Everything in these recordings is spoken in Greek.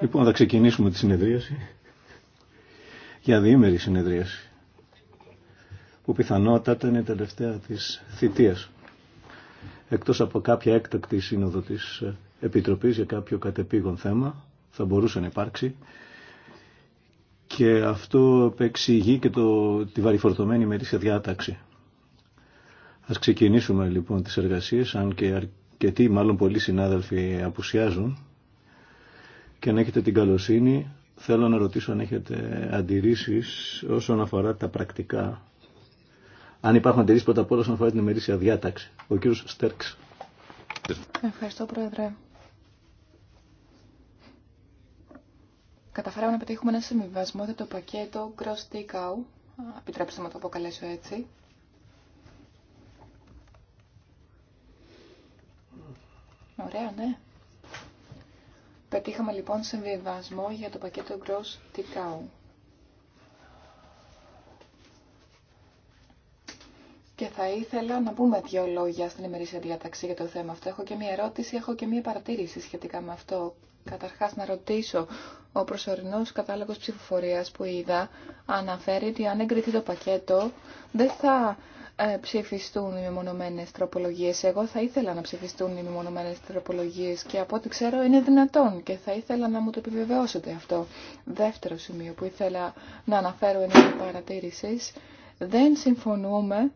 Λοιπόν, θα ξεκινήσουμε τη συνεδρίαση για διήμερη συνεδρίαση που πιθανότατα είναι η τελευταία της θητείας εκτός από κάποια έκτακτη σύνοδο της ε, Επιτροπής για κάποιο κατεπήγον θέμα θα μπορούσε να υπάρξει και αυτό εξηγεί και το, τη βαριφορτωμένη μερίσια διάταξη. Ας ξεκινήσουμε λοιπόν τις εργασίες, αν και αρκετοί, μάλλον πολλοί συνάδελφοι απουσιάζουν και αν έχετε την καλοσύνη θέλω να ρωτήσω αν έχετε αντιρρήσεις όσον αφορά τα πρακτικά. Αν υπάρχουν αντιρρήσεις πρώτα απ' όλα όσον αφορά την ημερήσια διάταξη. Ο κύριος Στέρξ. Ευχαριστώ Πρόεδρε. Καταφέραμε να πετύχουμε ένα συμβιβασμό για το πακέτο Gross Take επιτρέψτε μου να το αποκαλέσω έτσι, Ωραία, ναι. Πετύχαμε λοιπόν συμβιβασμό για το πακέτο Gross Tikau. Και θα ήθελα να πούμε δύο λόγια στην ημερήσια διάταξη για το θέμα αυτό. Έχω και μία ερώτηση, έχω και μία παρατήρηση σχετικά με αυτό. Καταρχάς να ρωτήσω, ο προσωρινός κατάλογος ψηφοφορίας που είδα αναφέρει ότι αν εγκριθεί το πακέτο δεν θα ε, ψηφιστούν οι μεμονωμένες τροπολογίες. Εγώ θα ήθελα να ψηφιστούν οι μεμονωμένες τροπολογίες και από ό,τι ξέρω είναι δυνατόν και θα ήθελα να μου το επιβεβαιώσετε αυτό. Δεύτερο σημείο που ήθελα να αναφέρω είναι παρατήρηση. Δεν συμφωνούμε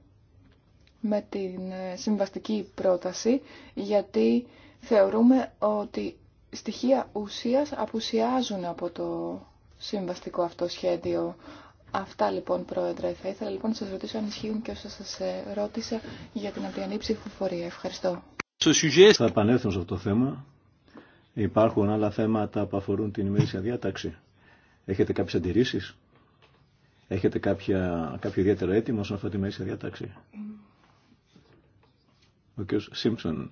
με την ε, συμβαστική πρόταση γιατί θεωρούμε ότι στοιχεία ουσίας απουσιάζουν από το συμβαστικό αυτό σχέδιο. Αυτά λοιπόν, Πρόεδρε. Θα ήθελα λοιπόν να σα ρωτήσω αν ισχύουν και όσα σας ε, ρώτησα για την αυριανή ψηφοφορία. Ευχαριστώ. Θα επανέλθω σε αυτό το θέμα. Υπάρχουν άλλα θέματα που αφορούν την ημερήσια διάταξη. Έχετε κάποιε αντιρρήσεις. Έχετε κάποια, κάποιο ιδιαίτερο έτοιμο σε αυτή τη ημερήσια διάταξη. Ο κ. Σίμψον.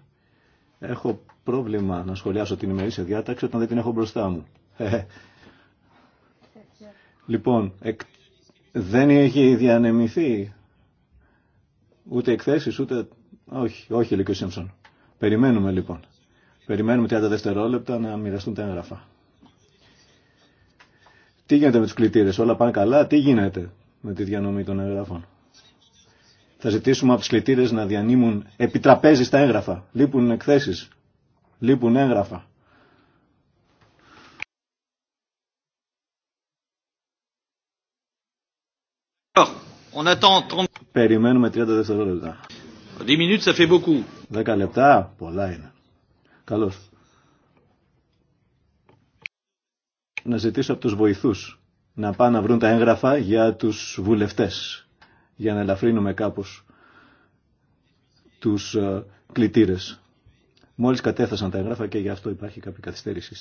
Έχω πρόβλημα να σχολιάσω την ημερήσια διάταξη όταν δεν την έχω μπροστά μου. Ε, ε. Λοιπόν, εκ δεν έχει διανεμηθεί ούτε εκθέσει ούτε... Όχι, όχι, Λίκο Σίμψον. Περιμένουμε λοιπόν. Περιμένουμε 30 δευτερόλεπτα να μοιραστούν τα έγγραφα. Τι γίνεται με του κλητήρε, όλα πάνε καλά, τι γίνεται με τη διανομή των εγγράφων. Θα ζητήσουμε από του κλητήρε να διανύμουν επιτραπέζι τα έγγραφα. Λείπουν εκθέσει. λείπουν έγγραφα. On attend 30... Περιμένουμε 30 δευτερόλεπτα. 10 λεπτά, πολλά είναι. Καλώς. Να ζητήσω από τους βοηθούς να πάνε να βρουν τα έγγραφα για τους βουλευτές. Για να ελαφρύνουμε κάπως τους ε, κλητήρες. Μόλις κατέθεσαν τα εγγράφα και γι' αυτό υπάρχει κάποια καθυστέρηση.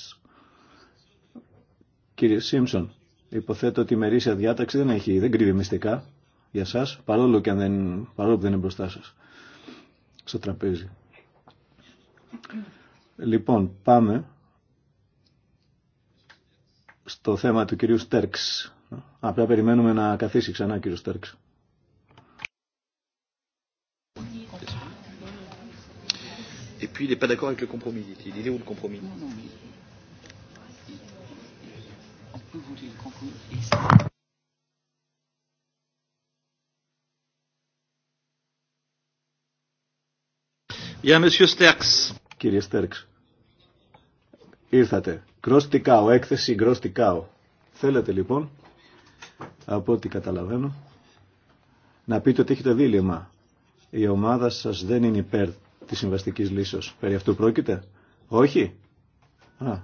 Κύριε Σίμψον, υποθέτω ότι η μερίσια διάταξη δεν έχει, δεν κρύβει μυστικά για σας, παρόλο, που δεν είναι μπροστά σας στο τραπέζι. Λοιπόν, πάμε στο θέμα του κυρίου Στέρξ. Απλά περιμένουμε να καθίσει ξανά ο κύριος Στέρξ. Et puis il Για Στέρξ. Κύριε Στέρξ, ήρθατε. Γκροστικάο, έκθεση Γκροστικάο. Θέλετε λοιπόν, από ό,τι καταλαβαίνω, να πείτε ότι έχετε δίλημα. Η ομάδα σας δεν είναι υπέρ της συμβαστικής λύσεως. Περί αυτού πρόκειται. Όχι. Α.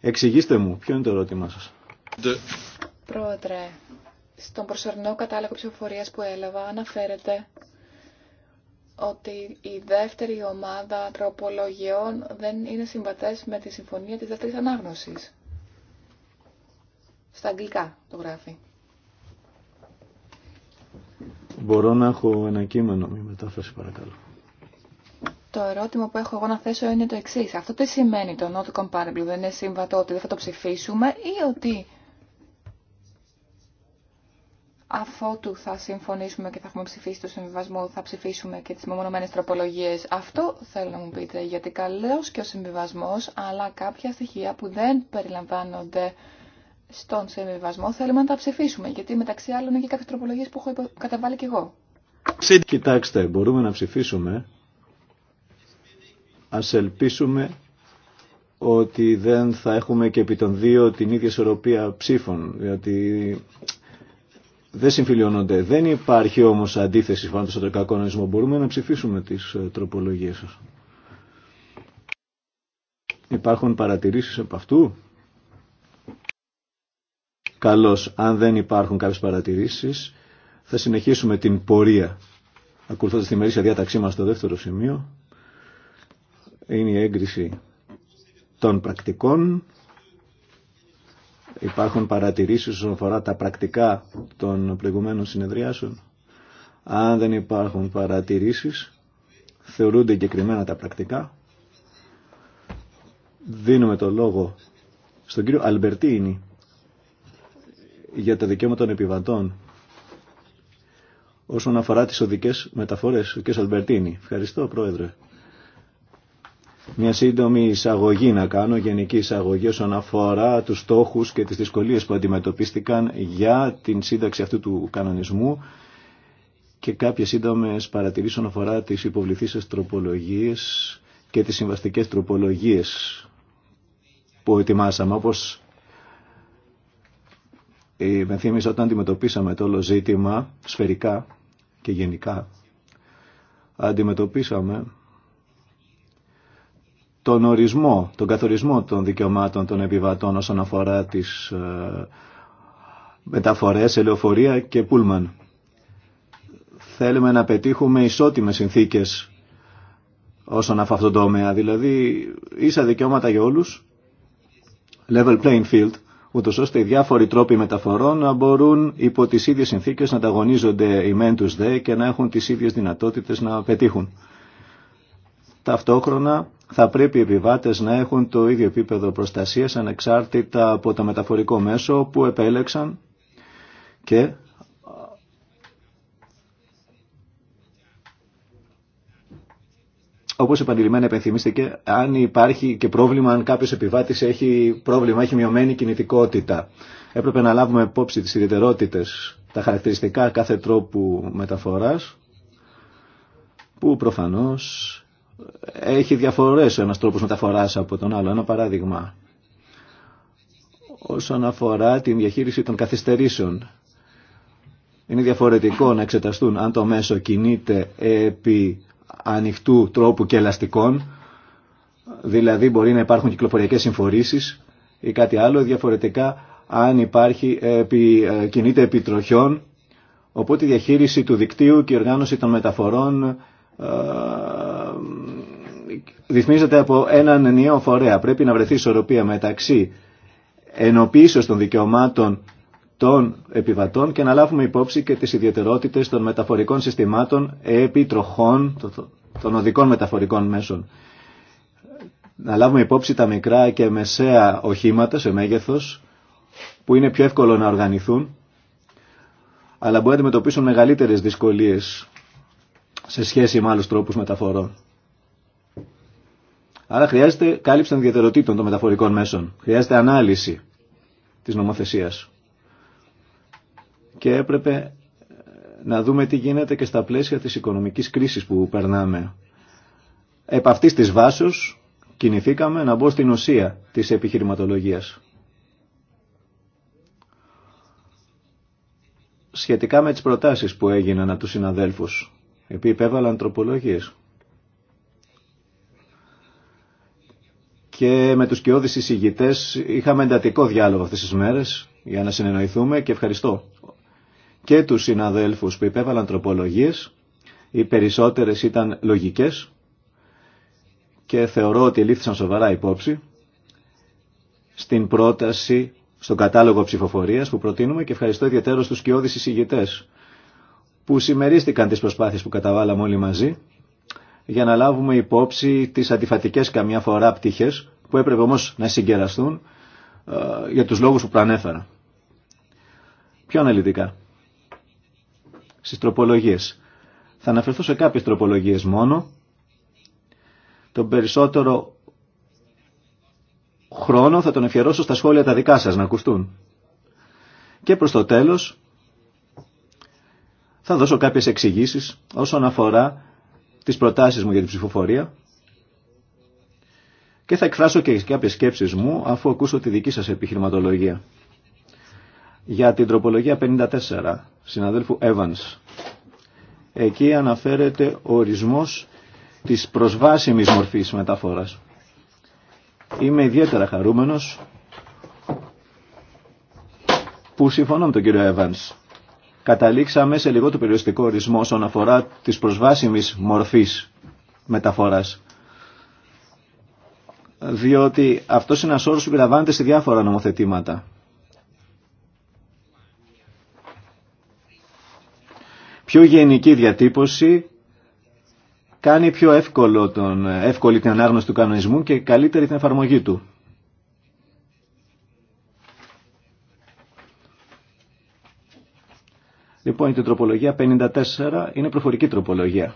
Εξηγήστε μου, ποιο είναι το ερώτημά σας. Πρόεδρε, στον προσωρινό κατάλογο ψηφοφορίας που έλαβα αναφέρεται ότι η δεύτερη ομάδα τροπολογιών δεν είναι συμβατές με τη συμφωνία της δεύτερης ανάγνωσης. Στα αγγλικά το γράφει. Μπορώ να έχω ένα κείμενο μη μετάφραση παρακαλώ. Το ερώτημα που έχω εγώ να θέσω είναι το εξής. Αυτό τι σημαίνει το not comparable, δεν είναι συμβατό ότι δεν θα το ψηφίσουμε ή ότι αφότου θα συμφωνήσουμε και θα έχουμε ψηφίσει το συμβιβασμό, θα ψηφίσουμε και τις μεμονωμένες τροπολογίες. Αυτό θέλω να μου πείτε, γιατί καλώς και ο συμβιβασμός, αλλά κάποια στοιχεία που δεν περιλαμβάνονται στον συμβιβασμό θέλουμε να τα ψηφίσουμε, γιατί μεταξύ άλλων είναι και κάποιες τροπολογίες που έχω καταβάλει κι εγώ. Κοιτάξτε, μπορούμε να ψηφίσουμε. Ας ελπίσουμε ότι δεν θα έχουμε και επί των δύο την ίδια ισορροπία ψήφων, γιατί δεν συμφιλειώνονται. Δεν υπάρχει όμως αντίθεση πάνω στον κανονισμό. Μπορούμε να ψηφίσουμε τις ε, τροπολογίες σας. Υπάρχουν παρατηρήσεις από αυτού. Καλώς, αν δεν υπάρχουν κάποιες παρατηρήσεις, θα συνεχίσουμε την πορεία. Ακολουθώντας τη μερίσια διάταξή μας στο δεύτερο σημείο, είναι η έγκριση των πρακτικών Υπάρχουν παρατηρήσεις όσον αφορά τα πρακτικά των προηγουμένων συνεδριάσεων. Αν δεν υπάρχουν παρατηρήσεις, θεωρούνται εγκεκριμένα τα πρακτικά. Δίνουμε το λόγο στον κύριο Αλμπερτίνη για τα δικαίωμα των επιβατών όσον αφορά τις οδικές μεταφορές. Ο κύριος Αλμπερτίνη. Ευχαριστώ, Πρόεδρε μια σύντομη εισαγωγή να κάνω, γενική εισαγωγή όσον αφορά τους στόχους και τις δυσκολίες που αντιμετωπίστηκαν για την σύνταξη αυτού του κανονισμού και κάποιες σύντομες παρατηρήσεις όσον αφορά τις υποβληθήσεις τροπολογίες και τις συμβαστικές τροπολογίες που ετοιμάσαμε. Όπως με θύμισε όταν αντιμετωπίσαμε το όλο ζήτημα σφαιρικά και γενικά, αντιμετωπίσαμε τον ορισμό, τον καθορισμό των δικαιωμάτων των επιβατών όσον αφορά τις ε, μεταφορές, ελεοφορία και πούλμαν. Θέλουμε να πετύχουμε ισότιμες συνθήκες όσον αφορά αυτόν το τομέα, δηλαδή ίσα δικαιώματα για όλους, level playing field, ούτω ώστε οι διάφοροι τρόποι μεταφορών να μπορούν υπό τις ίδιες συνθήκες να ανταγωνίζονται οι μεν τους δε και να έχουν τι ίδιε δυνατότητε να πετύχουν. Ταυτόχρονα θα πρέπει οι επιβάτες να έχουν το ίδιο επίπεδο προστασίας ανεξάρτητα από το μεταφορικό μέσο που επέλεξαν και όπως επανειλημμένα επενθυμίστηκε, αν υπάρχει και πρόβλημα, αν κάποιος επιβάτης έχει πρόβλημα, έχει μειωμένη κινητικότητα. Έπρεπε να λάβουμε υπόψη τις ιδιαιτερότητες, τα χαρακτηριστικά κάθε τρόπου μεταφοράς, που προφανώς έχει διαφορές ο ένας τρόπος μεταφοράς από τον άλλο. Ένα παράδειγμα όσον αφορά την διαχείριση των καθυστερήσεων. Είναι διαφορετικό να εξεταστούν αν το μέσο κινείται επί ανοιχτού τρόπου και ελαστικών, δηλαδή μπορεί να υπάρχουν κυκλοφοριακές συμφορήσεις ή κάτι άλλο, διαφορετικά αν υπάρχει, επί, ε, κινείται επί τροχιών, οπότε η διαχείριση του δικτύου και η οργάνωση των μεταφορών ε, ρυθμίζεται από έναν ενιαίο φορέα. Πρέπει να βρεθεί ισορροπία μεταξύ ενοποίησεως των δικαιωμάτων των επιβατών και να λάβουμε υπόψη και τις ιδιαιτερότητες των μεταφορικών συστημάτων επί τροχών των οδικών μεταφορικών μέσων. Να λάβουμε υπόψη τα μικρά και μεσαία οχήματα σε μέγεθος που είναι πιο εύκολο να οργανηθούν αλλά μπορεί να αντιμετωπίσουν μεγαλύτερες δυσκολίες σε σχέση με άλλους τρόπους μεταφορών. Άρα χρειάζεται κάλυψη των ιδιαιτεροτήτων των μεταφορικών μέσων. Χρειάζεται ανάλυση της νομοθεσίας. Και έπρεπε ε, να δούμε τι γίνεται και στα πλαίσια της οικονομικής κρίσης που περνάμε. Επ' αυτής της βάσης κινηθήκαμε να μπω στην ουσία της επιχειρηματολογίας. Σχετικά με τις προτάσεις που έγιναν από του συναδέλφους επί υπέβαλαν τροπολογίες. Και με τους κοιόδης εισηγητές είχαμε εντατικό διάλογο αυτές τις μέρες για να συνεννοηθούμε και ευχαριστώ και τους συναδέλφους που υπέβαλαν τροπολογίες. Οι περισσότερες ήταν λογικές και θεωρώ ότι λήφθησαν σοβαρά υπόψη στην πρόταση, στον κατάλογο ψηφοφορίας που προτείνουμε και ευχαριστώ ιδιαίτερα στους κοιόδης εισηγητές που συμμερίστηκαν τις προσπάθειες που καταβάλαμε όλοι μαζί για να λάβουμε υπόψη τις αντιφατικές καμιά φορά πτυχές που έπρεπε όμως να συγκεραστούν ε, για τους λόγους που προανέφερα. Πιο αναλυτικά. Στις τροπολογίες. Θα αναφερθώ σε κάποιες τροπολογίες μόνο. Το περισσότερο χρόνο θα τον αφιερώσω στα σχόλια τα δικά σας να ακουστούν. Και προς το τέλος θα δώσω κάποιες εξηγήσεις όσον αφορά τις προτάσεις μου για την ψηφοφορία και θα εκφράσω και κάποιες σκέψεις μου αφού ακούσω τη δική σας επιχειρηματολογία. Για την τροπολογία 54, συναδέλφου Evans. Εκεί αναφέρεται ο ορισμός της προσβάσιμης μορφής μεταφοράς. Είμαι ιδιαίτερα χαρούμενος που συμφωνώ με τον κύριο Evans καταλήξαμε σε λιγότερο περιοριστικό ορισμό όσον αφορά της προσβάσιμης μορφής μεταφοράς. Διότι αυτός είναι ένας όρος που περιλαμβάνεται σε διάφορα νομοθετήματα. Πιο γενική διατύπωση κάνει πιο εύκολο τον, εύκολη την ανάγνωση του κανονισμού και καλύτερη την εφαρμογή του. Λοιπόν, η τροπολογία 54 είναι προφορική τροπολογία.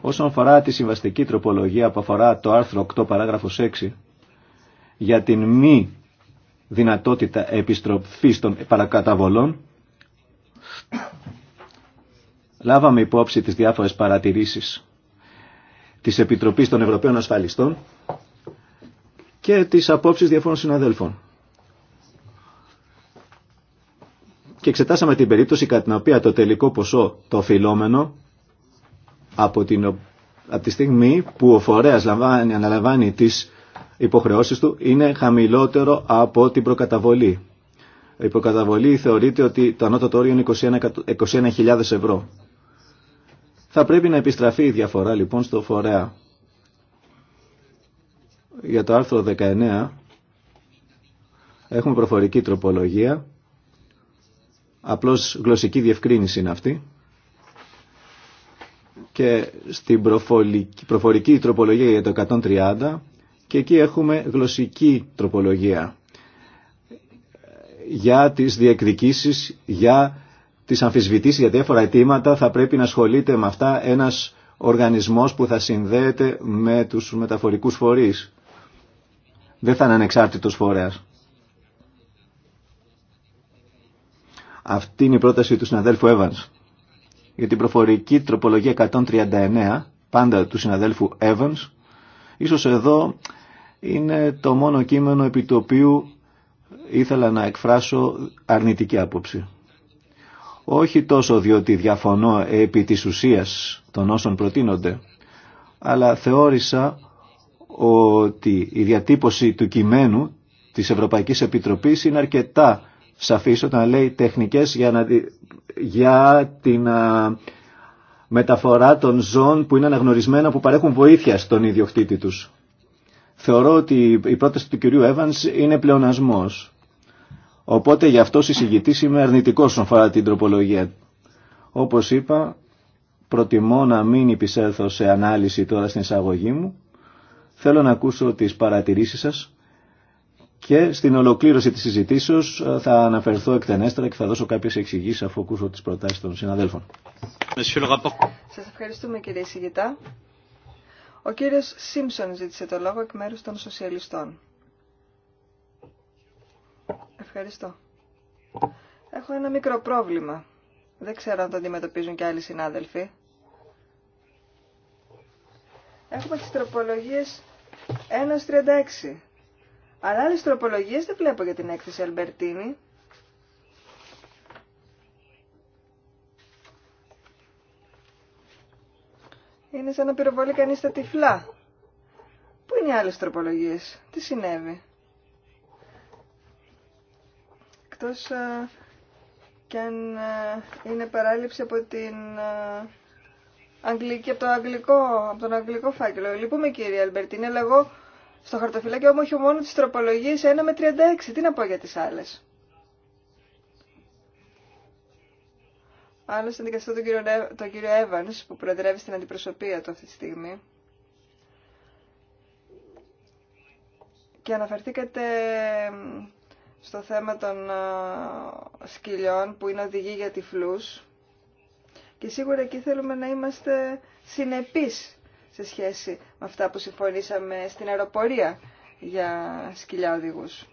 Όσον αφορά τη συμβαστική τροπολογία που αφορά το άρθρο 8 παράγραφος 6 για την μη δυνατότητα επιστροφής των παρακαταβολών, λάβαμε υπόψη τις διάφορες παρατηρήσεις της Επιτροπής των Ευρωπαίων Ασφαλιστών και τις απόψεις διαφόρων συναδέλφων. και εξετάσαμε την περίπτωση κατά την οποία το τελικό ποσό το οφειλόμενο από, την, από τη στιγμή που ο φορέας αναλαμβάνει τις υποχρεώσεις του είναι χαμηλότερο από την προκαταβολή. Η προκαταβολή θεωρείται ότι το ανώτατο όριο είναι 21.000 ευρώ. Θα πρέπει να επιστραφεί η διαφορά λοιπόν στο φορέα. Για το άρθρο 19 έχουμε προφορική τροπολογία Απλώς γλωσσική διευκρίνηση είναι αυτή. Και στην προφορική τροπολογία για το 130 και εκεί έχουμε γλωσσική τροπολογία για τις διεκδικήσεις, για τις αμφισβητήσεις, για διάφορα αιτήματα θα πρέπει να ασχολείται με αυτά ένας οργανισμός που θα συνδέεται με τους μεταφορικούς φορείς. Δεν θα είναι ανεξάρτητος φορέας. Αυτή είναι η πρόταση του συναδέλφου Evans. Για την προφορική τροπολογία 139, πάντα του συναδέλφου Evans, ίσως εδώ είναι το μόνο κείμενο επί το οποίου ήθελα να εκφράσω αρνητική άποψη. Όχι τόσο διότι διαφωνώ επί της ουσίας των όσων προτείνονται, αλλά θεώρησα ότι η διατύπωση του κειμένου της Ευρωπαϊκής Επιτροπής είναι αρκετά σαφής όταν λέει τεχνικές για, να, για την μεταφορά των ζώων που είναι αναγνωρισμένα που παρέχουν βοήθεια στον ιδιοκτήτη τους. Θεωρώ ότι η πρόταση του κυρίου Evans είναι πλεονασμός. Οπότε γι' αυτό συζητητής είμαι αρνητικό όσον αφορά την τροπολογία. Όπως είπα, προτιμώ να μην υπησέλθω σε ανάλυση τώρα στην εισαγωγή μου. Θέλω να ακούσω τι παρατηρήσει σα. Και στην ολοκλήρωση της συζητήσεως ε, θα αναφερθώ εκτενέστερα και θα δώσω κάποιες εξηγήσεις αφού ακούσω τις προτάσεις των συναδέλφων. Σας ευχαριστούμε κύριε Σιγητά. Ο κύριος Σίμψον ζήτησε το λόγο εκ μέρους των σοσιαλιστών. Ευχαριστώ. Έχω ένα μικρό πρόβλημα. Δεν ξέρω αν το αντιμετωπίζουν και άλλοι συνάδελφοι. Έχουμε τις τροπολογίες 1.36 αλλά άλλες τροπολογίες δεν βλέπω για την έκθεση Αλμπερτίνη. Είναι σαν να πυροβολεί κανεί τα τυφλά. Πού είναι οι άλλες τροπολογίες, τι συνέβη. Εκτός α, κι αν είναι παράληψη από την... αγγλική, από, το αγγλικό, από τον αγγλικό φάκελο. Λυπούμε κύριε Αλμπερτίνη, αλλά εγώ στο χαρτοφυλάκιο όμως έχω μόνο τις τροπολογίες 1 με 36. Τι να πω για τις άλλες. Άλλωστε αντικαθιστώ τον κύριο, τον κύριο Evans που προεδρεύει στην αντιπροσωπεία του αυτή τη στιγμή. Και αναφερθήκατε στο θέμα των σκυλιών που είναι οδηγοί για τυφλούς. Και σίγουρα εκεί θέλουμε να είμαστε συνεπείς σε σχέση με αυτά που συμφωνήσαμε στην αεροπορία για σκυλιά οδηγούς.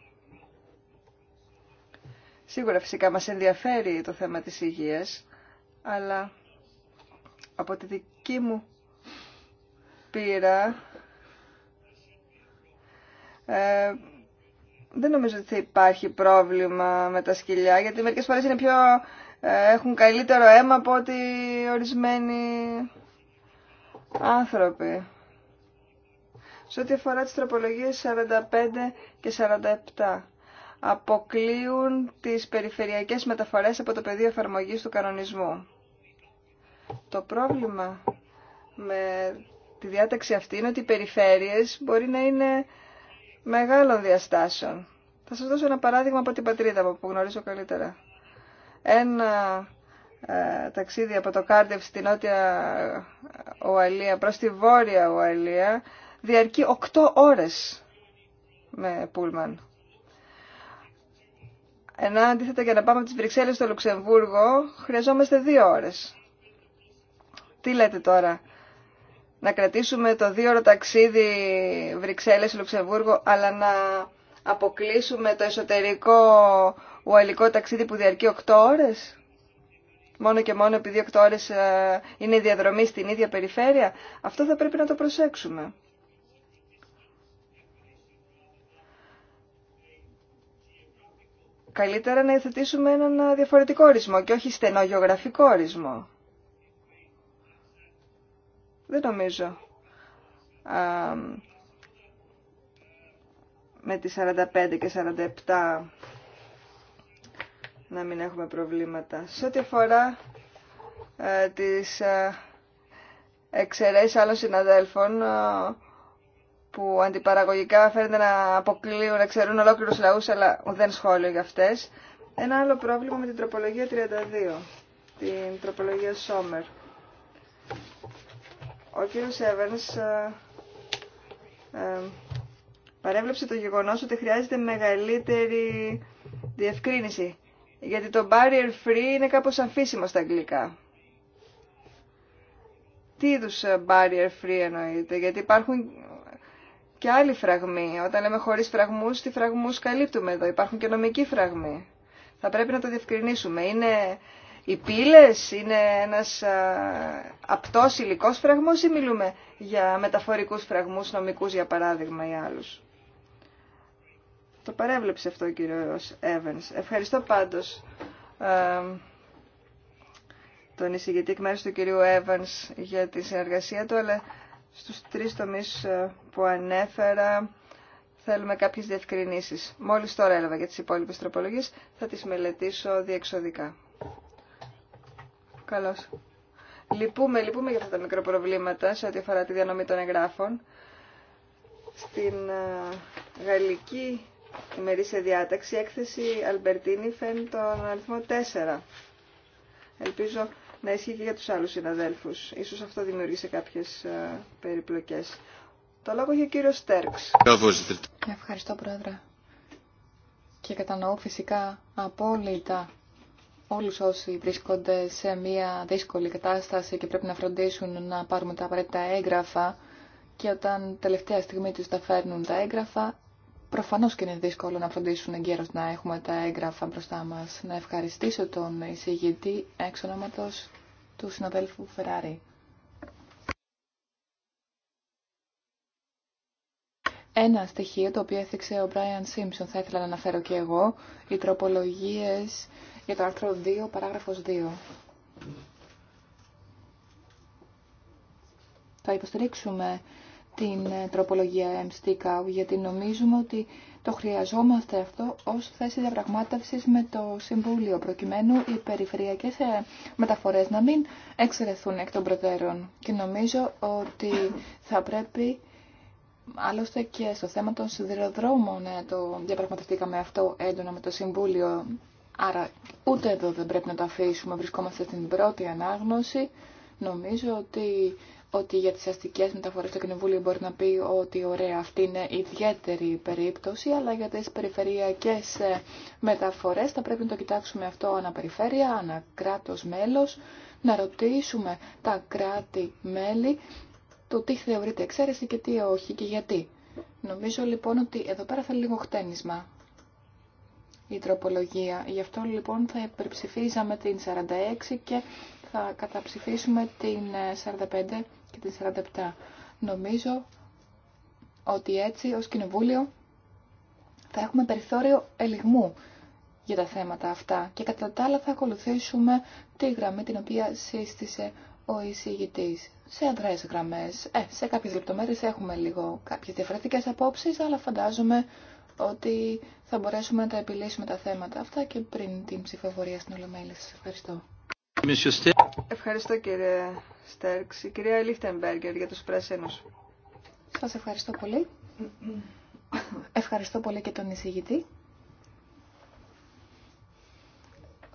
Σίγουρα φυσικά μας ενδιαφέρει το θέμα της υγείας, αλλά από τη δική μου πείρα ε, δεν νομίζω ότι θα υπάρχει πρόβλημα με τα σκυλιά, γιατί μερικές φορές είναι πιο, ε, έχουν καλύτερο αίμα από ότι ορισμένοι άνθρωποι. Σε ό,τι αφορά τις τροπολογίες 45 και 47 αποκλείουν τις περιφερειακές μεταφορές από το πεδίο εφαρμογής του κανονισμού. Το πρόβλημα με τη διάταξη αυτή είναι ότι οι περιφέρειες μπορεί να είναι μεγάλων διαστάσεων. Θα σας δώσω ένα παράδειγμα από την πατρίδα μου που γνωρίζω καλύτερα. Ένα ε, ταξίδι από το Κάρντεφ στη νότια Ουαλία προς τη βόρεια Ουαλία διαρκεί 8 ώρες με πούλμαν. Ενώ αντίθετα για να πάμε από τις Βρυξέλλες στο Λουξεμβούργο χρειαζόμαστε 2 ώρες. Τι λέτε τώρα, να κρατήσουμε το 2 ώρο ταξίδι Βρυξέλλες-Λουξεμβούργο αλλά να αποκλείσουμε το εσωτερικό ουαλικό ταξίδι που διαρκεί 8 ώρες μόνο και μόνο επειδή 8 ώρες ε, είναι η διαδρομή στην ίδια περιφέρεια. Αυτό θα πρέπει να το προσέξουμε. Καλύτερα να υιοθετήσουμε έναν ε, διαφορετικό ορισμό και όχι στενό γεωγραφικό ορισμό. Δεν νομίζω. με τις 45 και 47 να μην έχουμε προβλήματα. Σε ό,τι αφορά ε, τις ε, εξαιρέσεις άλλων συναδέλφων ε, που αντιπαραγωγικά φαίνεται να αποκλείουν, να ξερούν ολόκληρους λαούς αλλά δεν σχόλιο για αυτές. Ένα άλλο πρόβλημα με την τροπολογία 32, την τροπολογία Σόμερ. Ο κύριος ε, ε, παρέβλεψε το γεγονός ότι χρειάζεται μεγαλύτερη διευκρίνηση γιατί το barrier free είναι κάπως αμφίσιμο στα αγγλικά. Τι είδου ε, barrier free εννοείται, γιατί υπάρχουν και άλλοι φραγμοί. Όταν λέμε χωρίς φραγμούς, τι φραγμούς καλύπτουμε εδώ. Υπάρχουν και νομικοί φραγμοί. Θα πρέπει να το διευκρινίσουμε. Είναι οι πύλες, είναι ένας ε, απτός υλικός φραγμός ή μιλούμε για μεταφορικούς φραγμούς, νομικούς για παράδειγμα ή άλλους. Το παρέβλεψε αυτό ο κύριος Evans. Ευχαριστώ πάντως ε, τον εισηγητή εκ μέρους του κυρίου Evans για τη συνεργασία του, αλλά στους τρεις τομείς ε, που ανέφερα θέλουμε κάποιες διευκρινήσεις. Μόλις τώρα έλαβα για τις υπόλοιπες τροπολογίες, θα τις μελετήσω διεξοδικά. Καλώς. Λυπούμε, λυπούμε για αυτά τα μικροπροβλήματα σε ό,τι αφορά τη διανομή των εγγράφων. Στην ε, γαλλική ημερήσια διάταξη έκθεση Αλμπερτίνη φέρνει τον αριθμό 4. Ελπίζω να ισχύει και για τους άλλους συναδέλφους. Ίσως αυτό δημιούργησε κάποιες ε, περιπλοκές. Το λόγο έχει ο κύριος Στέρξ. Ευχαριστώ πρόεδρε. Και κατανοώ φυσικά απόλυτα όλους όσοι βρίσκονται σε μια δύσκολη κατάσταση και πρέπει να φροντίσουν να πάρουμε τα απαραίτητα έγγραφα και όταν τελευταία στιγμή τους τα φέρνουν τα έγγραφα Προφανώς και είναι δύσκολο να φροντίσουν εγκαίρως να έχουμε τα έγγραφα μπροστά μας. Να ευχαριστήσω τον εισηγητή εξ ονόματος του συναδέλφου Φεράρη. Ένα στοιχείο το οποίο έθιξε ο Μπράιαν Σίμψον θα ήθελα να αναφέρω και εγώ, οι τροπολογίες για το άρθρο 2, παράγραφος 2. Θα υποστηρίξουμε την ε, τροπολογία MSTK, γιατί νομίζουμε ότι το χρειαζόμαστε αυτό ως θέση διαπραγμάτευσης με το Συμβούλιο προκειμένου οι περιφερειακές ε, μεταφορές να μην εξαιρεθούν εκ των προτέρων και νομίζω ότι θα πρέπει άλλωστε και στο θέμα των σιδηροδρόμων ε, το διαπραγματευτήκαμε αυτό έντονα με το Συμβούλιο άρα ούτε εδώ δεν πρέπει να το αφήσουμε βρισκόμαστε στην πρώτη ανάγνωση Νομίζω ότι, ότι για τις αστικές μεταφορές το Κοινοβούλιο μπορεί να πει ότι ωραία αυτή είναι ιδιαίτερη περίπτωση, αλλά για τις περιφερειακές ε, μεταφορές θα πρέπει να το κοιτάξουμε αυτό αναπεριφέρεια, ανακράτος μέλος, να ρωτήσουμε τα κράτη-μέλη το τι θεωρείται εξαίρεση και τι όχι και γιατί. Νομίζω λοιπόν ότι εδώ πέρα θέλει λίγο χτένισμα η τροπολογία. Γι' αυτό λοιπόν θα υπερψηφίζαμε την 46 και θα καταψηφίσουμε την 45 ε, και την 47. Νομίζω ότι έτσι ως Κοινοβούλιο θα έχουμε περιθώριο ελιγμού για τα θέματα αυτά και κατά τα άλλα θα ακολουθήσουμε τη γραμμή την οποία σύστησε ο εισηγητής. Σε αδρές γραμμές, ε, σε κάποιες λεπτομέρειες έχουμε λίγο κάποιες διαφορετικές απόψεις, αλλά φαντάζομαι ότι θα μπορέσουμε να τα επιλύσουμε τα θέματα αυτά και πριν την ψηφοφορία στην Ολομέλη. Σας ευχαριστώ. Ευχαριστώ κύριε Στέρξ. Η κυρία Λίχτεμπέργκερ για τους πράσινους. Σας ευχαριστώ πολύ. Ευχαριστώ πολύ και τον εισηγητή.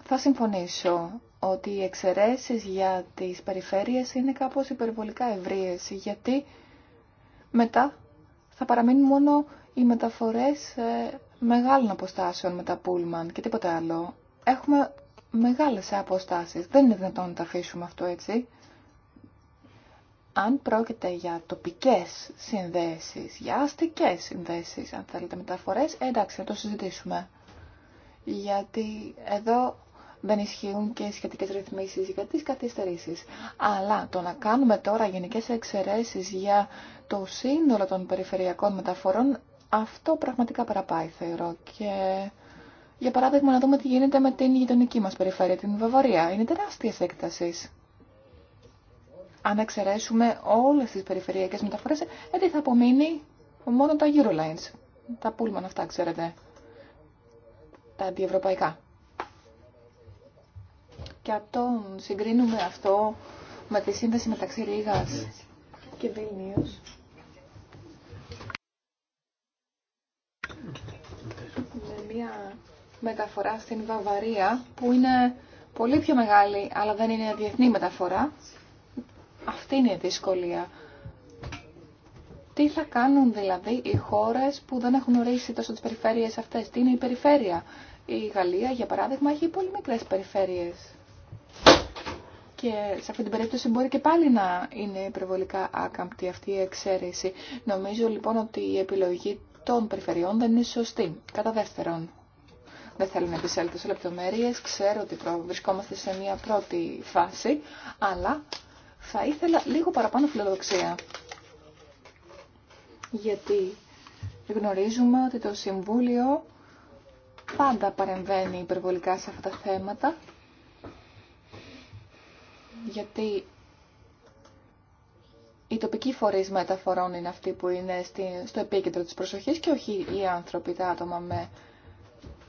Θα συμφωνήσω ότι οι εξαιρέσει για τις περιφέρειες είναι κάπως υπερβολικά ευρείες, γιατί μετά θα παραμείνουν μόνο οι μεταφορές ε, μεγάλων αποστάσεων με τα πούλμαν και τίποτα άλλο. Έχουμε μεγάλες αποστάσεις. Δεν είναι δυνατόν να τα αφήσουμε αυτό έτσι. Αν πρόκειται για τοπικές συνδέσεις, για αστικές συνδέσεις, αν θέλετε μεταφορές, εντάξει, να το συζητήσουμε. Γιατί εδώ δεν ισχύουν και οι σχετικές ρυθμίσεις για τις καθυστερήσεις. Αλλά το να κάνουμε τώρα γενικές εξαιρέσεις για το σύνολο των περιφερειακών μεταφορών, αυτό πραγματικά παραπάει, θεωρώ. Και για παράδειγμα να δούμε τι γίνεται με την γειτονική μας περιφέρεια, την Βαβαρία. Είναι τεράστιες έκτασεις. Αν εξαιρέσουμε όλες τις περιφερειακές μεταφορές, έτσι ε, θα απομείνει μόνο τα Eurolines, τα Pullman αυτά, ξέρετε, τα αντιευρωπαϊκά. Και αν συγκρίνουμε αυτό με τη σύνδεση μεταξύ Ρήγας και Βιλνίους, με μια μεταφορά στην Βαβαρία, που είναι πολύ πιο μεγάλη, αλλά δεν είναι διεθνή μεταφορά. Αυτή είναι η δυσκολία. Τι θα κάνουν δηλαδή οι χώρες που δεν έχουν ορίσει τόσο τις περιφέρειες αυτές. Τι είναι η περιφέρεια. Η Γαλλία, για παράδειγμα, έχει πολύ μικρές περιφέρειες. Και σε αυτή την περίπτωση μπορεί και πάλι να είναι υπερβολικά άκαμπτη αυτή η εξαίρεση. Νομίζω λοιπόν ότι η επιλογή των περιφερειών δεν είναι σωστή. Κατά δεύτερον, δεν θέλω να επισέλθω σε λεπτομέρειες. Ξέρω ότι βρισκόμαστε σε μια πρώτη φάση, αλλά θα ήθελα λίγο παραπάνω φιλοδοξία. Γιατί γνωρίζουμε ότι το Συμβούλιο πάντα παρεμβαίνει υπερβολικά σε αυτά τα θέματα. Γιατί η τοπική φορείς μεταφορών είναι αυτή που είναι στο επίκεντρο της προσοχής και όχι οι άνθρωποι, τα άτομα με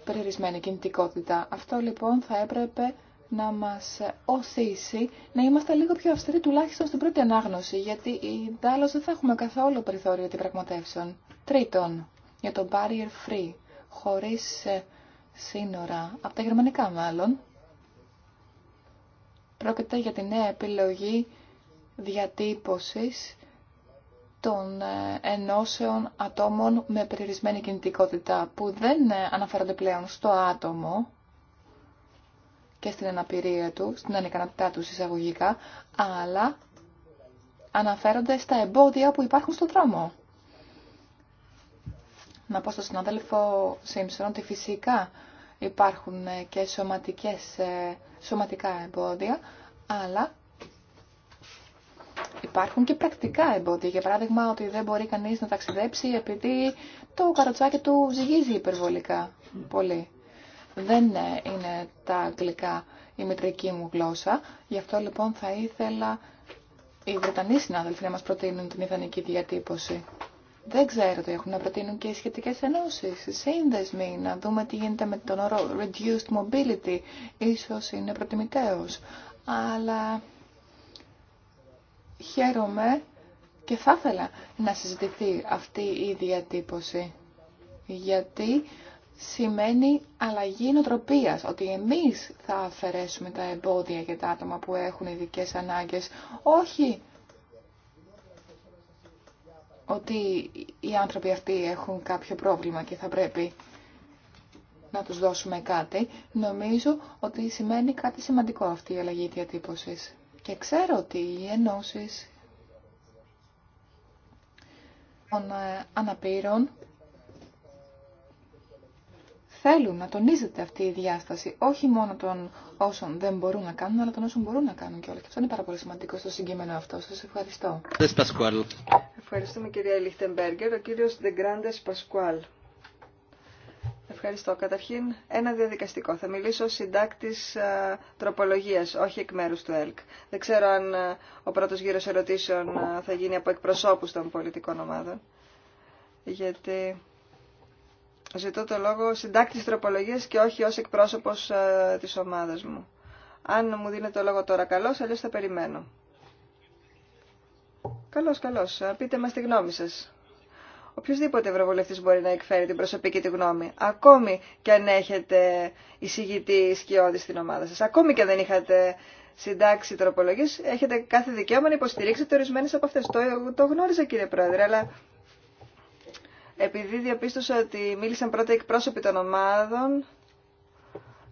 περιορισμένη κινητικότητα. Αυτό λοιπόν θα έπρεπε να μας οθήσει να είμαστε λίγο πιο αυστηροί τουλάχιστον στην πρώτη ανάγνωση, γιατί η δεν θα έχουμε καθόλου περιθώριο πραγματεύσεων. Τρίτον, για το barrier free, χωρίς ε, σύνορα, από τα γερμανικά μάλλον, πρόκειται για τη νέα επιλογή διατύπωσης των ε, ενώσεων ατόμων με περιορισμένη κινητικότητα που δεν ε, αναφέρονται πλέον στο άτομο και στην αναπηρία του, στην ανικανότητά του εισαγωγικά, αλλά αναφέρονται στα εμπόδια που υπάρχουν στον δρόμο. Να πω στον συνάδελφο Σίμψον ότι φυσικά υπάρχουν ε, και σωματικές, σωματικά εμπόδια, αλλά υπάρχουν και πρακτικά εμπόδια. Για παράδειγμα, ότι δεν μπορεί κανείς να ταξιδέψει επειδή το καροτσάκι του ζυγίζει υπερβολικά πολύ. Δεν ε, είναι τα αγγλικά η μητρική μου γλώσσα. Γι' αυτό λοιπόν θα ήθελα οι Βρετανοί συνάδελφοι να μας προτείνουν την ιδανική διατύπωση. Δεν ξέρω τι έχουν να προτείνουν και οι σχετικέ ενώσει. οι σύνδεσμοι, να δούμε τι γίνεται με τον όρο reduced mobility. σω είναι προτιμητέο. Αλλά χαίρομαι και θα ήθελα να συζητηθεί αυτή η διατύπωση. Γιατί σημαίνει αλλαγή νοτροπίας, ότι εμείς θα αφαιρέσουμε τα εμπόδια για τα άτομα που έχουν ειδικές ανάγκες, όχι ότι οι άνθρωποι αυτοί έχουν κάποιο πρόβλημα και θα πρέπει να τους δώσουμε κάτι. Νομίζω ότι σημαίνει κάτι σημαντικό αυτή η αλλαγή διατύπωσης. Και ξέρω ότι οι ενώσει των ε, αναπήρων θέλουν να τονίζεται αυτή η διάσταση, όχι μόνο των όσων δεν μπορούν να κάνουν, αλλά των όσων μπορούν να κάνουν κιόλας. Και αυτό είναι πάρα πολύ σημαντικό στο συγκείμενο αυτό. Σα ευχαριστώ. Ευχαριστούμε κυρία Λιχτεμπέργκερ. Ο κύριο Δεγκράντε Πασκουάλ. Ευχαριστώ. Καταρχήν, ένα διαδικαστικό. Θα μιλήσω συντάκτη ε, τροπολογία, όχι εκ μέρου του ΕΛΚ. Δεν ξέρω αν ε, ο πρώτο γύρο ερωτήσεων ε, θα γίνει από εκπροσώπου των πολιτικών ομάδων. Γιατί ζητώ το λόγο συντάκτη τροπολογία και όχι ω εκπρόσωπο τη ομάδα μου. Αν μου δίνετε το λόγο τώρα, καλώ, αλλιώ θα περιμένω. Καλώ, καλώ. Πείτε μα τη γνώμη σα. Οποιοδήποτε ευρωβουλευτής μπορεί να εκφέρει την προσωπική του γνώμη. Ακόμη και αν έχετε εισηγητή σκιώδη στην ομάδα σας. Ακόμη και αν δεν είχατε συντάξει τροπολογής. έχετε κάθε δικαίωμα να υποστηρίξετε ορισμένε από αυτές. Το, το γνώριζα κύριε Πρόεδρε, αλλά επειδή διαπίστωσα ότι μίλησαν πρώτα εκπρόσωποι των ομάδων,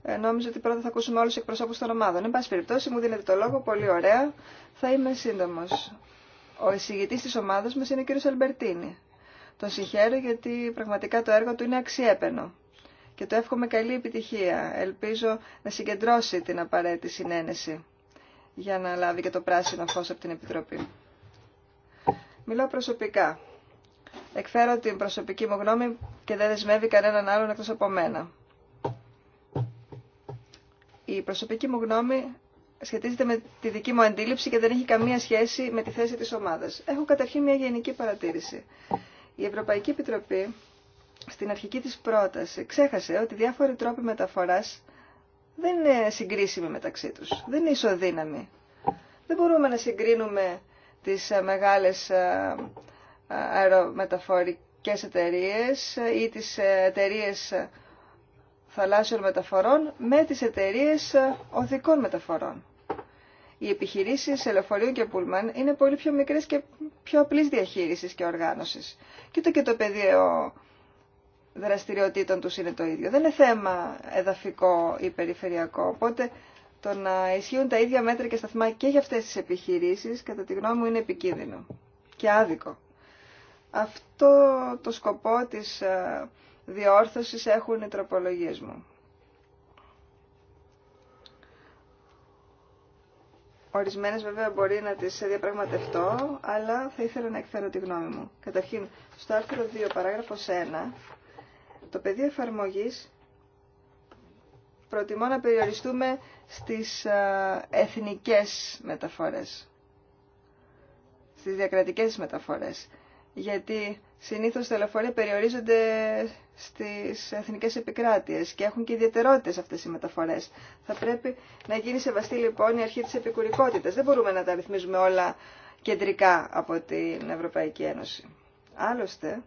ε, νόμιζα ότι πρώτα θα ακούσουμε όλου του εκπροσώπου των ομάδων. Εν πάση περιπτώσει, μου δίνετε το λόγο, πολύ ωραία. Θα είμαι σύντομο. Ο εισηγητή τη ομάδα μα είναι ο κύριο Αλμπερτίνη. Το συγχαίρω γιατί πραγματικά το έργο του είναι αξιέπαινο. Και το εύχομαι καλή επιτυχία. Ελπίζω να συγκεντρώσει την απαραίτητη συνένεση για να λάβει και το πράσινο φως από την Επιτροπή. Μιλώ προσωπικά. Εκφέρω την προσωπική μου γνώμη και δεν δεσμεύει κανέναν άλλον εκτός από μένα. Η προσωπική μου γνώμη σχετίζεται με τη δική μου αντίληψη και δεν έχει καμία σχέση με τη θέση της ομάδας. Έχω καταρχήν μια γενική παρατήρηση. Η Ευρωπαϊκή Επιτροπή στην αρχική της πρόταση ξέχασε ότι διάφοροι τρόποι μεταφοράς δεν είναι συγκρίσιμοι μεταξύ τους, δεν είναι ισοδύναμοι. Δεν μπορούμε να συγκρίνουμε τις ε, μεγάλες ε, ε, αερομεταφορικές εταιρείες ή τις εταιρείες θαλάσσιων μεταφορών με τις εταιρείες οδικών μεταφορών οι επιχειρήσει ελευθερίου και πουλμαν είναι πολύ πιο μικρές και πιο απλή διαχείρισης και οργάνωσης. το και το πεδίο δραστηριοτήτων τους είναι το ίδιο. Δεν είναι θέμα εδαφικό ή περιφερειακό, οπότε το να ισχύουν τα ίδια μέτρα και σταθμά και για αυτές τις επιχειρήσεις, κατά τη γνώμη μου, είναι επικίνδυνο και άδικο. Αυτό το σκοπό της ε, διόρθωσης έχουν οι τροπολογίες μου. Ορισμένες βέβαια μπορεί να τις διαπραγματευτώ, αλλά θα ήθελα να εκφέρω τη γνώμη μου. Καταρχήν, στο άρθρο 2, παράγραφος 1, το πεδίο εφαρμογής προτιμώ να περιοριστούμε στις ε, εθνικές μεταφορές, στις διακρατικές μεταφορές, γιατί συνήθως τα λεωφορεία περιορίζονται στις εθνικές επικράτειες και έχουν και ιδιαιτερότητες αυτές οι μεταφορές. Θα πρέπει να γίνει σεβαστή λοιπόν η αρχή της επικουρικότητας. Δεν μπορούμε να τα ρυθμίζουμε όλα κεντρικά από την Ευρωπαϊκή Ένωση. Άλλωστε,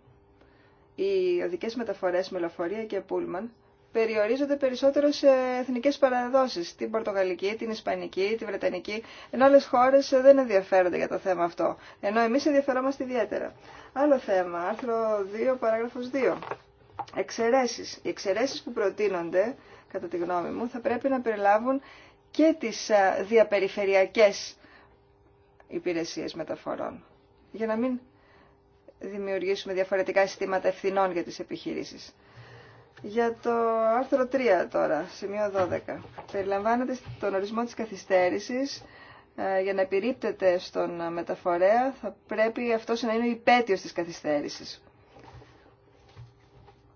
οι οδικές μεταφορές με λεωφορεία και πούλμαν περιορίζονται περισσότερο σε εθνικές παραδόσεις, την Πορτογαλική, την Ισπανική, την Βρετανική, ενώ άλλες χώρες δεν ενδιαφέρονται για το θέμα αυτό, ενώ εμείς ενδιαφερόμαστε ιδιαίτερα. Άλλο θέμα, άρθρο 2, παράγραφος 2 εξαιρέσεις. Οι εξαιρέσεις που προτείνονται, κατά τη γνώμη μου, θα πρέπει να περιλάβουν και τις ε, διαπεριφερειακές υπηρεσίες μεταφορών, για να μην δημιουργήσουμε διαφορετικά συστήματα ευθυνών για τις επιχειρήσεις. Για το άρθρο 3 τώρα, σημείο 12, περιλαμβάνεται στον ορισμό της καθυστέρησης ε, για να επιρρύπτεται στον μεταφορέα θα πρέπει αυτό να είναι ο υπέτειος της καθυστέρησης.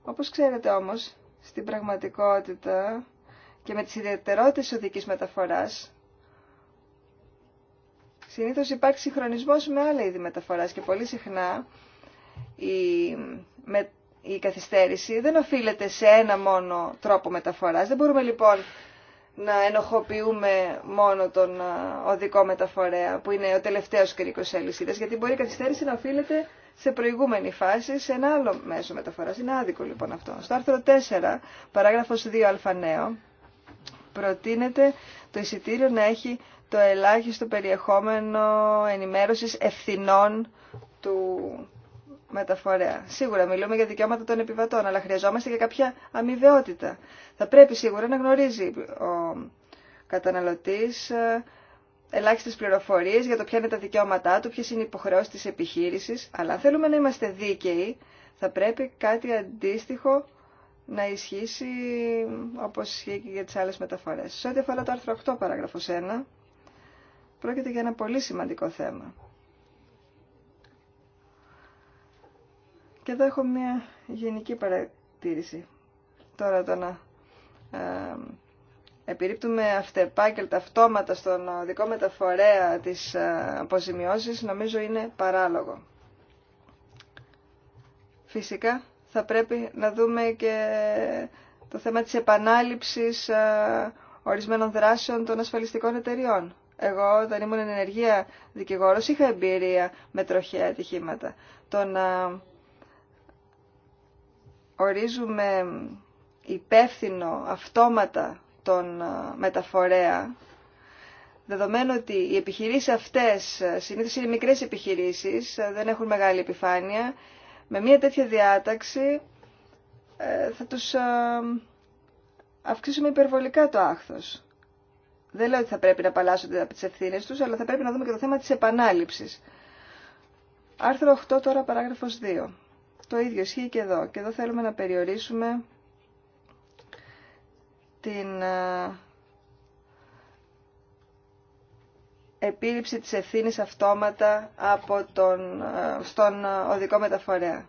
Όπως ξέρετε όμως, στην πραγματικότητα και με τις ιδιαιτερότητες οδικής μεταφοράς, συνήθως υπάρχει συγχρονισμός με άλλα είδη μεταφοράς και πολύ συχνά η, με, καθυστέρηση δεν οφείλεται σε ένα μόνο τρόπο μεταφοράς. Δεν μπορούμε λοιπόν να ενοχοποιούμε μόνο τον οδικό μεταφορέα που είναι ο τελευταίος κρίκος αλυσίδας γιατί μπορεί η καθυστέρηση να οφείλεται σε προηγούμενη φάση σε ένα άλλο μέσο μεταφοράς. Είναι άδικο λοιπόν αυτό. Στο άρθρο 4, παράγραφος 2α νέο, προτείνεται το εισιτήριο να έχει το ελάχιστο περιεχόμενο ενημέρωσης ευθυνών του μεταφορέα. Σίγουρα μιλούμε για δικαιώματα των επιβατών, αλλά χρειαζόμαστε και κάποια αμοιβαιότητα. Θα πρέπει σίγουρα να γνωρίζει ο καταναλωτής ε, ελάχιστες πληροφορίες για το ποια είναι τα δικαιώματά του, ποιες είναι οι υποχρεώσεις της επιχείρησης, αλλά αν θέλουμε να είμαστε δίκαιοι, θα πρέπει κάτι αντίστοιχο να ισχύσει όπως ισχύει και για τις άλλες μεταφορές. Σε ό,τι αφορά το άρθρο 8 παράγραφος 1, πρόκειται για ένα πολύ σημαντικό θέμα. Και εδώ έχω μια γενική παρατήρηση. Τώρα το να ε, επιρρύπτουμε αυτεπάκελτα, αυτόματα στον οδικό μεταφορέα της ε, αποζημιώσεις, νομίζω είναι παράλογο. Φυσικά θα πρέπει να δούμε και το θέμα της επανάληψης ε, ορισμένων δράσεων των ασφαλιστικών εταιριών. Εγώ όταν ήμουν ενεργεία δικηγόρος είχα εμπειρία με τροχαία ατυχήματα. Το να ορίζουμε υπεύθυνο αυτόματα τον ε, μεταφορέα, δεδομένου ότι οι επιχειρήσεις αυτές ε, συνήθως είναι μικρές επιχειρήσεις, ε, δεν έχουν μεγάλη επιφάνεια, με μια τέτοια διάταξη θα τους αυξήσουμε υπερβολικά το άχθος. Δεν λέω ότι θα πρέπει να απαλλάσσονται από τις ευθύνες τους, αλλά θα πρέπει να δούμε και το θέμα της επανάληψης. Άρθρο 8 τώρα παράγραφος 2. Το ίδιο ισχύει και εδώ. Και εδώ θέλουμε να περιορίσουμε την ε, επίληψη της ευθύνης αυτόματα από τον, ε, στον ε, οδικό μεταφορέα.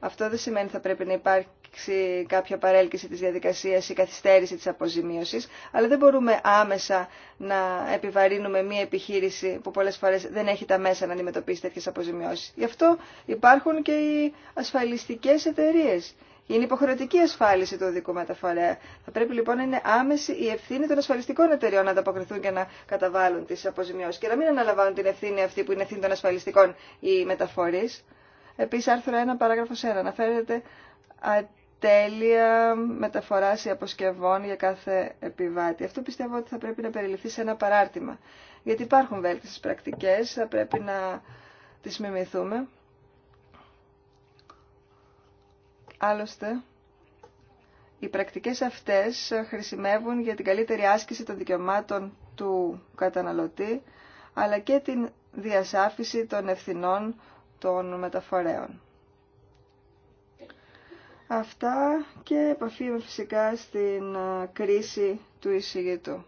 Αυτό δεν σημαίνει θα πρέπει να υπάρξει κάποια παρέλκυση της διαδικασίας ή καθυστέρηση της αποζημίωσης, αλλά δεν μπορούμε άμεσα να επιβαρύνουμε μία επιχείρηση που πολλές φορές δεν έχει τα μέσα να αντιμετωπίσει τέτοιες αποζημιώσεις. Γι' αυτό υπάρχουν και οι ασφαλιστικές εταιρείες, είναι υποχρεωτική ασφάλιση του οδικού μεταφορέα. Θα πρέπει λοιπόν να είναι άμεση η ευθύνη των ασφαλιστικών εταιριών να ανταποκριθούν και να καταβάλουν τι αποζημιώσει και να μην αναλαμβάνουν την ευθύνη αυτή που είναι ευθύνη των ασφαλιστικών οι μεταφορεί. Επίση, άρθρο 1, παράγραφο 1. Αναφέρεται ατέλεια μεταφορά ή αποσκευών για κάθε επιβάτη. Αυτό πιστεύω ότι θα πρέπει να περιληφθεί σε ένα παράρτημα. Γιατί υπάρχουν βέλτιστε πρακτικέ, θα πρέπει να τι μιμηθούμε. Άλλωστε, οι πρακτικές αυτές χρησιμεύουν για την καλύτερη άσκηση των δικαιωμάτων του καταναλωτή, αλλά και την διασάφηση των ευθυνών των μεταφορέων. Αυτά και επαφή φυσικά στην κρίση του εισηγητού.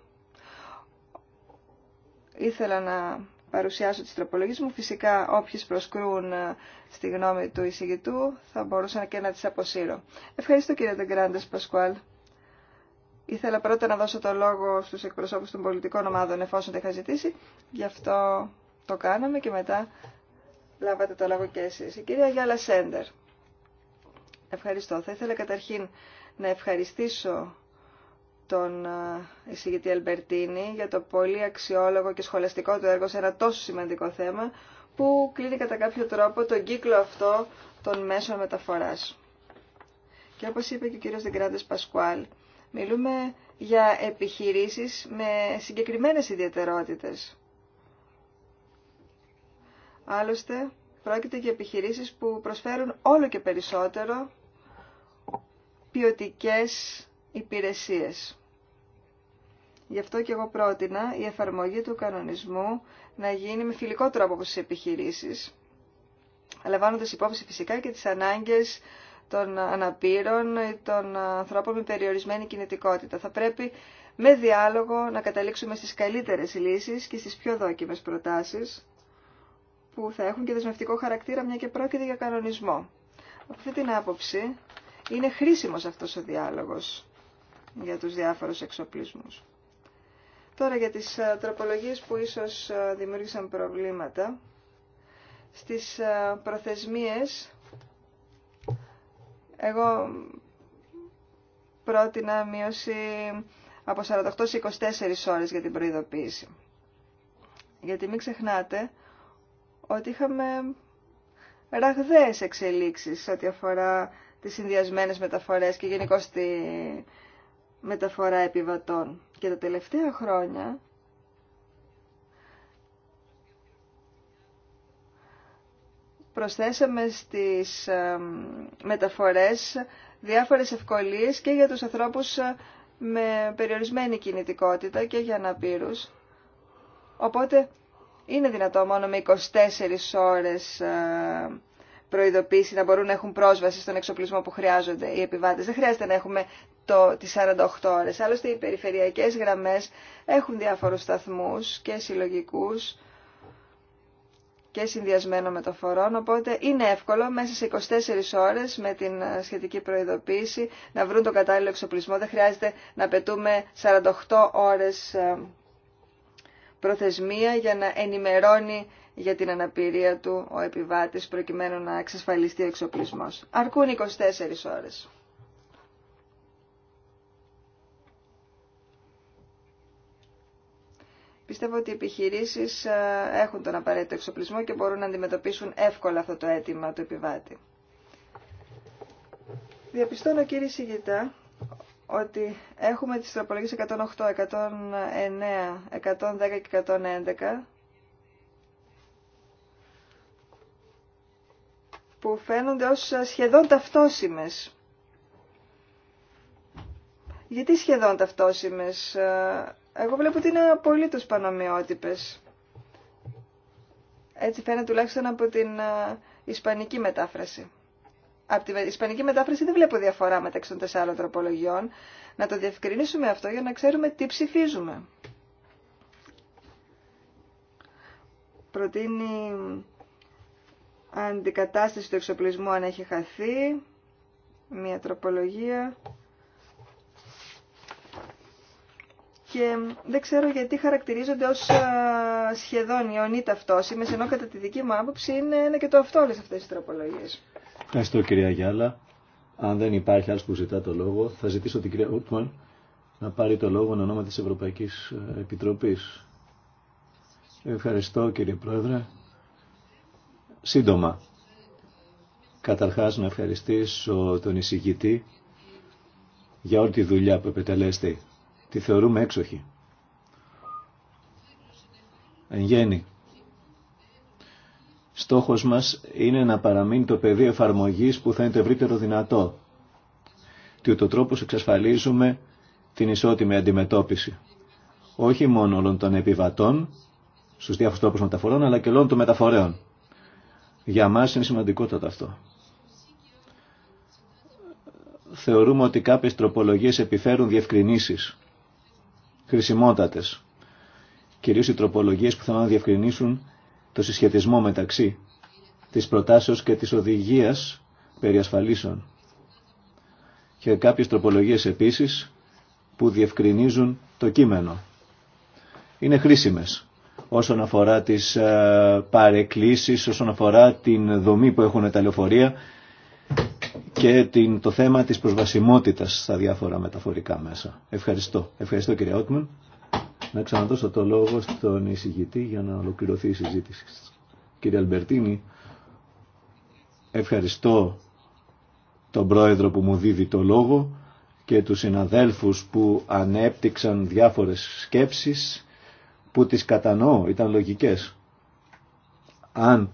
Ήθελα να παρουσιάσω τις τροπολογίες μου. Φυσικά όποιες προσκρούν ε, στη γνώμη του εισηγητού θα μπορούσαν και να τις αποσύρω. Ευχαριστώ κύριε Τεγκράντες Πασκουάλ. Ήθελα πρώτα να δώσω το λόγο στους εκπροσώπους των πολιτικών ομάδων εφόσον τα είχα ζητήσει. Γι' αυτό το κάναμε και μετά λάβατε το λόγο και εσείς. Η κυρία Γιάλα Σέντερ. Ευχαριστώ. Θα ήθελα καταρχήν να ευχαριστήσω τον ε, εισηγητή Αλμπερτίνη για το πολύ αξιόλογο και σχολαστικό του έργο σε ένα τόσο σημαντικό θέμα που κλείνει κατά κάποιο τρόπο τον κύκλο αυτό των μέσων μεταφοράς. Και όπως είπε και ο κύριος Δεγκράντες Πασκουάλ, μιλούμε για επιχειρήσεις με συγκεκριμένες ιδιαιτερότητες. Άλλωστε, πρόκειται για επιχειρήσεις που προσφέρουν όλο και περισσότερο ποιοτικές υπηρεσίες. Γι' αυτό και εγώ πρότεινα η εφαρμογή του κανονισμού να γίνει με φιλικό τρόπο από τις επιχειρήσεις, λαμβάνοντας υπόψη φυσικά και τις ανάγκες των αναπήρων ή των ανθρώπων με περιορισμένη κινητικότητα. Θα πρέπει με διάλογο να καταλήξουμε στις καλύτερες λύσεις και στις πιο δόκιμες προτάσεις που θα έχουν και δεσμευτικό χαρακτήρα μια και πρόκειται για κανονισμό. Από αυτή την άποψη είναι χρήσιμος αυτός ο διάλογος για τους διάφορους εξοπλισμούς. Τώρα για τις ε, τροπολογίες που ίσως ε, δημιούργησαν προβλήματα. Στις ε, προθεσμίες, εγώ πρότεινα μείωση από 48 σε 24 ώρες για την προειδοποίηση. Γιατί μην ξεχνάτε ότι είχαμε ραγδαίες εξελίξεις ό,τι αφορά τις συνδυασμένες μεταφορές και γενικώ τη μεταφορά επιβατών. Και τα τελευταία χρόνια προσθέσαμε στις μεταφορές διάφορες ευκολίες και για τους ανθρώπους ε, με περιορισμένη κινητικότητα και για αναπήρους. Οπότε είναι δυνατό μόνο με 24 ώρες ε, προειδοποίηση να μπορούν να έχουν πρόσβαση στον εξοπλισμό που χρειάζονται οι επιβάτες. Δεν χρειάζεται να έχουμε το, τις 48 ώρες. Άλλωστε οι περιφερειακές γραμμές έχουν διάφορους σταθμούς και συλλογικούς και συνδυασμένο με το φορόν, οπότε είναι εύκολο μέσα σε 24 ώρες με την ε, σχετική προειδοποίηση να βρουν το κατάλληλο εξοπλισμό. Δεν χρειάζεται να πετούμε 48 ώρες ε, προθεσμία για να ενημερώνει για την αναπηρία του ο επιβάτης προκειμένου να εξασφαλιστεί ο εξοπλισμός. Αρκούν 24 ώρες. Πιστεύω ότι οι επιχειρήσεις ε, έχουν τον απαραίτητο εξοπλισμό και μπορούν να αντιμετωπίσουν εύκολα αυτό το αίτημα του επιβάτη. Διαπιστώνω κύριε Σιγητά ότι έχουμε τις τροπολογίες 108, 109, 110 και 111 που φαίνονται ως σχεδόν ταυτόσιμες. Γιατί σχεδόν ταυτόσιμες, ε, εγώ βλέπω ότι είναι απολύτως πανομοιότυπες. Έτσι φαίνεται τουλάχιστον από την ε, ισπανική μετάφραση. Από την ισπανική μετάφραση δεν βλέπω διαφορά μεταξύ των τεσσάρων τροπολογιών. Να το διευκρινίσουμε αυτό για να ξέρουμε τι ψηφίζουμε. Προτείνει αντικατάσταση του εξοπλισμού αν έχει χαθεί, μια τροπολογία και δεν ξέρω γιατί χαρακτηρίζονται ως ε, σχεδόν ιονή ταυτόσημες, ενώ κατά τη δική μου άποψη είναι ένα και το αυτό όλες αυτές οι τροπολογίες. Ευχαριστώ κυρία Γιάλα. Αν δεν υπάρχει άλλος που ζητά το λόγο, θα ζητήσω την κυρία Ούτμαν να πάρει το λόγο εν ονόμα της Ευρωπαϊκής ε, Επιτροπής. Ευχαριστώ κύριε Πρόεδρε. Σύντομα, καταρχάς να ευχαριστήσω τον εισηγητή για όλη τη δουλειά που επετελέστη τη θεωρούμε έξοχη. Εν γέννη, στόχος μας είναι να παραμείνει το πεδίο εφαρμογής που θα είναι το ευρύτερο δυνατό. Τι ούτω τρόπος εξασφαλίζουμε την ισότιμη αντιμετώπιση. Όχι μόνο όλων των επιβατών, στους διάφορους τρόπους μεταφορών, αλλά και όλων των μεταφορέων. Για μας είναι σημαντικότατο αυτό. Θεωρούμε ότι κάποιες τροπολογίες επιφέρουν διευκρινήσεις χρησιμότατες. Κυρίως οι τροπολογίες που θέλουν να διευκρινίσουν το συσχετισμό μεταξύ της προτάσεως και της οδηγίας περί ασφαλίσεων. Και κάποιες τροπολογίες επίσης που διευκρινίζουν το κείμενο. Είναι χρήσιμες όσον αφορά τις ε, παρεκκλήσεις, όσον αφορά την δομή που έχουν τα λεωφορεία και το θέμα της προσβασιμότητας στα διάφορα μεταφορικά μέσα. Ευχαριστώ. Ευχαριστώ κύριε Ότμαν. Να ξαναδώσω το λόγο στον εισηγητή για να ολοκληρωθεί η συζήτηση. Κύριε Αλμπερτίνη, ευχαριστώ τον πρόεδρο που μου δίδει το λόγο και τους συναδέλφους που ανέπτυξαν διάφορες σκέψεις που τις κατανοώ, ήταν λογικές. Αν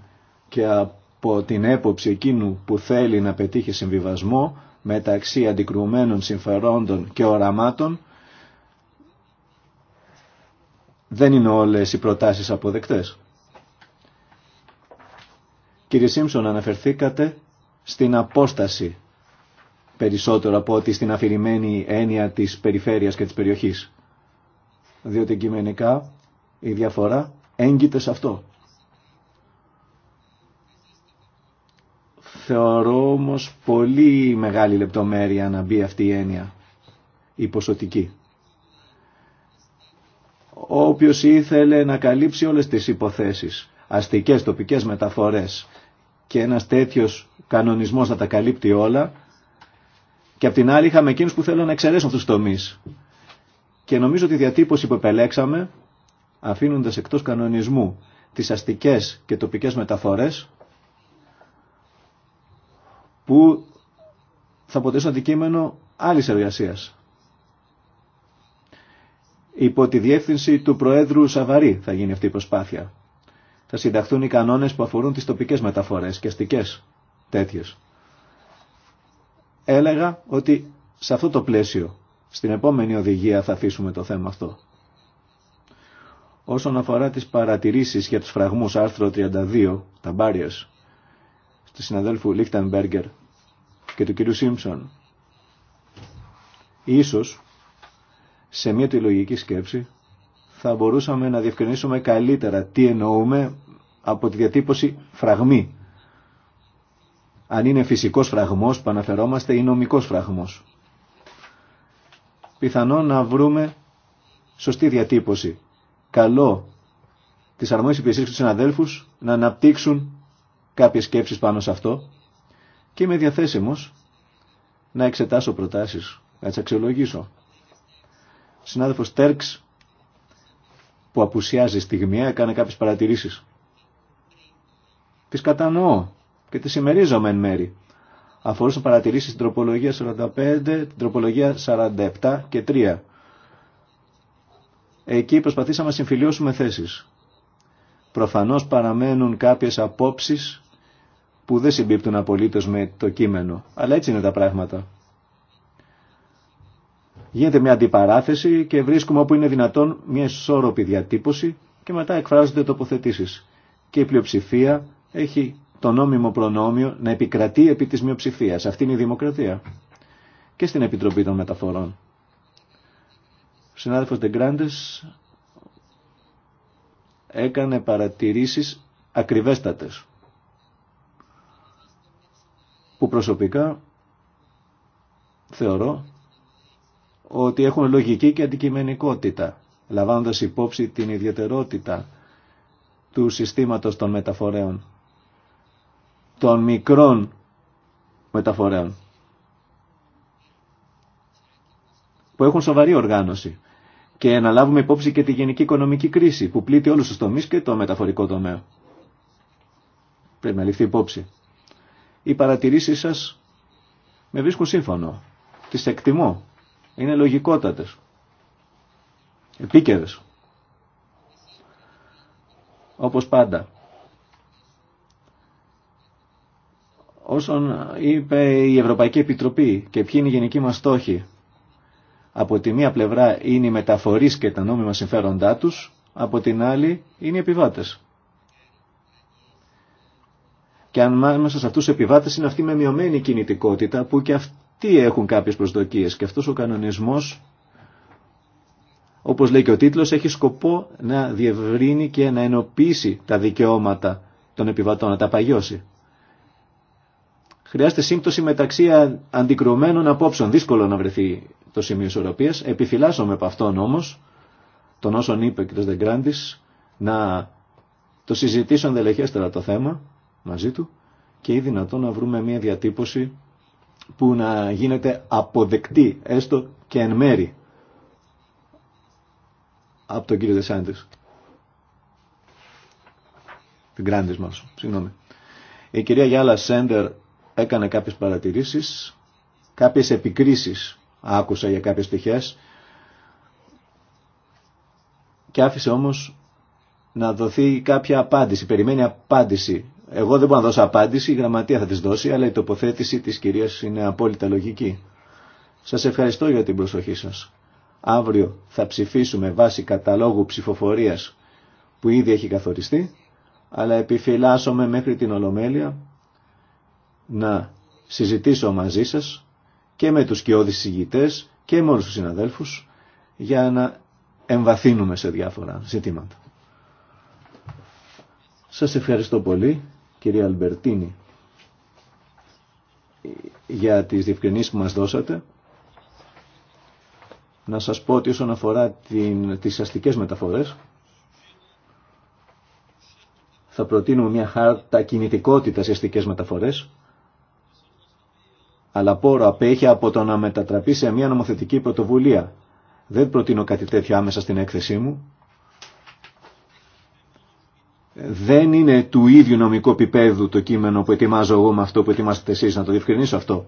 και από από την έποψη εκείνου που θέλει να πετύχει συμβιβασμό μεταξύ αντικρουμένων συμφερόντων και οραμάτων, δεν είναι όλες οι προτάσεις αποδεκτές. Κύριε Σίμψον, αναφερθήκατε στην απόσταση περισσότερο από ότι στην αφηρημένη έννοια της περιφέρειας και της περιοχής. Διότι κειμενικά η διαφορά έγκυται σε αυτό. Θεωρώ όμως πολύ μεγάλη λεπτομέρεια να μπει αυτή η έννοια, η ποσοτική. Όποιος ήθελε να καλύψει όλες τις υποθέσεις, αστικές, τοπικές μεταφορές και ένας τέτοιος κανονισμός να τα καλύπτει όλα και απ' την άλλη είχαμε εκείνους που θέλουν να εξαιρέσουν αυτούς τους τομείς. Και νομίζω ότι η διατύπωση που επελέξαμε, αφήνοντας εκτός κανονισμού τις αστικές και τοπικές μεταφορές, που θα αποτελέσουν αντικείμενο άλλη εργασία. Υπό τη διεύθυνση του Προέδρου Σαβαρή θα γίνει αυτή η προσπάθεια. Θα συνταχθούν οι κανόνες που αφορούν τις τοπικές μεταφορές και αστικές τέτοιες. Έλεγα ότι σε αυτό το πλαίσιο, στην επόμενη οδηγία θα αφήσουμε το θέμα αυτό. Όσον αφορά τις παρατηρήσεις για τους φραγμούς άρθρο 32, τα barriers, του συναδέλφου Μπέργκερ και του κυρίου Σίμψον. Ίσως, σε μια τη σκέψη, θα μπορούσαμε να διευκρινίσουμε καλύτερα τι εννοούμε από τη διατύπωση φραγμή. Αν είναι φυσικός φραγμός που αναφερόμαστε ή νομικός φραγμός. Πιθανόν να βρούμε σωστή διατύπωση. Καλό τις αρμόνες υπηρεσίες και συναδέλφους να αναπτύξουν κάποιες σκέψεις πάνω σε αυτό και είμαι διαθέσιμος να εξετάσω προτάσεις, να τις αξιολογήσω. Ο συνάδελφος Τέρξ που απουσιάζει στιγμιαία έκανε κάποιες παρατηρήσεις. Τις κατανοώ και τις ημερίζομαι εν μέρη. Αφορούσαν παρατηρήσεις στην τροπολογία 45, την τροπολογία 47 και 3. Εκεί προσπαθήσαμε να συμφιλιώσουμε θέσεις. Προφανώς παραμένουν κάποιες απόψεις που δεν συμπίπτουν απολύτως με το κείμενο. Αλλά έτσι είναι τα πράγματα. Γίνεται μια αντιπαράθεση και βρίσκουμε όπου είναι δυνατόν μια ισόρροπη διατύπωση και μετά εκφράζονται τοποθετήσεις. Και η πλειοψηφία έχει το νόμιμο προνόμιο να επικρατεί επί της μειοψηφίας. Αυτή είναι η δημοκρατία. Και στην Επιτροπή των Μεταφορών. Ο συνάδελφος Ντεγκράντες έκανε παρατηρήσεις ακριβέστατες που προσωπικά θεωρώ ότι έχουν λογική και αντικειμενικότητα, λαμβάνοντας υπόψη την ιδιαιτερότητα του συστήματος των μεταφορέων, των μικρών μεταφορέων, που έχουν σοβαρή οργάνωση και να λάβουμε υπόψη και τη γενική οικονομική κρίση που πλήττει όλους τους τομείς και το μεταφορικό τομέα. Πρέπει να ληφθεί υπόψη. Οι παρατηρήσεις σας με βρίσκουν σύμφωνο. Τις εκτιμώ. Είναι λογικότατες. Επίκαιρες. Όπως πάντα. Όσον είπε η Ευρωπαϊκή Επιτροπή και ποιοι είναι οι γενικοί μας στόχοι. Από τη μία πλευρά είναι οι μεταφορείς και τα νόμιμα συμφέροντά τους, από την άλλη είναι οι επιβάτες και αν μέσα σε αυτούς του επιβάτες είναι αυτοί με μειωμένη κινητικότητα που και αυτοί έχουν κάποιες προσδοκίες και αυτός ο κανονισμός όπως λέει και ο τίτλος έχει σκοπό να διευρύνει και να ενοποιήσει τα δικαιώματα των επιβατών, να τα παγιώσει. Χρειάζεται σύμπτωση μεταξύ αντικρουμένων απόψεων. Δύσκολο να βρεθεί το σημείο ισορροπία. Επιφυλάσσομαι από αυτόν όμω, τον όσον είπε ο κ. Δεγκράντη, να το συζητήσω ενδελεχέστερα το θέμα μαζί του και ή δυνατόν να βρούμε μια διατύπωση που να γίνεται αποδεκτή έστω και εν μέρη από τον κύριο Δεσάντης. Την Γκράντες μας συγγνώμη. Η κυρία Γιάλα Σέντερ έκανε κάποιες παρατηρήσεις, κάποιες επικρίσεις άκουσα για κάποιες στοιχές και άφησε όμως να δοθεί κάποια απάντηση, περιμένει απάντηση εγώ δεν μπορώ να δώσω απάντηση, η γραμματεία θα τις δώσει, αλλά η τοποθέτηση της κυρίας είναι απόλυτα λογική. Σας ευχαριστώ για την προσοχή σας. Αύριο θα ψηφίσουμε βάσει καταλόγου ψηφοφορίας που ήδη έχει καθοριστεί, αλλά επιφυλάσσομαι μέχρι την Ολομέλεια να συζητήσω μαζί σας και με τους κοιόδης συγητές και με όλους τους συναδέλφους για να εμβαθύνουμε σε διάφορα ζητήματα. Σας ευχαριστώ πολύ κυρία Αλμπερτίνη, για τις διευκρινήσεις που μας δώσατε. Να σας πω ότι όσον αφορά την, τις αστικές μεταφορές, θα προτείνουμε μια χάρτα κινητικότητα σε αστικές μεταφορές, αλλά πόρο απέχει από το να μετατραπεί σε μια νομοθετική πρωτοβουλία. Δεν προτείνω κάτι τέτοιο άμεσα στην έκθεσή μου δεν είναι του ίδιου νομικού επίπεδου το κείμενο που ετοιμάζω εγώ με αυτό που ετοιμάζετε εσείς, να το διευκρινίσω αυτό.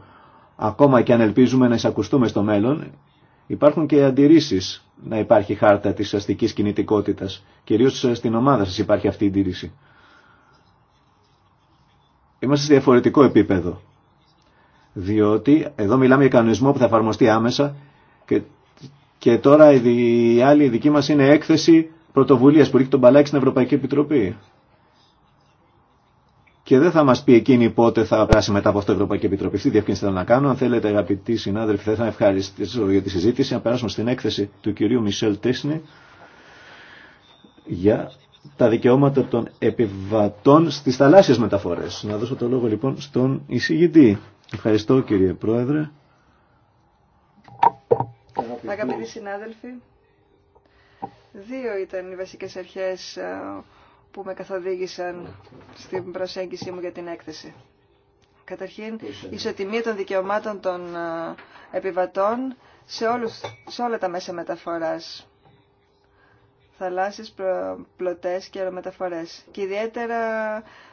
Ακόμα και αν ελπίζουμε να εισακουστούμε στο μέλλον, υπάρχουν και αντιρρήσεις να υπάρχει χάρτα της αστικής κινητικότητας. Κυρίως στην ομάδα σας υπάρχει αυτή η αντίρρηση. Είμαστε σε διαφορετικό επίπεδο. Διότι εδώ μιλάμε για κανονισμό που θα εφαρμοστεί άμεσα και, και τώρα η, η άλλη δική μας είναι έκθεση Πρωτοβουλία που ρίχνει τον μπαλάκι στην Ευρωπαϊκή Επιτροπή. Και δεν θα μα πει εκείνη πότε θα περάσει μετά από αυτό η Ευρωπαϊκή Επιτροπή. Αυτή διευκρίνηση θέλω να κάνω. Αν θέλετε, αγαπητοί συνάδελφοι, θα ήθελα να ευχαριστήσω για τη συζήτηση. Να περάσουμε στην έκθεση του κυρίου Μισελ Τέσνη για τα δικαιώματα των επιβατών στι θαλάσσιε μεταφορέ. Να δώσω το λόγο λοιπόν στον εισηγητή. Ευχαριστώ κύριε Πρόεδρε. Αγαπητοί συνάδελφοι, Δύο ήταν οι βασικές αρχές ε, που με καθοδήγησαν στην προσέγγιση μου για την έκθεση. Καταρχήν, η ισοτιμία των δικαιωμάτων των ε, επιβατών σε, όλους, σε όλα τα μέσα μεταφοράς. Θαλάσσιες πλωτές και αερομεταφορές. Και ιδιαίτερα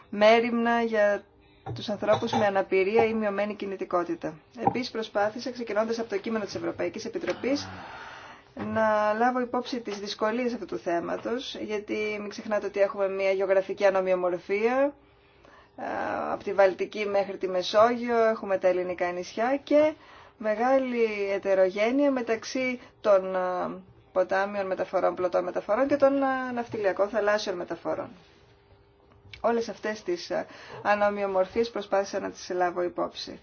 μέρημνα για τους ανθρώπους με αναπηρία ή μειωμένη κινητικότητα. Επίσης προσπάθησα, ξεκινώντας από το κείμενο της Ευρωπαϊκής Επιτροπής, να λάβω υπόψη τις δυσκολίες αυτού του θέματος, γιατί μην ξεχνάτε ότι έχουμε μια γεωγραφική ανομοιομορφία, από τη Βαλτική μέχρι τη Μεσόγειο, έχουμε τα ελληνικά νησιά και μεγάλη ετερογένεια μεταξύ των ποτάμιων μεταφορών, πλωτών μεταφορών και των ναυτιλιακών θαλάσσιων μεταφορών. Όλες αυτές τις ανομοιομορφίες προσπάθησα να τις λάβω υπόψη.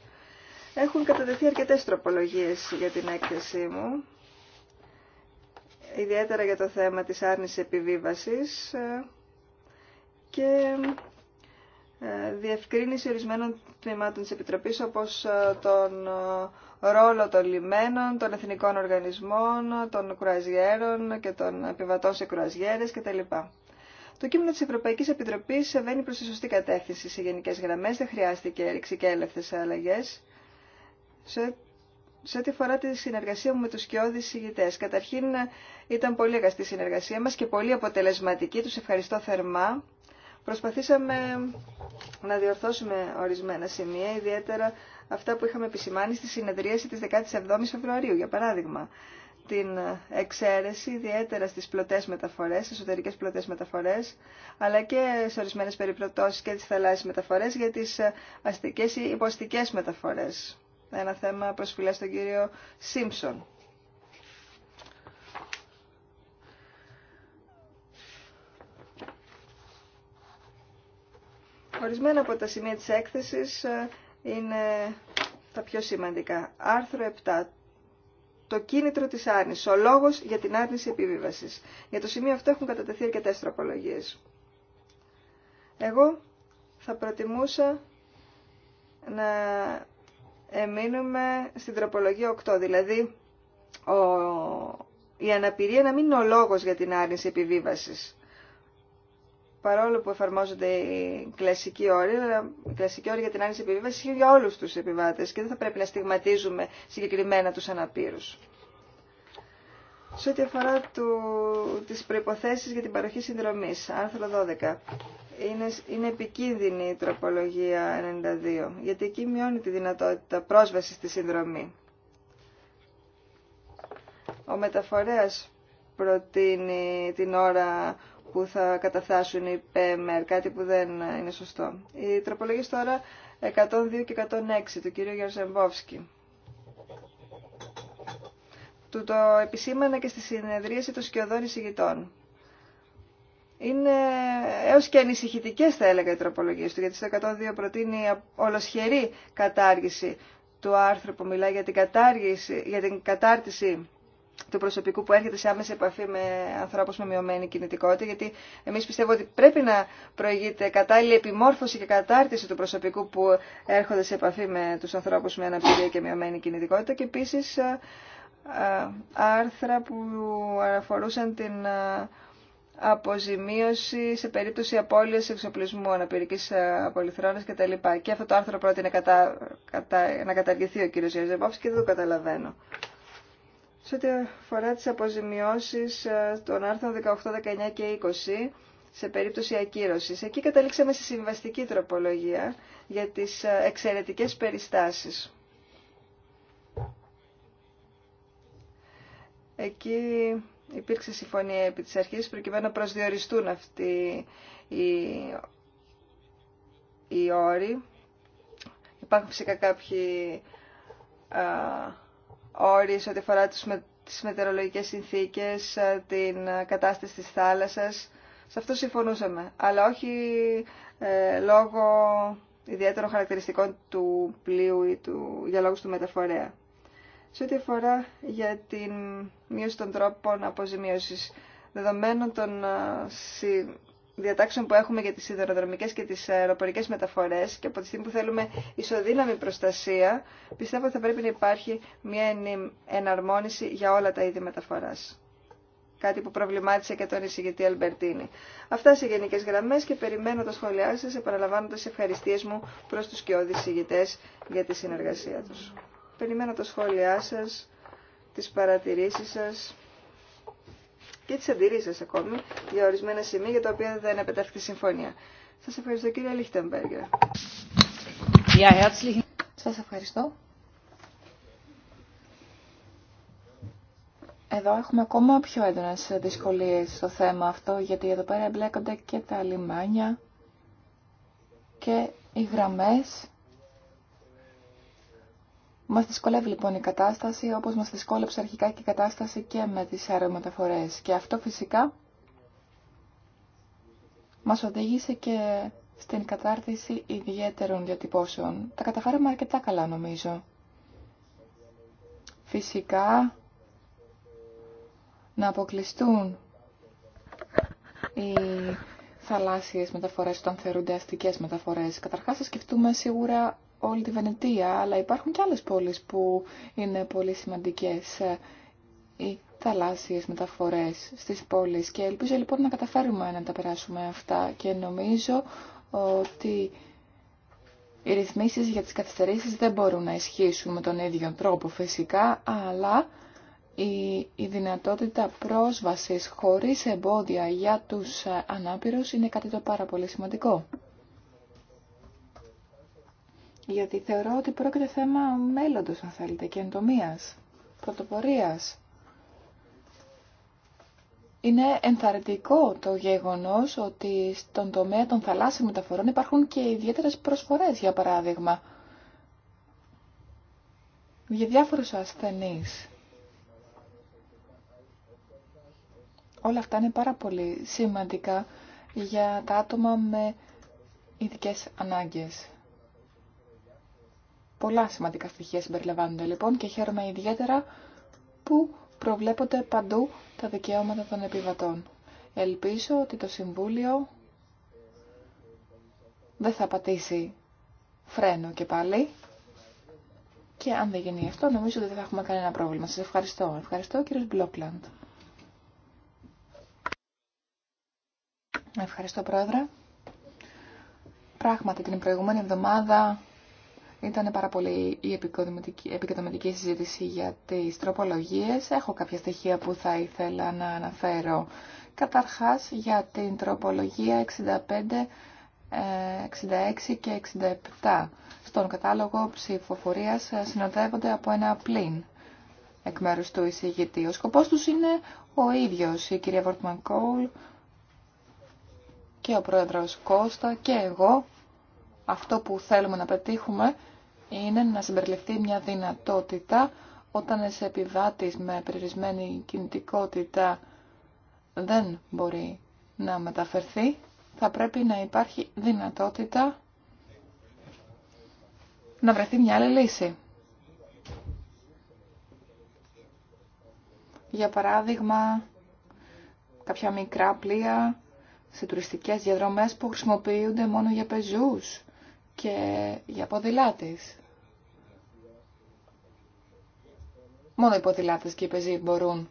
Έχουν κατατεθεί αρκετές τροπολογίες για την έκθεσή μου ιδιαίτερα για το θέμα της άρνησης επιβίβασης ε, και ε, διευκρίνηση ορισμένων θέμάτων της Επιτροπής όπως ε, τον ρόλο των λιμένων, των εθνικών οργανισμών, των κουραζιέρων και των επιβατών σε κουραζιέρες κτλ. Το κείμενο της Ευρωπαϊκής Επιτροπής βαίνει προς τη σωστή κατεύθυνση σε γενικές γραμμές, δεν χρειάστηκε ρηξικέλευτες αλλαγές. Σε σε ό,τι αφορά τη συνεργασία μου με τους σκιώδεις ηγητές. Καταρχήν ήταν πολύ αγαστή η συνεργασία μας και πολύ αποτελεσματική. του ευχαριστώ θερμά. Προσπαθήσαμε να διορθώσουμε ορισμένα σημεία, ιδιαίτερα αυτά που είχαμε επισημάνει στη συνεδρίαση της 17ης Φεβρουαρίου, για παράδειγμα. Την εξαίρεση ιδιαίτερα στις πλωτές μεταφορές, στις εσωτερικές πλωτές μεταφορές, αλλά και σε ορισμένες περιπτώσεις και τι θαλάσσιες μεταφορές για τις αστικές ή υποστικές μεταφορές ένα θέμα προσφυλά στον κύριο Σίμψον. Ορισμένα από τα σημεία της έκθεσης ε, είναι τα πιο σημαντικά. Άρθρο 7. Το κίνητρο της άρνησης. Ο λόγος για την άρνηση επιβίβασης. Για το σημείο αυτό έχουν κατατεθεί αρκετές τροπολογίες. Εγώ θα προτιμούσα να εμείνουμε στην τροπολογία 8, δηλαδή ο, η αναπηρία να μην είναι ο λόγος για την άρνηση επιβίβασης. Παρόλο που εφαρμόζονται οι κλασικοί όροι, αλλά οι κλασικοί όροι για την άρνηση επιβίβαση είναι για όλους τους επιβάτες και δεν θα πρέπει να στιγματίζουμε συγκεκριμένα τους αναπήρους. Σε ό,τι αφορά τι τις για την παροχή συνδρομής, άρθρο 12 είναι, είναι επικίνδυνη η τροπολογία 92, γιατί εκεί μειώνει τη δυνατότητα πρόσβασης στη συνδρομή. Ο μεταφορέας προτείνει την ώρα που θα καταθάσουν οι ΠΕΜΕΡ, κάτι που δεν είναι σωστό. Η τροπολογία τώρα 102 και 106 του κυρίου Γιαρζεμπόφσκι. Του το επισήμανα και στη συνεδρίαση των σκιωδών εισηγητών είναι έως και ανησυχητικέ θα έλεγα οι τροπολογίες του, γιατί στο 102 προτείνει ολοσχερή κατάργηση του άρθρου που μιλάει για την, κατάργηση, για την κατάρτιση του προσωπικού που έρχεται σε άμεση επαφή με ανθρώπους με μειωμένη κινητικότητα, γιατί εμείς πιστεύω ότι πρέπει να προηγείται κατάλληλη επιμόρφωση και κατάρτιση του προσωπικού που έρχονται σε επαφή με τους ανθρώπους με αναπηρία και μειωμένη κινητικότητα και επίσης ε, ε, άρθρα που αφορούσαν την ε, αποζημίωση σε περίπτωση απώλειας εξοπλισμού, αναπηρικής απολυθρώνας ε, κτλ. Και αυτό το άρθρο πρότεινε κατά, κατά, να καταργηθεί ο κ. Γερζεμπόφης και δεν το καταλαβαίνω. Σε ό,τι αφορά τις αποζημιώσεις ε, των άρθρων 18, 19 και 20, σε περίπτωση ακύρωσης. Εκεί καταλήξαμε στη συμβαστική τροπολογία για τις ε, εξαιρετικές περιστάσεις. Εκεί υπήρξε συμφωνία επί της αρχής προκειμένου να προσδιοριστούν αυτοί οι, οι όροι. Υπάρχουν φυσικά κάποιοι α, όροι σε ό,τι αφορά τους, με, τις μετεωρολογικές συνθήκες, την κατάσταση της θάλασσας. Σε αυτό συμφωνούσαμε, αλλά όχι ε, λόγω ιδιαίτερων χαρακτηριστικών του πλοίου ή του, για λόγους του μεταφορέα σε ό,τι αφορά για την μείωση των τρόπων αποζημίωσης δεδομένων των διατάξεων που έχουμε για τις σιδηροδρομικές και τις αεροπορικές μεταφορές και από τη στιγμή που θέλουμε ισοδύναμη προστασία, πιστεύω ότι θα πρέπει να υπάρχει μια εναρμόνιση για όλα τα είδη μεταφοράς. Κάτι που προβλημάτισε και τον εισηγητή Αλμπερτίνη. Αυτά σε γενικέ γραμμέ και περιμένω τα σχόλιά σα, επαναλαμβάνοντα ευχαριστίε μου προ του και εισηγητέ για τη συνεργασία του. Περιμένω τα σχόλιά σας, τις παρατηρήσεις σας και τις αντιρρήσεις ακόμη για ορισμένα σημεία για τα οποία δεν επετάχθη συμφωνία. Σας ευχαριστώ κύριε Λίχτεμπεργκερ. Yeah, σας ευχαριστώ. Εδώ έχουμε ακόμα πιο έντονες δυσκολίες στο θέμα αυτό, γιατί εδώ πέρα εμπλέκονται και τα λιμάνια και οι γραμμές μας δυσκολεύει λοιπόν η κατάσταση, όπως μας δυσκόλεψε αρχικά και η κατάσταση και με τις αερομεταφορές. Και αυτό φυσικά μας οδήγησε και στην κατάρτιση ιδιαίτερων διατυπώσεων. Τα καταφέραμε αρκετά καλά νομίζω. Φυσικά να αποκλειστούν οι θαλάσσιες μεταφορές όταν θεωρούνται αστικές μεταφορές. Καταρχάς θα σκεφτούμε σίγουρα όλη τη Βενετία, αλλά υπάρχουν και άλλες πόλεις που είναι πολύ σημαντικές ε, οι θαλάσσιες μεταφορές στις πόλεις και ελπίζω λοιπόν να καταφέρουμε να τα περάσουμε αυτά και νομίζω ότι οι ρυθμίσεις για τις καθυστερήσεις δεν μπορούν να ισχύσουν με τον ίδιο τρόπο φυσικά, αλλά η, η δυνατότητα πρόσβασης χωρίς εμπόδια για τους ε, ανάπηρους είναι κάτι το πάρα πολύ σημαντικό γιατί θεωρώ ότι πρόκειται θέμα μέλλοντος, αν θέλετε, και εντομίας, πρωτοπορίας. Είναι ενθαρρυντικό το γεγονός ότι στον τομέα των θαλάσσιων μεταφορών υπάρχουν και ιδιαίτερες προσφορές, για παράδειγμα, για διάφορους ασθενείς. Όλα αυτά είναι πάρα πολύ σημαντικά για τα άτομα με ειδικές ανάγκες. Πολλά σημαντικά στοιχεία συμπεριλαμβάνονται λοιπόν και χαίρομαι ιδιαίτερα που προβλέπονται παντού τα δικαιώματα των επιβατών. Ελπίζω ότι το Συμβούλιο δεν θα πατήσει φρένο και πάλι. Και αν δεν γίνει αυτό, νομίζω ότι δεν θα έχουμε κανένα πρόβλημα. Σας ευχαριστώ. Ευχαριστώ, κύριος Μπλόκλαντ. Ευχαριστώ, Πρόεδρε. Πράγματι, την προηγούμενη εβδομάδα ήταν πάρα πολύ η επικοδομητική συζήτηση για τις τροπολογίες. Έχω κάποια στοιχεία που θα ήθελα να αναφέρω. Καταρχάς για την τροπολογία 65 66 ε, και 67 στον κατάλογο ψηφοφορίας ε, συνοδεύονται από ένα πλήν εκ μέρους του εισηγητή. Ο σκοπός τους είναι ο ίδιος, η κυρία Βορτμαν και ο πρόεδρος Κώστα και εγώ αυτό που θέλουμε να πετύχουμε είναι να συμπεριληφθεί μια δυνατότητα όταν σε επιβάτης με περιορισμένη κινητικότητα δεν μπορεί να μεταφερθεί, θα πρέπει να υπάρχει δυνατότητα να βρεθεί μια άλλη λύση. Για παράδειγμα, κάποια μικρά πλοία σε τουριστικές διαδρομές που χρησιμοποιούνται μόνο για πεζούς και για ποδηλάτες. Μόνο οι ποδηλάτες και οι πεζοί μπορούν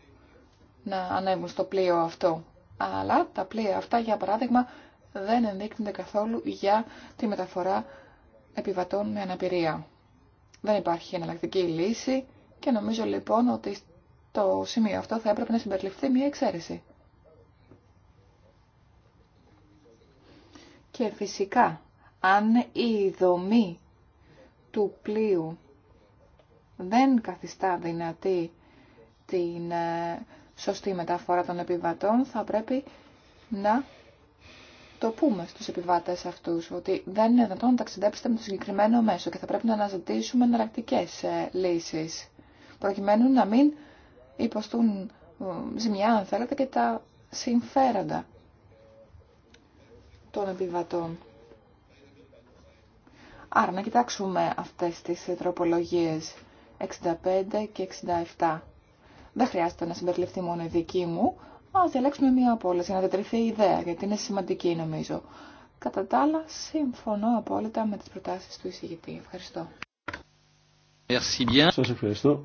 να ανέβουν στο πλοίο αυτό. Αλλά τα πλοία αυτά, για παράδειγμα, δεν ενδείκνυνται καθόλου για τη μεταφορά επιβατών με αναπηρία. Δεν υπάρχει εναλλακτική λύση και νομίζω λοιπόν ότι στο σημείο αυτό θα έπρεπε να συμπεριληφθεί μια εξαίρεση. Και φυσικά αν η δομή του πλοίου δεν καθιστά δυνατή την ε, σωστή μεταφορά των επιβατών, θα πρέπει να το πούμε στους επιβάτες αυτούς, ότι δεν είναι δυνατόν να ταξιδέψετε με το συγκεκριμένο μέσο και θα πρέπει να αναζητήσουμε εναλλακτικέ ε, λύσεις, προκειμένου να μην υποστούν ε, ζημιά, αν θέλετε, και τα συμφέροντα των επιβατών. Άρα να κοιτάξουμε αυτές τις τροπολογίες 65 και 67. Δεν χρειάζεται να συμπεριληφθεί μόνο η δική μου. Α διαλέξουμε μία από όλες για να διατρεθεί η ιδέα, γιατί είναι σημαντική νομίζω. Κατά τα άλλα, συμφωνώ απόλυτα με τις προτάσεις του εισηγητή. Ευχαριστώ. Σας ευχαριστώ.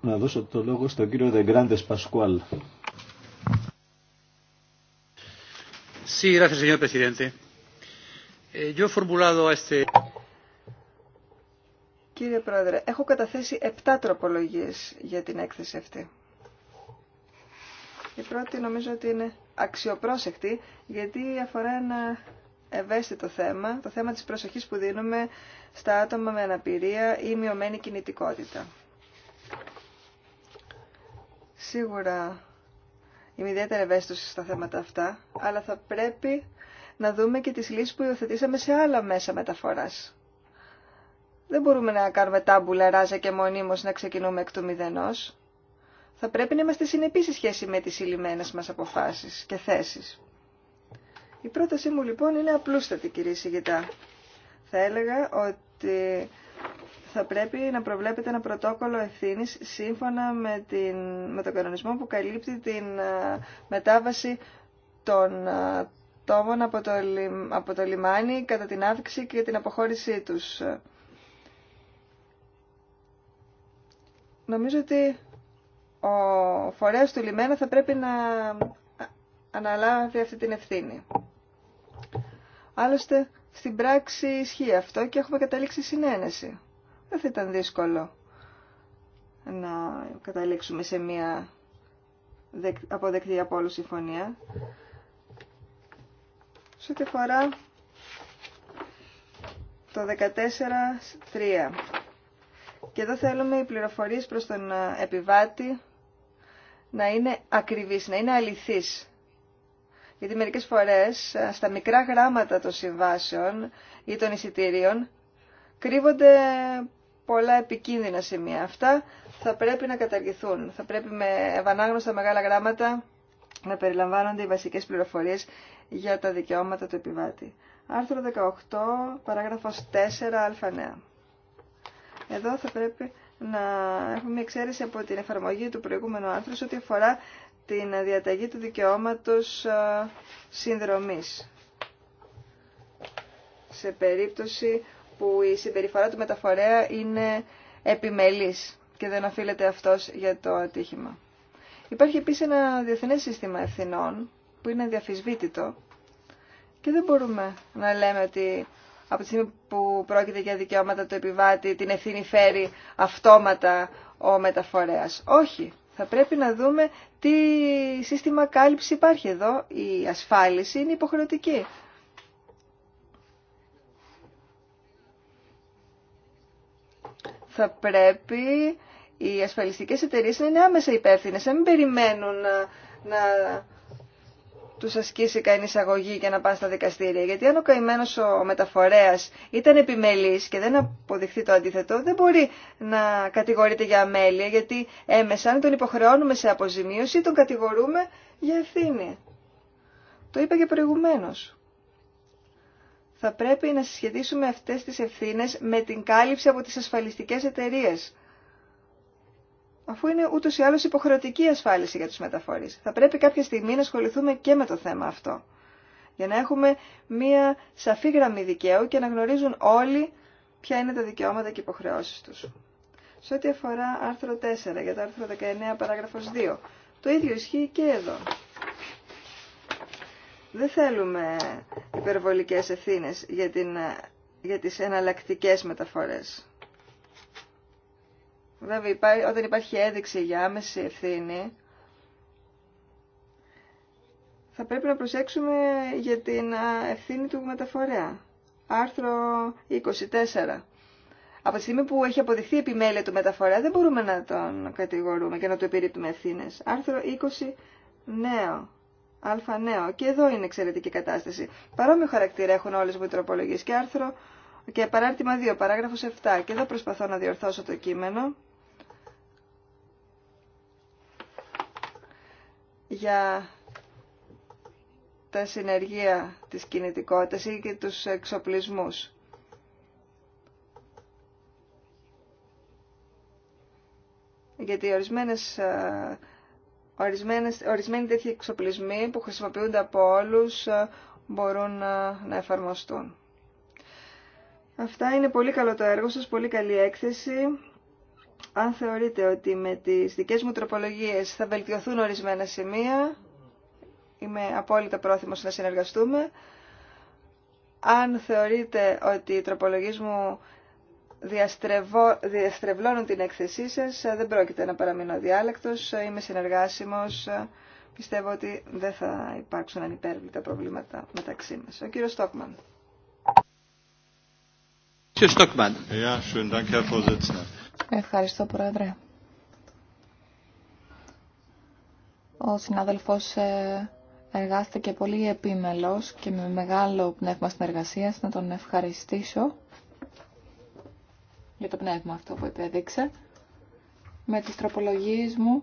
Να δώσω το λόγο στον κύριο Δεγκράντες Πασκουάλ. Sí, gracias, señor presidente. Eh, yo he Κύριε Πρόεδρε, έχω καταθέσει επτά τροπολογίες για την έκθεση αυτή. Η πρώτη νομίζω ότι είναι αξιοπρόσεκτη, γιατί αφορά ένα ευαίσθητο θέμα, το θέμα της προσοχής που δίνουμε στα άτομα με αναπηρία ή μειωμένη κινητικότητα. Σίγουρα είμαι ιδιαίτερα ευαίσθητος στα θέματα αυτά, αλλά θα πρέπει να δούμε και τις λύσεις που υιοθετήσαμε σε άλλα μέσα μεταφοράς. Δεν μπορούμε να κάνουμε τάμπουλα ράζα και μονίμως να ξεκινούμε εκ του μηδενός. Θα πρέπει να είμαστε συνεπείς σε σχέση με τις ηλιμένες μας αποφάσεις και θέσεις. Η πρότασή μου λοιπόν είναι απλούστατη κύριε Σιγητά. Θα έλεγα ότι θα πρέπει να προβλέπετε ένα πρωτόκολλο ευθύνη σύμφωνα με, την, τον κανονισμό που καλύπτει την μετάβαση των τόμων από το, λιμάνι κατά την άφηξη και την αποχώρησή τους. Νομίζω ότι ο φορέας του λιμένα θα πρέπει να αναλάβει αυτή την ευθύνη. Άλλωστε, στην πράξη ισχύει αυτό και έχουμε καταλήξει συνένεση. Δεν θα ήταν δύσκολο να καταλήξουμε σε μια αποδεκτή από όλους συμφωνία. Σε ό,τι φορά, το 14-3 και εδώ θέλουμε οι πληροφορίες προς τον ε, επιβάτη να είναι ακριβείς, να είναι αληθείς. Γιατί μερικές φορές ε, στα μικρά γράμματα των συμβάσεων ή των εισιτήριων κρύβονται πολλά επικίνδυνα σημεία. Αυτά θα πρέπει να καταργηθούν. Θα πρέπει με ευανάγνωστα μεγάλα γράμματα να περιλαμβάνονται οι βασικές πληροφορίες για τα δικαιώματα του επιβάτη. Άρθρο 18, παράγραφος 4α9. Εδώ θα πρέπει να έχουμε μια εξαίρεση από την εφαρμογή του προηγούμενου άρθρου ό,τι αφορά την διαταγή του δικαιώματος ε, συνδρομής. Σε περίπτωση που η συμπεριφορά του μεταφορέα είναι επιμελής και δεν οφείλεται αυτός για το ατύχημα. Υπάρχει επίσης ένα διεθνές σύστημα ευθυνών που είναι διαφυσβήτητο και δεν μπορούμε να λέμε ότι από τη στιγμή που πρόκειται για δικαιώματα του επιβάτη, την ευθύνη φέρει αυτόματα ο μεταφορέας. Όχι. Θα πρέπει να δούμε τι σύστημα κάλυψη υπάρχει εδώ. Η ασφάλιση είναι υποχρεωτική. Θα πρέπει οι ασφαλιστικές εταιρείες να είναι άμεσα υπεύθυνες, να μην περιμένουν να, να τους ασκήσει κανεί αγωγή και να πάνε στα δικαστήρια. Γιατί αν ο καημένο ο μεταφορέας ήταν επιμελής και δεν αποδειχθεί το αντίθετο, δεν μπορεί να κατηγορείται για αμέλεια, γιατί έμεσα αν τον υποχρεώνουμε σε αποζημίωση τον κατηγορούμε για ευθύνη. Το είπα και προηγουμένως. Θα πρέπει να συσχετίσουμε αυτές τις ευθύνες με την κάλυψη από τις ασφαλιστικές εταιρείες αφού είναι ούτως ή άλλως υποχρεωτική ασφάλιση για τους μεταφορείς. Θα πρέπει κάποια στιγμή να ασχοληθούμε και με το θέμα αυτό, για να έχουμε μία σαφή γραμμή δικαίου και να γνωρίζουν όλοι ποια είναι τα δικαιώματα και υποχρεώσεις τους. Σε ό,τι αφορά άρθρο 4, για το άρθρο 19 παράγραφος 2, το ίδιο ισχύει και εδώ. Δεν θέλουμε υπερβολικές ευθύνες για, την, για τις εναλλακτικές μεταφορές. Βέβαια, όταν υπάρχει έδειξη για άμεση ευθύνη, θα πρέπει να προσέξουμε για την ευθύνη του μεταφορέα. Άρθρο 24. Από τη στιγμή που έχει αποδειχθεί επιμέλεια του μεταφορέα, δεν μπορούμε να τον κατηγορούμε και να του επιρρύπτουμε ευθύνε. Άρθρο 20 νέο. Αλφα νέο. Και εδώ είναι εξαιρετική κατάσταση. Παρόμοιο χαρακτήρα έχουν όλε μου οι τροπολογίε. Και άρθρο και παράρτημα 2, παράγραφος 7. Και εδώ προσπαθώ να διορθώσω το κείμενο. για τα συνεργεία της κινητικότητας ή και τους εξοπλισμούς. Γιατί ορισμένες, ορισμένες, ορισμένοι τέτοιοι εξοπλισμοί που χρησιμοποιούνται από όλους μπορούν να, να εφαρμοστούν. Αυτά είναι πολύ καλό το έργο σας, πολύ καλή έκθεση. Αν θεωρείτε ότι με τις δικές μου τροπολογίες θα βελτιωθούν ορισμένα σημεία, είμαι απόλυτα πρόθυμος να συνεργαστούμε. Αν θεωρείτε ότι οι τροπολογίες μου διαστρεβλώνουν την έκθεσή σας, δεν πρόκειται να παραμείνω διάλεκτος, είμαι συνεργάσιμος. Πιστεύω ότι δεν θα υπάρξουν ανυπέρβλητα προβλήματα μεταξύ μας. Ο κύριος Στόκμαν. Κύριε Στόκμαν. Ε, Ευχαριστώ, Πρόεδρε. Ο συνάδελφος ε, εργάστηκε πολύ επίμελος και με μεγάλο πνεύμα συνεργασίας. Να τον ευχαριστήσω για το πνεύμα αυτό που επέδειξε. Με τις τροπολογίες μου,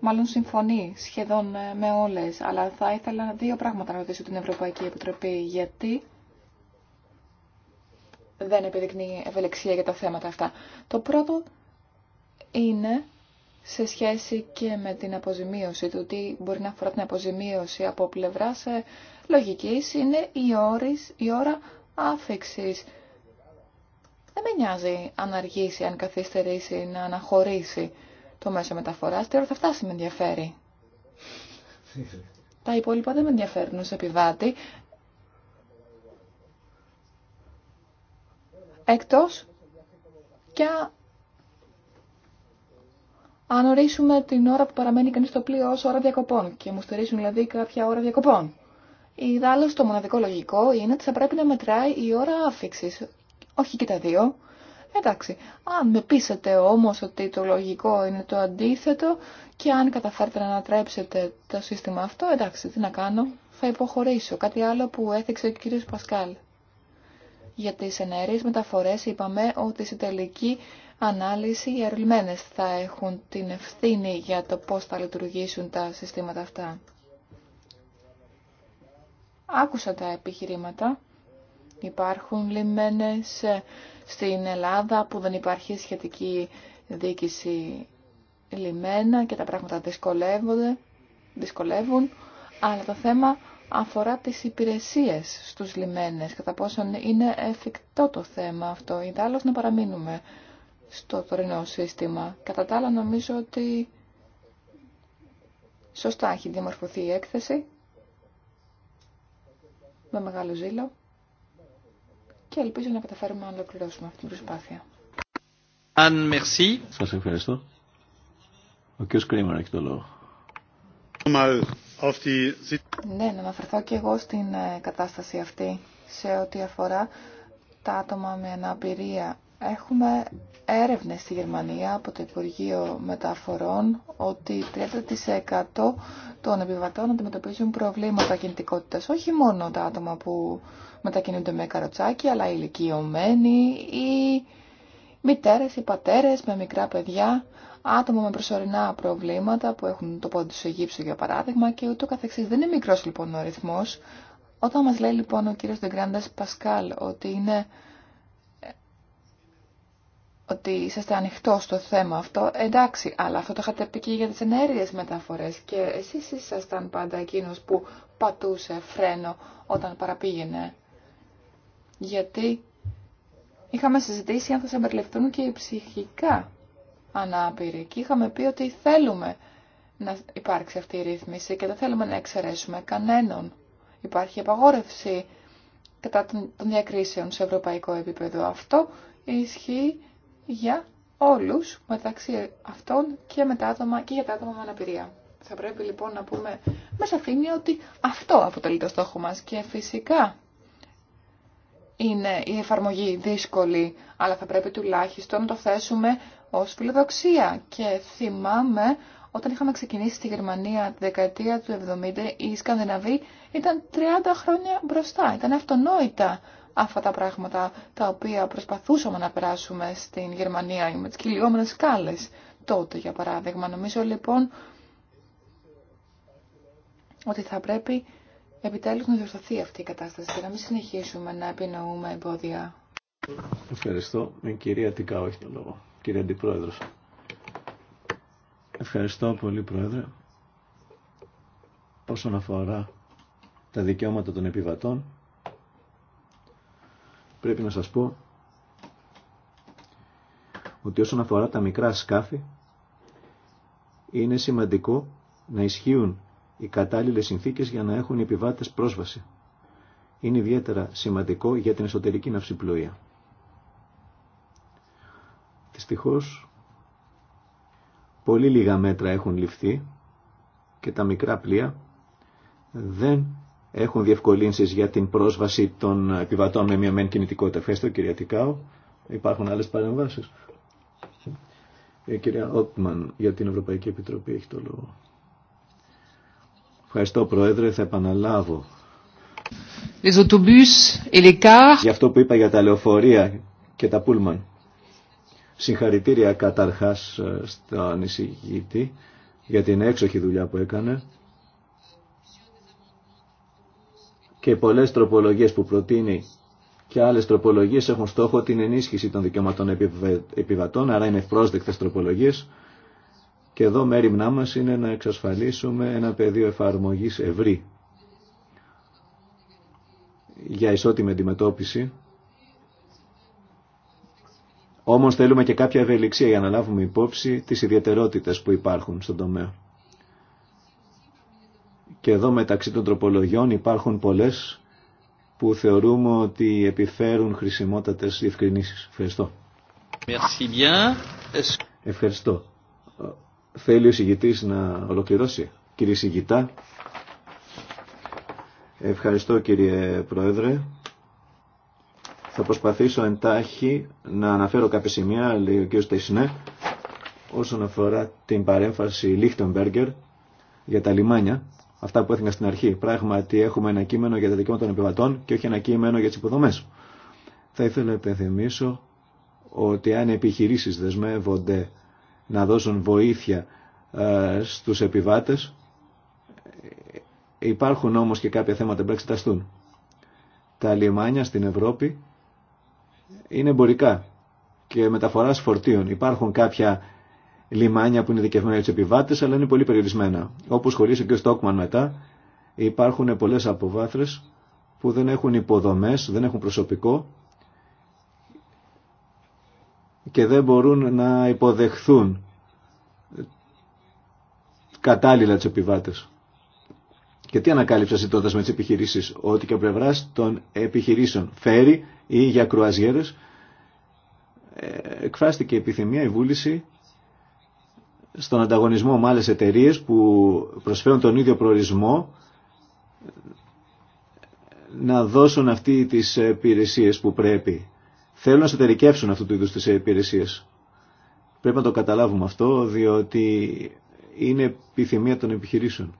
μάλλον συμφωνεί σχεδόν ε, με όλες, αλλά θα ήθελα δύο πράγματα να ρωτήσω την Ευρωπαϊκή Επιτροπή. Γιατί δεν επιδεικνύει ευελεξία για τα θέματα αυτά. Το πρώτο είναι σε σχέση και με την αποζημίωση, του. τι μπορεί να αφορά την αποζημίωση από σε λογικής, είναι η, όρις, η ώρα άφηξη. Δεν με νοιάζει αν αργήσει, αν καθυστερήσει, να αναχωρήσει το μέσο μεταφοράς, τι ώρα θα φτάσει με ενδιαφέρει. Τα υπόλοιπα δεν με ενδιαφέρουν ως επιβάτη, Εκτός και αν ορίσουμε την ώρα που παραμένει κανείς στο πλοίο ως ώρα διακοπών και μου στηρίζουν δηλαδή κάποια ώρα διακοπών. δάλος το μοναδικό λογικό είναι ότι θα πρέπει να μετράει η ώρα άφηξης, όχι και τα δύο. Εντάξει, αν με πείσετε όμως ότι το λογικό είναι το αντίθετο και αν καταφέρετε να ανατρέψετε το σύστημα αυτό, εντάξει, τι να κάνω, θα υποχωρήσω. Κάτι άλλο που έθιξε ο κύριος Πασκάλ. Για τις ενέργειες μεταφορές είπαμε ότι στην τελική ανάλυση οι θα έχουν την ευθύνη για το πώς θα λειτουργήσουν τα συστήματα αυτά. Άκουσα τα επιχειρήματα. Υπάρχουν λιμένες ε, στην Ελλάδα που δεν υπάρχει σχετική διοίκηση λιμένα και τα πράγματα δυσκολεύονται, δυσκολεύουν. Αλλά το θέμα αφορά τις υπηρεσίες στους λιμένες, κατά πόσον είναι εφικτό το θέμα αυτό, ή άλλως να παραμείνουμε στο τωρινό σύστημα. Κατά τα άλλα νομίζω ότι σωστά έχει διαμορφωθεί η έκθεση, με μεγάλο ζήλο, και ελπίζω να καταφέρουμε να ολοκληρώσουμε αυτή την προσπάθεια. Αν Σας ευχαριστώ. Ο κ. έχει το λόγο. Ναι, να αναφερθώ και εγώ στην ε, κατάσταση αυτή σε ό,τι αφορά τα άτομα με αναπηρία. Έχουμε έρευνε στη Γερμανία από το Υπουργείο Μεταφορών ότι 30% των επιβατών αντιμετωπίζουν προβλήματα κινητικότητα. Όχι μόνο τα άτομα που μετακινούνται με καροτσάκι, αλλά οι ηλικιωμένοι, ή μητέρε ή πατέρε με μικρά παιδιά άτομα με προσωρινά προβλήματα που έχουν το πόδι του γύψο για παράδειγμα και ούτω καθεξής. Δεν είναι μικρός λοιπόν ο ρυθμός. Όταν μας λέει λοιπόν ο κύριος Δεγκράντας Πασκάλ ότι είναι ότι είσαστε ανοιχτό στο θέμα αυτό, εντάξει, αλλά αυτό το είχατε πει και για τις ενέργειες μεταφορές και εσείς ήσασταν πάντα εκείνος που πατούσε φρένο όταν παραπήγαινε. Γιατί είχαμε συζητήσει αν θα συμπεριληφθούν και ψυχικά ανάπηροι και είχαμε πει ότι θέλουμε να υπάρξει αυτή η ρύθμιση και δεν θέλουμε να εξαιρέσουμε κανέναν. Υπάρχει απαγόρευση κατά των διακρίσεων σε ευρωπαϊκό επίπεδο. Αυτό ισχύει για όλους μεταξύ αυτών και, με τα άτομα, και για τα άτομα με αναπηρία. Θα πρέπει λοιπόν να πούμε με σαφήνεια ότι αυτό αποτελεί το στόχο μας και φυσικά είναι η εφαρμογή δύσκολη, αλλά θα πρέπει τουλάχιστον να το θέσουμε ως φιλοδοξία. Και θυμάμαι όταν είχαμε ξεκινήσει στη Γερμανία τη δεκαετία του 70, οι Σκανδιναβοί ήταν 30 χρόνια μπροστά. Ήταν αυτονόητα αυτά τα πράγματα τα οποία προσπαθούσαμε να περάσουμε στην Γερμανία με τις κυλιόμενες σκάλες τότε για παράδειγμα. Νομίζω λοιπόν ότι θα πρέπει επιτέλους να διορθωθεί αυτή η κατάσταση και να μην συνεχίσουμε να επινοούμε εμπόδια. Ευχαριστώ. Η κυρία Τικάου έχει το λόγο κύριε Αντιπρόεδρος. Ευχαριστώ πολύ, Πρόεδρε. Όσον αφορά τα δικαιώματα των επιβατών, πρέπει να σας πω ότι όσον αφορά τα μικρά σκάφη, είναι σημαντικό να ισχύουν οι κατάλληλες συνθήκες για να έχουν οι επιβάτες πρόσβαση. Είναι ιδιαίτερα σημαντικό για την εσωτερική ναυσιπλοεία. Δυστυχώς, πολύ λίγα μέτρα έχουν ληφθεί και τα μικρά πλοία δεν έχουν διευκολύνσεις για την πρόσβαση των επιβατών με μειωμένη κινητικότητα. Ευχαριστώ κυρία Τικάου. Υπάρχουν άλλες παρεμβάσεις. Η ε, κυρία Ότμαν για την Ευρωπαϊκή Επιτροπή έχει το λόγο. Ευχαριστώ Πρόεδρε, θα επαναλάβω. Les autobus Για αυτό που είπα για τα λεωφορεία και τα πούλμαν. Συγχαρητήρια καταρχάς ε, στον εισηγητή για την έξοχη δουλειά που έκανε και πολλές τροπολογίες που προτείνει και άλλες τροπολογίες έχουν στόχο την ενίσχυση των δικαιωματών επιβατών, άρα είναι ευπρόσδεκτες τροπολογίες και εδώ μέρημνά μας είναι να εξασφαλίσουμε ένα πεδίο εφαρμογής ευρύ για ισότιμη αντιμετώπιση όμως θέλουμε και κάποια ευελιξία για να λάβουμε υπόψη τις ιδιαιτερότητες που υπάρχουν στον τομέα. Και εδώ μεταξύ των τροπολογιών υπάρχουν πολλές που θεωρούμε ότι επιφέρουν χρησιμότατες διευκρινήσεις. Ευχαριστώ. Ευχαριστώ. Θέλει ο συγητής να ολοκληρώσει. Κύριε συγητά. Ευχαριστώ κύριε Πρόεδρε. Θα προσπαθήσω εντάχει να αναφέρω κάποια σημεία, λέει ο κ. όσον αφορά την παρέμφαση Λίχτεμπεργκερ για τα λιμάνια, αυτά που έθιγα στην αρχή. Πράγματι έχουμε ένα κείμενο για τα δικαιώματα των επιβατών και όχι ένα κείμενο για τι υποδομέ. Θα ήθελα να επενθυμίσω ότι αν οι επιχειρήσει δεσμεύονται να δώσουν βοήθεια ε, στου επιβάτε υπάρχουν όμω και κάποια θέματα που εξεταστούν. Τα λιμάνια στην Ευρώπη είναι εμπορικά και μεταφοράς φορτίων. Υπάρχουν κάποια λιμάνια που είναι δικαιωμένα για επιβάτε, αλλά είναι πολύ περιορισμένα. Όπω χωρί ο κ. Στόκμαν μετά, υπάρχουν πολλέ αποβάθρε που δεν έχουν υποδομές, δεν έχουν προσωπικό και δεν μπορούν να υποδεχθούν κατάλληλα τους επιβάτε. Και τι ανακάλυψα ζητώντα με τι επιχειρήσει, ότι και ο πλευρά των επιχειρήσεων φέρει ή για κρουαζιέρε ε, εκφράστηκε η επιθυμία, βούληση στον ανταγωνισμό με άλλε εταιρείε που προσφέρουν τον ίδιο προορισμό ε, να δώσουν αυτή τις υπηρεσίε που πρέπει. Θέλουν να εσωτερικεύσουν αυτού του είδου τι υπηρεσίε. Πρέπει να το καταλάβουμε αυτό, διότι είναι επιθυμία των επιχειρήσεων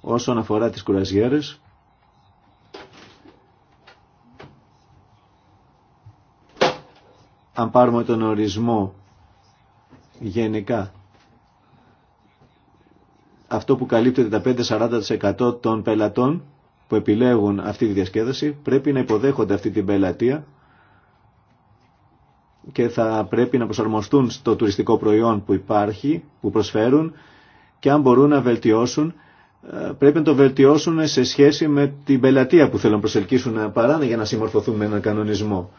όσον αφορά τις κουραζιέρες. Αν πάρουμε τον ορισμό γενικά, αυτό που καλύπτεται τα 5-40% των πελατών που επιλέγουν αυτή τη διασκέδαση πρέπει να υποδέχονται αυτή την πελατεία και θα πρέπει να προσαρμοστούν στο τουριστικό προϊόν που υπάρχει, που προσφέρουν και αν μπορούν να βελτιώσουν ε, πρέπει να το βελτιώσουν σε σχέση με την πελατεία που θέλουν να προσελκύσουν να για να συμμορφωθούν με έναν κανονισμό.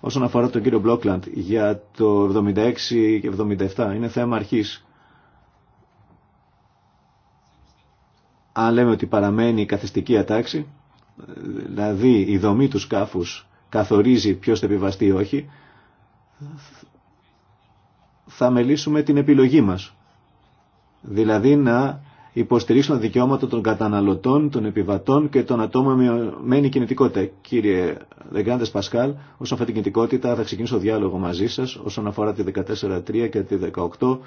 Όσον αφορά τον κύριο Μπλόκλαντ για το 76 και 77 είναι θέμα αρχής. Αν λέμε ότι παραμένει η καθιστική ατάξη, δηλαδή η δομή του σκάφους καθορίζει ποιος θα επιβαστεί ή όχι, θα μελήσουμε την επιλογή μας. Δηλαδή να υποστηρίξουν τα δικαιώματα των καταναλωτών, των επιβατών και των ατόμων με μειωμένη κινητικότητα. Κύριε Δεγκάντε Πασκάλ, όσον αφορά την κινητικότητα, θα ξεκινήσω διάλογο μαζί σα. Όσον αφορά τη 14.3 και τη 18,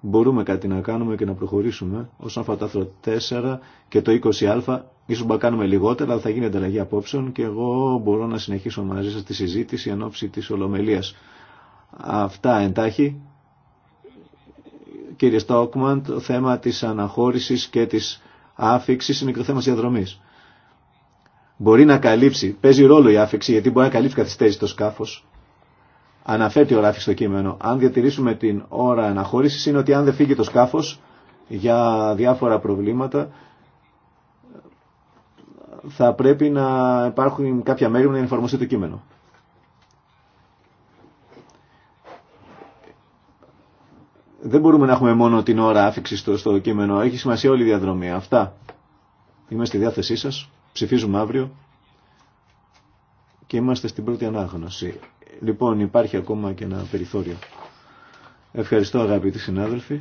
μπορούμε κάτι να κάνουμε και να προχωρήσουμε. Όσον αφορά το 4 και το 20α, ίσω να κάνουμε λιγότερα, αλλά θα γίνει ανταλλαγή απόψεων και εγώ μπορώ να συνεχίσω μαζί σα τη συζήτηση εν ώψη τη Ολομελία. Αυτά εντάχει κύριε Στόκμαν, το θέμα της αναχώρησης και της άφηξης είναι και το θέμα της διαδρομής. Μπορεί να καλύψει, παίζει ρόλο η άφηξη γιατί μπορεί να καλύψει καθυστέρηση το σκάφος. Αναφέρει ο Ράφη στο κείμενο. Αν διατηρήσουμε την ώρα αναχώρηση, είναι ότι αν δεν φύγει το σκάφο για διάφορα προβλήματα, θα πρέπει να υπάρχουν κάποια μέρη να εφαρμοστεί το κείμενο. δεν μπορούμε να έχουμε μόνο την ώρα άφηξη στο, στο κείμενο. Έχει σημασία όλη η διαδρομή. Αυτά. είμαστε στη διάθεσή σας. Ψηφίζουμε αύριο. Και είμαστε στην πρώτη ανάγνωση. Λοιπόν, υπάρχει ακόμα και ένα περιθώριο. Ευχαριστώ αγαπητοί συνάδελφοι.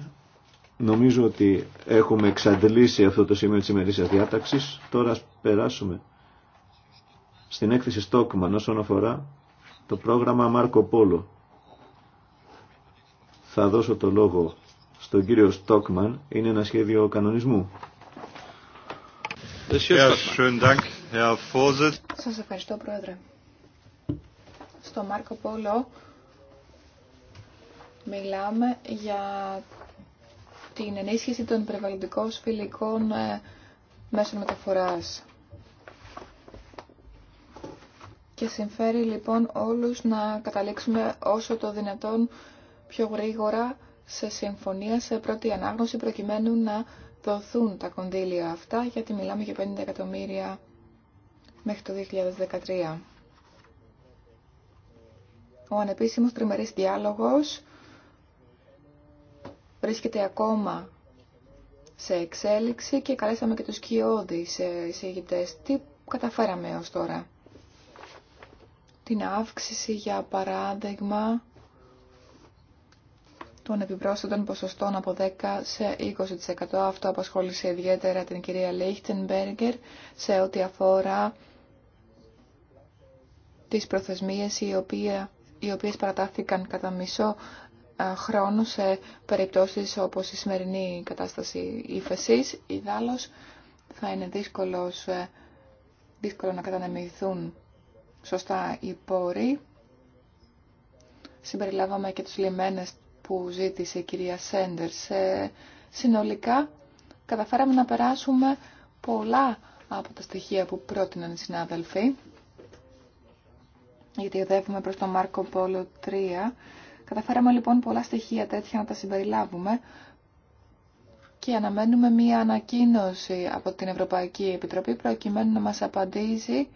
Νομίζω ότι έχουμε εξαντλήσει αυτό το σημείο της ημερήσιας διάταξης. Τώρα περάσουμε στην έκθεση Στόκμαν όσον αφορά το πρόγραμμα Μάρκο Πόλο θα δώσω το λόγο στον κύριο Στόκμαν. Είναι ένα σχέδιο κανονισμού. Σας ευχαριστώ Πρόεδρε. Στο Μάρκο Πόλο μιλάμε για την ενίσχυση των περιβαλλοντικών φιλικών ε, μέσων μεταφοράς. Και συμφέρει λοιπόν όλους να καταλήξουμε όσο το δυνατόν πιο γρήγορα σε συμφωνία σε πρώτη ανάγνωση προκειμένου να δοθούν τα κονδύλια αυτά γιατί μιλάμε για 50 εκατομμύρια μέχρι το 2013. Ο ανεπίσημος τριμερής διάλογος βρίσκεται ακόμα σε εξέλιξη και καλέσαμε και τους κοιόδης εισηγητές. Τι καταφέραμε ως τώρα. Την αύξηση για παράδειγμα των επιπρόσθετων ποσοστών από 10 σε 20%. Αυτό απασχόλησε ιδιαίτερα την κυρία Λίχτενμπέργκερ σε ό,τι αφορά τις προθεσμίες οι, οποία, οι οποίες παρατάθηκαν κατά μισό ε, χρόνο σε περιπτώσεις όπως η σημερινή κατάσταση ύφεσης. Ιδάλλως θα είναι δύσκολος, ε, δύσκολο να κατανεμηθούν σωστά οι πόροι συμπεριλάβαμε και τους λιμένες που ζήτησε η κυρία Σε Συνολικά καταφέραμε να περάσουμε πολλά από τα στοιχεία που πρότειναν οι συνάδελφοι. Γιατί οδεύουμε προς τον Μάρκο Πόλο 3. Καταφέραμε λοιπόν πολλά στοιχεία τέτοια να τα συμπεριλάβουμε και αναμένουμε μία ανακοίνωση από την Ευρωπαϊκή Επιτροπή προκειμένου να μας απαντήσει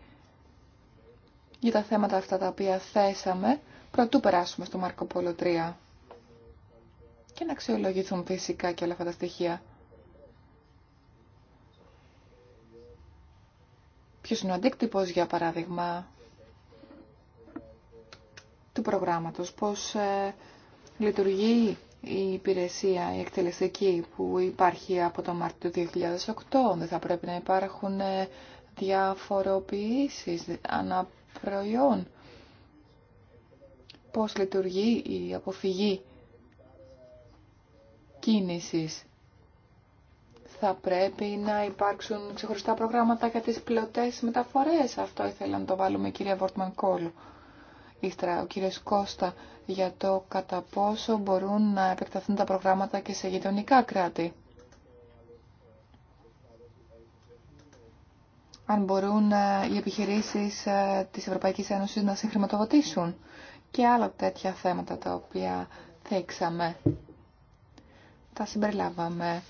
για τα θέματα αυτά τα οποία θέσαμε προτού περάσουμε στο Μάρκο 3 και να αξιολογηθούν φυσικά και όλα αυτά τα στοιχεία. Ποιο είναι ο αντίκτυπος, για παράδειγμα, του προγράμματος, πώς ε, λειτουργεί η υπηρεσία, η εκτελεστική που υπάρχει από το Μάρτιο του 2008. Δεν θα πρέπει να υπάρχουν ε, διαφοροποιήσεις αναπροϊόν. Πώς λειτουργεί η αποφυγή κίνησης. Θα πρέπει να υπάρξουν ξεχωριστά προγράμματα για τις πλωτές μεταφορές. Αυτό ήθελα να το βάλουμε κυρία Βόρτμαν Κόλου. Ύστερα ο κύριος Κώστα για το κατά πόσο μπορούν να επεκταθούν τα προγράμματα και σε γειτονικά κράτη. αν μπορούν ε, οι επιχειρήσεις ε, της Ευρωπαϊκής Ένωσης να συγχρηματοδοτήσουν και άλλα τέτοια θέματα τα οποία θέξαμε τα συμπεριλάβαμε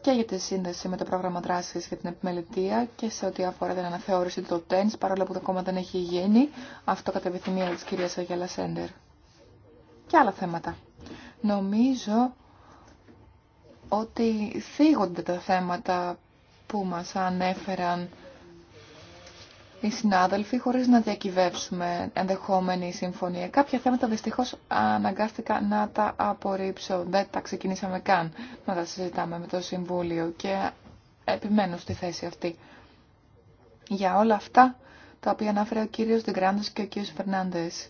και για τη σύνδεση με το πρόγραμμα δράσης για την επιμελητία και σε ό,τι αφορά την αναθεώρηση του TENS, παρόλο που το κόμμα δεν έχει γίνει, αυτό κατά επιθυμία της κυρίας Αγιά Σέντερ. Και άλλα θέματα. Νομίζω ότι θίγονται τα θέματα που μας ανέφεραν οι συνάδελφοι χωρίς να διακυβεύσουμε ενδεχόμενη συμφωνία. Κάποια θέματα δυστυχώς αναγκάστηκα να τα απορρίψω. Δεν τα ξεκινήσαμε καν να τα συζητάμε με το Συμβούλιο και επιμένω στη θέση αυτή. Για όλα αυτά τα οποία ανάφερε ο κύριος Δεγκράντος και ο κύριος Φερνάντες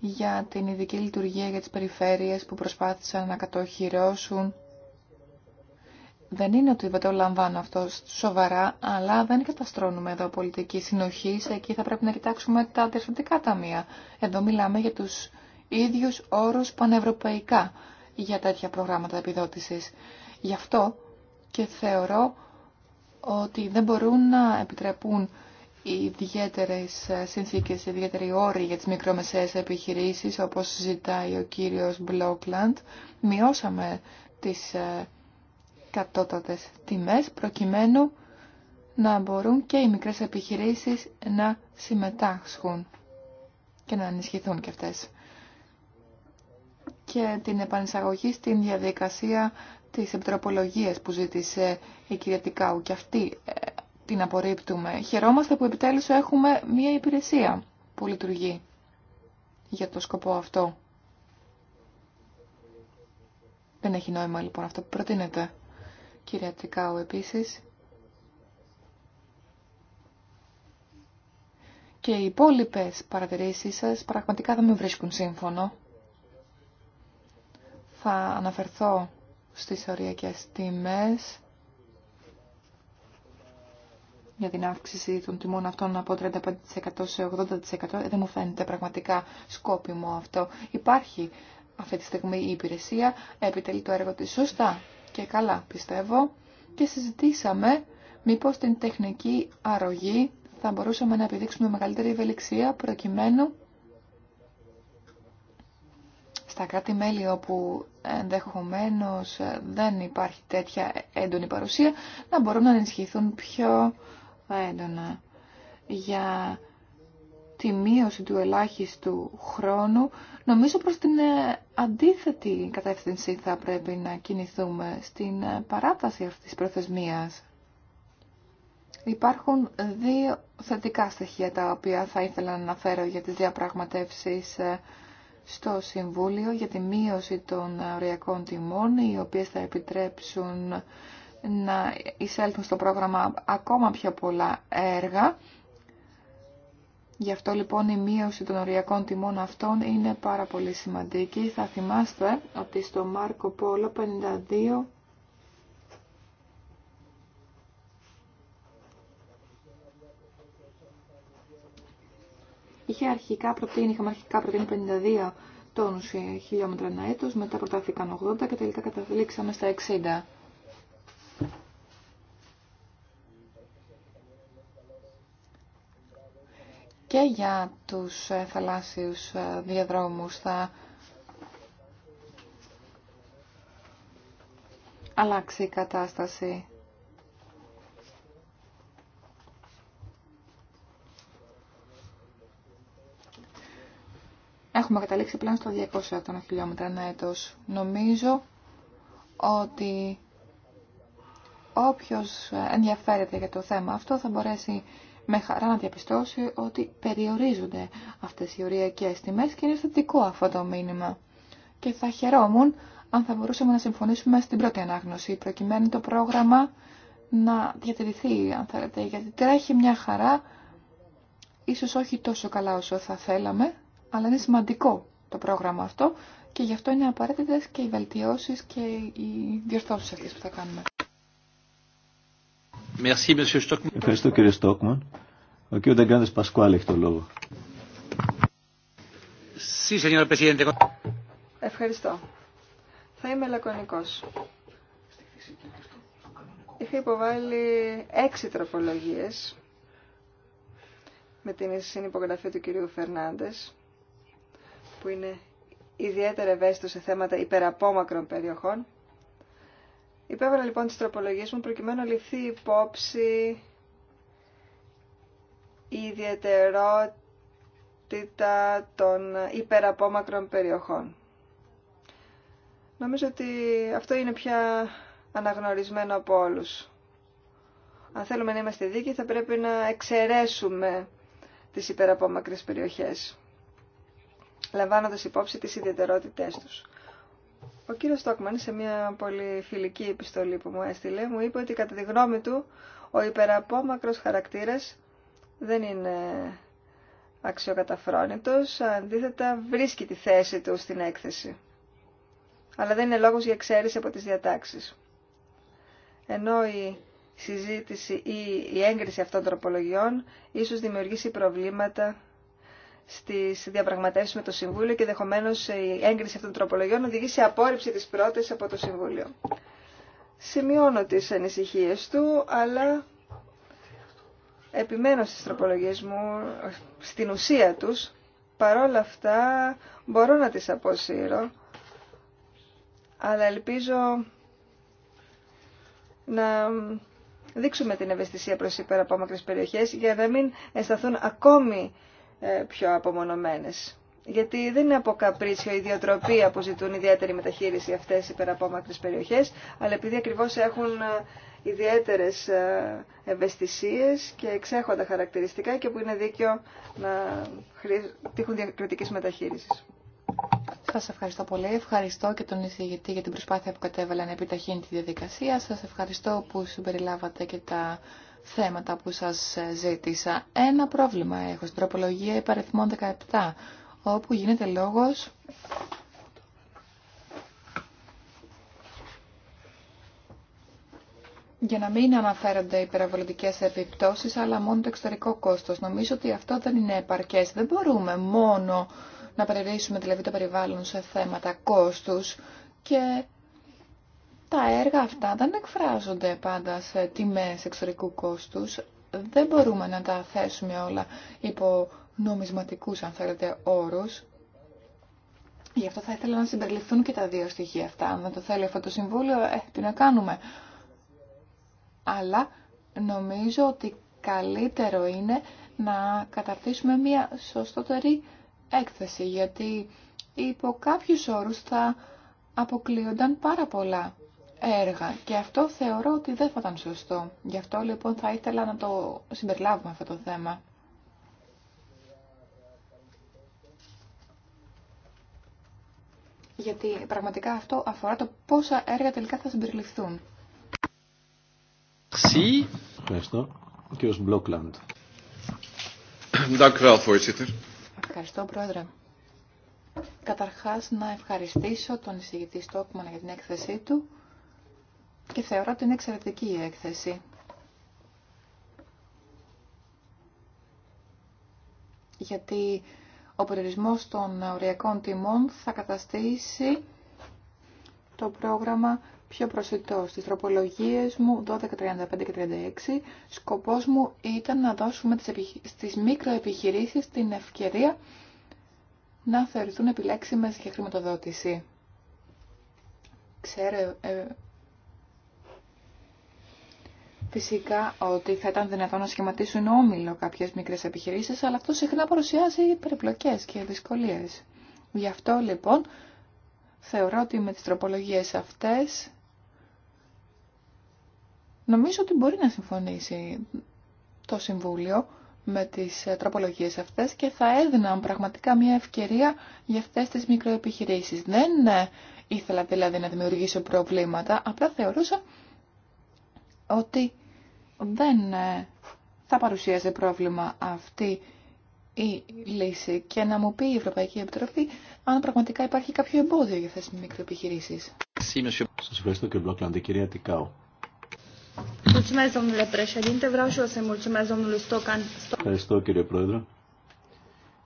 για την ειδική λειτουργία για τις περιφέρειες που προσπάθησαν να κατοχυρώσουν δεν είναι ότι δεν το λαμβάνω αυτό σοβαρά, αλλά δεν καταστρώνουμε εδώ πολιτική συνοχή. Εκεί θα πρέπει να κοιτάξουμε τα διευθυντικά ταμεία. Εδώ μιλάμε για τους ίδιους όρους πανευρωπαϊκά για τέτοια προγράμματα επιδότησης. Γι' αυτό και θεωρώ ότι δεν μπορούν να επιτρέπουν ιδιαίτερε συνθήκες, ιδιαίτεροι όροι για τι μικρομεσαίες επιχειρήσει, όπω ζητάει ο κύριο Μπλόκλαντ. Μειώσαμε τις ε, κατώτατες τιμές προκειμένου να μπορούν και οι μικρές επιχειρήσεις να συμμετάσχουν και να ενισχυθούν και αυτές. Και την επανεισαγωγή στην διαδικασία της επιτροπολογίας που ζήτησε η κυρία Τικάου και αυτή ε, την απορρίπτουμε. Χαιρόμαστε που επιτέλους έχουμε μία υπηρεσία που λειτουργεί για το σκοπό αυτό. Δεν έχει νόημα λοιπόν αυτό που προτείνεται. Κυρία Τσικάου επίσης. Και οι υπόλοιπε παρατηρήσεις σας πραγματικά δεν με βρίσκουν σύμφωνο. Θα αναφερθώ στις οριακές τιμές για την αύξηση των τιμών αυτών από 35% σε 80%. Ε, δεν μου φαίνεται πραγματικά σκόπιμο αυτό. Υπάρχει αυτή τη στιγμή η υπηρεσία, επιτελεί το έργο της σωστά και καλά πιστεύω και συζητήσαμε μήπως την τεχνική αρρωγή θα μπορούσαμε να επιδείξουμε μεγαλύτερη ευελιξία προκειμένου στα κράτη-μέλη όπου ενδεχομένως δεν υπάρχει τέτοια έντονη παρουσία να μπορούν να ενισχυθούν πιο έντονα για τη μείωση του ελάχιστου χρόνου, νομίζω προς την ε, αντίθετη κατεύθυνση θα πρέπει να κινηθούμε στην ε, παράταση αυτής της προθεσμίας. Υπάρχουν δύο θετικά στοιχεία τα οποία θα ήθελα να αναφέρω για τις διαπραγματεύσεις ε, στο Συμβούλιο για τη μείωση των οριακών τιμών, οι οποίες θα επιτρέψουν να εισέλθουν στο πρόγραμμα ακόμα πιο πολλά έργα Γι' αυτό λοιπόν η μείωση των οριακών τιμών αυτών είναι πάρα πολύ σημαντική. Θα θυμάστε ότι στο Μάρκο Πόλο 52 είχε αρχικά προτείνει, είχαμε αρχικά προτείνει 52 τόνους χιλιόμετρα ένα έτος, μετά προτάθηκαν 80 και τελικά καταλήξαμε στα 60. και για τους ε, θαλάσσιους ε, διαδρόμους θα αλλάξει η κατάσταση. Έχουμε καταλήξει πλέον στο 200 χιλιόμετρα ένα έτος. Νομίζω ότι όποιος ενδιαφέρεται για το θέμα αυτό θα μπορέσει με χαρά να διαπιστώσει ότι περιορίζονται αυτές οι οριακές τιμές και είναι θετικό αυτό το μήνυμα. Και θα χαιρόμουν αν θα μπορούσαμε να συμφωνήσουμε στην πρώτη ανάγνωση, προκειμένου το πρόγραμμα να διατηρηθεί, αν θέλετε, γιατί τρέχει μια χαρά, ίσως όχι τόσο καλά όσο θα θέλαμε, αλλά είναι σημαντικό το πρόγραμμα αυτό και γι' αυτό είναι απαραίτητες και οι βελτιώσεις και οι διορθώσεις αυτές που θα κάνουμε. Ευχαριστώ κύριε Στόκμαν. Ο κύριος Νταγκάντες Πασκουάλ έχει το λόγο. Ευχαριστώ. Θα είμαι λακωνικός. Είχα υποβάλει έξι τροπολογίες με την συνυπογραφή του κυρίου Φερνάντες που είναι ιδιαίτερα ευαίσθητο σε θέματα υπεραπόμακρων περιοχών Υπέβαλα λοιπόν τις τροπολογίες μου προκειμένου να ληφθεί υπόψη η ιδιαιτερότητα των υπεραπόμακρων περιοχών. Νομίζω ότι αυτό είναι πια αναγνωρισμένο από όλους. Αν θέλουμε να είμαστε δίκοι θα πρέπει να εξαιρέσουμε τις υπεραπόμακρες περιοχές, λαμβάνοντας υπόψη τις ιδιαιτερότητές τους. Ο κύριο Στόκμαν σε μια πολύ φιλική επιστολή που μου έστειλε μου είπε ότι κατά τη γνώμη του ο υπεραπόμακρος χαρακτήρας δεν είναι αξιοκαταφρόνητος, αντίθετα βρίσκει τη θέση του στην έκθεση. Αλλά δεν είναι λόγος για εξαίρεση από τις διατάξεις. Ενώ η συζήτηση ή η έγκριση αυτών των τροπολογιών ίσως δημιουργήσει προβλήματα Στι διαπραγματεύσει με το Συμβούλιο και δεχομένως η έγκριση αυτών των τροπολογιών οδηγεί σε απόρριψη της πρώτης από το Συμβούλιο. Σημειώνω τι ανησυχίε του, αλλά επιμένω στι τροπολογίε μου, στην ουσία τους, παρόλα αυτά μπορώ να τις αποσύρω, αλλά ελπίζω να δείξουμε την ευαισθησία προς υπεραπόμακρες περιοχές για να μην αισθανθούν ακόμη ε, πιο απομονωμένες. Γιατί δεν είναι από καπρίτσιο η που ζητούν ιδιαίτερη μεταχείριση αυτές οι υπεραπόμακρες περιοχές, αλλά επειδή ακριβώς έχουν ε, ιδιαίτερες ε, ευαισθησίες και εξέχοντα χαρακτηριστικά και που είναι δίκιο να τύχουν διακριτικής μεταχείρισης. Σας ευχαριστώ πολύ. Ευχαριστώ και τον εισηγητή για την προσπάθεια που κατέβαλα να επιταχύνει τη διαδικασία. Σας ευχαριστώ που συμπεριλάβατε και τα θέματα που σας ε, ζήτησα. Ένα πρόβλημα έχω στην τροπολογία υπαριθμών 17, όπου γίνεται λόγος για να μην αναφέρονται υπεραβολητικέ επιπτώσεις, αλλά μόνο το εξωτερικό κόστος. Νομίζω ότι αυτό δεν είναι επαρκές. Δεν μπορούμε μόνο να περιορίσουμε δηλαδή το περιβάλλον σε θέματα κόστους και τα έργα αυτά δεν εκφράζονται πάντα σε τιμές εξωτερικού κόστους. Δεν μπορούμε να τα θέσουμε όλα υπό νομισματικούς, αν θέλετε, όρους. Γι' αυτό θα ήθελα να συμπεριληφθούν και τα δύο στοιχεία αυτά. Αν δεν το θέλει αυτό το συμβούλιο, ε, τι να κάνουμε. Αλλά νομίζω ότι καλύτερο είναι να καταρτήσουμε μια σωστότερη έκθεση, γιατί υπό κάποιους όρους θα αποκλείονταν πάρα πολλά έργα. Και αυτό θεωρώ ότι δεν θα ήταν σωστό. Γι' αυτό λοιπόν θα ήθελα να το συμπεριλάβουμε αυτό το θέμα. Γιατί πραγματικά αυτό αφορά το πόσα έργα τελικά θα συμπεριληφθούν. Ευχαριστώ. Κύριος Μπλόκλαντ. Ευχαριστώ, Πρόεδρε. Καταρχάς, να ευχαριστήσω τον εισηγητή Στόκμαν για την έκθεσή του και θεωρώ ότι είναι εξαιρετική η έκθεση. Γιατί ο περιορισμός των οριακών τιμών θα καταστήσει το πρόγραμμα πιο προσιτό. Στις τροπολογίες μου 1235 και 36 σκοπός μου ήταν να δώσουμε στις μικροεπιχειρήσεις την ευκαιρία να θεωρηθούν επιλέξιμες για χρηματοδότηση. Ξέρω ε, φυσικά ότι θα ήταν δυνατόν να σχηματίσουν όμιλο κάποιες μικρές επιχειρήσεις, αλλά αυτό συχνά παρουσιάζει περιπλοκές και δυσκολίες. Γι' αυτό λοιπόν θεωρώ ότι με τις τροπολογίε αυτές νομίζω ότι μπορεί να συμφωνήσει το Συμβούλιο με τις τροπολογίες αυτές και θα έδιναν πραγματικά μια ευκαιρία για αυτές τις μικροεπιχειρήσεις. Δεν ε, ήθελα δηλαδή να δημιουργήσω προβλήματα, απλά θεωρούσα ότι δεν ε, θα παρουσίαζε πρόβλημα αυτή η λύση και να μου πει η Ευρωπαϊκή Επιτροπή αν πραγματικά υπάρχει κάποιο εμπόδιο για αυτές τις μικροεπιχειρήσεις. Σας ευχαριστώ και Μπλοκλάντη, κυρία Τικάου. Ευχαριστώ κύριε Πρόεδρε.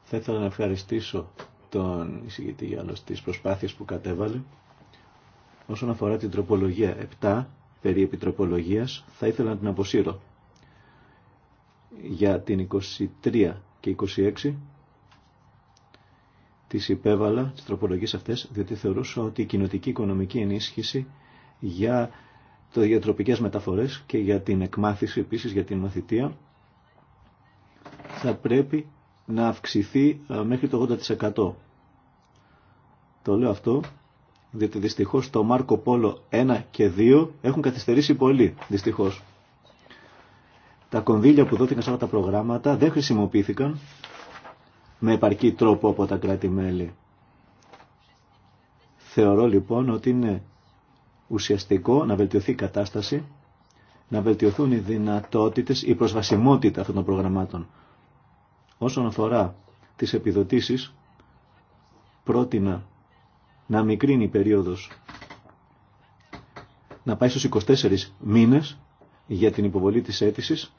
Θα ήθελα να ευχαριστήσω τον εισηγητή για τις προσπάθειες που κατέβαλε όσον αφορά την τροπολογία 7 περί επιτροπολογίας θα ήθελα να την αποσύρω. Για την 23 και 26 τις υπέβαλα, τις τροπολογίες αυτές, διότι θεωρούσα ότι η κοινοτική οικονομική ενίσχυση για το διατροπικές μεταφορές και για την εκμάθηση επίσης για την μαθητεία θα πρέπει να αυξηθεί ε, μέχρι το 80%. Το λέω αυτό διότι δυστυχώς το Μάρκο Πόλο 1 και 2 έχουν καθυστερήσει πολύ, δυστυχώς. Τα κονδύλια που δόθηκαν σε αυτά τα προγράμματα δεν χρησιμοποιήθηκαν με επαρκή τρόπο από τα κράτη-μέλη. Θεωρώ λοιπόν ότι είναι ουσιαστικό να βελτιωθεί η κατάσταση, να βελτιωθούν οι δυνατότητες, η προσβασιμότητα αυτών των προγραμμάτων. Όσον αφορά τις επιδοτήσεις, πρότεινα να μικρύνει η περίοδος να πάει στους 24 μήνες για την υποβολή της αίτησης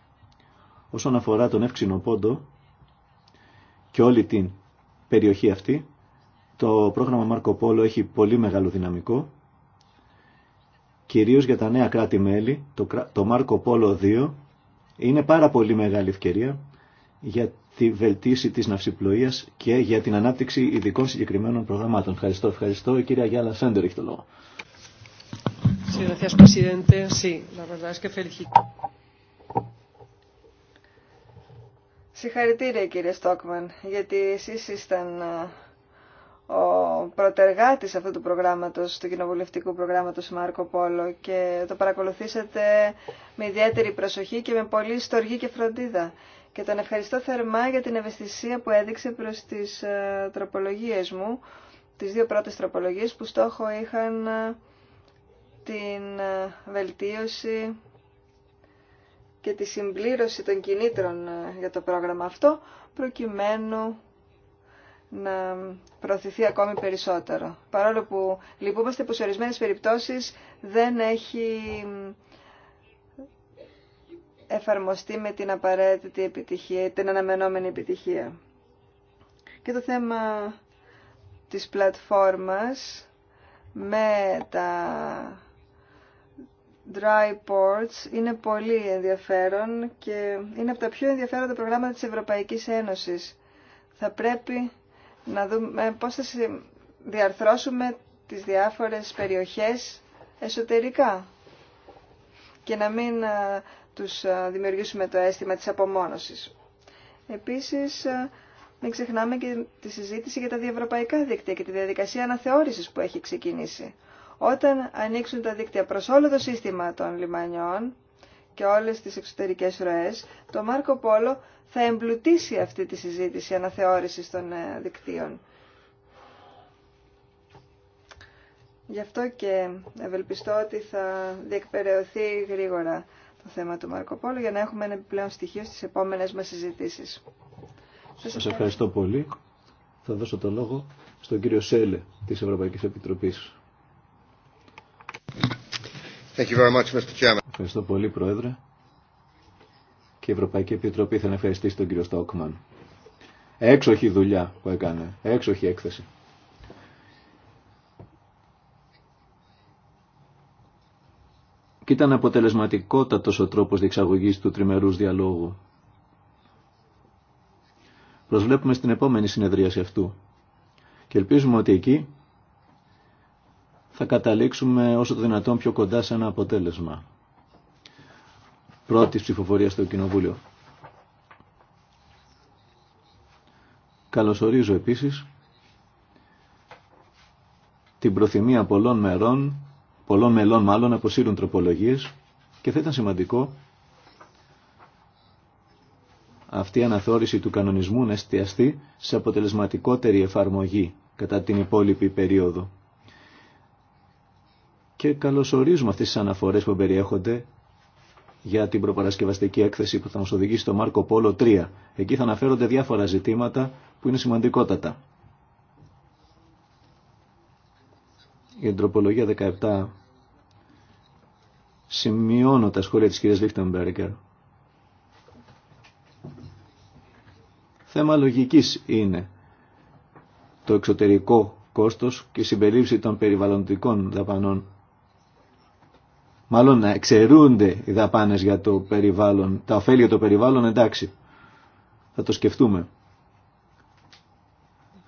όσον αφορά τον εύξηνο πόντο και όλη την περιοχή αυτή το πρόγραμμα Μάρκο Πόλο έχει πολύ μεγάλο δυναμικό κυρίως για τα νέα κράτη-μέλη το, το Μάρκο Πόλο 2 είναι πάρα πολύ μεγάλη ευκαιρία για τη βελτίωση της ναυσιπλοείας και για την ανάπτυξη ειδικών συγκεκριμένων προγραμμάτων. Ευχαριστώ, ευχαριστώ. Η κυρία Γιάλα Σέντερ έχει το λόγο. Συγχαρητήρια κύριε Στόκμαν, γιατί εσείς ήσταν ο πρωτεργάτης αυτού του προγράμματος, του κοινοβουλευτικού προγράμματος Μάρκο Πόλο και το παρακολουθήσατε με ιδιαίτερη προσοχή και με πολύ στοργή και φροντίδα και τον ευχαριστώ θερμά για την ευαισθησία που έδειξε προς τις ε, τροπολογίες μου, τις δύο πρώτες τροπολογίες που στόχο είχαν ε, την ε, βελτίωση και τη συμπλήρωση των κινήτρων για το πρόγραμμα αυτό, προκειμένου να προωθηθεί ακόμη περισσότερο. Παρόλο που λυπούμαστε που σε ορισμένες περιπτώσεις δεν έχει εφαρμοστεί με την απαραίτητη επιτυχία, την αναμενόμενη επιτυχία. Και το θέμα της πλατφόρμας με τα dry ports είναι πολύ ενδιαφέρον και είναι από τα πιο ενδιαφέροντα προγράμματα της Ευρωπαϊκής Ένωσης. Θα πρέπει να δούμε πώς θα διαρθρώσουμε τις διάφορες περιοχές εσωτερικά και να μην τους δημιουργήσουμε το αίσθημα της απομόνωσης. Επίσης, μην ξεχνάμε και τη συζήτηση για τα διευρωπαϊκά δίκτυα και τη διαδικασία αναθεώρησης που έχει ξεκινήσει. Όταν ανοίξουν τα δίκτυα προς όλο το σύστημα των λιμανιών και όλες τις εξωτερικές ροές, το Μάρκο Πόλο θα εμπλουτίσει αυτή τη συζήτηση αναθεώρησης των ε, δικτύων. Γι' αυτό και ευελπιστώ ότι θα διεκπαιρεωθεί γρήγορα το θέμα του Μαρκοπόλου για να έχουμε ένα επιπλέον στοιχείο στις επόμενες μας συζητήσεις. Σας ευχαριστώ πολύ. Θα δώσω το λόγο στον κύριο Σέλε της Ευρωπαϊκής Επιτροπής. Thank you very much, Mr. Ευχαριστώ πολύ, Πρόεδρε. Και η Ευρωπαϊκή Επιτροπή θα ευχαριστήσει τον κύριο Στόκμαν. Έξοχη δουλειά που έκανε, έξοχη έκθεση. και ήταν αποτελεσματικότατος ο τρόπος διεξαγωγής του τριμερούς διαλόγου. Προσβλέπουμε στην επόμενη συνεδρίαση αυτού και ελπίζουμε ότι εκεί θα καταλήξουμε όσο το δυνατόν πιο κοντά σε ένα αποτέλεσμα. Πρώτη ψηφοφορία στο Κοινοβούλιο. Καλωσορίζω επίσης την προθυμία πολλών μερών πολλών μελών μάλλον αποσύρουν τροπολογίες και θα ήταν σημαντικό αυτή η αναθόρηση του κανονισμού να εστιαστεί σε αποτελεσματικότερη εφαρμογή κατά την υπόλοιπη περίοδο. Και καλωσορίζουμε αυτές τις αναφορές που περιέχονται για την προπαρασκευαστική έκθεση που θα μας οδηγήσει στο Μάρκο Πόλο 3. Εκεί θα αναφέρονται διάφορα ζητήματα που είναι σημαντικότατα. Η την 17 σημειώνω τα σχόλια της κυρίας Λίχτεμπεργκερ. Θέμα λογικής είναι το εξωτερικό κόστος και η συμπερίληψη των περιβαλλοντικών δαπανών. Μάλλον να εξαιρούνται οι δαπάνες για το περιβάλλον, τα ωφέλη για το περιβάλλον εντάξει. Θα το σκεφτούμε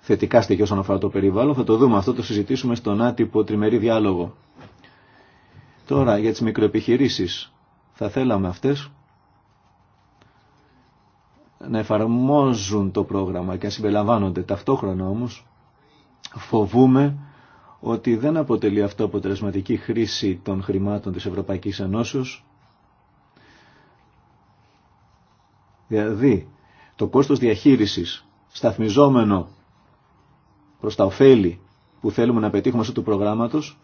θετικά στοιχεία όσον αφορά το περιβάλλον. Θα το δούμε αυτό, το συζητήσουμε στον άτυπο τριμερή διάλογο. Τώρα για τις μικροεπιχειρήσεις. Θα θέλαμε αυτές να εφαρμόζουν το πρόγραμμα και να συμπεριλαμβάνονται. Ταυτόχρονα όμως φοβούμε ότι δεν αποτελεί αυτό αποτελεσματική χρήση των χρημάτων της Ευρωπαϊκής Ενώσεως. Δηλαδή, το κόστος διαχείρισης σταθμιζόμενο προς τα ωφέλη που θέλουμε να πετύχουμε στο του προγράμματος,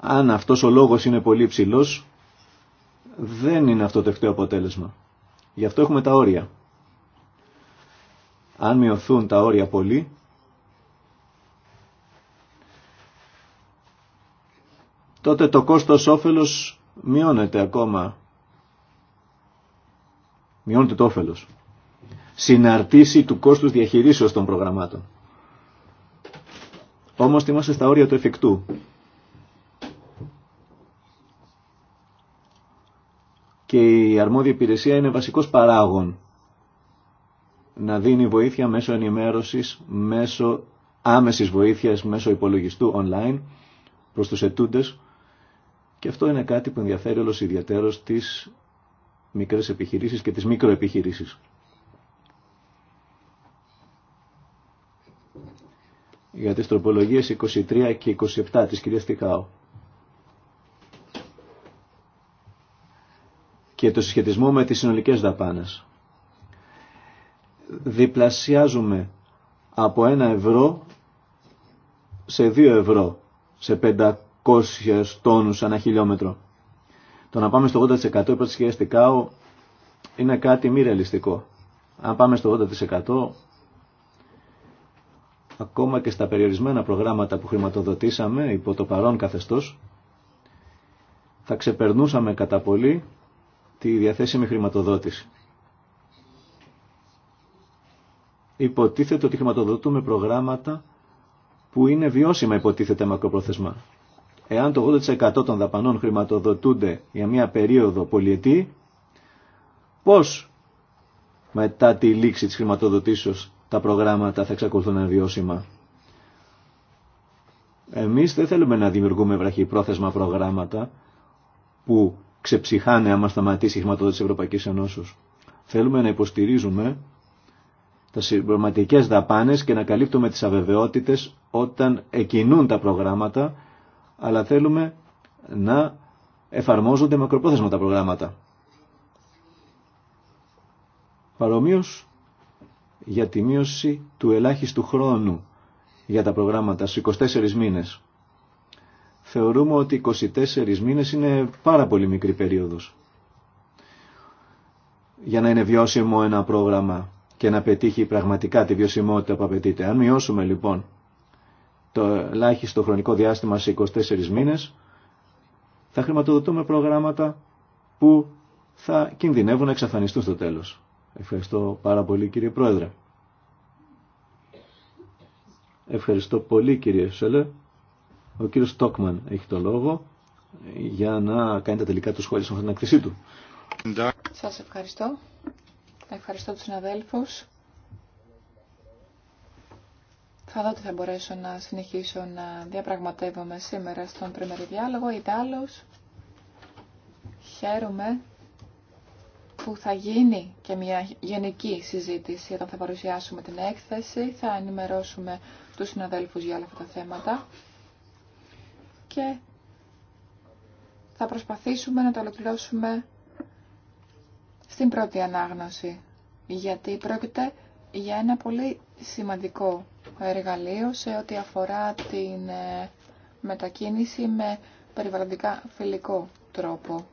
αν αυτός ο λόγος είναι πολύ υψηλό, δεν είναι αυτό το αποτέλεσμα. Γι' αυτό έχουμε τα όρια. Αν μειωθούν τα όρια πολύ, τότε το κόστος όφελος μειώνεται ακόμα. Μειώνεται το όφελος. Συναρτήσει του κόστους διαχειρίσεως των προγραμμάτων. Όμως είμαστε στα όρια του εφικτού. Και η αρμόδια υπηρεσία είναι βασικός παράγων να δίνει βοήθεια μέσω ενημέρωσης, μέσω άμεσης βοήθειας, μέσω υπολογιστού online προς τους ετούντες και αυτό είναι κάτι που ενδιαφέρει όλος ιδιαίτερος τις μικρές επιχειρήσεις και τις μικροεπιχειρήσεις. για τις τροπολογίες 23 και 27 της κυρίας Τικάου. και το συσχετισμό με τις συνολικές δαπάνες. Διπλασιάζουμε από ένα ευρώ σε δύο ευρώ, σε 500 τόνους ανά χιλιόμετρο. Το να πάμε στο 80% κυρίας Τικάου είναι κάτι μη ρεαλιστικό. Αν πάμε στο 80% ακόμα και στα περιορισμένα προγράμματα που χρηματοδοτήσαμε υπό το παρόν καθεστώς, θα ξεπερνούσαμε κατά πολύ τη διαθέσιμη χρηματοδότηση. Υποτίθεται ότι χρηματοδοτούμε προγράμματα που είναι βιώσιμα υποτίθεται μακροπρόθεσμα. Εάν το 80% των δαπανών χρηματοδοτούνται για μια περίοδο πολιετή, πώς μετά τη λήξη της χρηματοδοτήσεως τα προγράμματα θα εξακολουθούν να Εμείς δεν θέλουμε να δημιουργούμε βραχυπρόθεσμα προγράμματα που ξεψυχάνε άμα σταματήσει η χρηματοδότηση της Ευρωπαϊκής Ενώσεως. Θέλουμε να υποστηρίζουμε τα συμπροματικές δαπάνες και να καλύπτουμε τις αβεβαιότητες όταν εκινούν τα προγράμματα, αλλά θέλουμε να εφαρμόζονται μακροπρόθεσμα τα προγράμματα. Παρομοίως για τη μείωση του ελάχιστου χρόνου για τα προγράμματα στου 24 μήνες. Θεωρούμε ότι 24 μήνες είναι πάρα πολύ μικρή περίοδος για να είναι βιώσιμο ένα πρόγραμμα και να πετύχει πραγματικά τη βιωσιμότητα που απαιτείται. Αν μειώσουμε λοιπόν το ελάχιστο χρονικό διάστημα σε 24 μήνες, θα χρηματοδοτούμε προγράμματα που θα κινδυνεύουν να εξαφανιστούν στο τέλος. Ευχαριστώ πάρα πολύ κύριε Πρόεδρε. Ευχαριστώ πολύ κύριε Σέλε. Ο κύριος Στόκμαν έχει το λόγο για να κάνει τα τελικά του σχόλια στην ανακτησή του. Σας ευχαριστώ. Ευχαριστώ τους συναδέλφους. Θα δω τι θα μπορέσω να συνεχίσω να διαπραγματεύομαι σήμερα στον πριμερή διάλογο. άλλος. χαίρομαι που θα γίνει και μια γενική συζήτηση όταν θα παρουσιάσουμε την έκθεση. Θα ενημερώσουμε τους συναδέλφους για όλα αυτά τα θέματα και θα προσπαθήσουμε να το ολοκληρώσουμε στην πρώτη ανάγνωση, γιατί πρόκειται για ένα πολύ σημαντικό εργαλείο σε ό,τι αφορά την ε, μετακίνηση με περιβαλλοντικά φιλικό τρόπο.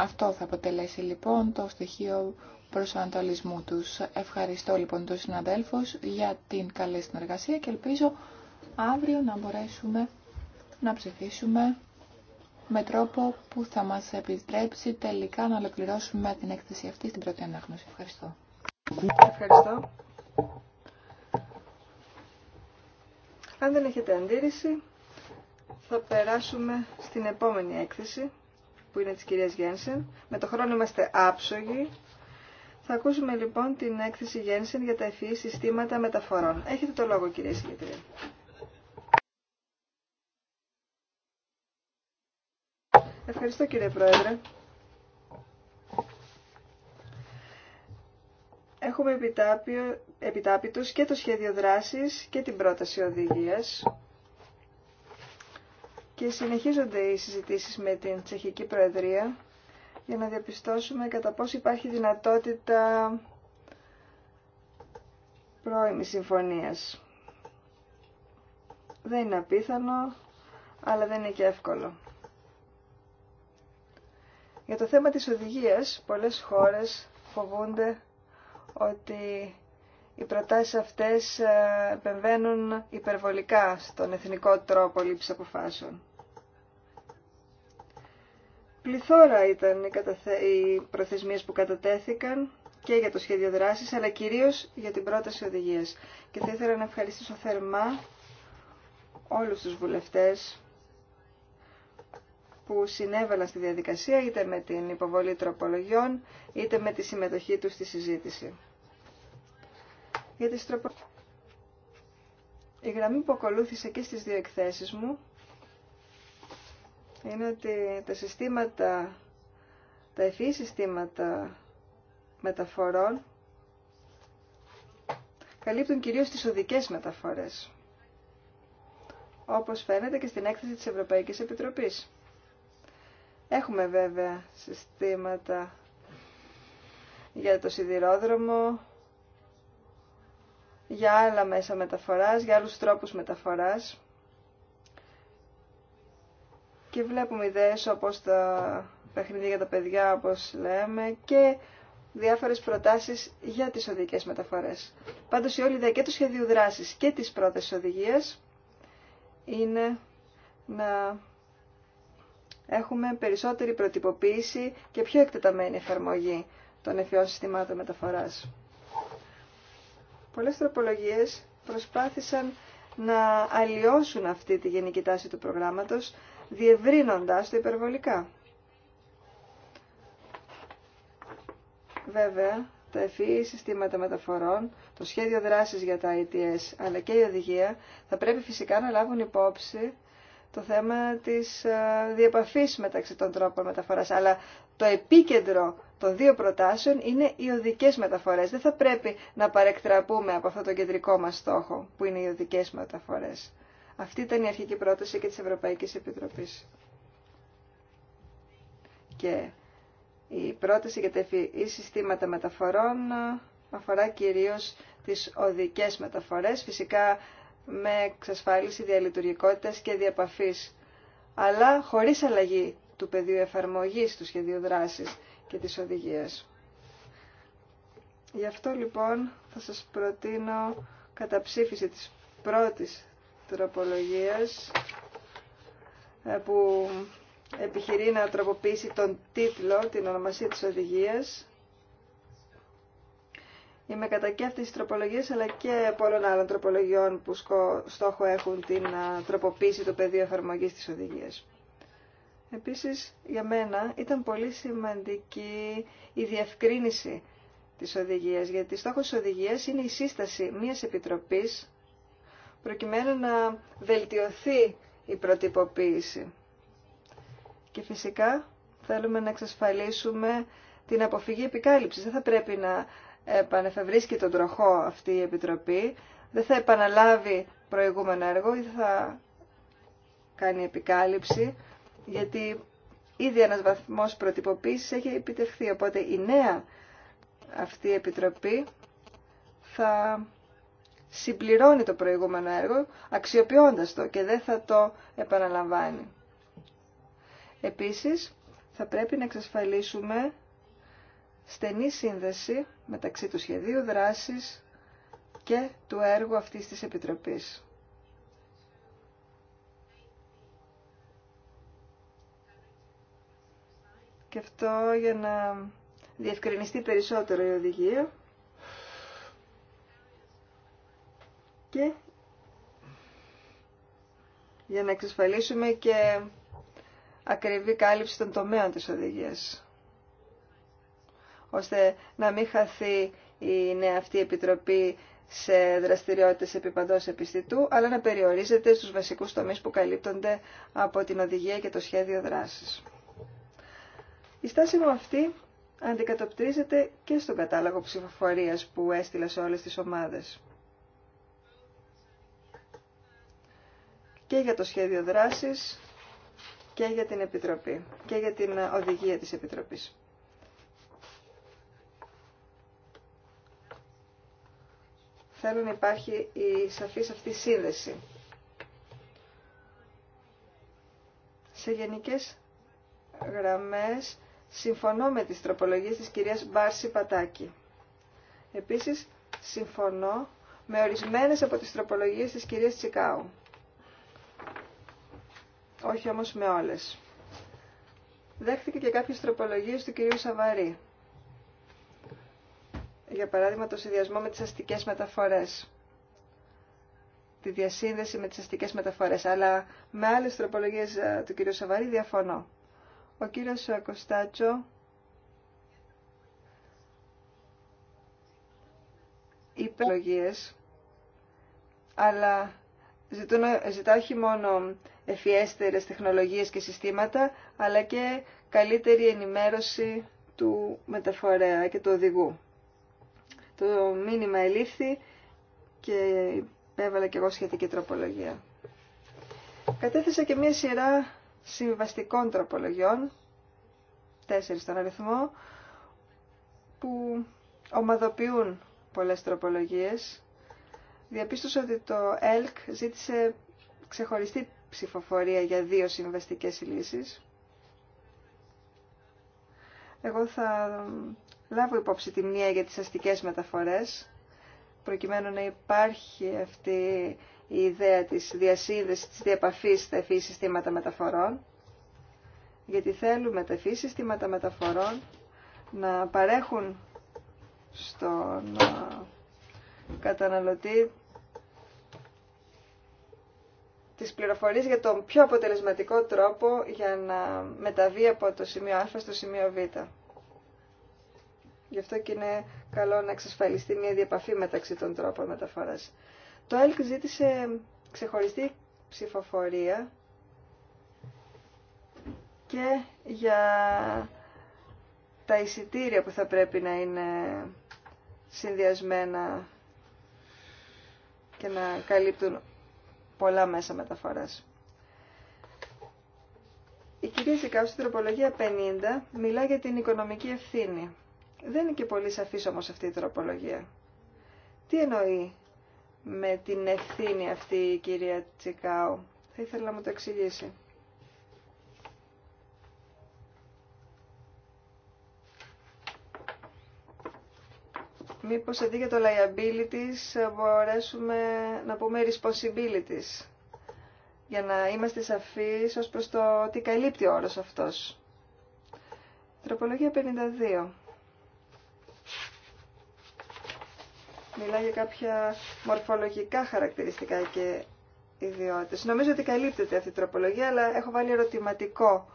Αυτό θα αποτελέσει λοιπόν το στοιχείο προσανατολισμού τους. Ευχαριστώ λοιπόν τους συναδέλφους για την καλή συνεργασία και ελπίζω αύριο να μπορέσουμε να ψηφίσουμε με τρόπο που θα μας επιτρέψει τελικά να ολοκληρώσουμε την έκθεση αυτή στην πρώτη ανάγνωση. Ευχαριστώ. Ευχαριστώ. Αν δεν έχετε αντίρρηση, θα περάσουμε στην επόμενη έκθεση που είναι της κυρίας Γένσεν. Με το χρόνο είμαστε άψογοι. Θα ακούσουμε λοιπόν την έκθεση Γένσεν για τα ευφυή συστήματα μεταφορών. Έχετε το λόγο κυρία Συγγετρία. Ευχαριστώ κύριε Πρόεδρε. Έχουμε επιτάπητος και το σχέδιο δράσης και την πρόταση οδηγίας και συνεχίζονται οι συζητήσεις με την Τσεχική Προεδρία για να διαπιστώσουμε κατά πόσο υπάρχει δυνατότητα πρώιμης συμφωνίας. Δεν είναι απίθανο, αλλά δεν είναι και εύκολο. Για το θέμα της οδηγίας, πολλές χώρες φοβούνται ότι οι προτάσεις αυτές ε, επεμβαίνουν υπερβολικά στον εθνικό τρόπο λήψης αποφάσεων. Πληθώρα ήταν οι προθεσμίες που κατατέθηκαν και για το σχέδιο δράσης, αλλά κυρίως για την πρόταση οδηγίας. Και θα ήθελα να ευχαριστήσω θερμά όλους τους βουλευτές που συνέβαλαν στη διαδικασία, είτε με την υποβολή τροπολογιών, είτε με τη συμμετοχή τους στη συζήτηση. Για Η γραμμή που ακολούθησε και στις δύο εκθέσεις μου είναι ότι τα συστήματα, τα ευφύ συστήματα μεταφορών καλύπτουν κυρίως τις οδικές μεταφορές, όπως φαίνεται και στην έκθεση της Ευρωπαϊκής Επιτροπής. Έχουμε βέβαια συστήματα για το σιδηρόδρομο, για άλλα μέσα μεταφοράς, για άλλους τρόπους μεταφοράς και βλέπουμε ιδέες όπως τα παιχνίδια για τα παιδιά όπως λέμε και διάφορες προτάσεις για τις οδικές μεταφορές. Πάντως η όλη ιδέα και του σχεδίου δράσης και της πρώτης οδηγίας είναι να έχουμε περισσότερη προτυποποίηση και πιο εκτεταμένη εφαρμογή των εφιών συστημάτων μεταφοράς. Πολλές τροπολογίες προσπάθησαν να αλλοιώσουν αυτή τη γενική τάση του προγράμματος, διευρύνοντας το υπερβολικά. Βέβαια, τα FEE συστήματα μεταφορών, το σχέδιο δράσης για τα ITS, αλλά και η οδηγία, θα πρέπει φυσικά να λάβουν υπόψη το θέμα της ε, διαπαφής μεταξύ των τρόπων μεταφοράς. Αλλά το επίκεντρο των δύο προτάσεων είναι οι οδικές μεταφορές. Δεν θα πρέπει να παρεκτραπούμε από αυτό το κεντρικό μας στόχο που είναι οι οδικές μεταφορές. Αυτή ήταν η αρχική πρόταση και της Ευρωπαϊκής Επιτροπής. Και η πρόταση για τα e συστήματα μεταφορών αφορά κυρίως τις οδικές μεταφορές, φυσικά με εξασφάλιση διαλειτουργικότητας και διαπαφής, αλλά χωρίς αλλαγή του πεδίου εφαρμογής του σχεδίου δράσης και της οδηγίας. Γι' αυτό λοιπόν θα σας προτείνω καταψήφιση της πρώτης τροπολογίας ε, που επιχειρεί να τροποποιήσει τον τίτλο, την ονομασία της οδηγίας. Είμαι κατά και αυτής της τροπολογίας αλλά και πολλών άλλων τροπολογιών που στόχο έχουν την τροποποίηση του πεδίου εφαρμογή της οδηγίας. Επίσης, για μένα ήταν πολύ σημαντική η διευκρίνηση της οδηγίας, γιατί στόχος της οδηγίας είναι η σύσταση μιας επιτροπής προκειμένου να βελτιωθεί η προτυποποίηση. Και φυσικά θέλουμε να εξασφαλίσουμε την αποφυγή επικάλυψης. Δεν θα πρέπει να επανεφευρίσκει τον τροχό αυτή η Επιτροπή, δεν θα επαναλάβει προηγούμενο έργο ή θα κάνει επικάλυψη, γιατί ήδη ένας βαθμός προτυποποίησης έχει επιτευχθεί. Οπότε η νέα αυτή η Επιτροπή θα κανει επικαλυψη γιατι ηδη ενας βαθμος προτυποποιησης εχει επιτευχθει οποτε η νεα αυτη επιτροπη θα συμπληρώνει το προηγούμενο έργο αξιοποιώντας το και δεν θα το επαναλαμβάνει. Επίσης, θα πρέπει να εξασφαλίσουμε στενή σύνδεση μεταξύ του σχεδίου δράσης και του έργου αυτής της Επιτροπής. Και αυτό για να διευκρινιστεί περισσότερο η οδηγία και για να εξασφαλίσουμε και ακριβή κάλυψη των τομέων της οδηγίας, ώστε να μην χαθεί η νέα αυτή επιτροπή σε δραστηριότητες επιπαντός επιστητού, αλλά να περιορίζεται στους βασικούς τομείς που καλύπτονται από την οδηγία και το σχέδιο δράσης. Η στάση μου αυτή αντικατοπτρίζεται και στον κατάλογο ψηφοφορίας που έστειλα σε όλες τις ομάδες. και για το σχέδιο δράσης και για την Επιτροπή και για την οδηγία της Επιτροπής. Θέλω να υπάρχει η σαφής αυτή σύνδεση. Σε γενικές γραμμές συμφωνώ με τις τροπολογίες της κυρίας Μπάρση Πατάκη. Επίσης συμφωνώ με ορισμένες από τις τροπολογίες της κυρίας Τσικάου όχι όμως με όλες. Δέχθηκε και κάποιες τροπολογίες του κυρίου Σαβαρή. Για παράδειγμα το συνδυασμό με τις αστικές μεταφορές. Τη διασύνδεση με τις αστικές μεταφορές. Αλλά με άλλες τροπολογίες ε, του κυρίου Σαβαρή διαφωνώ. Ο κύριος ε, Κωστάτσο είπε αλλά ζητούν, ζητά όχι μόνο ευφιέστερες τεχνολογίες και συστήματα, αλλά και καλύτερη ενημέρωση του μεταφορέα και του οδηγού. Το μήνυμα ελήφθη και έβαλα και εγώ σχετική τροπολογία. Κατέθεσα και μία σειρά συμβαστικών τροπολογιών, τέσσερις στον αριθμό, που ομαδοποιούν πολλές τροπολογίες διαπίστωσα ότι το ΕΛΚ ζήτησε ξεχωριστή ψηφοφορία για δύο συμβαστικές λύσεις. Εγώ θα λάβω υπόψη τη μία για τις αστικές μεταφορές, προκειμένου να υπάρχει αυτή η ιδέα της διασύνδεσης, της διαπαφής στα ευφύ συστήματα μεταφορών, γιατί θέλουμε τα ευφύ συστήματα μεταφορών να παρέχουν στον ε, καταναλωτή τις πληροφορίες για τον πιο αποτελεσματικό τρόπο για να μεταβεί από το σημείο Α στο σημείο Β. Γι' αυτό και είναι καλό να εξασφαλιστεί μια διαπαφή μεταξύ των τρόπων μεταφοράς. Το ΕΛΚ ζήτησε ξεχωριστή ψηφοφορία και για τα εισιτήρια που θα πρέπει να είναι συνδυασμένα και να καλύπτουν πολλά μέσα μεταφοράς. Η κυρία Σικάου στην τροπολογία 50 μιλά για την οικονομική ευθύνη. Δεν είναι και πολύ σαφής όμως αυτή η τροπολογία. Τι εννοεί με την ευθύνη αυτή η κυρία Τσικάου. Θα ήθελα να μου το εξηγήσει. Μήπως αντί για το liabilities ε, μπορέσουμε να πούμε responsibilities για να είμαστε σαφείς ως προς το τι καλύπτει ο όρος αυτός. Τροπολογία 52. Μιλάει για κάποια μορφολογικά χαρακτηριστικά και ιδιότητες. Νομίζω ότι καλύπτεται αυτή η τροπολογία, αλλά έχω βάλει ερωτηματικό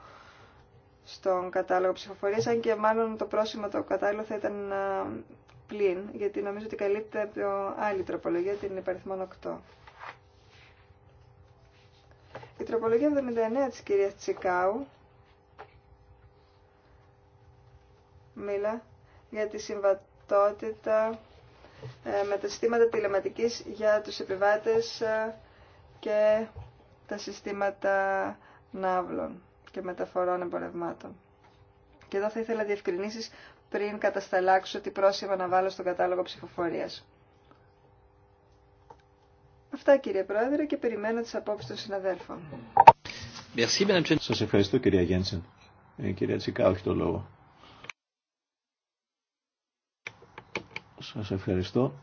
στον κατάλογο ψηφοφορίας, αν και μάλλον το πρόσημο το κατάλληλο θα ήταν να πλήν, γιατί νομίζω ότι καλύπτεται από άλλη τροπολογία, την υπαριθμόν 8. Η τροπολογία 79 της κυρίας Τσικάου μίλα για τη συμβατότητα ε, με τα συστήματα τηλεματικής για τους επιβάτες ε, και τα συστήματα ναύλων και μεταφορών εμπορευμάτων. Και εδώ θα ήθελα διευκρινήσεις πριν κατασταλάξω τι πρόσημα να βάλω στον κατάλογο ψηφοφορίας. Αυτά κύριε Πρόεδρε και περιμένω τις απόψεις των συναδέλφων. Σας ευχαριστώ κυρία Γέντσεν. Ε, κυρία Τσικά, όχι το λόγο. Σας ευχαριστώ.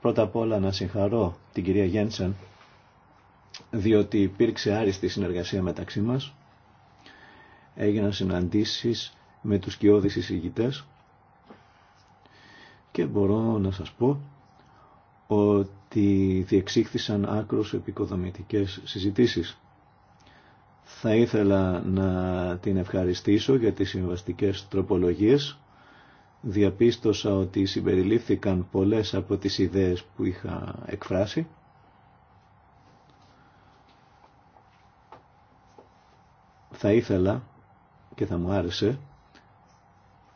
Πρώτα απ' όλα να συγχαρώ την κυρία Γέντσεν, διότι υπήρξε άριστη συνεργασία μεταξύ μας. Έγιναν συναντήσεις με τους κοιόδης εισηγητές και μπορώ να σας πω ότι διεξήχθησαν άκρως επικοδομητικές συζητήσεις. Θα ήθελα να την ευχαριστήσω για τις συμβαστικές τροπολογίες. Διαπίστωσα ότι συμπεριλήφθηκαν πολλές από τις ιδέες που είχα εκφράσει. Θα ήθελα και θα μου άρεσε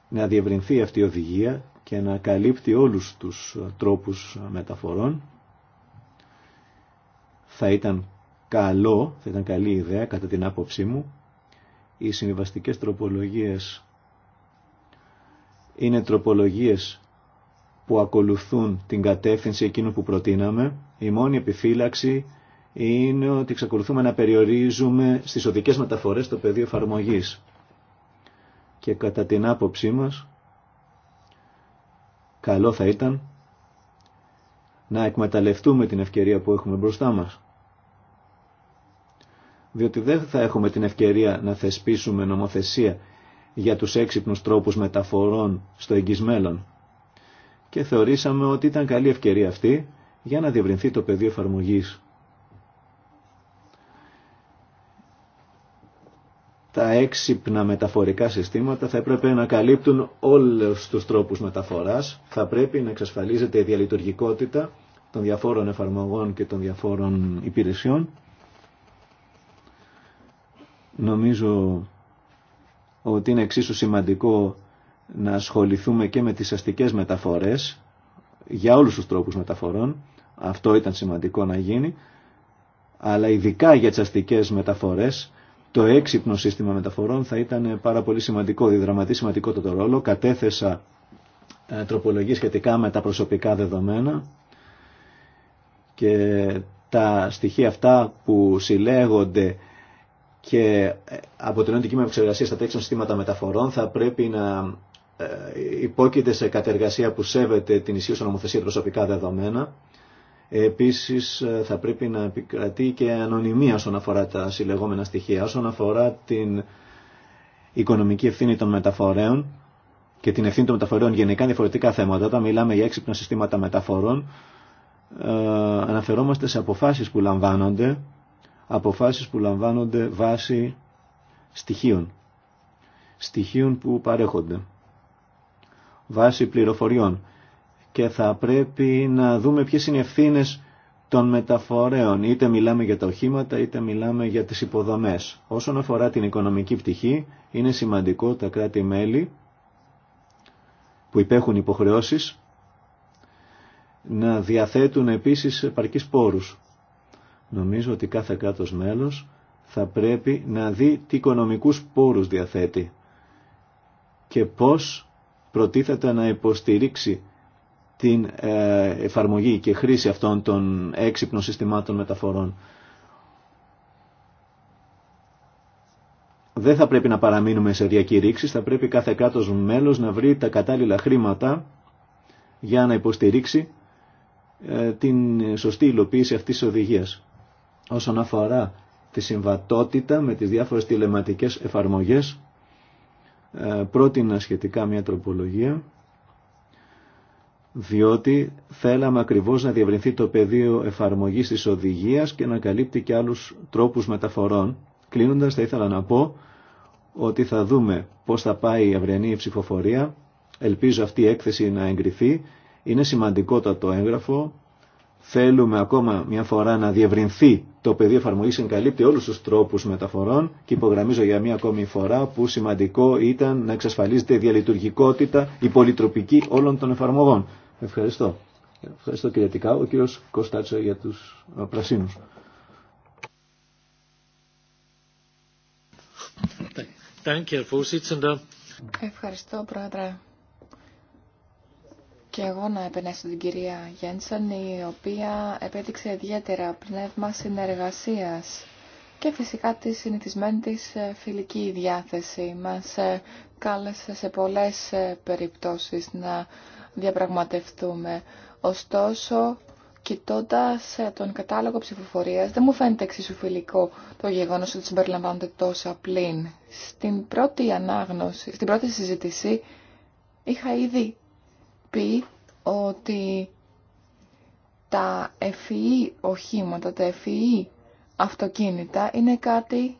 να διευρυνθεί αυτή η οδηγία και να καλύπτει όλους τους τρόπους μεταφορών. Θα ήταν καλό, θα ήταν καλή ιδέα κατά την άποψή μου. Οι συμβιβαστικές τροπολογίες είναι τροπολογίες που ακολουθούν την κατεύθυνση εκείνου που προτείναμε. Η μόνη επιφύλαξη είναι ότι εξακολουθούμε να περιορίζουμε στις οδικές μεταφορές το πεδίο εφαρμογής και κατά την άποψή μας καλό θα ήταν να εκμεταλλευτούμε την ευκαιρία που έχουμε μπροστά μας. Διότι δεν θα έχουμε την ευκαιρία να θεσπίσουμε νομοθεσία για τους έξυπνους τρόπους μεταφορών στο εγγύς Και θεωρήσαμε ότι ήταν καλή ευκαιρία αυτή για να διευρυνθεί το πεδίο εφαρμογής τα έξυπνα μεταφορικά συστήματα θα έπρεπε να καλύπτουν όλους τους τρόπους μεταφοράς. Θα πρέπει να εξασφαλίζεται η διαλειτουργικότητα των διαφόρων εφαρμογών και των διαφόρων υπηρεσιών. Νομίζω ότι είναι εξίσου σημαντικό να ασχοληθούμε και με τις αστικές μεταφορές για όλους τους τρόπους μεταφορών. Αυτό ήταν σημαντικό να γίνει. Αλλά ειδικά για τις αστικές μεταφορές το έξυπνο σύστημα μεταφορών θα ήταν πάρα πολύ σημαντικό, διδραματή σημαντικό το, ρόλο. Κατέθεσα ε, τροπολογίε σχετικά με τα προσωπικά δεδομένα και τα στοιχεία αυτά που συλλέγονται και ε, αποτελούν την κύμα εξεργασία στα τέτοια συστήματα μεταφορών θα πρέπει να ε, υπόκειται σε κατεργασία που σέβεται την ισχύουσα νομοθεσία προσωπικά δεδομένα Επίσης ε, θα πρέπει να επικρατεί και ανωνυμία όσον αφορά τα συλλεγόμενα στοιχεία, όσον αφορά την οικονομική ευθύνη των μεταφορέων και την ευθύνη των μεταφορέων γενικά διαφορετικά θέματα. Όταν μιλάμε για έξυπνα συστήματα μεταφορών, ε, αναφερόμαστε σε αποφάσεις που λαμβάνονται, αποφάσεις που λαμβάνονται βάσει στοιχείων, στοιχείων που παρέχονται, βάσει πληροφοριών και θα πρέπει να δούμε ποιες είναι οι ευθύνε των μεταφορέων. Είτε μιλάμε για τα οχήματα, είτε μιλάμε για τις υποδομές. Όσον αφορά την οικονομική πτυχή, είναι σημαντικό τα κράτη-μέλη που υπέχουν υποχρεώσεις να διαθέτουν επίσης επαρκείς πόρους. Νομίζω ότι κάθε κράτος μέλος θα πρέπει να δει τι οικονομικούς πόρους διαθέτει και πώς προτίθεται να υποστηρίξει την ε, εφαρμογή και χρήση αυτών των έξυπνων συστημάτων μεταφορών. Δεν θα πρέπει να παραμείνουμε σε διακηρύξεις, θα πρέπει κάθε κράτος μέλος να βρει τα κατάλληλα χρήματα για να υποστηρίξει ε, την σωστή υλοποίηση αυτής της οδηγίας. Όσον αφορά τη συμβατότητα με τις διάφορες τηλεματικές εφαρμογές, ε, πρότεινα σχετικά μια τροπολογία διότι θέλαμε ακριβώς να διευρυνθεί το πεδίο εφαρμογής της οδηγίας και να καλύπτει και άλλους τρόπους μεταφορών. Κλείνοντας θα ήθελα να πω ότι θα δούμε πώς θα πάει η αυριανή ψηφοφορία. Ελπίζω αυτή η έκθεση να εγκριθεί. Είναι σημαντικότατο έγγραφο. Θέλουμε ακόμα μια φορά να διευρυνθεί το πεδίο εφαρμογής και να καλύπτει όλους τους τρόπους μεταφορών και υπογραμμίζω για μία ακόμη φορά που σημαντικό ήταν να εξασφαλίζεται η διαλειτουργικότητα, η πολυτροπική όλων των εφαρμογών. Ευχαριστώ. Ευχαριστώ κυριατικά, Ο κύριος Κωνστάτσο για τους ε, πρασίνους. Ευχαριστώ πρόεδρε. Και εγώ να επενέσω την κυρία Γένσον, η οποία επέδειξε ιδιαίτερα πνεύμα συνεργασίας και φυσικά τη συνηθισμένη της ε, φιλική διάθεση. Μας ε, κάλεσε σε πολλές περιπτώσεις να διαπραγματευτούμε. Ωστόσο, κοιτώντα ε, τον κατάλογο ψηφοφορία, δεν μου φαίνεται εξίσου φιλικό το γεγονό ότι συμπεριλαμβάνονται τόσα πλήν. Στην πρώτη ανάγνωση, στην πρώτη συζήτηση, είχα ήδη πει ότι τα FEE e οχήματα, τα FEE e αυτοκίνητα είναι κάτι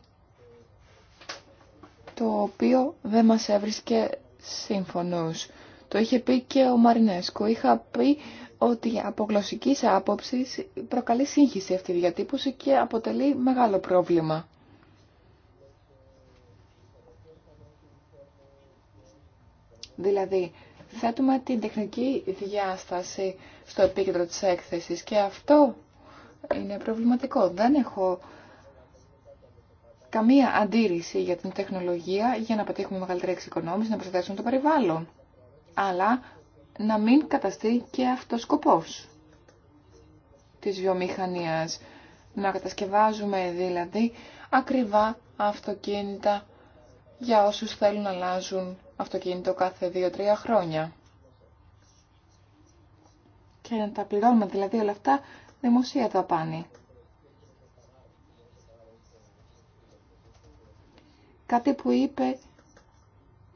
το οποίο δεν μας έβρισκε σύμφωνος. Το είχε πει και ο Μαρινέσκο. Είχα πει ότι από γλωσσική άποψη προκαλεί σύγχυση αυτή η διατύπωση και αποτελεί μεγάλο πρόβλημα. Δηλαδή, θέτουμε την τεχνική διάσταση στο επίκεντρο της έκθεσης και αυτό είναι προβληματικό. Δεν έχω καμία αντίρρηση για την τεχνολογία για να πετύχουμε μεγαλύτερη εξοικονόμηση, να προστατεύσουμε το περιβάλλον αλλά να μην καταστεί και αυτός σκοπός της βιομηχανίας. Να κατασκευάζουμε δηλαδή ακριβά αυτοκίνητα για όσους θέλουν να αλλάζουν αυτοκίνητο κάθε 2-3 χρόνια. Και να τα πληρώνουμε δηλαδή όλα αυτά δημοσία το πάνη. Κάτι που είπε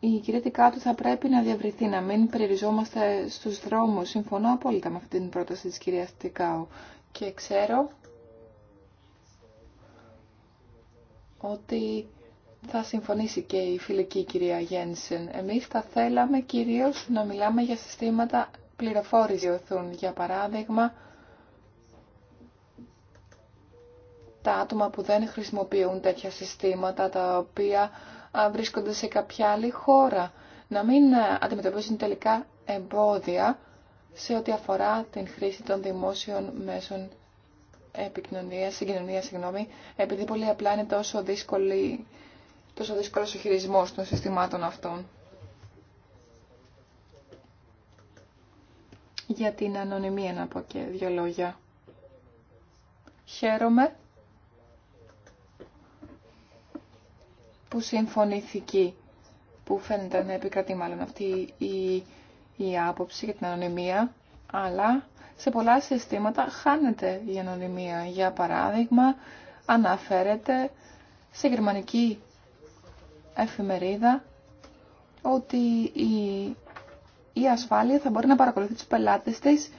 η κυρία Τικάτου θα πρέπει να διαβριθεί, να μην περιοριζόμαστε στους δρόμους. Συμφωνώ απόλυτα με αυτή την πρόταση της κυρίας Τικάου. Και ξέρω ότι θα συμφωνήσει και η φιλική κυρία Γένσεν. Εμείς θα θέλαμε κυρίως να μιλάμε για συστήματα πληροφόρηση οθούν. Για παράδειγμα, τα άτομα που δεν χρησιμοποιούν τέτοια συστήματα, τα οποία βρίσκονται σε κάποια άλλη χώρα. Να μην ε, αντιμετωπίζουν τελικά εμπόδια σε ό,τι αφορά την χρήση των δημόσιων μέσων επικοινωνία, συγκοινωνία, συγγνώμη, επειδή πολύ απλά είναι τόσο, δύσκολη, τόσο δύσκολος ο χειρισμός των συστημάτων αυτών. Για την ανωνυμία να πω και δύο λόγια. Χαίρομαι που συμφωνηθηκε που φαίνεται να επικρατεί μάλλον αυτή η, η άποψη για την ανωνυμία, αλλά σε πολλά συστήματα χάνεται η ανωνυμία. Για παράδειγμα, αναφέρεται σε γερμανική εφημερίδα ότι η, η ασφάλεια θα μπορεί να παρακολουθεί τους πελάτες της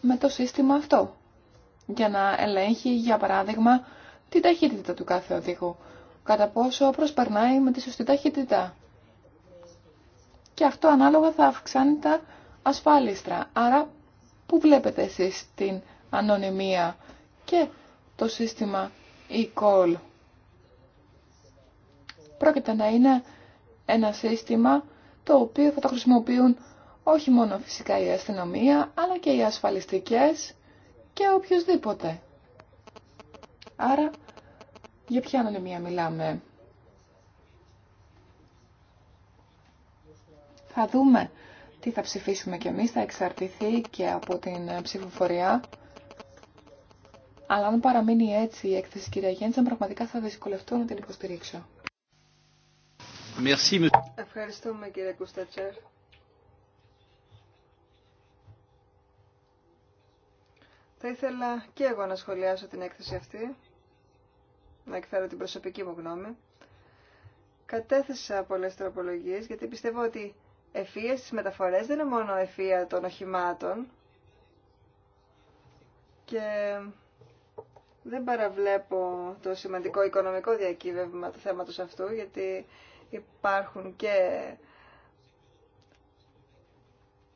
με το σύστημα αυτό. Για να ελέγχει, για παράδειγμα, την ταχύτητα του κάθε οδηγού κατά πόσο προσπερνάει με τη σωστή ταχύτητα. Και αυτό ανάλογα θα αυξάνει τα ασφάλιστρα. Άρα, πού βλέπετε εσείς την ανωνυμία και το σύστημα e-call. Πρόκειται να είναι ένα σύστημα το οποίο θα το χρησιμοποιούν όχι μόνο φυσικά η αστυνομία, αλλά και οι ασφαλιστικές και οποιοδήποτε. Άρα για ποια ανωνυμία μιλάμε. Θα δούμε τι θα ψηφίσουμε κι εμείς, θα εξαρτηθεί και από την ψηφοφορία. Αλλά αν παραμείνει έτσι η έκθεση κυρία Γέντσαν, πραγματικά θα δυσκολευτώ να την υποστηρίξω. Ευχαριστούμε κύριε Κουστατσέρ. Θα ήθελα και εγώ να σχολιάσω την έκθεση αυτή να εκφέρω την προσωπική μου γνώμη. Κατέθεσα πολλέ τροπολογίε γιατί πιστεύω ότι ευφύες στι μεταφορέ δεν είναι μόνο ευφύα των οχημάτων και δεν παραβλέπω το σημαντικό οικονομικό διακύβευμα του θέματος αυτού γιατί υπάρχουν και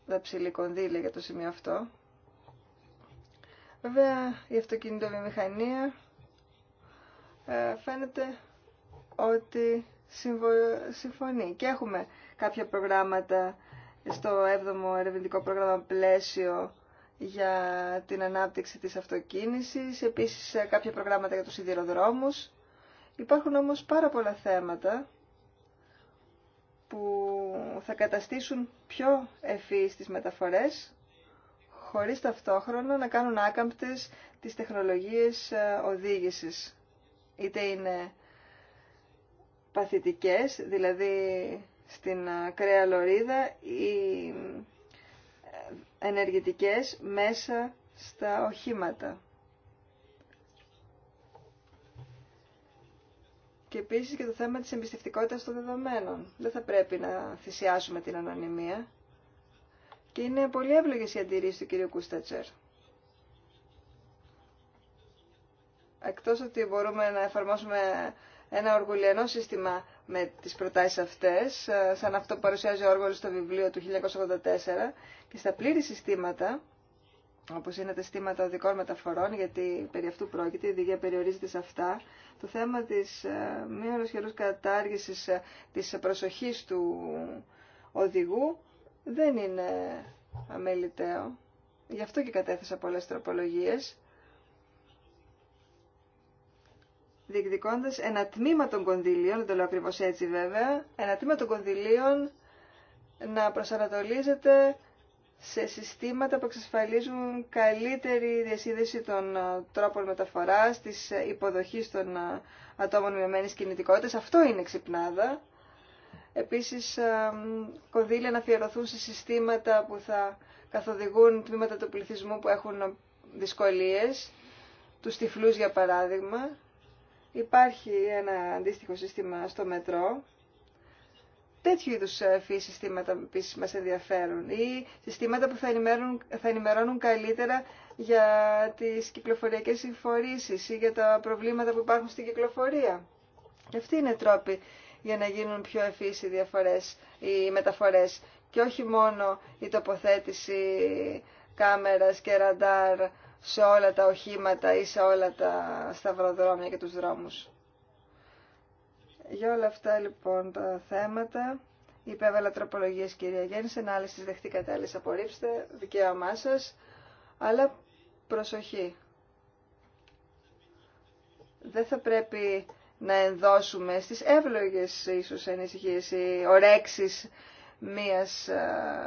τα ψηλή κονδύλια για το σημείο αυτό. Βέβαια η αυτοκινητοβιομηχανία ε, φαίνεται ότι συμφωνεί. Και έχουμε κάποια προγράμματα στο 7ο ερευνητικό πρόγραμμα πλαίσιο για την ανάπτυξη της αυτοκίνησης, επίσης ε, κάποια προγράμματα για τους σιδηροδρόμους. Υπάρχουν όμως πάρα πολλά θέματα που θα καταστήσουν πιο ευφύς τις μεταφορές, χωρίς ταυτόχρονα να κάνουν άκαμπτες τις τεχνολογίες ε, οδήγησης είτε είναι παθητικές, δηλαδή στην ακραία λωρίδα ή ε, ενεργητικές μέσα στα οχήματα. Και επίσης και το θέμα της εμπιστευτικότητας των δεδομένων. Δεν θα πρέπει να θυσιάσουμε την ανωνυμία. Και είναι πολύ εύλογες οι αντιρρήσεις του κ. Κούστατσερ. εκτός ότι μπορούμε να εφαρμόσουμε ένα οργουλιανό σύστημα με τις προτάσεις αυτές, ε, σαν αυτό που παρουσιάζει ο Όργολος στο βιβλίο του 1984, και στα πλήρη συστήματα, όπως είναι τα συστήματα οδικών μεταφορών, γιατί περί αυτού πρόκειται, η περιορίζεται σε αυτά, το θέμα της ε, μη ολοσχερούς κατάργησης ε, της προσοχής του οδηγού δεν είναι αμεληταίο. Γι' αυτό και κατέθεσα πολλές τροπολογίες διεκδικώντα ένα τμήμα των κονδυλίων, δεν το λέω ακριβώ έτσι βέβαια, ένα τμήμα των κονδυλίων να προσανατολίζεται σε συστήματα που εξασφαλίζουν καλύτερη διασύνδεση των ε, τρόπων μεταφοράς, της ε, υποδοχή των ε, ατόμων μειωμένης κινητικότητας. Αυτό είναι ξυπνάδα. Επίσης, κονδύλια να αφιερωθούν σε συστήματα που θα καθοδηγούν τμήματα του πληθυσμού που έχουν δυσκολίες, τους τυφλούς για παράδειγμα, Υπάρχει ένα αντίστοιχο σύστημα στο μετρό. Τέτοιου είδου ε, συστήματα επίση μα ενδιαφέρουν ή συστήματα που θα ενημερώνουν, θα ενημερώνουν καλύτερα για τις κυκλοφοριακέ συμφορήσει ή για τα προβλήματα που υπάρχουν στην κυκλοφορία. Και αυτοί είναι τρόποι για να γίνουν πιο ευφύ οι, διαφορές, οι μεταφορές και όχι μόνο η τοποθέτηση κάμερας και ραντάρ σε όλα τα οχήματα ή σε όλα τα σταυροδρόμια και τους δρόμους. Για όλα αυτά λοιπόν τα θέματα υπέβαλα τροπολογίες κυρία Γέννησεν, άλλες τις δεχτήκατε, άλλες απορρίψτε, δικαίωμά σας, αλλά προσοχή. Δεν θα πρέπει να ενδώσουμε στις εύλογες ίσως ενησυχίες ή ορέξεις μίας ε,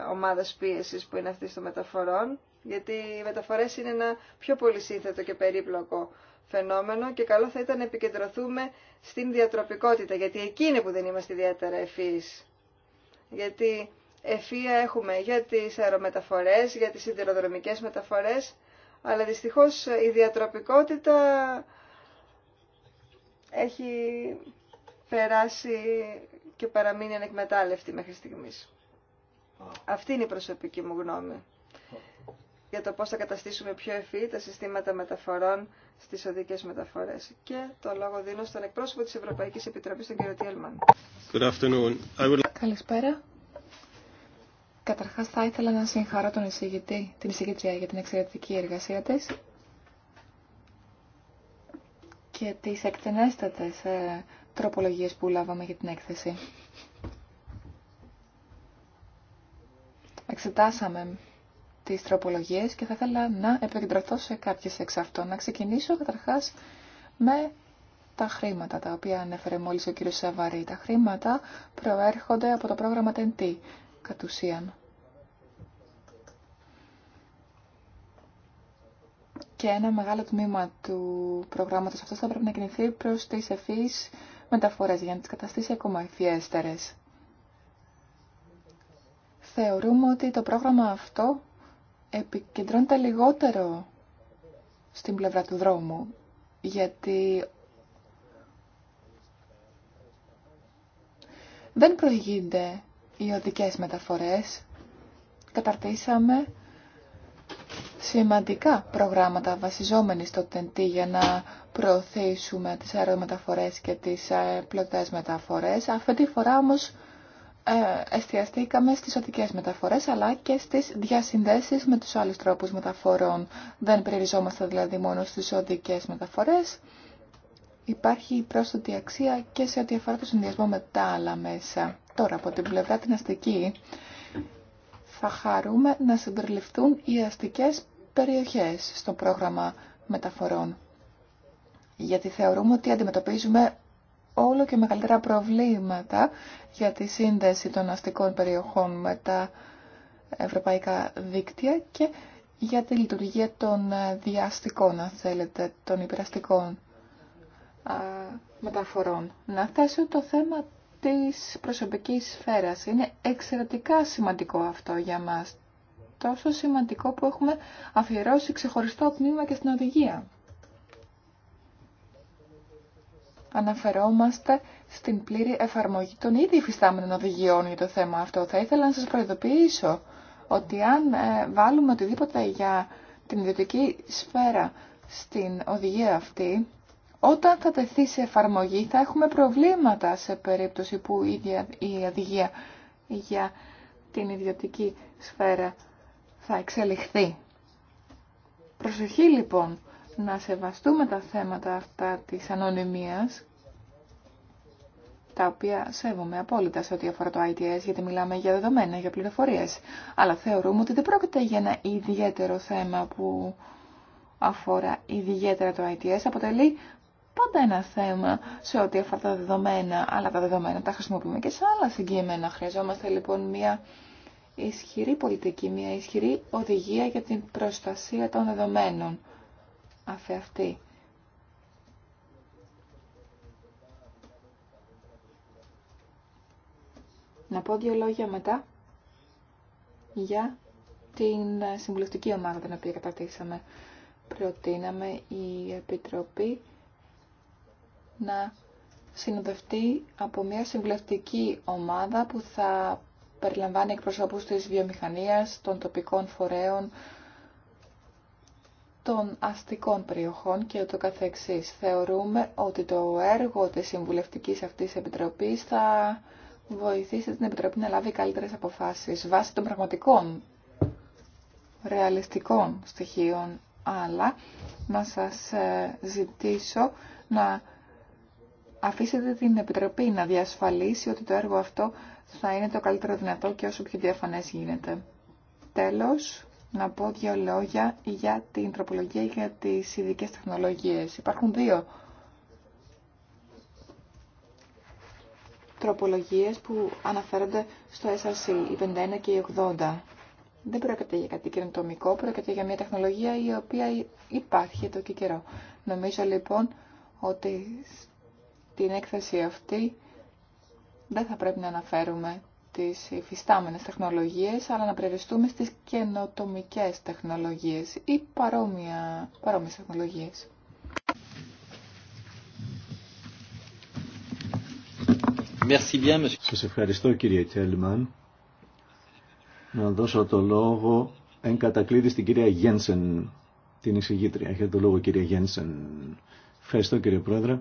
ομάδας πίεσης που είναι αυτή των μεταφορών, γιατί οι μεταφορές είναι ένα πιο πολυσύνθετο και περίπλοκο φαινόμενο και καλό θα ήταν να επικεντρωθούμε στην διατροπικότητα, γιατί εκεί είναι που δεν είμαστε ιδιαίτερα ευφύ. Γιατί ευφύα έχουμε για τις αερομεταφορές, για τις σιδηροδρομικές μεταφορές, αλλά δυστυχώς η διατροπικότητα έχει περάσει και παραμείνει ανεκμετάλλευτη μέχρι στιγμής. Αυτή είναι η προσωπική μου γνώμη για το πώς θα καταστήσουμε πιο ευφυή τα συστήματα μεταφορών στις οδικές μεταφορές. Και το λόγο δίνω στον εκπρόσωπο της Ευρωπαϊκής Επιτροπής, τον κύριο Τιέλμαν. Would... Καλησπέρα. Καταρχάς θα ήθελα να συγχαρώ τον εισηγητή, την εισηγητρία για την εξαιρετική εργασία της και τις εκτενέστατες ε, τροπολογίες που λάβαμε για την έκθεση. Εξετάσαμε τις τροπολογίες και θα ήθελα να επικεντρωθώ σε κάποιες εξ αυτών. Να ξεκινήσω καταρχάς με τα χρήματα τα οποία ανέφερε μόλις ο κύριος Σαβαρή. Τα χρήματα προέρχονται από το πρόγραμμα TNT κατ' ουσίαν. Και ένα μεγάλο τμήμα του προγράμματος αυτός θα πρέπει να κινηθεί προς τις ευφύς μεταφορές για να τις καταστήσει ακόμα ευφιέστερες. Θεωρούμε ότι το πρόγραμμα αυτό επικεντρώνεται λιγότερο στην πλευρά του δρόμου, γιατί δεν προηγείται οι οδικές μεταφορές. Καταρτήσαμε σημαντικά προγράμματα βασιζόμενοι στο ΤΕΝΤΗ για να προωθήσουμε τις αερομεταφορές και τις ε, πλωτές μεταφορές. Αυτή τη φορά όμως ε, εστιαστήκαμε στις οτικές μεταφορές αλλά και στις διασυνδέσεις με τους άλλους τρόπους μεταφορών. Δεν περιοριζόμαστε δηλαδή μόνο στις οτικές μεταφορές. Υπάρχει πρόσθετη αξία και σε ό,τι αφορά το συνδυασμό με τα άλλα μέσα. Τώρα από την πλευρά την αστική θα χαρούμε να συμπεριληφθούν οι αστικές περιοχές στο πρόγραμμα μεταφορών. Γιατί θεωρούμε ότι αντιμετωπίζουμε όλο και μεγαλύτερα προβλήματα για τη σύνδεση των αστικών περιοχών με τα ευρωπαϊκά δίκτυα και για τη λειτουργία των ε, διαστικών, αν θέλετε, των υπεραστικών μεταφορών. Να θέσω το θέμα της προσωπικής σφαίρας. Είναι εξαιρετικά σημαντικό αυτό για μας. Τόσο σημαντικό που έχουμε αφιερώσει ξεχωριστό τμήμα και στην οδηγία. αναφερόμαστε στην πλήρη εφαρμογή των ήδη υφιστάμενων οδηγιών για το θέμα αυτό. Θα ήθελα να σας προειδοποιήσω ότι αν ε, βάλουμε οτιδήποτε για την ιδιωτική σφαίρα στην οδηγία αυτή, όταν θα τεθεί σε εφαρμογή θα έχουμε προβλήματα σε περίπτωση που η, η οδηγία για την ιδιωτική σφαίρα θα εξελιχθεί. Προσοχή λοιπόν να σεβαστούμε τα θέματα αυτά της ανωνυμίας, τα οποία σέβομαι απόλυτα σε ό,τι αφορά το ITS, γιατί μιλάμε για δεδομένα, για πληροφορίες. Αλλά θεωρούμε ότι δεν πρόκειται για ένα ιδιαίτερο θέμα που αφορά ιδιαίτερα το ITS. Αποτελεί πάντα ένα θέμα σε ό,τι αφορά τα δεδομένα, αλλά τα δεδομένα τα χρησιμοποιούμε και σε άλλα συγκείμενα. Χρειαζόμαστε λοιπόν μια ισχυρή πολιτική, μια ισχυρή οδηγία για την προστασία των δεδομένων. Να πω δύο λόγια μετά για την συμβουλευτική ομάδα την οποία καταρτήσαμε. Προτείναμε η Επιτροπή να συνοδευτεί από μια συμβουλευτική ομάδα που θα περιλαμβάνει εκπροσώπους της βιομηχανίας, των τοπικών φορέων, των αστικών περιοχών και το καθεξής. Θεωρούμε ότι το έργο της συμβουλευτικής αυτής επιτροπής θα βοηθήσει την Επιτροπή να λάβει καλύτερες αποφάσεις βάσει των πραγματικών ρεαλιστικών στοιχείων. Αλλά να σας ε, ζητήσω να αφήσετε την Επιτροπή να διασφαλίσει ότι το έργο αυτό θα είναι το καλύτερο δυνατό και όσο πιο διαφανές γίνεται. Τέλος, να πω δύο λόγια για την τροπολογία για τις ειδικέ τεχνολογίες. Υπάρχουν δύο τροπολογίες που αναφέρονται στο SRC, η 51 και η 80. Δεν πρόκειται για κάτι καινοτομικό, πρόκειται για μια τεχνολογία η οποία υπάρχει εδώ και καιρό. Νομίζω λοιπόν ότι την έκθεση αυτή δεν θα πρέπει να αναφέρουμε τις υφιστάμενες τεχνολογίες, αλλά να προεριστούμε στις καινοτομικές τεχνολογίες ή παρόμοια, παρόμοιες τεχνολογίες. Σας ευχαριστώ κύριε Κέλμαν. Να δώσω το λόγο εν κατακλείδη στην κυρία Γένσεν, την εισηγήτρια. Έχετε το λόγο κυρία Γένσεν. Ευχαριστώ κύριε Πρόεδρε.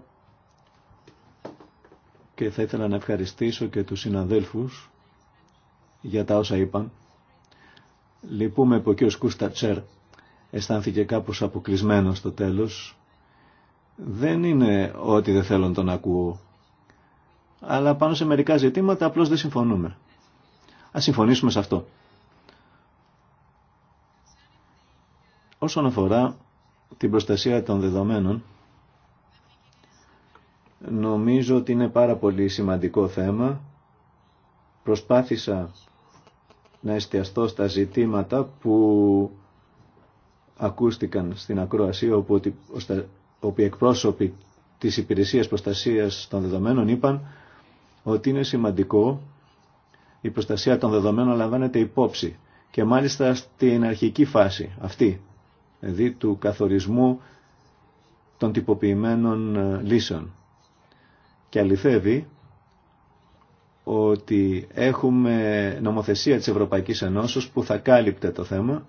Και θα ήθελα να ευχαριστήσω και τους συναδέλφους για τα όσα είπαν. Λυπούμε που ο κ. Κούστατσερ αισθάνθηκε κάπως αποκλεισμένο στο τέλος. Δεν είναι ότι δεν θέλω να τον ακούω. Αλλά πάνω σε μερικά ζητήματα απλώς δεν συμφωνούμε. Ας συμφωνήσουμε σε αυτό. Όσον αφορά την προστασία των δεδομένων, νομίζω ότι είναι πάρα πολύ σημαντικό θέμα. Προσπάθησα να εστιαστώ στα ζητήματα που ακούστηκαν στην ακρόαση όπου, όπου οι εκπρόσωποι της Υπηρεσίας Προστασίας των Δεδομένων είπαν ότι είναι σημαντικό η προστασία των δεδομένων λαμβάνεται υπόψη και μάλιστα στην αρχική φάση αυτή, δηλαδή του καθορισμού των τυποποιημένων ε, λύσεων. Και αληθεύει ότι έχουμε νομοθεσία της Ευρωπαϊκής Ενώσεως που θα κάλυπτε το θέμα,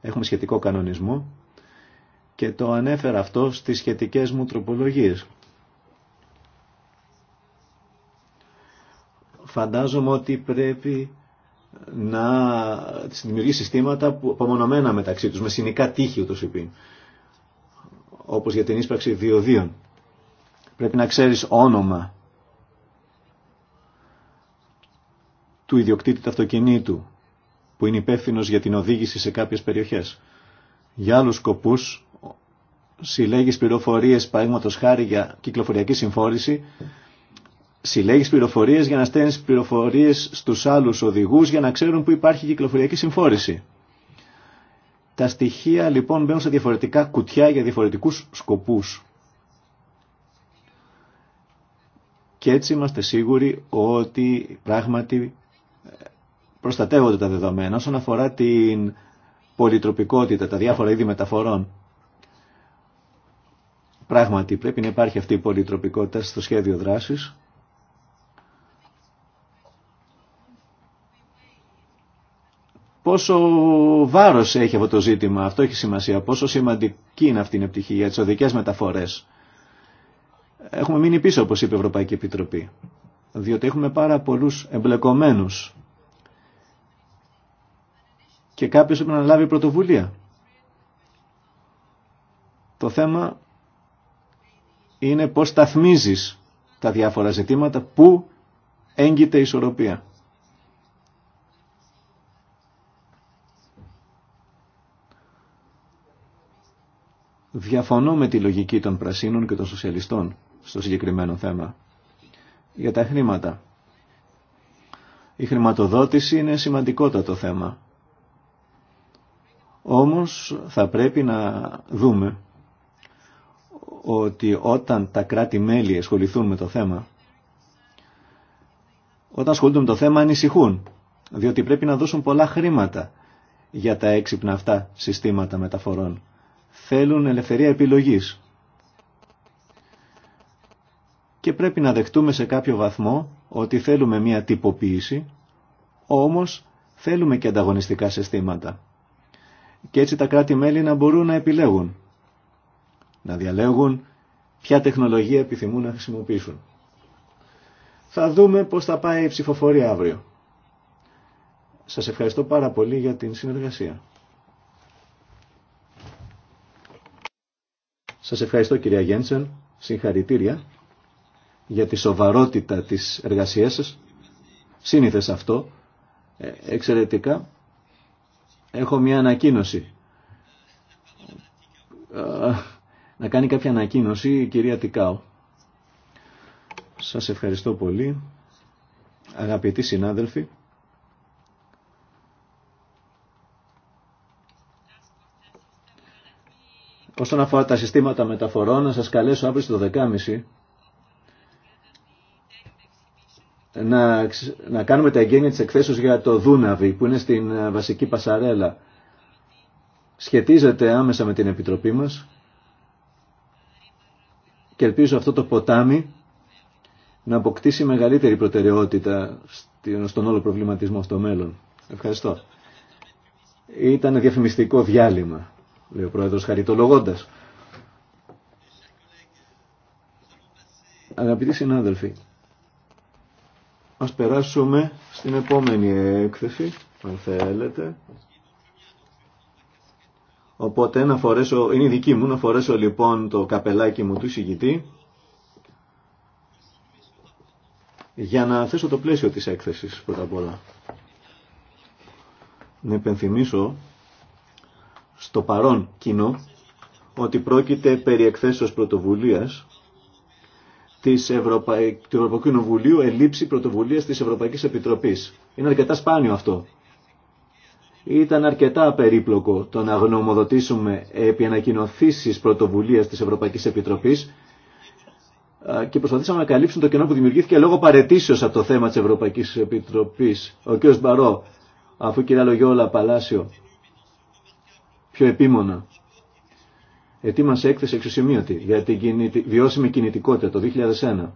έχουμε σχετικό κανονισμό και το ανέφερα αυτό στις σχετικές μου τροπολογίες. Φαντάζομαι ότι πρέπει να δημιουργεί συστήματα που απομονωμένα μεταξύ τους, με συνικά τείχη ούτως όπως για την ίσπραξη διοδίων. Πρέπει να ξέρεις όνομα του ιδιοκτήτη του αυτοκινήτου που είναι υπεύθυνο για την οδήγηση σε κάποιες περιοχές. Για άλλους σκοπούς συλλέγει πληροφορίες παραδείγματος χάρη για κυκλοφοριακή συμφόρηση συλλέγει πληροφορίες για να στέλνει πληροφορίες στους άλλους οδηγούς για να ξέρουν που υπάρχει κυκλοφοριακή συμφόρηση. Τα στοιχεία λοιπόν μπαίνουν σε διαφορετικά κουτιά για διαφορετικούς σκοπούς. Και έτσι είμαστε σίγουροι ότι πράγματι προστατεύονται τα δεδομένα όσον αφορά την πολυτροπικότητα, τα διάφορα είδη μεταφορών. Πράγματι πρέπει να υπάρχει αυτή η πολυτροπικότητα στο σχέδιο δράσης. Πόσο βάρος έχει αυτό το ζήτημα, αυτό έχει σημασία, πόσο σημαντική είναι αυτή η επιτυχία για τις οδικές μεταφορές. Έχουμε μείνει πίσω, όπως είπε η Ευρωπαϊκή Επιτροπή, διότι έχουμε πάρα πολλούς εμπλεκομένους και κάποιος πρέπει να λάβει πρωτοβουλία. Το θέμα είναι πώς ταθμίζεις τα διάφορα ζητήματα, πού έγκυται η ισορροπία. Διαφωνώ με τη λογική των πρασίνων και των σοσιαλιστών στο συγκεκριμένο θέμα. Για τα χρήματα. Η χρηματοδότηση είναι σημαντικότατο θέμα. Όμως θα πρέπει να δούμε ότι όταν τα κράτη-μέλη ασχοληθούν με το θέμα, όταν ασχολούνται με το θέμα ανησυχούν, διότι πρέπει να δώσουν πολλά χρήματα για τα έξυπνα αυτά συστήματα μεταφορών. Θέλουν ελευθερία επιλογής. Και πρέπει να δεχτούμε σε κάποιο βαθμό ότι θέλουμε μια τυποποίηση, όμως θέλουμε και ανταγωνιστικά συστήματα και έτσι τα κράτη-μέλη να μπορούν να επιλέγουν, να διαλέγουν ποια τεχνολογία επιθυμούν να χρησιμοποιήσουν. Θα δούμε πώς θα πάει η ψηφοφορία αύριο. Σας ευχαριστώ πάρα πολύ για την συνεργασία. Σας ευχαριστώ κυρία Γέντσεν, συγχαρητήρια για τη σοβαρότητα της εργασίας σας. Σύνηθες αυτό, ε, εξαιρετικά έχω μια ανακοίνωση. Να κάνει κάποια ανακοίνωση η κυρία Τικάου. Σας ευχαριστώ πολύ. Αγαπητοί συνάδελφοι, όσον αφορά τα συστήματα μεταφορών, να σας καλέσω αύριο στο 10.30 να, να κάνουμε τα εγγένεια της εκθέσεως για το Δούναβι που είναι στην ε, βασική Πασαρέλα. Σχετίζεται άμεσα με την Επιτροπή μας και ελπίζω αυτό το ποτάμι να αποκτήσει μεγαλύτερη προτεραιότητα στον όλο προβληματισμό στο μέλλον. Ευχαριστώ. Ήταν διαφημιστικό διάλειμμα, λέει ο Πρόεδρος χαριτολογώντας. Αγαπητοί συνάδελφοι, Ας περάσουμε στην επόμενη έκθεση, αν θέλετε. Οπότε να φορέσω, είναι η δική μου, να φορέσω λοιπόν το καπελάκι μου του συγητή για να θέσω το πλαίσιο της έκθεσης πρώτα απ' όλα. Να υπενθυμίσω στο παρόν κοινό ότι πρόκειται περί εκθέσεως πρωτοβουλίας της του Ευρωπαϊκού Κοινοβουλίου ελήψη πρωτοβουλίας της Ευρωπαϊκής Επιτροπής. Είναι αρκετά σπάνιο αυτό. Ήταν αρκετά περίπλοκο το να γνωμοδοτήσουμε επί ανακοινωθήσεις πρωτοβουλίας της Ευρωπαϊκής Επιτροπής και προσπαθήσαμε να καλύψουν το κενό που δημιουργήθηκε λόγω παρετήσεως από το θέμα της Ευρωπαϊκής Επιτροπής. Ο κ. Μπαρό, αφού κ. Λογιόλα Παλάσιο, πιο επίμονα, ετοίμασε έκθεση εξουσιμίωτη για την κινητι... βιώσιμη κινητικότητα το 2001.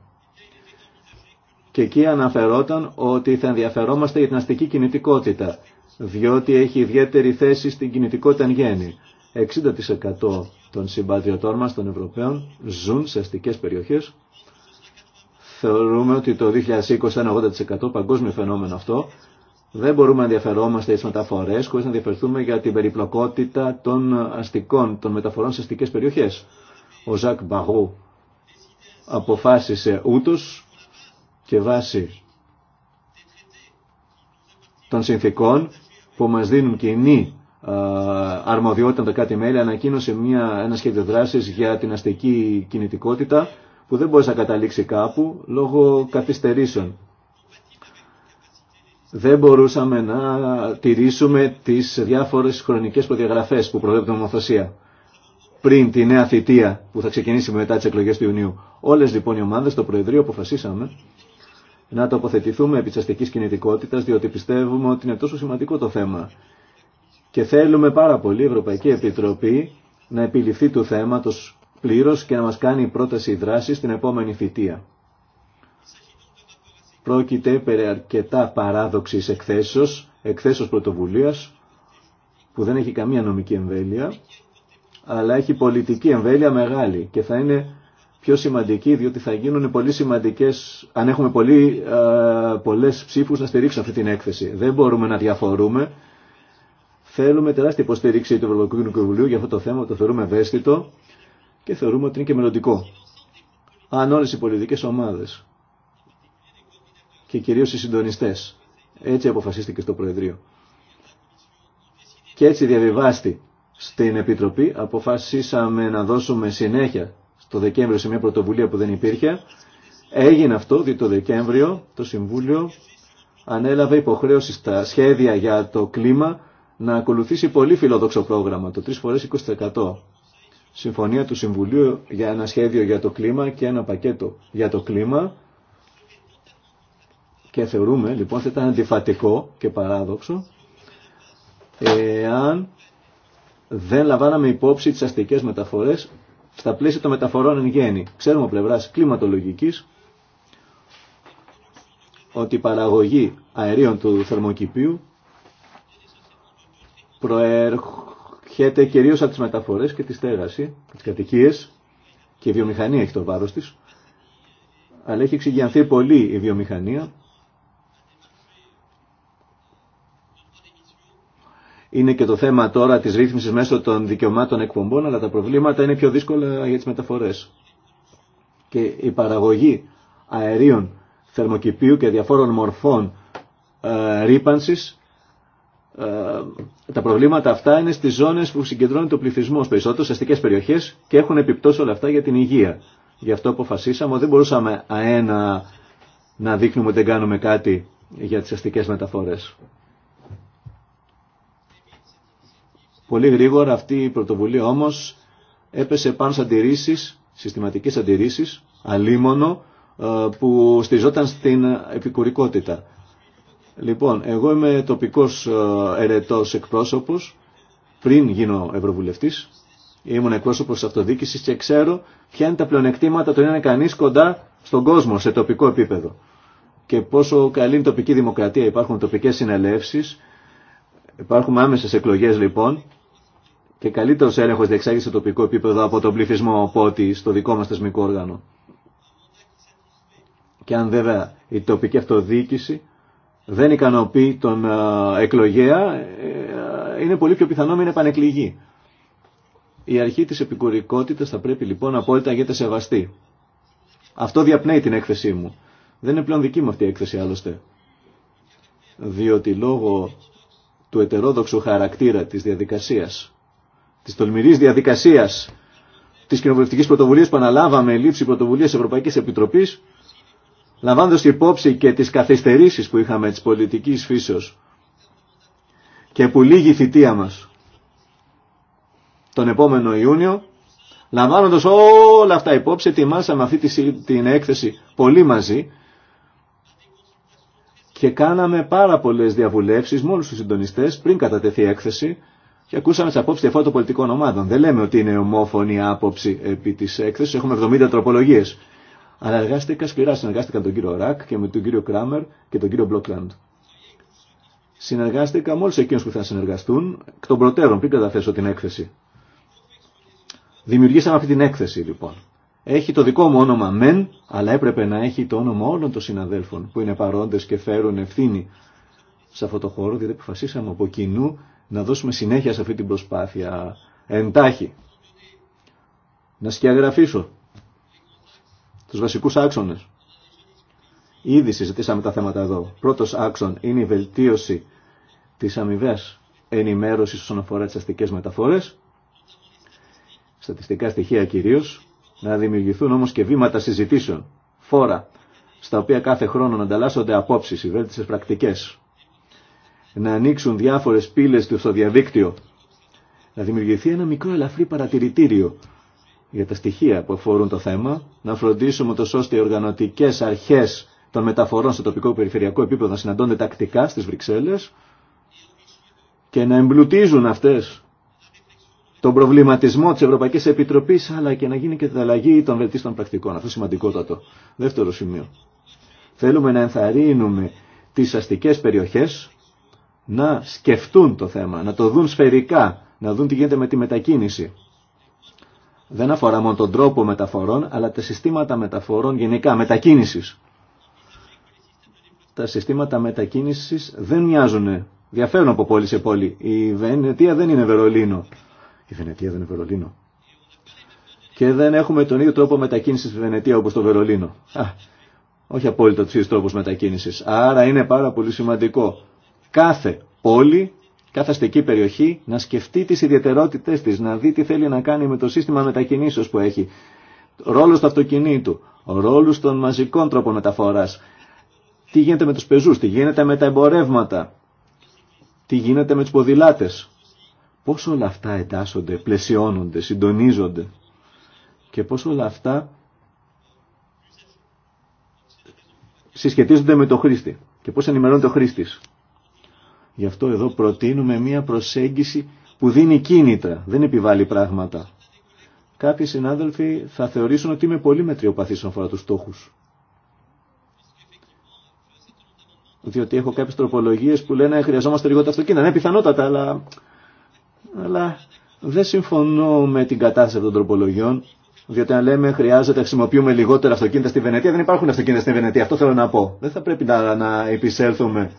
Και εκεί αναφερόταν ότι θα ενδιαφερόμαστε για την αστική κινητικότητα, διότι έχει ιδιαίτερη θέση στην κινητικότητα εν γέννη. 60% των συμπατριωτών μας, των Ευρωπαίων, ζουν σε αστικές περιοχές. Θεωρούμε ότι το 2020 80% παγκόσμιο φαινόμενο αυτό δεν μπορούμε να ενδιαφερόμαστε στις μεταφορές χωρίς να ενδιαφερθούμε για την περιπλοκότητα των αστικών, των μεταφορών σε αστικές περιοχές. Ο Ζακ Μπαγού αποφάσισε ούτως και βάσει των συνθήκων που μας δίνουν κοινή αρμοδιότητα τα κάτι μέλη ανακοίνωσε μια, ένα σχέδιο δράσης για την αστική κινητικότητα που δεν μπορεί να καταλήξει κάπου λόγω καθυστερήσεων δεν μπορούσαμε να τηρήσουμε τις διάφορες χρονικές προδιαγραφές που προβλέπει η νομοθεσία πριν τη νέα θητεία που θα ξεκινήσει μετά τις εκλογές του Ιουνίου. Όλες λοιπόν οι ομάδες στο Προεδρείο αποφασίσαμε να τοποθετηθούμε επί της αστικής κινητικότητας διότι πιστεύουμε ότι είναι τόσο σημαντικό το θέμα και θέλουμε πάρα πολύ η Ευρωπαϊκή Επιτροπή να επιληφθεί του θέματος πλήρως και να μας κάνει πρόταση δράση στην επόμενη θητεία. Πρόκειται περί αρκετά παράδοξης εκθέσεως, εκθέσεως πρωτοβουλίας, που δεν έχει καμία νομική εμβέλεια, αλλά έχει πολιτική εμβέλεια μεγάλη και θα είναι πιο σημαντική, διότι θα γίνουν πολύ σημαντικές, αν έχουμε πολύ, ε, πολλές ψήφους να στηρίξουν αυτή την έκθεση. Δεν μπορούμε να διαφορούμε. Θέλουμε τεράστια υποστήριξη του Ευρωπαϊκού Κοινοβουλίου για αυτό το θέμα, το θεωρούμε ευαίσθητο και θεωρούμε ότι είναι και μελλοντικό. Αν όλες οι πολιτικές ομάδες και κυρίως οι συντονιστές. Έτσι αποφασίστηκε στο Προεδρείο. Και έτσι διαβιβάστη στην Επιτροπή αποφασίσαμε να δώσουμε συνέχεια στο Δεκέμβριο σε μια πρωτοβουλία που δεν υπήρχε. Έγινε αυτό, διότι το Δεκέμβριο το Συμβούλιο ανέλαβε υποχρέωση στα σχέδια για το κλίμα να ακολουθήσει πολύ φιλόδοξο πρόγραμμα, το 3 φορές 20%. Συμφωνία του Συμβουλίου για ένα σχέδιο για το κλίμα και ένα πακέτο για το κλίμα και θεωρούμε λοιπόν ότι ήταν αντιφατικό και παράδοξο εάν δεν λαμβάναμε υπόψη τις αστικές μεταφορές στα πλαίσια των μεταφορών εν γέννη. Ξέρουμε πλευράς κλιματολογικής ότι η παραγωγή αερίων του θερμοκηπίου προέρχεται κυρίως από τις μεταφορές και τη στέγαση, τις κατοικίες και η βιομηχανία έχει το βάρος της, αλλά έχει εξηγιανθεί πολύ η βιομηχανία Είναι και το θέμα τώρα της ρύθμισης μέσω των δικαιωμάτων εκπομπών, αλλά τα προβλήματα είναι πιο δύσκολα για τις μεταφορές. Και η παραγωγή αερίων θερμοκηπίου και διαφόρων μορφών ε, ε τα προβλήματα αυτά είναι στις ζώνες που συγκεντρώνει το πληθυσμό περισσότερο, σε αστικές περιοχές και έχουν επιπτώσει όλα αυτά για την υγεία. Γι' αυτό αποφασίσαμε ότι δεν μπορούσαμε αένα να δείχνουμε ότι δεν κάνουμε κάτι για τις αστικές μεταφορές. Πολύ γρήγορα αυτή η πρωτοβουλία όμως έπεσε πάνω σε αντιρρήσεις, συστηματικές αντιρρήσεις, αλίμονο, ε, που στηριζόταν στην επικουρικότητα. Λοιπόν, εγώ είμαι τοπικός ε, ερετός εκπρόσωπος, πριν γίνω ευρωβουλευτής, ήμουν εκπρόσωπος αυτοδίκησης και ξέρω ποια είναι τα πλεονεκτήματα το να είναι κανείς κοντά στον κόσμο, σε τοπικό επίπεδο. Και πόσο καλή είναι η τοπική δημοκρατία, υπάρχουν τοπικές συνελεύσεις, υπάρχουν άμεσες εκλογές λοιπόν, και καλύτερος έλεγχος διεξάγει σε τοπικό επίπεδο από τον πληθυσμό από στο δικό μας θεσμικό όργανο. Και αν βέβαια η τοπική αυτοδιοίκηση δεν ικανοποιεί τον ε, εκλογέα, ε, είναι πολύ πιο πιθανό να είναι πανεκληγή. Η αρχή της επικουρικότητας θα πρέπει λοιπόν απόλυτα να γίνεται σεβαστή. Αυτό διαπνέει την έκθεσή μου. Δεν είναι πλέον δική μου αυτή η έκθεση άλλωστε. Διότι λόγω του ετερόδοξου χαρακτήρα της διαδικασίας της τολμηρής διαδικασίας της κοινοβουλευτικής πρωτοβουλίας που αναλάβαμε λήψη πρωτοβουλίας Ευρωπαϊκής Επιτροπής, λαμβάνοντας υπόψη και τις καθυστερήσεις που είχαμε της πολιτικής φύσεως και που λύγει η θητεία μας τον επόμενο Ιούνιο, λαμβάνοντας όλα αυτά υπόψη, ετοιμάσαμε αυτή την έκθεση πολύ μαζί και κάναμε πάρα πολλές διαβουλεύσεις με στους συντονιστές πριν κατατεθεί η έκθεση και ακούσαμε τι απόψει διαφόρων των πολιτικών ομάδων. Δεν λέμε ότι είναι ομόφωνη άποψη επί τη έκθεση. Έχουμε 70 τροπολογίε. Αλλά εργάστηκα σκληρά. Συνεργάστηκα με τον κύριο Ρακ και με τον κύριο Κράμερ και τον κύριο Μπλοκλάντ. Συνεργάστηκα με όλου εκείνου που θα συνεργαστούν εκ των προτέρων πριν καταθέσω την έκθεση. Δημιουργήσαμε αυτή την έκθεση λοιπόν. Έχει το δικό μου όνομα μεν, αλλά έπρεπε να έχει το όνομα όλων των συναδέλφων που είναι παρόντε και φέρουν ευθύνη σε αυτό το χώρο, διότι αποφασίσαμε από κοινού να δώσουμε συνέχεια σε αυτή την προσπάθεια εντάχει. Να σκιαγραφίσω τους βασικούς άξονες. Ήδη συζητήσαμε τα θέματα εδώ. Πρώτος άξον είναι η βελτίωση της αμοιβέ ενημέρωσης όσον αφορά τις αστικές μεταφορές, στατιστικά στοιχεία κυρίως, να δημιουργηθούν όμως και βήματα συζητήσεων, φόρα, στα οποία κάθε χρόνο να ανταλλάσσονται απόψεις, οι βέλτιστες πρακτικές, να ανοίξουν διάφορες πύλες του στο διαδίκτυο, να δημιουργηθεί ένα μικρό ελαφρύ παρατηρητήριο για τα στοιχεία που αφορούν το θέμα, να φροντίσουμε το ώστε οι οργανωτικές αρχές των μεταφορών στο τοπικό περιφερειακό επίπεδο να συναντώνται τακτικά στις Βρυξέλλες και να εμπλουτίζουν αυτές τον προβληματισμό της Ευρωπαϊκής Επιτροπής αλλά και να γίνει και την αλλαγή των βελτίστων πρακτικών. Αυτό σημαντικότατο. Δεύτερο σημείο. Θέλουμε να ενθαρρύνουμε τις αστικές περιοχές να σκεφτούν το θέμα, να το δουν σφαιρικά, να δουν τι γίνεται με τη μετακίνηση. Δεν αφορά μόνο τον τρόπο μεταφορών, αλλά τα συστήματα μεταφορών γενικά, μετακίνησης. Τα συστήματα μετακίνησης δεν μοιάζουν, διαφέρουν από πόλη σε πόλη. Η Βενετία δεν είναι Βερολίνο. Η Βενετία δεν είναι Βερολίνο. Και δεν έχουμε τον ίδιο τρόπο μετακίνησης στη Βενετία όπως το Βερολίνο. Α, όχι απόλυτα τους ίδιους τρόπους μετακίνησης. Άρα είναι πάρα πολύ σημαντικό κάθε πόλη, κάθε αστική περιοχή να σκεφτεί τις ιδιαιτερότητες της, να δει τι θέλει να κάνει με το σύστημα μετακινήσεως που έχει, ρόλο του αυτοκινήτου, ρόλου των μαζικών τρόπων μεταφοράς, τι γίνεται με τους πεζούς, τι γίνεται με τα εμπορεύματα, τι γίνεται με τους ποδηλάτες. Πώς όλα αυτά εντάσσονται, πλαισιώνονται, συντονίζονται και πώς όλα αυτά συσχετίζονται με το χρήστη και πώς ενημερώνεται ο χρήστης. Γι' αυτό εδώ προτείνουμε μία προσέγγιση που δίνει κίνητρα, δεν επιβάλλει πράγματα. Κάποιοι συνάδελφοι θα θεωρήσουν ότι είμαι πολύ μετριοπαθή όσον αφορά του στόχου. Διότι έχω κάποιε τροπολογίε που λένε «Ε, χρειαζόμαστε λιγότερα αυτοκίνητα. Ναι, πιθανότατα, αλλά, αλλά δεν συμφωνώ με την κατάσταση των τροπολογιών. Διότι αν λέμε χρειάζεται να χρησιμοποιούμε λιγότερα αυτοκίνητα στη Βενετία, δεν υπάρχουν αυτοκίνητα στη Βενετία. Αυτό θέλω να πω. Δεν θα πρέπει να, να επισέλθουμε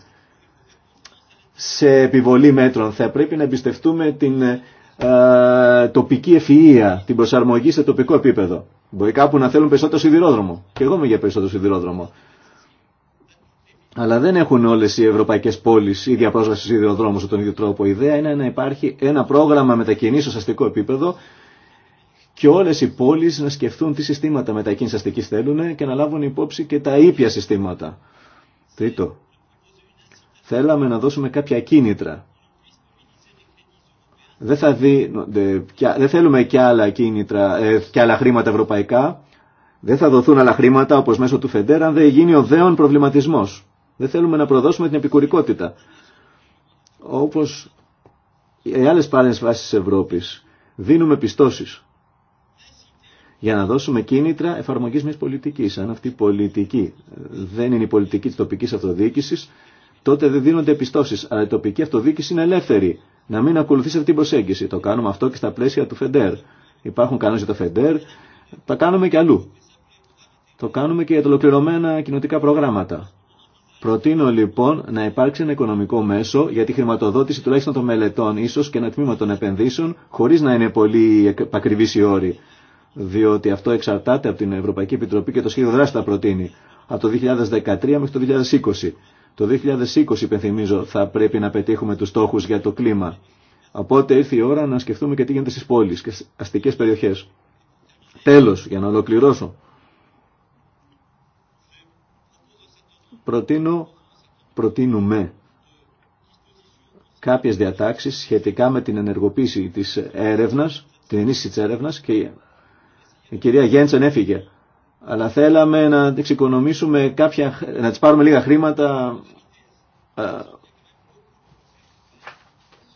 σε επιβολή μέτρων. Θα πρέπει να εμπιστευτούμε την ε, τοπική ευφυΐα, την προσαρμογή σε τοπικό επίπεδο. Μπορεί κάπου να θέλουν περισσότερο σιδηρόδρομο. Και εγώ είμαι για περισσότερο σιδηρόδρομο. Αλλά δεν έχουν όλε οι ευρωπαϊκέ πόλει ή πρόσβαση σιδηροδρόμου με τον ίδιο τρόπο. Η ιδέα είναι να υπάρχει ένα πρόγραμμα μετακινήσεω αστικό επίπεδο και όλε οι πόλει να σκεφτούν τι συστήματα μετακίνηση αστική θέλουν και να λάβουν υπόψη και τα ήπια συστήματα. Τρίτο, Θέλαμε να δώσουμε κάποια κίνητρα. Δεν, θα δεν θέλουμε και άλλα, κίνητρα, ε, και άλλα χρήματα ευρωπαϊκά. Δεν θα δοθούν άλλα χρήματα όπως μέσω του Φεντέρα αν δεν γίνει ο δέον προβληματισμός. Δεν θέλουμε να προδώσουμε την επικουρικότητα. Όπως οι άλλες πάλιες βάσεις της Ευρώπης δίνουμε πιστώσεις για να δώσουμε κίνητρα εφαρμογής μιας πολιτικής. Αν αυτή η πολιτική δεν είναι η πολιτική της τοπικής αυτοδιοίκησης τότε δεν δίνονται επιστώσει. Αλλά η τοπική αυτοδιοίκηση είναι ελεύθερη. Να μην ακολουθήσει αυτή την προσέγγιση. Το κάνουμε αυτό και στα πλαίσια του ΦΕΝΤΕΡ. Υπάρχουν κανόνε για το ΦΕΝΤΕΡ. Τα κάνουμε και αλλού. Το κάνουμε και για τα ολοκληρωμένα κοινοτικά προγράμματα. Προτείνω λοιπόν να υπάρξει ένα οικονομικό μέσο για τη χρηματοδότηση τουλάχιστον των μελετών, ίσω και ένα τμήμα των επενδύσεων, χωρί να είναι πολύ επακριβή η όρη, Διότι αυτό εξαρτάται από την Ευρωπαϊκή Επιτροπή και το σχέδιο δράση τα προτείνει. Από το 2013 μέχρι το 2020. Το 2020, υπενθυμίζω, θα πρέπει να πετύχουμε τους στόχους για το κλίμα. Οπότε ήρθε η ώρα να σκεφτούμε και τι γίνεται στις πόλεις και στις αστικές περιοχές. Τέλος, για να ολοκληρώσω. Προτείνω, προτείνουμε κάποιες διατάξεις σχετικά με την ενεργοποίηση της έρευνας, την ενίσχυση της έρευνας και η κυρία Γέντσεν έφυγε αλλά θέλαμε να εξοικονομήσουμε κάποια, να τις πάρουμε λίγα χρήματα,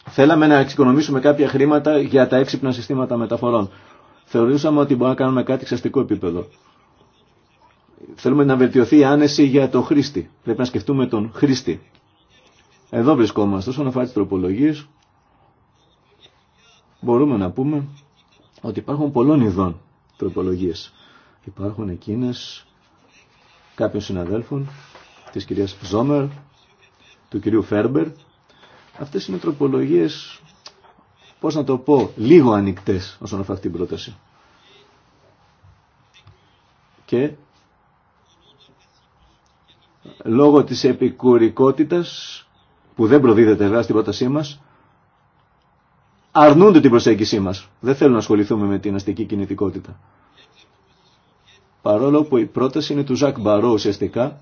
θέλαμε να εξοικονομήσουμε κάποια χρήματα για τα έξυπνα συστήματα μεταφορών. Θεωρούσαμε ότι μπορούμε να κάνουμε κάτι εξαστικό επίπεδο. Θέλουμε να βελτιωθεί η άνεση για το χρήστη. Πρέπει να σκεφτούμε τον χρήστη. Εδώ βρισκόμαστε. Όσον αφορά τι τροπολογίε, μπορούμε να πούμε ότι υπάρχουν πολλών ειδών τροπολογίες. Υπάρχουν εκείνες κάποιων συναδέλφων της κυρίας Ζόμερ, του κυρίου Φέρμπερ. Αυτές είναι τροπολογίες, πώς να το πω, λίγο ανοιχτές όσον αφορά αυτή την πρόταση. Και λόγω της επικουρικότητας που δεν προδίδεται βέβαια στην πρότασή μας, αρνούνται την προσέγγισή μας. Δεν θέλουν να ασχοληθούμε με την αστική κινητικότητα παρόλο που η πρόταση είναι του Ζακ Μπαρό ουσιαστικά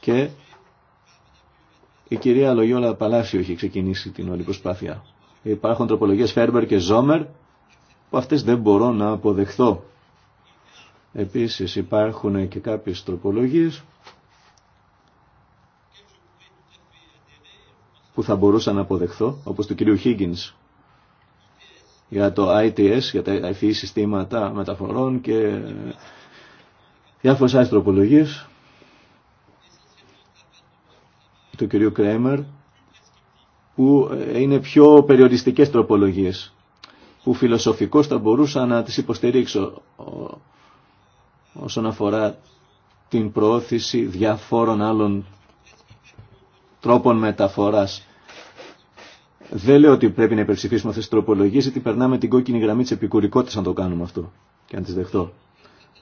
και η κυρία Λογιόλα Παλάσιο έχει ξεκινήσει την όλη προσπάθεια. Υπάρχουν τροπολογίες Φέρμπερ και Ζόμερ που αυτές δεν μπορώ να αποδεχθώ. Επίσης υπάρχουν και κάποιες τροπολογίες που θα μπορούσα να αποδεχθώ, όπως του κυρίου Χίγκινς για το ITS, για τα ευφυή e συστήματα μεταφορών και διάφορες άλλες τροπολογίες του κυρίου Κρέμερ που ε, είναι πιο περιοριστικές τροπολογίες που φιλοσοφικώς θα μπορούσα να τις υποστηρίξω όσον αφορά την προώθηση διαφόρων άλλων τρόπων μεταφοράς. Δεν λέω ότι πρέπει να υπερψηφίσουμε αυτές τις τροπολογίες, γιατί περνάμε την κόκκινη γραμμή της επικουρικότητας αν το κάνουμε αυτό και αν τις δεχτώ.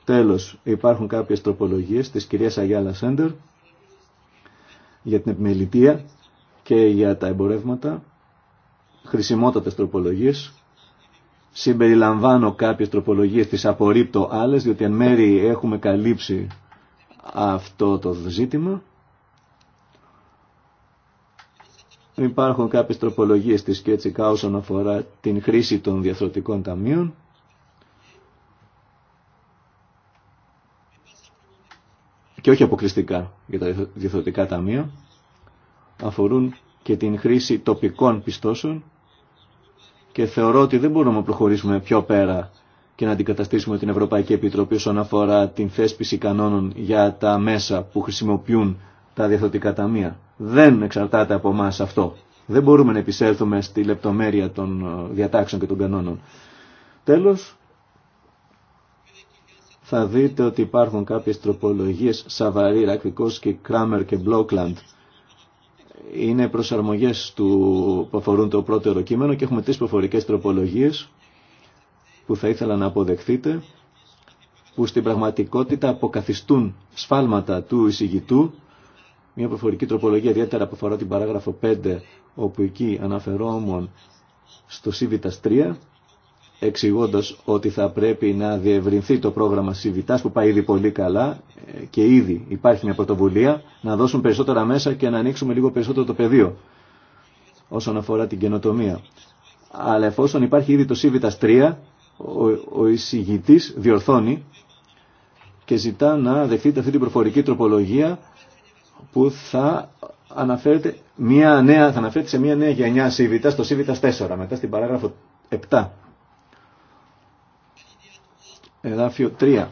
Τέλος, υπάρχουν κάποιες τροπολογίες της κυρίας Αγιάλα Σέντερ για την επιμελητία και για τα εμπορεύματα, χρησιμότατες τροπολογίες. Συμπεριλαμβάνω κάποιες τροπολογίες, τις απορρίπτω άλλες, διότι εν μέρη έχουμε καλύψει αυτό το ζήτημα. Υπάρχουν κάποιες τροπολογίες της Κέτσι όσον αφορά την χρήση των διαθροτικών ταμείων. και όχι αποκλειστικά για τα διεθνωτικά ταμεία, αφορούν και την χρήση τοπικών πιστώσεων και θεωρώ ότι δεν μπορούμε να προχωρήσουμε πιο πέρα και να αντικαταστήσουμε την Ευρωπαϊκή Επιτροπή όσον αφορά την θέσπιση κανόνων για τα μέσα που χρησιμοποιούν τα διεθνωτικά ταμεία. Δεν εξαρτάται από εμά αυτό. Δεν μπορούμε να επισέλθουμε στη λεπτομέρεια των ε, διατάξεων και των κανόνων. Τέλος, θα δείτε ότι υπάρχουν κάποιες τροπολογίες Σαβαρή, ρακτικό και Κράμερ και Μπλόκλαντ. Είναι προσαρμογές του, που αφορούν το πρώτερο κείμενο και έχουμε τρεις προφορικές τροπολογίες που θα ήθελα να αποδεχθείτε που στην πραγματικότητα αποκαθιστούν σφάλματα του εισηγητού μια προφορική τροπολογία ιδιαίτερα που αφορά την παράγραφο 5 όπου εκεί αναφερόμουν στο ΣΥΒΙΤΑΣ 3 εξηγώντα ότι θα πρέπει να διευρυνθεί το πρόγραμμα Σιβητάς που πάει ήδη πολύ καλά και ήδη υπάρχει μια πρωτοβουλία να δώσουν περισσότερα μέσα και να ανοίξουμε λίγο περισσότερο το πεδίο όσον αφορά την καινοτομία. Αλλά εφόσον υπάρχει ήδη το Σιβητάς 3, ο, ο εισηγητής διορθώνει και ζητά να δεχτείτε αυτή την προφορική τροπολογία που θα αναφέρεται, μια νέα, θα αναφέρεται σε μια νέα γενιά Σιβητάς, το Σιβητάς 4, μετά στην παράγραφο 7 Εδάφιο 3.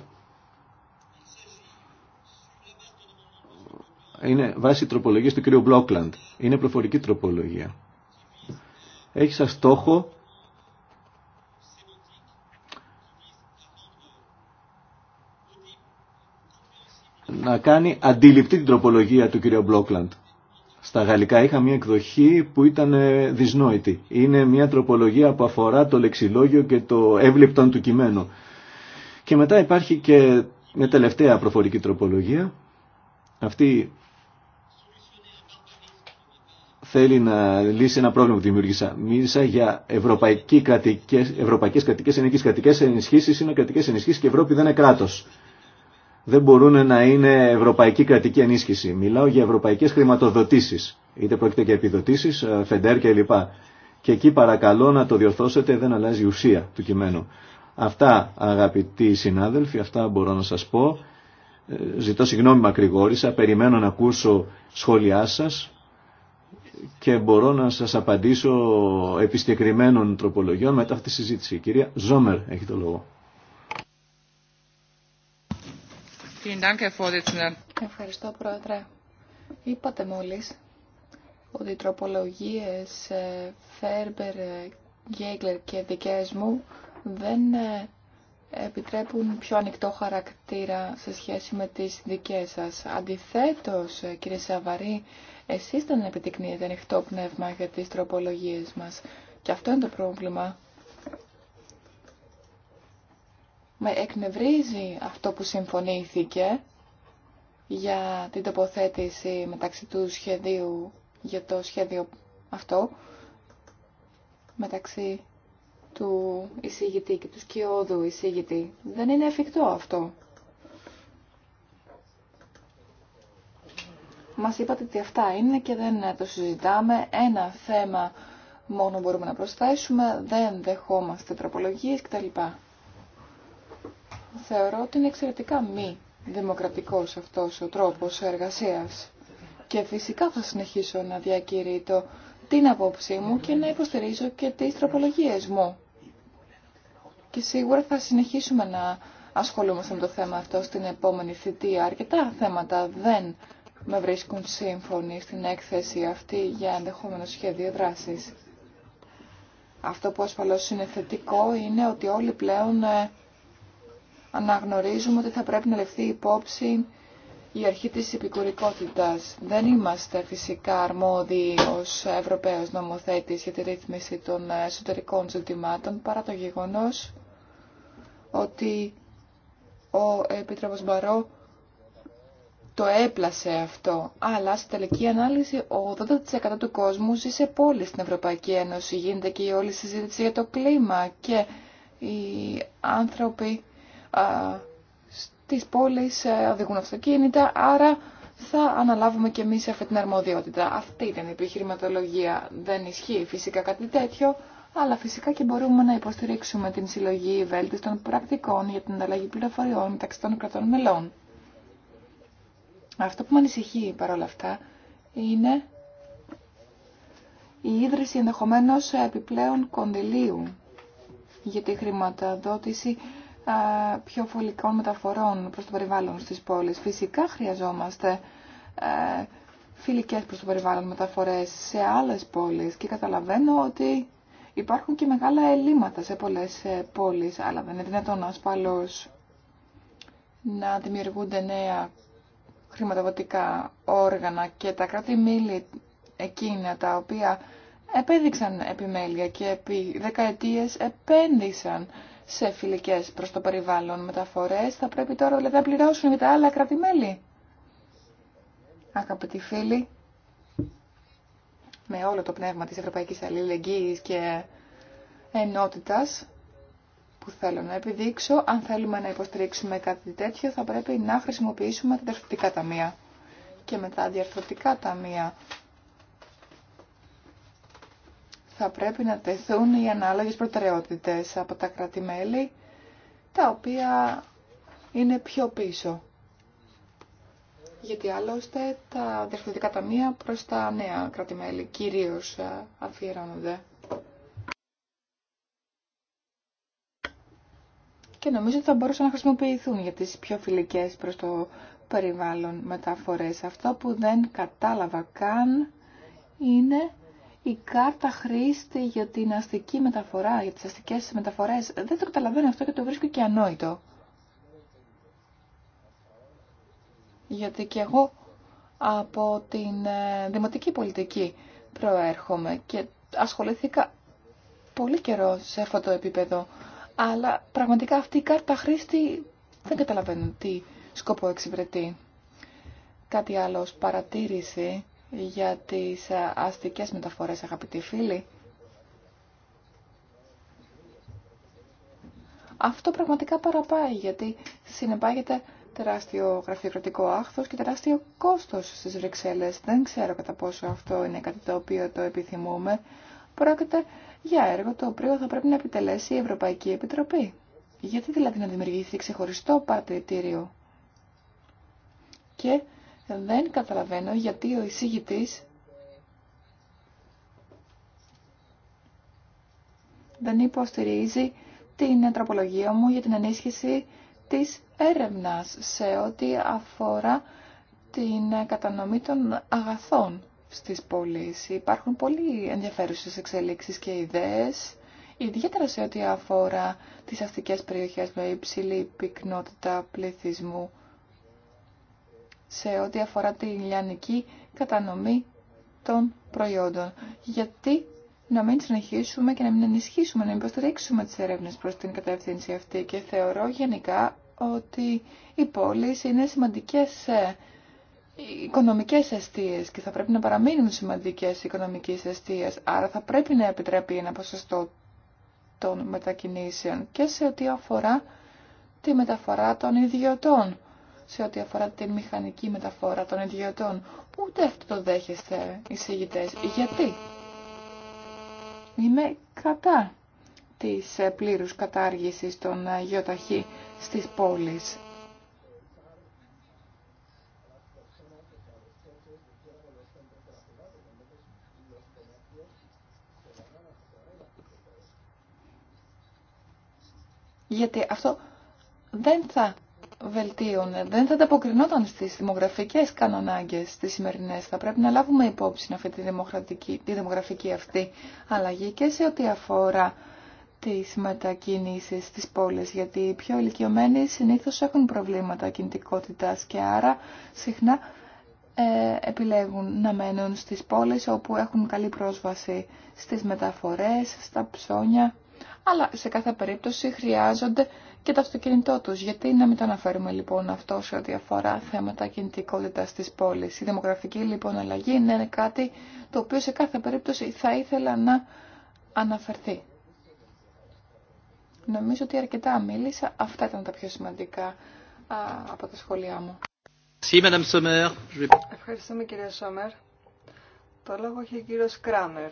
Είναι βάση τροπολογίας του κ. Μπλόκλαντ. Είναι προφορική τροπολογία. Έχει σαν στόχο να κάνει αντιληπτή την τροπολογία του κ. Μπλόκλαντ. Στα γαλλικά είχα μια εκδοχή που ήταν ε, δυσνόητη. Είναι μια τροπολογία που αφορά το λεξιλόγιο και το εύληπτον του κειμένου. Και μετά υπάρχει και μια τελευταία προφορική τροπολογία. Αυτή θέλει να λύσει ένα πρόβλημα που δημιούργησα. Μίλησα για ευρωπαϊκέ κρατικές, ευρωπαϊκές κρατικές ενισχύσεις, είναι κρατικές ενισχύσεις και η Ευρώπη δεν είναι κράτος. Δεν μπορούν να είναι ευρωπαϊκή κρατική ενίσχυση. Μιλάω για ευρωπαϊκές χρηματοδοτήσεις, είτε πρόκειται για επιδοτήσεις, φεντέρ κλπ. Και, και εκεί παρακαλώ να το διορθώσετε, δεν αλλάζει η ουσία του κειμένου. Αυτά αγαπητοί συνάδελφοι, αυτά μπορώ να σας πω. Ε, ζητώ συγγνώμη μακρηγόρησα, περιμένω να ακούσω σχόλιά σας και μπορώ να σας απαντήσω επισκεκριμένων τροπολογιών μετά αυτή τη συζήτηση. κυρία Ζόμερ έχει το λόγο. Ευχαριστώ Πρόεδρε. Είπατε μόλις ότι οι τροπολογίες ε, Φέρμπερ, ε, Γκέγκλερ και δικές μου δεν ε, επιτρέπουν πιο ανοιχτό χαρακτήρα σε σχέση με τις δικές σας. Αντιθέτως, ε, κύριε Σαβαρή, εσείς δεν επιτυκνύετε ανοιχτό πνεύμα για τις τροπολογίες μας. Και αυτό είναι το πρόβλημα. Με εκνευρίζει αυτό που συμφωνήθηκε για την τοποθέτηση μεταξύ του σχεδίου, για το σχέδιο αυτό, μεταξύ του εισηγητή και του σκιώδου εισηγητή. Δεν είναι εφικτό αυτό. Μας είπατε ότι αυτά είναι και δεν το συζητάμε. Ένα θέμα μόνο μπορούμε να προσθέσουμε, δεν δεχόμαστε τροπολογίες κτλ. Θεωρώ ότι είναι εξαιρετικά μη δημοκρατικός αυτός ο τρόπος εργασίας. Και φυσικά θα συνεχίσω να διακηρύττω την απόψή μου και να υποστηρίζω και τις τροπολογίες μου και σίγουρα θα συνεχίσουμε να ασχολούμαστε με το θέμα αυτό στην επόμενη θητεία. Αρκετά θέματα δεν με βρίσκουν σύμφωνοι στην έκθεση αυτή για ενδεχόμενο σχέδιο δράσης. Αυτό που ασφαλώς είναι θετικό είναι ότι όλοι πλέον ε, αναγνωρίζουμε ότι θα πρέπει να λεφθεί υπόψη η αρχή της επικουρικότητας. Δεν είμαστε φυσικά αρμόδιοι ως Ευρωπαίος νομοθέτης για τη ρύθμιση των ε, εσωτερικών ζητημάτων παρά το γεγονός ότι ο Επίτροπος Μπαρό το έπλασε αυτό. Αλλά στη τελική ανάλυση ο 80% του κόσμου ζει σε πόλεις στην Ευρωπαϊκή Ένωση. Γίνεται και η όλη συζήτηση για το κλίμα και οι άνθρωποι α, στις πόλεις ε, οδηγούν αυτοκίνητα, άρα θα αναλάβουμε και εμείς αυτή την αρμοδιότητα. Αυτή ήταν η επιχειρηματολογία. Δεν ισχύει φυσικά κάτι τέτοιο αλλά φυσικά και μπορούμε να υποστηρίξουμε την συλλογή βέλτιστων πρακτικών για την ανταλλαγή πληροφοριών μεταξύ των κρατών μελών. Αυτό που με ανησυχεί παρόλα αυτά είναι η ίδρυση ενδεχομένω επιπλέον κονδυλίου για τη χρηματοδότηση πιο φωλικών μεταφορών προς το περιβάλλον στις πόλεις. Φυσικά χρειαζόμαστε φιλικές προς το περιβάλλον μεταφορές σε άλλες πόλεις και καταλαβαίνω ότι Υπάρχουν και μεγάλα ελλείμματα σε πολλές ε, πόλεις, αλλά δεν είναι δυνατόν ασφαλώς να δημιουργούνται νέα χρηματοδοτικά όργανα και τα κράτη-μήλη εκείνα τα οποία επέδειξαν επιμέλεια και επί δεκαετίες επένδυσαν σε φιλικές προς το περιβάλλον μεταφορές, θα πρέπει τώρα δηλαδή, να πληρώσουν για τα άλλα κράτη-μέλη. Αγαπητοί φίλοι, με όλο το πνεύμα της Ευρωπαϊκής Αλληλεγγύης και ενότητας που θέλω να επιδείξω. Αν θέλουμε να υποστηρίξουμε κάτι τέτοιο θα πρέπει να χρησιμοποιήσουμε τα διαρθρωτικά ταμεία. Και με τα διαρθρωτικά ταμεία θα πρέπει να τεθούν οι ανάλογες προτεραιότητες από τα κράτη-μέλη τα οποία είναι πιο πίσω γιατί άλλωστε τα διευθυντικά ταμεία προς τα νέα κρατημέλη κυρίως ε, αφιερώνονται. Και νομίζω ότι θα μπορούσαν να χρησιμοποιηθούν για τις πιο φιλικές προς το περιβάλλον μεταφορές. Αυτό που δεν κατάλαβα καν είναι η κάρτα χρήστη για την αστική μεταφορά, για τις αστικές μεταφορές. Δεν το καταλαβαίνω αυτό και το βρίσκω και ανόητο. γιατί και εγώ από την ε, δημοτική πολιτική προέρχομαι και ασχολήθηκα πολύ καιρό σε αυτό το επίπεδο. Αλλά πραγματικά αυτή η κάρτα χρήστη δεν καταλαβαίνω τι σκοπό εξυπηρετεί. Κάτι άλλο παρατήρηση για τις ε, αστικές μεταφορές αγαπητοί φίλοι. Αυτό πραγματικά παραπάει γιατί συνεπάγεται τεράστιο γραφειοκρατικό άχθος και τεράστιο κόστος στις Βρυξέλλες. Δεν ξέρω κατά πόσο αυτό είναι κάτι το οποίο το επιθυμούμε. Πρόκειται για έργο το οποίο θα πρέπει να επιτελέσει η Ευρωπαϊκή Επιτροπή. Γιατί δηλαδή να δημιουργηθεί ξεχωριστό παρατηρητήριο. Και δεν καταλαβαίνω γιατί ο εισηγητής δεν υποστηρίζει την τροπολογία μου για την ενίσχυση της έρευνας σε ό,τι αφορά την κατανομή των αγαθών στις πόλεις. Υπάρχουν πολύ ενδιαφέρουσες εξελίξεις και ιδέες, ιδιαίτερα σε ό,τι αφορά τις αστικές περιοχές με υψηλή πυκνότητα πληθυσμού, σε ό,τι αφορά τη λιανική κατανομή των προϊόντων. Γιατί να μην συνεχίσουμε και να μην ενισχύσουμε, να μην υποστηρίξουμε τις έρευνες προς την κατεύθυνση αυτή και θεωρώ γενικά ότι οι πόλεις είναι σημαντικές ε, οικονομικές αιστείες και θα πρέπει να παραμείνουν σημαντικές οικονομικές αιστείες. Άρα θα πρέπει να επιτρέπει ένα ποσοστό των μετακινήσεων και σε ό,τι αφορά τη μεταφορά των ιδιωτών, σε ό,τι αφορά τη μηχανική μεταφορά των ιδιωτών, ούτε αυτό το δέχεστε οι Γιατί? Είμαι κατά της ε, πλήρους κατάργησης των γεωταχή στις πόλεις. Γιατί αυτό δεν θα βελτίωνε, δεν θα ανταποκρινόταν στις δημογραφικές κανονάγκες στις σημερινές. Θα πρέπει να λάβουμε υπόψη αυτή τη, δημογραφική, τη δημογραφική αυτή αλλαγή και σε ό,τι αφορά τις μετακινήσεις στις πόλεις, γιατί οι πιο ηλικιωμένοι συνήθως έχουν προβλήματα κινητικότητας και άρα συχνά ε, επιλέγουν να μένουν στις πόλεις όπου έχουν καλή πρόσβαση στις μεταφορές, στα ψώνια, αλλά σε κάθε περίπτωση χρειάζονται και το αυτοκίνητό τους. Γιατί να μην το αναφέρουμε λοιπόν αυτό σε ό,τι αφορά θέματα κινητικότητας της πόλης. Η δημογραφική λοιπόν αλλαγή είναι κάτι το οποίο σε κάθε περίπτωση θα ήθελα να αναφερθεί. Νομίζω ότι αρκετά μίλησα. Αυτά ήταν τα πιο σημαντικά από τα σχόλιά μου. Ευχαριστούμε κύριε Σόμερ. Το λόγο έχει ο κύριος Κράμερ.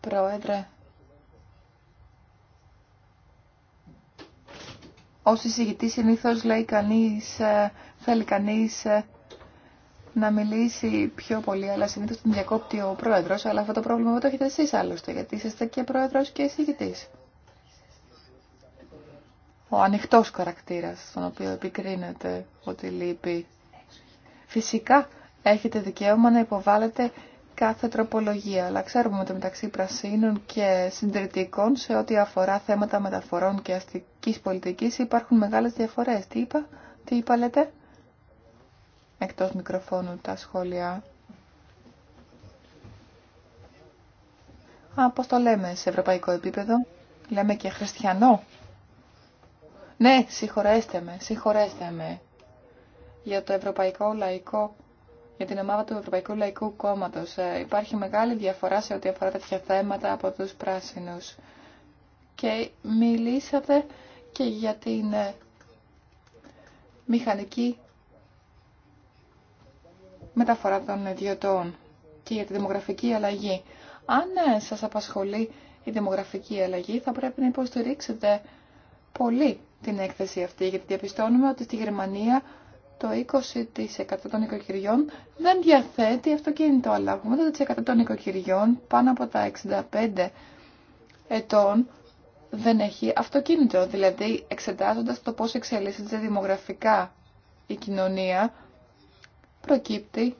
Πρόεδρε. Ω εισηγητή συνήθω λέει κανείς, ε, θέλει κανεί ε, να μιλήσει πιο πολύ, αλλά συνήθως τον διακόπτει ο πρόεδρο, αλλά αυτό το πρόβλημα το έχετε εσεί άλλωστε, γιατί είσαστε και πρόεδρο και εισηγητής ο ανοιχτός χαρακτήρας στον οποίο επικρίνεται ότι λείπει. Φυσικά έχετε δικαίωμα να υποβάλλετε κάθε τροπολογία, αλλά ξέρουμε ότι μεταξύ πρασίνων και συντηρητικών σε ό,τι αφορά θέματα μεταφορών και αστικής πολιτικής υπάρχουν μεγάλες διαφορές. Τι είπα, τι είπα λέτε? Εκτός μικροφώνου τα σχόλια. Α, πώς το λέμε σε ευρωπαϊκό επίπεδο. Λέμε και χριστιανό ναι, συγχωρέστε με, συγχωρέστε με. Για το Ευρωπαϊκό Λαϊκό, για την ομάδα του Ευρωπαϊκού Λαϊκού Κόμματος. Ε, υπάρχει μεγάλη διαφορά σε ό,τι αφορά τέτοια θέματα από τους πράσινους. Και μιλήσατε και για την ε, μηχανική μεταφορά των ιδιωτών και για τη δημογραφική αλλαγή. Αν ε, σας απασχολεί η δημογραφική αλλαγή, θα πρέπει να υποστηρίξετε πολύ την έκθεση αυτή, γιατί διαπιστώνουμε ότι στη Γερμανία το 20% των οικοκυριών δεν διαθέτει αυτοκίνητο, αλλά το 80% των οικοκυριών πάνω από τα 65 ετών δεν έχει αυτοκίνητο. Δηλαδή, εξετάζοντας το πώς εξελίσσεται δημογραφικά η κοινωνία, προκύπτει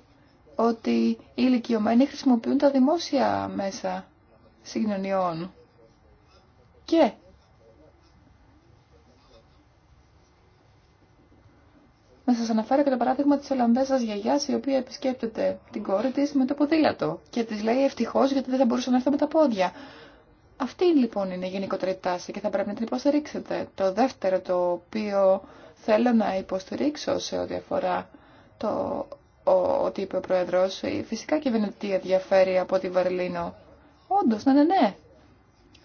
ότι οι ηλικιωμένοι χρησιμοποιούν τα δημόσια μέσα συγκοινωνιών. Και Να σα αναφέρω και το παράδειγμα τη Ολλανδέζα γιαγιά, η οποία επισκέπτεται την κόρη τη με το ποδήλατο και τη λέει ευτυχώ γιατί δεν θα μπορούσε να έρθει με τα πόδια. Αυτή λοιπόν είναι η γενικότερη τάση και θα πρέπει να την υποστηρίξετε. Το δεύτερο το οποίο θέλω να υποστηρίξω σε ό,τι αφορά το ότι είπε ο Πρόεδρος, φυσικά και η Βενετία διαφέρει από τη Βερολίνο. Όντως, ναι, ναι, ναι.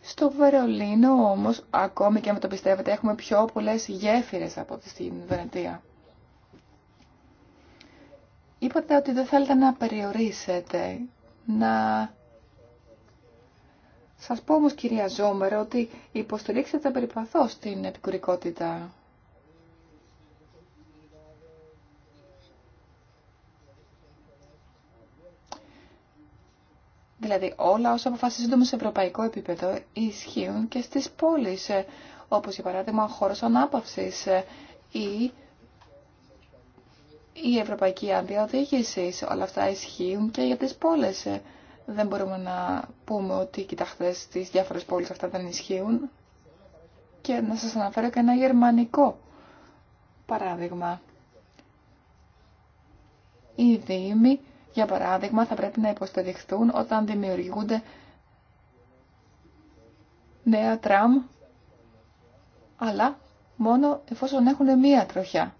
Στο Βερολίνο όμως, ακόμη και αν το πιστεύετε, έχουμε πιο πολλέ γέφυρε από τη Βενετία. Είπατε ότι δεν θέλετε να περιορίσετε, να... Σας πω όμως κυρία Ζόμερ ότι υποστηρίξετε περιπαθώς την επικουρικότητα. Δηλαδή όλα όσα αποφασίζονται σε ευρωπαϊκό επίπεδο ισχύουν και στις πόλεις, όπως για παράδειγμα χώρο χώρος ανάπαυσης ή η Ευρωπαϊκή Άδεια Οδήγηση. Όλα αυτά ισχύουν και για τις πόλεις. Ε. Δεν μπορούμε να πούμε ότι, κοιτάξτε, στι διάφορες πόλεις αυτά δεν ισχύουν. Και να σας αναφέρω και ένα γερμανικό παράδειγμα. Οι δήμοι, για παράδειγμα, θα πρέπει να υποστηριχθούν όταν δημιουργούνται νέα τραμ, αλλά μόνο εφόσον έχουν μία τροχιά.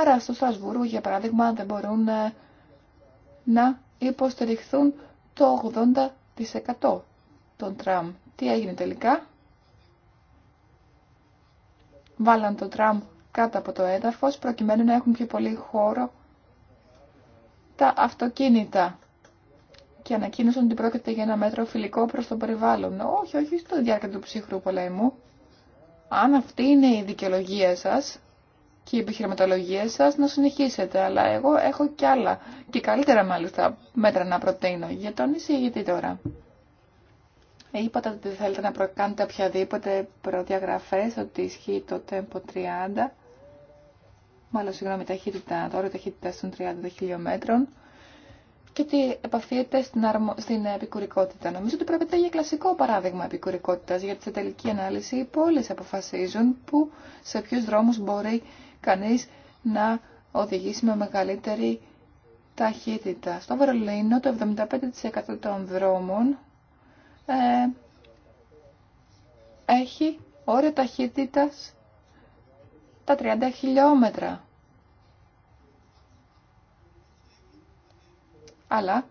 Άρα στο Στρασβούργο, για παράδειγμα, δεν μπορούν ε, να υποστηριχθούν το 80% των τραμ. Τι έγινε τελικά? Βάλαν το τραμ κάτω από το έδαφος προκειμένου να έχουν πιο πολύ χώρο τα αυτοκίνητα και ανακοίνωσαν ότι πρόκειται για ένα μέτρο φιλικό προς το περιβάλλον. Όχι, όχι, στο διάρκεια του ψυχρού πολέμου. Αν αυτή είναι η δικαιολογία σας, και η επιχειρηματολογία σας να συνεχίσετε. Αλλά εγώ έχω κι άλλα και καλύτερα μάλιστα μέτρα να προτείνω για τον εισηγητή τώρα. Είπατε ότι θέλετε να προκάνετε οποιαδήποτε προδιαγραφές, ότι ισχύει το tempo 30, μάλλον συγγνώμη ταχύτητα, τώρα ταχύτητα των 30 χιλιόμετρων και ότι επαφείτε στην, αρμο... στην επικουρικότητα. Νομίζω ότι πρέπει για κλασικό παράδειγμα επικουρικότητα, γιατί σε τελική ανάλυση οι πόλει αποφασίζουν που σε ποιου δρόμου μπορεί κανείς να οδηγήσει με μεγαλύτερη ταχύτητα. Στο Βερολίνο το 75% των δρόμων ε, έχει όριο ταχύτητας τα 30 χιλιόμετρα. Αλλά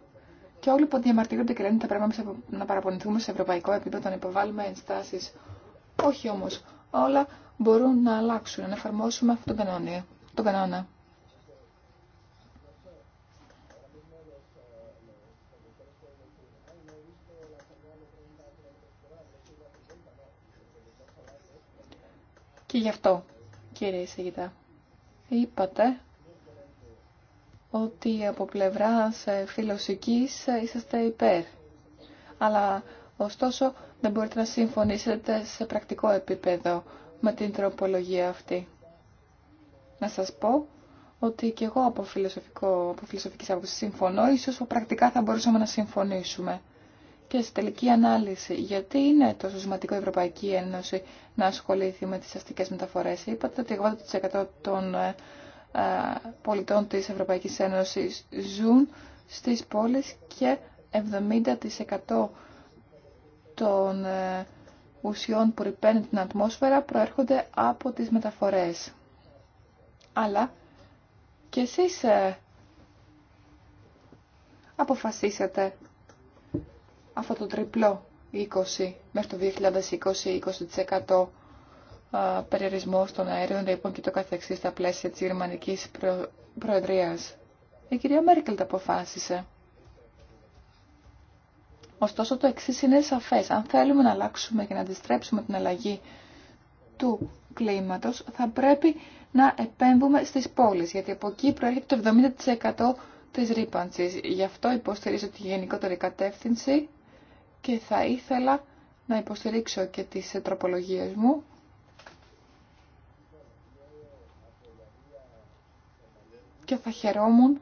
και όλοι που διαμαρτύρονται και λένε ότι πράγματα πρέπει να παραπονηθούμε σε ευρωπαϊκό επίπεδο να υποβάλουμε ενστάσεις. Όχι όμως όλα μπορούν να αλλάξουν, να εφαρμόσουμε αυτόν τον κανόνα. Τον κανόνα. Και γι' αυτό, κύριε Σιγητά, είπατε ότι από πλευράς φιλοσοφικής είσαστε υπέρ. Αλλά ωστόσο να μπορείτε να συμφωνήσετε σε πρακτικό επίπεδο με την τροπολογία αυτή. Να σας πω ότι και εγώ από, φιλοσοφικό, από φιλοσοφικής άποψης συμφωνώ, ίσως πρακτικά θα μπορούσαμε να συμφωνήσουμε. Και στη τελική ανάλυση, γιατί είναι τόσο σημαντικό η Ευρωπαϊκή Ένωση να ασχοληθεί με τις αστικές μεταφορές. Είπατε ότι 80% των ε, ε, πολιτών της Ευρωπαϊκής Ένωσης ζουν στις πόλεις και 70% των ε, ουσιών που ρηπαίνουν την ατμόσφαιρα προέρχονται από τις μεταφορές. Αλλά και εσείς ε, αποφασίσατε αυτό το τριπλό 20 μέχρι το 2020 20% ε, περιορισμό των αέριων λοιπόν, ρήπων και το καθεξής στα πλαίσια της γερμανικής προεδρίας. Η κυρία Μέρκελ τα αποφάσισε. Ωστόσο το εξής είναι σαφές. Αν θέλουμε να αλλάξουμε και να αντιστρέψουμε την αλλαγή του κλίματος, θα πρέπει να επέμβουμε στις πόλεις, γιατί από εκεί προέρχεται το 70% της ρήπανσης. Γι' αυτό υποστηρίζω τη γενικότερη κατεύθυνση και θα ήθελα να υποστηρίξω και τις τροπολογίες μου. Και θα χαιρόμουν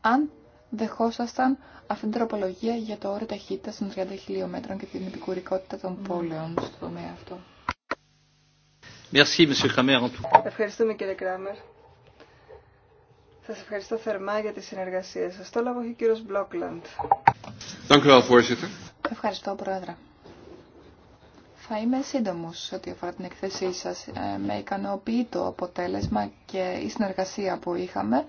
αν δεχόσασταν αυτήν την τροπολογία για το όριο ταχύτητα των 30 χιλιόμετρων και την επικουρικότητα των ναι. πόλεων στο τομέα αυτό. Ευχαριστούμε κύριε Κράμερ. Σας ευχαριστώ θερμά για τη συνεργασία σας. Το λόγο έχει ο κύριος Μπλόκλαντ. Ευχαριστώ πρόεδρα. Θα είμαι σε ό,τι αφορά την εκθέσή σας. Ε, με ικανοποιεί το αποτέλεσμα και η συνεργασία που είχαμε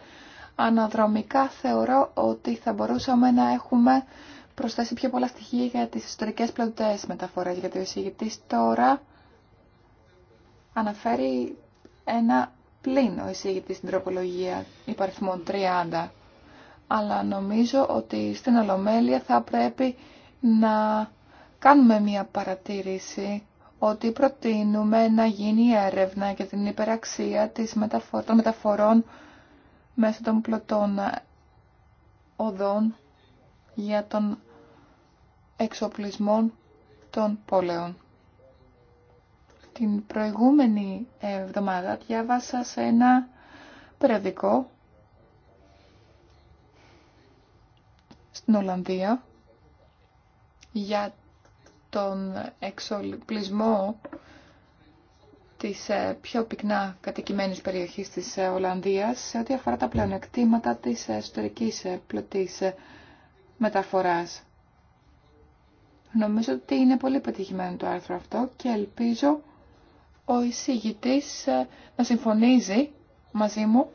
αναδρομικά θεωρώ ότι θα μπορούσαμε να έχουμε προσθέσει πιο πολλά στοιχεία για τις ιστορικές πλωτές μεταφορές, γιατί ο εισηγητής τώρα αναφέρει ένα πλήν ο εισηγητής στην τροπολογία υπαριθμών 30. Αλλά νομίζω ότι στην Ολομέλεια θα πρέπει να κάνουμε μια παρατήρηση ότι προτείνουμε να γίνει έρευνα για την υπεραξία των μεταφορών μέσα των πλωτών οδών για τον εξοπλισμό των πόλεων. Την προηγούμενη εβδομάδα διάβασα σε ένα περιοδικό στην Ολλανδία για τον εξοπλισμό της ε, πιο πυκνά κατοικημένης περιοχής της ε, Ολλανδίας σε ό,τι αφορά τα πλεονεκτήματα της εσωτερικής ε, πλωτής μεταφοράς. Νομίζω ότι είναι πολύ πετυχημένο το άρθρο αυτό και ελπίζω ο εισηγητής να συμφωνίζει μαζί μου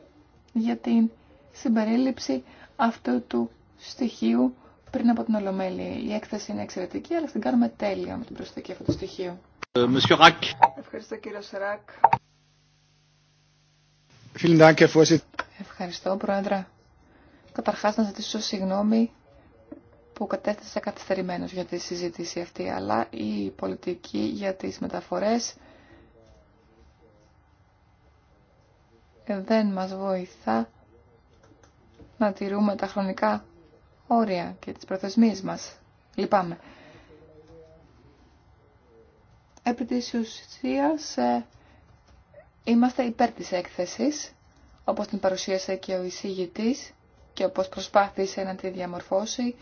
για την συμπερίληψη αυτού του στοιχείου πριν από την Ολομέλη. Η έκθεση είναι εξαιρετική, αλλά την κάνουμε τέλεια με την προσθήκη αυτού του στοιχείου. Euh, Ευχαριστώ κύριο Σεράκ. Ευχαριστώ πρόεδρε. Καταρχάς να ζητήσω συγγνώμη που κατέθεσα καθυστερημένος για τη συζήτηση αυτή, αλλά η πολιτική για τις μεταφορές δεν μας βοηθά να τηρούμε τα χρονικά όρια και τις προθεσμίες μας. Λυπάμαι. Επί της ουσίας ε, είμαστε υπέρ της έκθεσης, όπως την παρουσίασε και ο εισηγητής και όπως προσπάθησε να τη διαμορφώσει.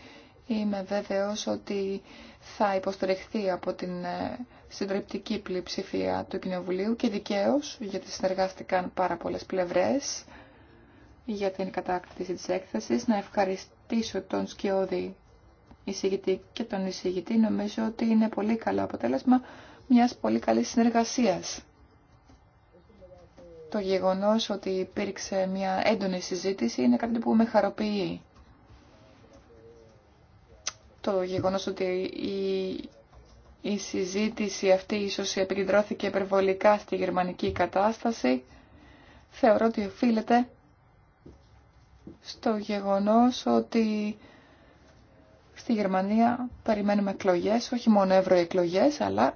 Είμαι βέβαιος ότι θα υποστηριχθεί από την ε, συντριπτική πλειοψηφία του Κοινοβουλίου και δικαίως, γιατί συνεργάστηκαν πάρα πολλές πλευρές για την κατάκτηση της έκθεσης. Να ευχαριστήσω τον Σκιώδη εισηγητή και τον εισηγητή. Νομίζω ότι είναι πολύ καλό αποτέλεσμα μιας πολύ καλής συνεργασίας. Το γεγονός ότι υπήρξε μια έντονη συζήτηση είναι κάτι που με χαροποιεί. Το γεγονός ότι η συζήτηση αυτή ίσως επικεντρώθηκε υπερβολικά στη γερμανική κατάσταση, θεωρώ ότι οφείλεται στο γεγονός ότι στη Γερμανία περιμένουμε εκλογές... όχι μόνο ευρωεκλογές... αλλά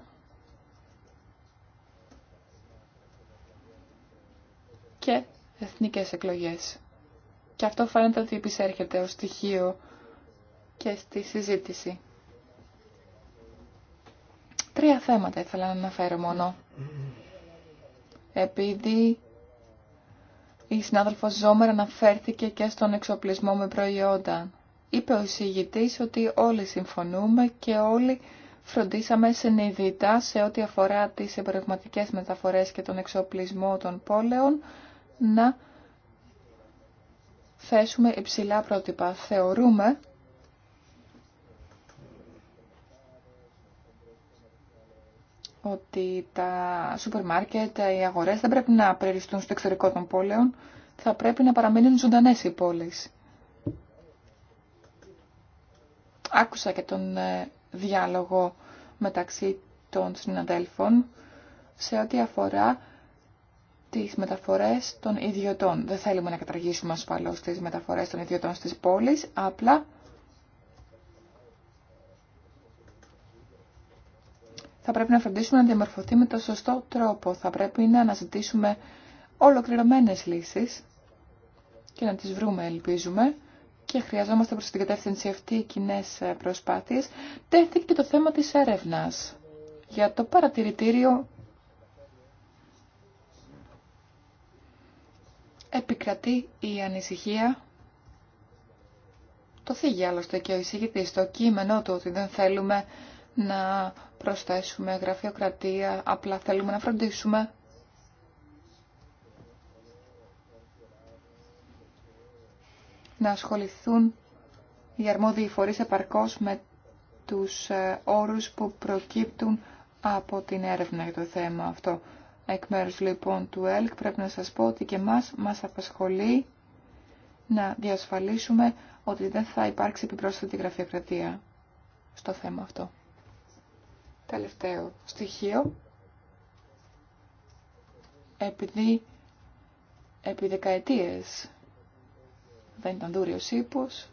και εθνικές εκλογές. Και αυτό φαίνεται ότι επισέρχεται ως στοιχείο και στη συζήτηση. Τρία θέματα ήθελα να αναφέρω μόνο. Επειδή η συνάδελφος Ζόμερ αναφέρθηκε και στον εξοπλισμό με προϊόντα. Είπε ο εισηγητής ότι όλοι συμφωνούμε και όλοι φροντίσαμε συνειδητά σε ό,τι αφορά τις εμπορευματικές μεταφορές και τον εξοπλισμό των πόλεων να θέσουμε υψηλά πρότυπα. Θεωρούμε ότι τα σούπερ μάρκετ, οι αγορές δεν πρέπει να περιοριστούν στο εξωτερικό των πόλεων, θα πρέπει να παραμείνουν ζωντανές οι πόλεις. Άκουσα και τον ε, διάλογο μεταξύ των συναδέλφων σε ό,τι αφορά τις μεταφορές των ιδιωτών. Δεν θέλουμε να καταργήσουμε ασφαλώς τις μεταφορές των ιδιωτών στις πόλεις, απλά θα πρέπει να φροντίσουμε να διαμορφωθεί με το σωστό τρόπο. Θα πρέπει να αναζητήσουμε ολοκληρωμένες λύσεις και να τις βρούμε, ελπίζουμε. Και χρειαζόμαστε προς την κατεύθυνση αυτή κοινέ προσπάθειες. Τέθηκε και το θέμα της έρευνας για το παρατηρητήριο επικρατεί η ανησυχία. Το θίγει άλλωστε και ο εισηγητής στο κείμενό του ότι δεν θέλουμε να προσθέσουμε γραφειοκρατία, απλά θέλουμε να φροντίσουμε να ασχοληθούν οι αρμόδιοι φορείς επαρκώς με τους ε, όρους που προκύπτουν από την έρευνα για το θέμα αυτό. Εκ μέρους λοιπόν του ΕΛΚ πρέπει να σας πω ότι και μας μας απασχολεί να διασφαλίσουμε ότι δεν θα υπάρξει επιπρόσθετη γραφειοκρατία στο θέμα αυτό. Τελευταίο στοιχείο. Επειδή επί δεκαετίες δεν ήταν δούριος ύπος,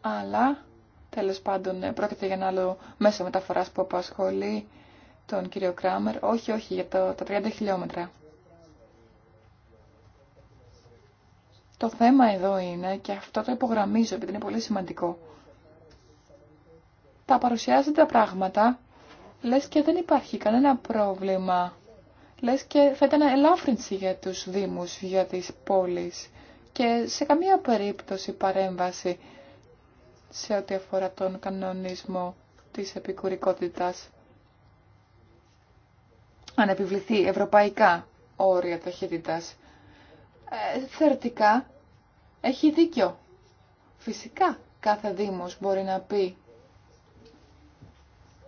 αλλά τέλος πάντων πρόκειται για ένα άλλο μέσο μεταφοράς που απασχολεί τον κύριο Κράμερ. Όχι, όχι, για το, τα 30 χιλιόμετρα. Το θέμα εδώ είναι, και αυτό το υπογραμμίζω επειδή είναι πολύ σημαντικό, τα παρουσιάζονται τα πράγματα, λες και δεν υπάρχει κανένα πρόβλημα. Λες και θα ήταν ελάφρυνση για τους δήμους, για τις πόλεις και σε καμία περίπτωση παρέμβαση σε ό,τι αφορά τον κανονισμό της επικουρικότητας αν επιβληθεί ευρωπαϊκά όρια ταχύτητας. Ε, θεωρητικά έχει δίκιο. Φυσικά κάθε δήμος μπορεί να πει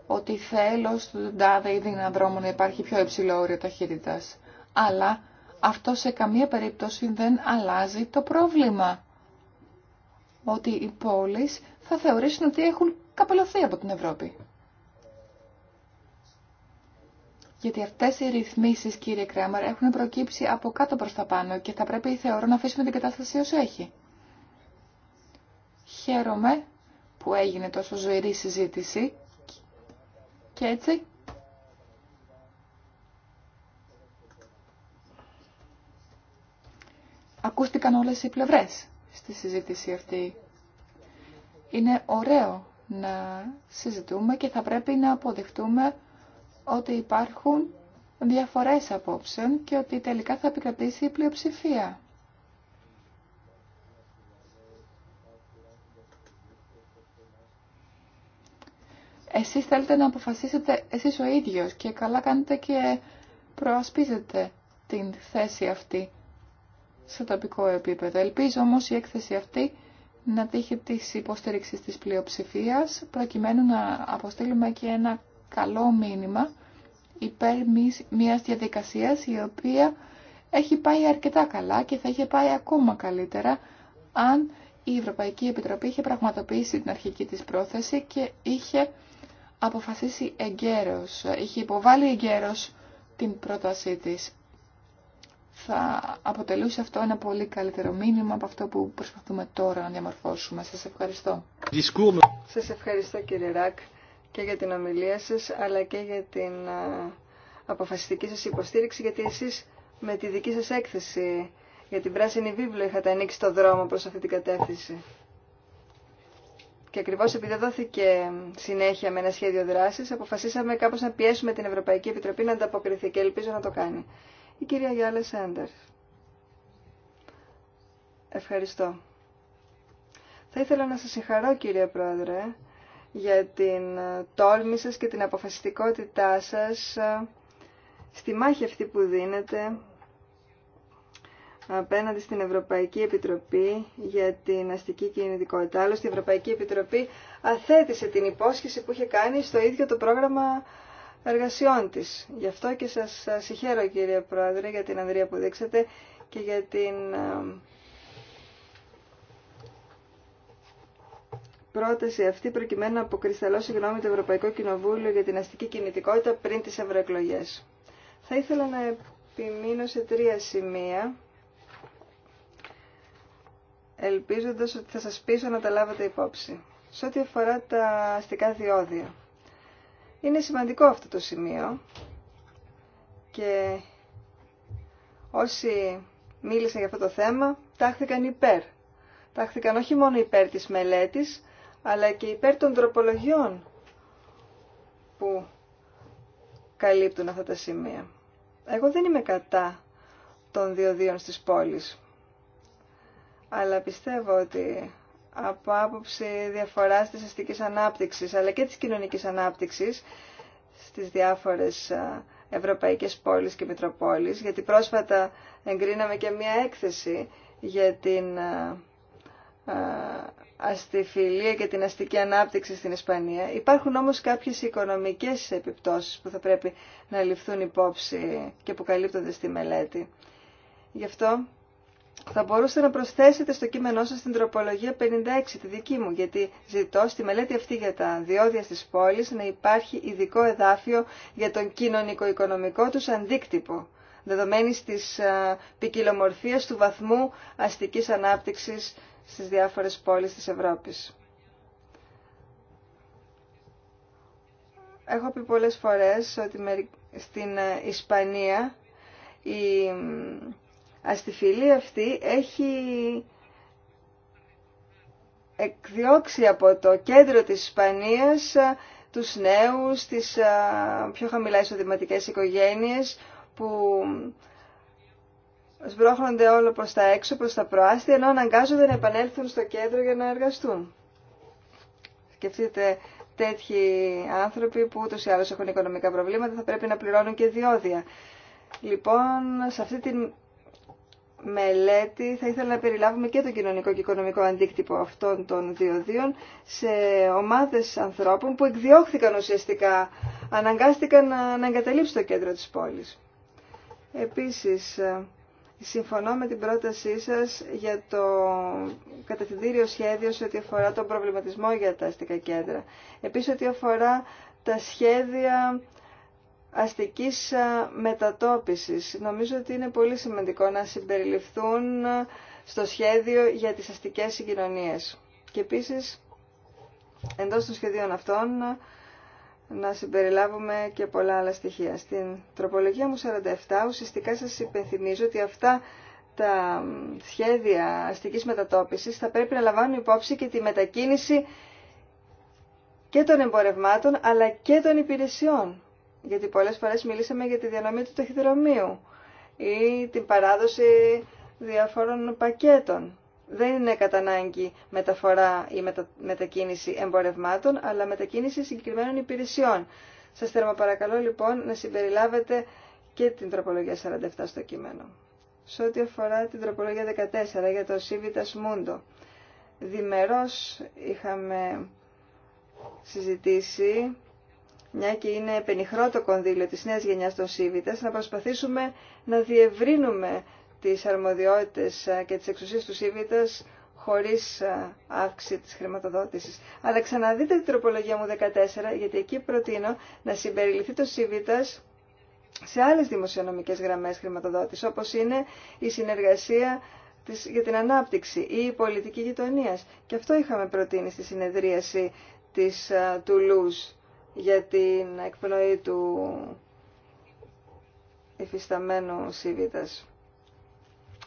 ότι θέλω στον τάδε ή να να υπάρχει πιο υψηλό όριο ταχύτητας. Αλλά αυτό σε καμία περίπτωση δεν αλλάζει το πρόβλημα. Ότι οι πόλεις θα θεωρήσουν ότι έχουν καπελωθεί από την Ευρώπη. Γιατί αυτέ οι ρυθμίσεις, κύριε Κράμαρ, έχουν προκύψει από κάτω προς τα πάνω και θα πρέπει, θεωρώ, να αφήσουμε την κατάσταση όσο έχει. Χαίρομαι που έγινε τόσο ζωηρή συζήτηση και έτσι ακούστηκαν όλες οι πλευρές στη συζήτηση αυτή. Είναι ωραίο να συζητούμε και θα πρέπει να αποδεχτούμε ότι υπάρχουν διαφορές απόψεων και ότι τελικά θα επικρατήσει η πλειοψηφία. Εσείς θέλετε να αποφασίσετε εσείς ο ίδιος και καλά κάνετε και προασπίζετε την θέση αυτή σε τοπικό επίπεδο. Ελπίζω όμως η έκθεση αυτή να τύχει της υποστήριξης της πλειοψηφίας προκειμένου να αποστείλουμε και ένα καλό μήνυμα υπέρ μιας διαδικασίας η οποία έχει πάει αρκετά καλά και θα είχε πάει ακόμα καλύτερα αν η Ευρωπαϊκή Επιτροπή είχε πραγματοποιήσει την αρχική της πρόθεση και είχε αποφασίσει εγκαίρως, είχε υποβάλει εγκαίρως την πρότασή της. Θα αποτελούσε αυτό ένα πολύ καλύτερο μήνυμα από αυτό που προσπαθούμε τώρα να διαμορφώσουμε. Σας ευχαριστώ. Σας ευχαριστώ κύριε Ράκ και για την ομιλία σας, αλλά και για την αποφασιστική σας υποστήριξη, γιατί εσείς με τη δική σας έκθεση για την Πράσινη Βίβλο είχατε ανοίξει το δρόμο προς αυτή την κατεύθυνση. Και ακριβώ επειδή δόθηκε συνέχεια με ένα σχέδιο δράσης αποφασίσαμε κάπως να πιέσουμε την Ευρωπαϊκή Επιτροπή να ανταποκριθεί και ελπίζω να το κάνει. Η κυρία Γιάλα Σέντερ. Ευχαριστώ. Θα ήθελα να σας συγχαρώ κύριε Πρόεδρε για την ε, τόλμη σας και την αποφασιστικότητά σας ε, στη μάχη αυτή που δίνετε απέναντι στην Ευρωπαϊκή Επιτροπή για την αστική κινητικότητα. Άλλωστε, η Ευρωπαϊκή Επιτροπή αθέτησε την υπόσχεση που είχε κάνει στο ίδιο το πρόγραμμα εργασιών της. Γι' αυτό και σας συγχαίρω, κύριε Πρόεδρε, για την Ανδρία που δείξατε και για την ε, πρόταση αυτή προκειμένου να αποκρισταλώσει γνώμη το Ευρωπαϊκό Κοινοβούλιο για την αστική κινητικότητα πριν τις ευρωεκλογέ. Θα ήθελα να επιμείνω σε τρία σημεία, ελπίζοντας ότι θα σας πείσω να τα λάβετε υπόψη. Σε ό,τι αφορά τα αστικά διόδια. Είναι σημαντικό αυτό το σημείο και όσοι μίλησαν για αυτό το θέμα τάχθηκαν υπέρ. Τάχθηκαν όχι μόνο υπέρ της μελέτης, αλλά και υπέρ των τροπολογιών που καλύπτουν αυτά τα σημεία. Εγώ δεν είμαι κατά των διοδίων στις πόλεις, αλλά πιστεύω ότι από άποψη διαφοράς της αστικής ανάπτυξης, αλλά και της κοινωνικής ανάπτυξης στις διάφορες ευρωπαϊκές πόλεις και μητροπόλεις, γιατί πρόσφατα εγκρίναμε και μία έκθεση για την ε, αστιφιλία και την αστική ανάπτυξη στην Ισπανία. Υπάρχουν όμως κάποιες οικονομικές επιπτώσεις που θα πρέπει να ληφθούν υπόψη και που καλύπτονται στη μελέτη. Γι' αυτό θα μπορούσατε να προσθέσετε στο κείμενό σας την τροπολογία 56, τη δική μου, γιατί ζητώ στη μελέτη αυτή για τα διόδια στις πόλεις να υπάρχει ειδικό εδάφιο για τον κοινωνικο-οικονομικό τους αντίκτυπο, δεδομένης της ε, ποικιλομορφίας του βαθμού αστικής ανάπτυξης στις διάφορες πόλεις της Ευρώπης. Έχω πει πολλές φορές ότι στην ε, Ισπανία η αστιφιλή αυτή έχει εκδιώξει από το κέντρο της Ισπανίας ε, τους νέους, τις ε, πιο χαμηλά εισοδηματικές οικογένειες που Σπρώχνονται όλο προς τα έξω, προς τα προάστια, ενώ αναγκάζονται να επανέλθουν στο κέντρο για να εργαστούν. Σκεφτείτε τέτοιοι άνθρωποι που ούτως ή άλλως έχουν οικονομικά προβλήματα θα πρέπει να πληρώνουν και διόδια. Λοιπόν, σε αυτή τη μελέτη θα ήθελα να περιλάβουμε και τον κοινωνικό και οικονομικό αντίκτυπο αυτών των διοδίων σε ομάδες ανθρώπων που εκδιώχθηκαν ουσιαστικά, αναγκάστηκαν να, να εγκαταλείψουν το κέντρο της πόλης. Επίσης, Συμφωνώ με την πρότασή σας για το κατευθυντήριο σχέδιο σε ό,τι αφορά τον προβληματισμό για τα αστικά κέντρα. Επίσης, ό,τι αφορά τα σχέδια αστικής ε, μετατόπισης. Νομίζω ότι είναι πολύ σημαντικό να συμπεριληφθούν ε, στο σχέδιο για τις αστικές συγκοινωνίες. Και επίσης, εντός των σχεδίων αυτών, να συμπεριλάβουμε και πολλά άλλα στοιχεία. Στην τροπολογία μου 47 ουσιαστικά σας υπενθυμίζω ότι αυτά τα σχέδια αστικής μετατόπισης θα πρέπει να λαμβάνουν υπόψη και τη μετακίνηση και των εμπορευμάτων αλλά και των υπηρεσιών. Γιατί πολλές φορές μιλήσαμε για τη διανομή του ταχυδρομείου ή την παράδοση διαφόρων πακέτων δεν είναι κατά ανάγκη μεταφορά ή μετακίνηση εμπορευμάτων, αλλά μετακίνηση συγκεκριμένων υπηρεσιών. Σας παρακαλώ, λοιπόν να συμπεριλάβετε και την τροπολογία 47 στο κείμενο. Σε ό,τι αφορά την τροπολογία 14 για το Civitas Mundo, διμερώς είχαμε συζητήσει, μια και είναι πενιχρό το κονδύλιο της νέας γενιάς των Civitas, να προσπαθήσουμε να διευρύνουμε τις αρμοδιότητες ε, και τις εξουσίες του ΣΥΒΙΤΑΣ χωρίς ε, αύξηση της χρηματοδότησης. Αλλά ξαναδείτε την τροπολογία μου 14, γιατί εκεί προτείνω να συμπεριληφθεί το ΣΥΒΙΤΑΣ σε άλλες δημοσιονομικές γραμμές χρηματοδότησης, όπως είναι η συνεργασία της, για την ανάπτυξη ή η πολιτική γειτονία. Και αυτό είχαμε προτείνει στη συνεδρίαση της ε, του για την εκπνοή του υφισταμένου ΣΥΒΙΤΑΣ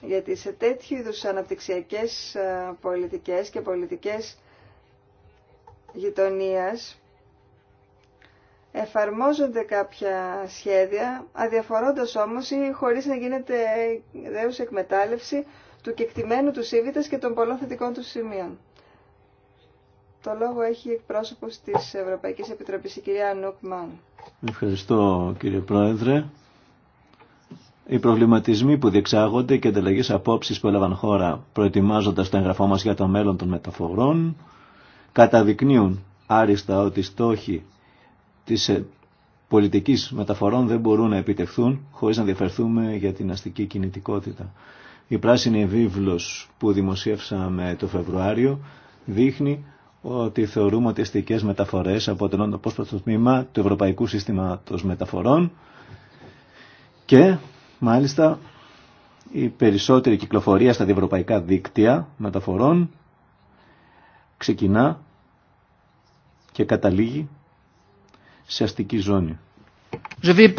γιατί σε τέτοιου είδους αναπτυξιακές ε, πολιτικές και πολιτικές γειτονίας εφαρμόζονται κάποια σχέδια, αδιαφορώντας όμως ή χωρίς να γίνεται δέους εκμετάλλευση του κεκτημένου του Σύβητας και των πολλών θετικών του σημείων. Το λόγο έχει εκπρόσωπος της Ευρωπαϊκής Επιτροπής, η κυρία Νουκ Μαν. Ευχαριστώ κύριε Πρόεδρε. Οι προβληματισμοί που διεξάγονται και ανταλλαγές απόψει που έλαβαν χώρα προετοιμάζοντα το εγγραφό μα για το μέλλον των μεταφορών καταδεικνύουν άριστα ότι οι στόχοι τη ε, πολιτική μεταφορών δεν μπορούν να επιτευχθούν χωρί να διαφερθούμε για την αστική κινητικότητα. Η πράσινη βίβλος που δημοσίευσαμε το Φεβρουάριο δείχνει ότι θεωρούμε ότι αστικέ μεταφορέ αποτελούν το πρόσφατο τμήμα του Ευρωπαϊκού Σύστηματο Μεταφορών και Μάλιστα, η περισσότερη κυκλοφορία στα διευρωπαϊκά δίκτυα μεταφορών ξεκινά και καταλήγει σε αστική ζώνη. Euh,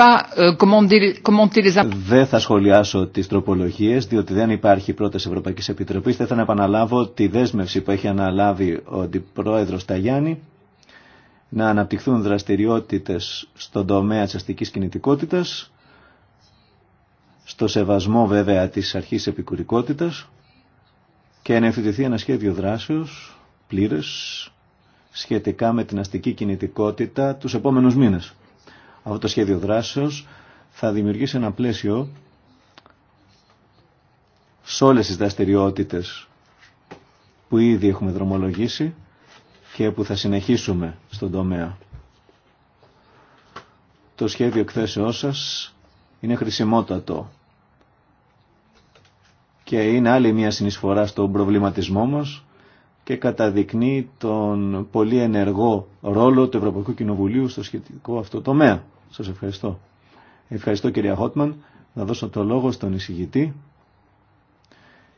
δεν θα σχολιάσω τι τροπολογίε, διότι δεν υπάρχει πρόταση Ευρωπαϊκή Επιτροπή. Δεν θα επαναλάβω τη δέσμευση που έχει αναλάβει ο αντιπρόεδρο Ταγιάννη να αναπτυχθούν δραστηριότητε στον τομέα τη αστική κινητικότητα στο σεβασμό βέβαια της αρχής επικουρικότητας και να ένα σχέδιο δράσεως πλήρες σχετικά με την αστική κινητικότητα τους επόμενους μήνες. Αυτό το σχέδιο δράσεως θα δημιουργήσει ένα πλαίσιο σε όλες τις δραστηριότητε που ήδη έχουμε δρομολογήσει και που θα συνεχίσουμε στον τομέα. Το σχέδιο εκθέσεώς σας είναι χρησιμότατο και είναι άλλη μια συνεισφορά στον προβληματισμό μας και καταδεικνύει τον πολύ ενεργό ρόλο του Ευρωπαϊκού Κοινοβουλίου στο σχετικό αυτό τομέα. Σας ευχαριστώ. Ευχαριστώ κυρία Χότμαν. Να δώσω το λόγο στον εισηγητή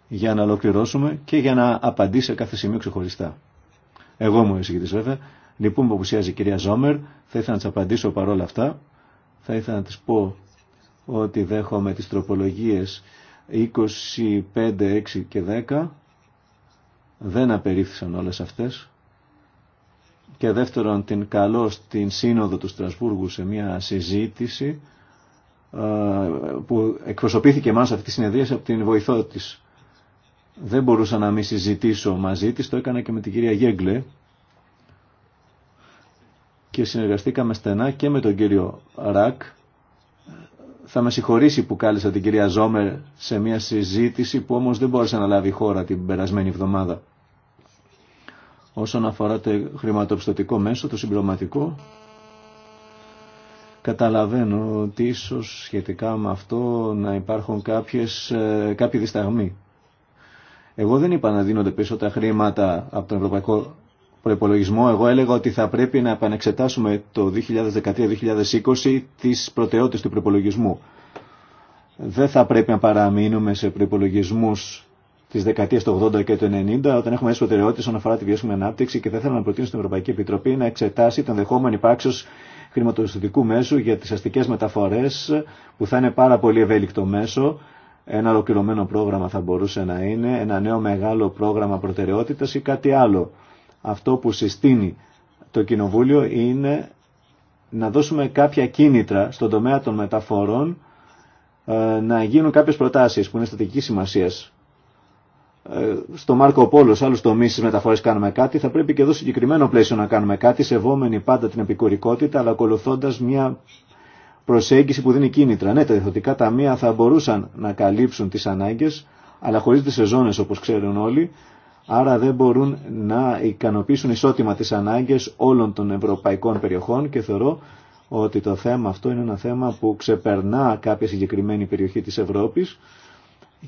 για να ολοκληρώσουμε και για να απαντήσει σε κάθε σημείο ξεχωριστά. Εγώ μου ο εισηγητής βέβαια. Λοιπόν που η κυρία Ζόμερ. Θα ήθελα να της απαντήσω παρόλα αυτά. Θα ήθελα να της πω ότι δέχομαι τις τροπολογίες 25, 6 και 10. Δεν απερίφθησαν όλες αυτές. Και δεύτερον, την καλώ στην Σύνοδο του Στρασβούργου σε μια συζήτηση ε, που εκπροσωπήθηκε μάλλον σε αυτή τη συνεδρία από την βοηθό Δεν μπορούσα να μην συζητήσω μαζί της, το έκανα και με την κυρία Γέγκλε και συνεργαστήκαμε στενά και με τον κύριο Ρακ θα με συγχωρήσει που κάλεσα την κυρία Ζόμερ σε μια συζήτηση που όμως δεν μπόρεσε να λάβει χώρα την περασμένη εβδομάδα. Όσον αφορά το χρηματοπιστωτικό μέσο, το συμπληρωματικό, καταλαβαίνω ότι ίσως σχετικά με αυτό να υπάρχουν κάποιες, ε, κάποιοι δισταγμοί. Εγώ δεν είπα να δίνονται πίσω τα χρήματα από τον Ευρωπαϊκό προπολογισμό, εγώ έλεγα ότι θα πρέπει να επανεξετάσουμε το 2013-2020 τις προτεραιότητες του προπολογισμού. Δεν θα πρέπει να παραμείνουμε σε προπολογισμού τη δεκαετία του 80 και του 90, όταν έχουμε έσω προτεραιότητε όσον αφορά τη βιώσιμη ανάπτυξη και θα θέλω να προτείνω στην Ευρωπαϊκή Επιτροπή να εξετάσει τον δεχόμενο υπάρξεω χρηματοδοτικού μέσου για τι αστικέ μεταφορέ, που θα είναι πάρα πολύ ευέλικτο μέσο. Ένα ολοκληρωμένο πρόγραμμα θα μπορούσε να είναι, ένα νέο μεγάλο πρόγραμμα προτεραιότητα ή κάτι άλλο αυτό που συστήνει το Κοινοβούλιο είναι να δώσουμε κάποια κίνητρα στον τομέα των μεταφορών ε, να γίνουν κάποιες προτάσεις που είναι στατικής σημασίας. Ε, στο Μάρκο Πόλο, σε άλλου τομεί τη μεταφορέ κάνουμε κάτι. Θα πρέπει και εδώ συγκεκριμένο πλαίσιο να κάνουμε κάτι, σεβόμενοι πάντα την επικουρικότητα, αλλά ακολουθώντα μια προσέγγιση που δίνει κίνητρα. Ναι, τα διεθντικά ταμεία θα μπορούσαν να καλύψουν τι ανάγκε, αλλά χωρί τι σεζόνε όπω ξέρουν όλοι άρα δεν μπορούν να ικανοποιήσουν ισότιμα τις ανάγκες όλων των ευρωπαϊκών περιοχών και θεωρώ ότι το θέμα αυτό είναι ένα θέμα που ξεπερνά κάποια συγκεκριμένη περιοχή της Ευρώπης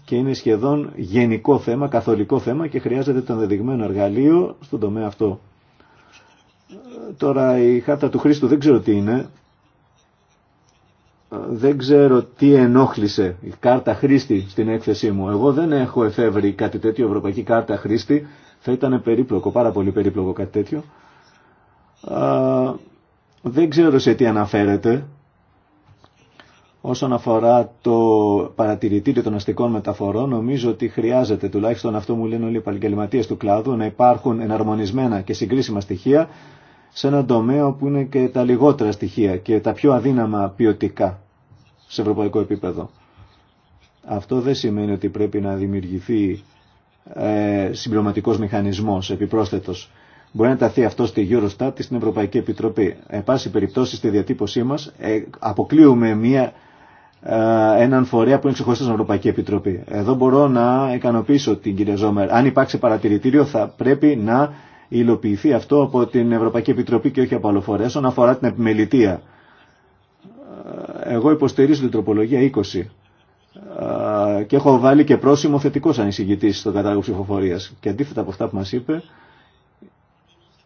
και είναι σχεδόν γενικό θέμα, καθολικό θέμα και χρειάζεται το ενδεδειγμένο εργαλείο στον τομέα αυτό. Ε, τώρα η χάρτα του Χρήστου δεν ξέρω τι είναι, δεν ξέρω τι ενόχλησε η κάρτα χρήστη στην έκθεσή μου. Εγώ δεν έχω εφεύρει κάτι τέτοιο, ευρωπαϊκή κάρτα χρήστη. Θα ήταν περίπλοκο, πάρα πολύ περίπλοκο κάτι τέτοιο. δεν ξέρω σε τι αναφέρεται όσον αφορά το παρατηρητήριο των αστικών μεταφορών, νομίζω ότι χρειάζεται, τουλάχιστον αυτό μου λένε όλοι οι επαγγελματίε του κλάδου, να υπάρχουν εναρμονισμένα και συγκρίσιμα στοιχεία σε έναν τομέα που είναι και τα λιγότερα στοιχεία και τα πιο αδύναμα ποιοτικά σε ευρωπαϊκό επίπεδο. Αυτό δεν σημαίνει ότι πρέπει να δημιουργηθεί ε, συμπληρωματικός μηχανισμός, επιπρόσθετος. Μπορεί να ταθεί αυτό στη Eurostat ή στην Ευρωπαϊκή Επιτροπή. Εν πάση περιπτώσει, στη διατύπωσή μας ε, αποκλείουμε μια, ε, έναν φορέα που είναι ξεχωριστό στην Ευρωπαϊκή Επιτροπή. Εδώ μπορώ να ικανοποιήσω την κυρία Ζόμερ. Αν υπάρξει παρατηρητήριο θα πρέπει να υλοποιηθεί αυτό από την Ευρωπαϊκή Επιτροπή και όχι από αλλοφορέ όσον αφορά την επιμελητία. Εγώ υποστηρίζω την τροπολογία 20 ε, και έχω βάλει και πρόσημο θετικό σαν εισηγητή στον κατάλογο ψηφοφορία. Και αντίθετα από αυτά που μα είπε,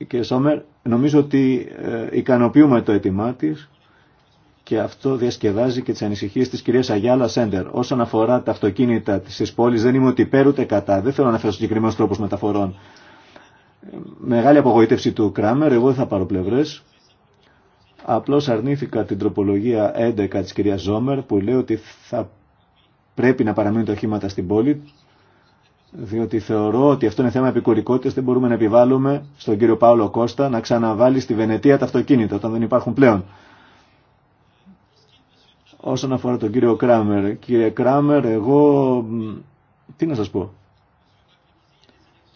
και Σόμερ, νομίζω ότι ε, ικανοποιούμε το αίτημά τη και αυτό διασκεδάζει και τι ανησυχίε τη κυρία Αγιάλα Σέντερ. Όσον αφορά τα αυτοκίνητα τη πόλη, δεν είμαι ότι υπέρ ούτε κατά. Δεν θέλω να φέρω συγκεκριμένου τρόπου μεταφορών μεγάλη απογοήτευση του Κράμερ, εγώ δεν θα πάρω πλευρές. Απλώς αρνήθηκα την τροπολογία 11 της κυρία Ζόμερ που λέει ότι θα πρέπει να παραμείνουν τα οχήματα στην πόλη διότι θεωρώ ότι αυτό είναι θέμα επικουρικότητας, δεν μπορούμε να επιβάλλουμε στον κύριο Παύλο Κώστα να ξαναβάλει στη Βενετία τα αυτοκίνητα όταν δεν υπάρχουν πλέον. Όσον αφορά τον κύριο Κράμερ, κύριε Κράμερ, εγώ τι να σας πω.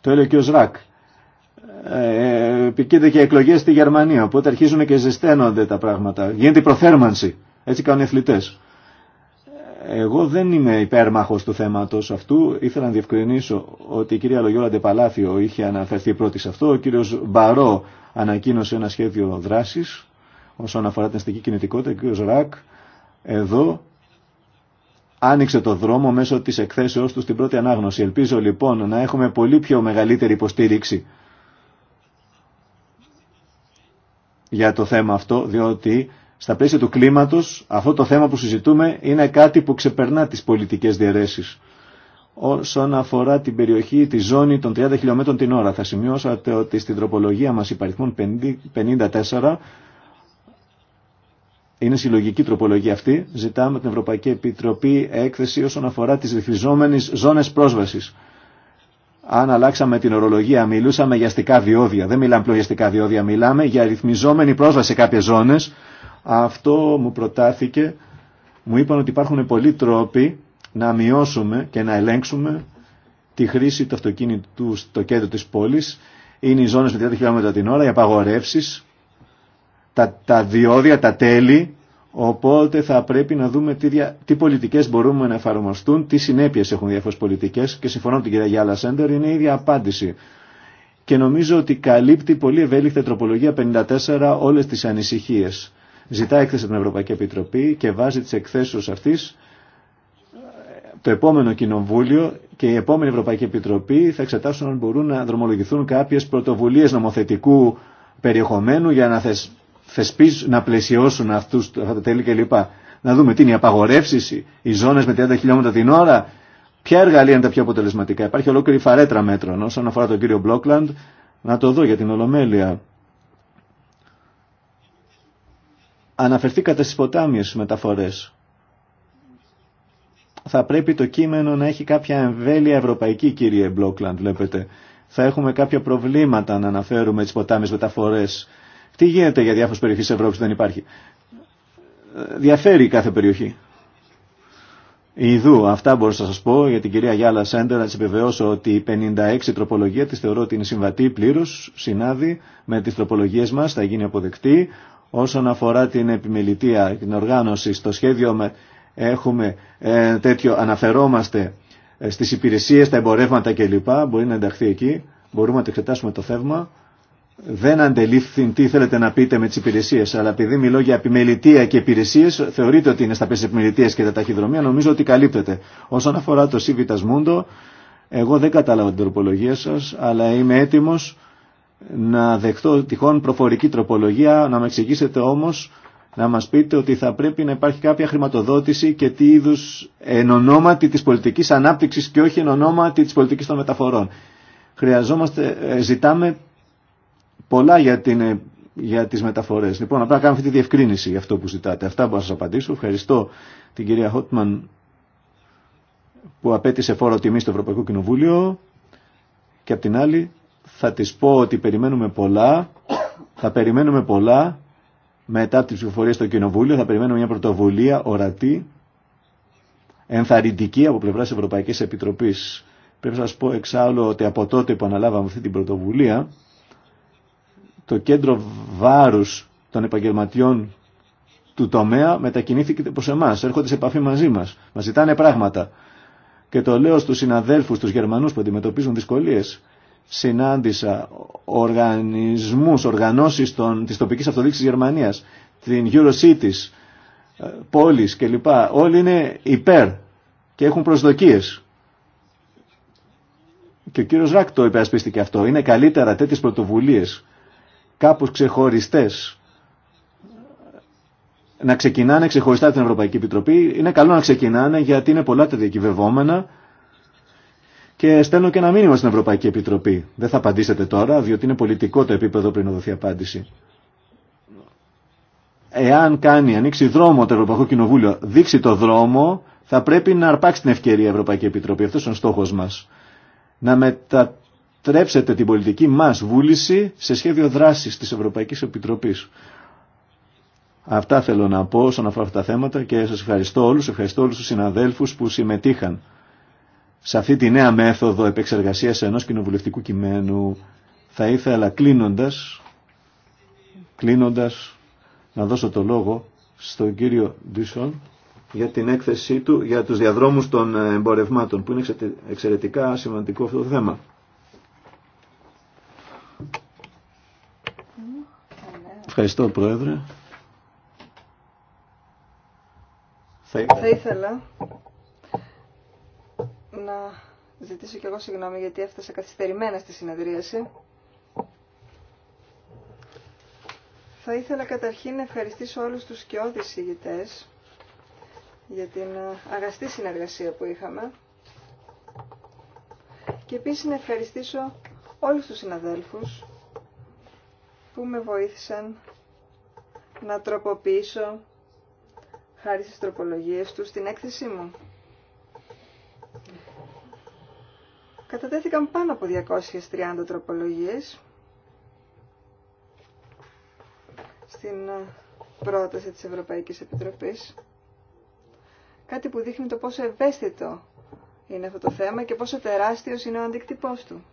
Το έλεγε ο Ζρακ. Ε, επικίνδυνε και εκλογέ στη Γερμανία, οπότε αρχίζουν και ζεσταίνονται τα πράγματα. Γίνεται η προθέρμανση, έτσι κάνουν οι αθλητέ. Εγώ δεν είμαι υπέρμαχος του θέματος αυτού. Ήθελα να διευκρινίσω ότι η κυρία Λογιόλα Ντεπαλάθιο είχε αναφερθεί πρώτη σε αυτό. Ο κύριος Μπαρό ανακοίνωσε ένα σχέδιο δράσης όσον αφορά την αστική κινητικότητα. Ο κύριος Ρακ εδώ άνοιξε το δρόμο μέσω της εκθέσεώς του στην πρώτη ανάγνωση. Ελπίζω λοιπόν να έχουμε πολύ πιο μεγαλύτερη υποστήριξη για το θέμα αυτό, διότι στα πλαίσια του κλίματος αυτό το θέμα που συζητούμε είναι κάτι που ξεπερνά τις πολιτικές διαιρέσεις. Όσον αφορά την περιοχή, τη ζώνη των 30 χιλιόμετρων την ώρα, θα σημειώσατε ότι στην τροπολογία μας υπαριθμών 54 είναι συλλογική τροπολογία αυτή. Ζητάμε την Ευρωπαϊκή Επιτροπή έκθεση όσον αφορά τις ρυθιζόμενες ζώνες πρόσβασης αν αλλάξαμε την ορολογία, μιλούσαμε για αστικά διόδια. Δεν μιλάμε πλέον για αστικά διόδια, μιλάμε για ρυθμιζόμενη πρόσβαση σε κάποιες ζώνες. Αυτό μου προτάθηκε. Μου είπαν ότι υπάρχουν πολλοί τρόποι να μειώσουμε και να ελέγξουμε τη χρήση του αυτοκίνητου στο κέντρο της πόλης. Είναι οι ζώνες με 30 χιλιόμετρα την ώρα, οι απαγορεύσει, τα, τα διόδια, τα τέλη, Οπότε θα πρέπει να δούμε τι, δια... τι πολιτικές μπορούμε να εφαρμοστούν, τι συνέπειες έχουν διάφορες πολιτικές και συμφωνώ με την κυρία Γιάλα Σέντερ, είναι η ίδια απάντηση. Και νομίζω ότι καλύπτει πολύ ευέλικτη τροπολογία 54 όλες τις ανησυχίες. Ζητά έκθεση από την Ευρωπαϊκή Επιτροπή και βάζει τις εκθέσεις αυτής το επόμενο Κοινοβούλιο και η επόμενη Ευρωπαϊκή Επιτροπή θα εξετάσουν αν μπορούν να δρομολογηθούν κάποιες πρωτοβουλίες νομοθετικού περιεχομένου για να θες θεσπίζουν, να πλαισιώσουν αυτού αυτά τα τέλη κλπ. Να δούμε τι είναι η απαγορεύσει, οι ζώνε με 30 χιλιόμετρα την ώρα, ποια εργαλεία είναι τα πιο αποτελεσματικά. Υπάρχει ολόκληρη φαρέτρα μέτρων. Όσον αφορά τον κύριο Μπλόκλαντ, να το δω για την Ολομέλεια. Αναφερθήκατε στι ποτάμιε μεταφορέ. Θα πρέπει το κείμενο να έχει κάποια εμβέλεια ευρωπαϊκή, κύριε Μπλόκλαντ, βλέπετε. Θα έχουμε κάποια προβλήματα να αναφέρουμε τι ποτάμιε μεταφορέ τι γίνεται για διάφορε περιοχέ της Ευρώπης που δεν υπάρχει. Ε, διαφέρει κάθε περιοχή. Ιδού, αυτά μπορώ να σα πω για την κυρία Γιάλα Σέντερ, να τη επιβεβαιώσω ότι η 56 τροπολογία τη θεωρώ ότι είναι συμβατή πλήρω, συνάδει με τι τροπολογίε μα, θα γίνει αποδεκτή. Όσον αφορά την επιμελητία, την οργάνωση, στο σχέδιο με, έχουμε ε, τέτοιο, αναφερόμαστε ε, στις υπηρεσίες, τα εμπορεύματα κλπ. Μπορεί να ενταχθεί εκεί, μπορούμε να το εξετάσουμε το θέμα δεν αντελήφθη τι θέλετε να πείτε με τι υπηρεσίε, αλλά επειδή μιλώ για επιμελητία και υπηρεσίε, θεωρείτε ότι είναι στα πέσει επιμελητία και τα ταχυδρομεία, νομίζω ότι καλύπτεται. Όσον αφορά το Civitas Μούντο, εγώ δεν κατάλαβα την τροπολογία σα, αλλά είμαι έτοιμο να δεχτώ τυχόν προφορική τροπολογία, να με εξηγήσετε όμω, να μας πείτε ότι θα πρέπει να υπάρχει κάποια χρηματοδότηση και τι είδου εν ονόματι της πολιτικής ανάπτυξης και όχι εν ονόματι της πολιτικής των μεταφορών. Χρειαζόμαστε, ε, ζητάμε πολλά για, την, ε, για τις μεταφορές. Λοιπόν, απλά κάνω αυτή τη διευκρίνηση για αυτό που ζητάτε. Αυτά μπορώ να σας απαντήσω. Ευχαριστώ την κυρία Χότμαν που απέτησε φόρο τιμή στο Ευρωπαϊκό Κοινοβούλιο και απ' την άλλη θα της πω ότι περιμένουμε πολλά, θα περιμένουμε πολλά μετά από τις ψηφοφορίες στο Κοινοβούλιο, θα περιμένουμε μια πρωτοβουλία ορατή, ενθαρρυντική από πλευρά Ευρωπαϊκής Επιτροπής. Πρέπει να σας πω εξάλλου ότι από τότε που αναλάβαμε αυτή την πρωτοβουλία, το κέντρο βάρους των επαγγελματιών του τομέα μετακινήθηκε προς εμάς, έρχονται σε επαφή μαζί μας, μας ζητάνε πράγματα. Και το λέω στους συναδέλφους, στους Γερμανούς που αντιμετωπίζουν δυσκολίες, συνάντησα οργανισμούς, οργανώσεις των, της τοπικής Γερμανία, Γερμανίας, την Eurocities, ε, πόλεις κλπ. Όλοι είναι υπέρ και έχουν προσδοκίες. Και ο κύριος Ράκ το υπερασπίστηκε αυτό. Είναι καλύτερα τέτοιε πρωτοβουλίες κάπως ξεχωριστές να ξεκινάνε ξεχωριστά την Ευρωπαϊκή Επιτροπή. Είναι καλό να ξεκινάνε γιατί είναι πολλά τα διακυβευόμενα και στέλνω και ένα μήνυμα στην Ευρωπαϊκή Επιτροπή. Δεν θα απαντήσετε τώρα, διότι είναι πολιτικό το επίπεδο πριν δοθεί απάντηση. Εάν κάνει, ανοίξει δρόμο το Ευρωπαϊκό Κοινοβούλιο, δείξει το δρόμο, θα πρέπει να αρπάξει την ευκαιρία η Ευρωπαϊκή Επιτροπή. Αυτό είναι ο στόχο μα. Να στρέψετε την πολιτική μας βούληση σε σχέδιο δράσης της Ευρωπαϊκής Επιτροπής. Αυτά θέλω να πω όσον αφορά αυτά τα θέματα και σας ευχαριστώ όλους, ευχαριστώ όλους τους συναδέλφους που συμμετείχαν σε αυτή τη νέα μέθοδο επεξεργασίας ενός κοινοβουλευτικού κειμένου. Θα ήθελα κλείνοντας, κλείνοντας να δώσω το λόγο στον κύριο Ντίσον για την έκθεσή του για τους διαδρόμους των εμπορευμάτων που είναι εξαιρετικά σημαντικό αυτό το θέμα. Ευχαριστώ, Πρόεδρε. Θα ήθελα... να ζητήσω κι εγώ συγγνώμη γιατί έφτασα καθυστερημένα στη συνεδρίαση. Θα ήθελα καταρχήν να ευχαριστήσω όλους τους σκιώδεις ηγητές για την ε, αγαστή συνεργασία που είχαμε και επίσης να ευχαριστήσω όλους τους συναδέλφους που με βοήθησαν να τροποποιήσω χάρη στις τροπολογίες του στην έκθεσή μου. Κατατέθηκαν πάνω από 230 τροπολογίες στην ε, πρόταση της Ευρωπαϊκής Επιτροπής. Κάτι που δείχνει το πόσο ευαίσθητο είναι αυτό το θέμα και πόσο τεράστιος είναι ο αντικτυπός του.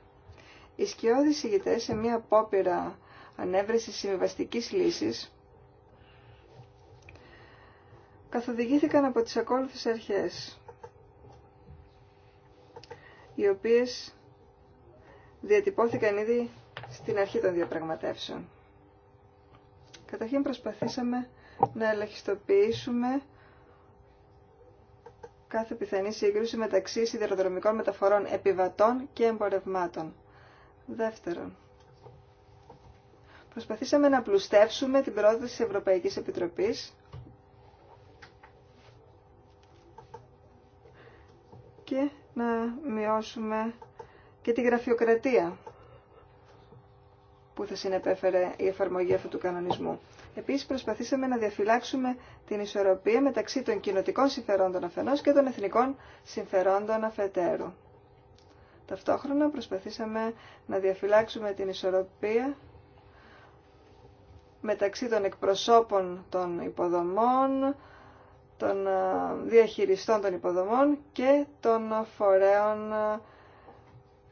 Οι σκιώδεις ηγητές σε μία απόπειρα ανέβρεση συμβιβαστικής λύσης καθοδηγήθηκαν από τις ακόλουθες αρχές οι οποίες διατυπώθηκαν ήδη στην αρχή των διαπραγματεύσεων. Καταρχήν προσπαθήσαμε να ελαχιστοποιήσουμε κάθε πιθανή σύγκρουση μεταξύ σιδηροδρομικών μεταφορών επιβατών και εμπορευμάτων. Δεύτερον, Προσπαθήσαμε να πλουστεύσουμε την πρόταση της Ευρωπαϊκής Επιτροπής και να μειώσουμε και τη γραφειοκρατία που θα συνεπέφερε η εφαρμογή αυτού του κανονισμού. Επίσης προσπαθήσαμε να διαφυλάξουμε την ισορροπία μεταξύ των κοινοτικών συμφερόντων αφενός και των εθνικών συμφερόντων αφετέρου. Ταυτόχρονα προσπαθήσαμε να διαφυλάξουμε την ισορροπία μεταξύ των εκπροσώπων των υποδομών, των ε, διαχειριστών των υποδομών και των φορέων ε,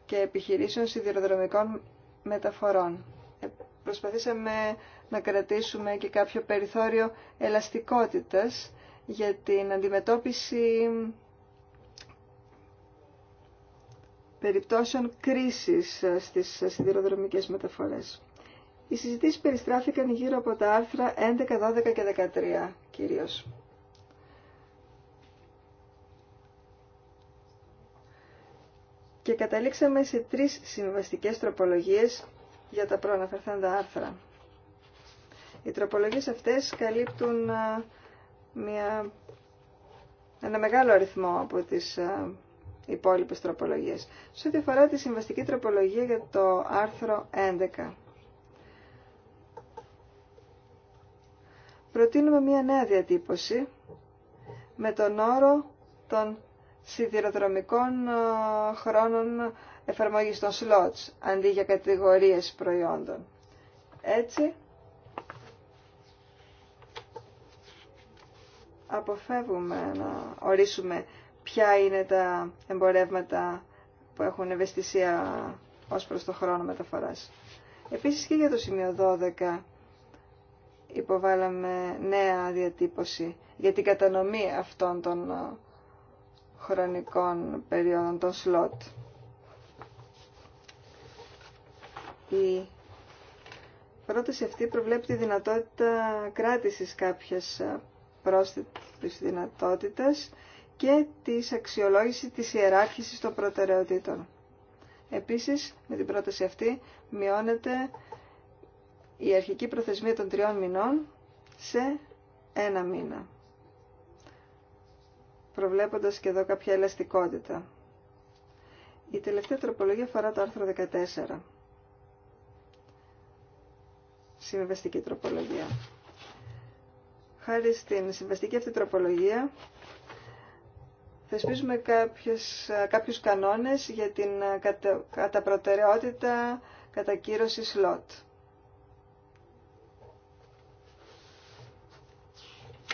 και επιχειρήσεων σιδηροδρομικών μεταφορών. Ε, προσπαθήσαμε να κρατήσουμε και κάποιο περιθώριο ελαστικότητας για την αντιμετώπιση περιπτώσεων κρίσης στις σιδηροδρομικές μεταφορές. Οι συζητήσεις περιστράφηκαν γύρω από τα άρθρα 11, 12 και 13 κυρίως. Και καταλήξαμε σε τρεις συμβαστικές τροπολογίες για τα προαναφερθέντα άρθρα. Οι τροπολογίες αυτές καλύπτουν μια, ένα μεγάλο αριθμό από τις υπόλοιπες τροπολογίες. Σε ό,τι αφορά τη συμβαστική τροπολογία για το άρθρο 11. προτείνουμε μια νέα διατύπωση με τον όρο των σιδηροδρομικών ε, χρόνων εφαρμογής των σλότς αντί για κατηγορίες προϊόντων. Έτσι, αποφεύγουμε να ορίσουμε ποια είναι τα εμπορεύματα που έχουν ευαισθησία ως προς το χρόνο μεταφοράς. Επίσης και για το σημείο 12 υποβάλαμε νέα διατύπωση για την κατανομή αυτών των ε, χρονικών περίοδων, των σλότ. Η πρόταση αυτή προβλέπει τη δυνατότητα κράτησης κάποιας ε, πρόσθετης δυνατότητας και τη αξιολόγηση της ιεράρχησης των προτεραιοτήτων. Επίσης, με την πρόταση αυτή μειώνεται η αρχική προθεσμία των τριών μηνών σε ένα μήνα, προβλέποντας και εδώ κάποια ελαστικότητα. Η τελευταία τροπολογία αφορά το άρθρο 14. Συμβαστική τροπολογία. Χάρη στην συμβαστική αυτή τροπολογία θεσπίζουμε κάποιους, κάποιους κανόνες για την κατα, κατά προτεραιότητα κατακύρωση σλότ.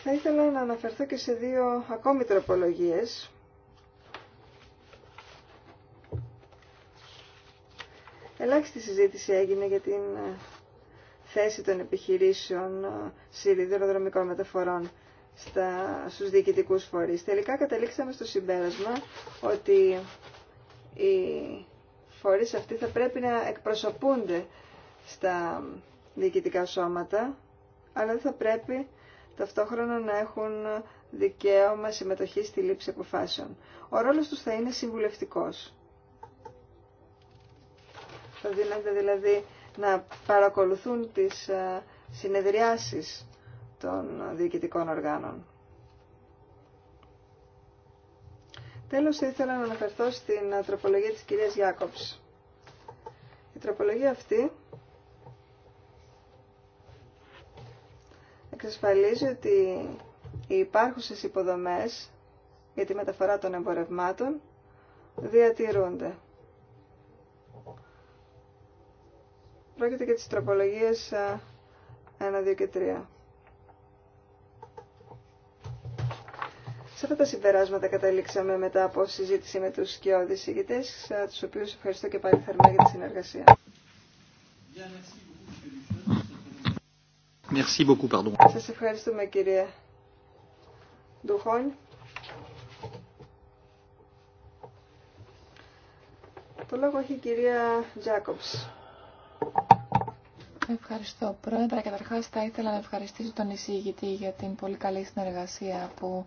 Θα ήθελα να αναφερθώ και σε δύο ακόμη τροπολογίες Ελάχιστη συζήτηση έγινε για την ε, θέση των επιχειρήσεων ε, σιδηροδρομικών μεταφορών στα, στους διοικητικούς φορείς. Τελικά καταλήξαμε στο συμπέρασμα ότι οι φορείς αυτοί θα πρέπει να εκπροσωπούνται στα διοικητικά σώματα, αλλά δεν θα πρέπει ταυτόχρονα να έχουν δικαίωμα συμμετοχή στη λήψη αποφάσεων. Ο ρόλος τους θα είναι συμβουλευτικός. Θα δίνονται δηλαδή να παρακολουθούν τις ε, συνεδριάσεις των διοικητικών οργάνων. Τέλος, θα ήθελα να αναφερθώ στην τροπολογία της κυρίας Γιάκοψ. Η τροπολογία αυτή εξασφαλίζει ότι οι υπάρχουσες υποδομές για τη μεταφορά των εμπορευμάτων διατηρούνται. Πρόκειται για τις τροπολογίες 1, ε, 2 και 3. Σε αυτά τα συμπεράσματα καταλήξαμε μετά από συζήτηση με τους σκιώδεις ηγητές, ε, τους οποίους ευχαριστώ και πάλι θερμά για τη συνεργασία. Merci beaucoup, pardon. ευχαριστούμε κυρία Ντουχόν. Το λόγο έχει η κυρία Τζάκοψ. Ευχαριστώ πρόεδρε. Καταρχάς θα ήθελα να ευχαριστήσω τον εισηγητή για την πολύ καλή συνεργασία που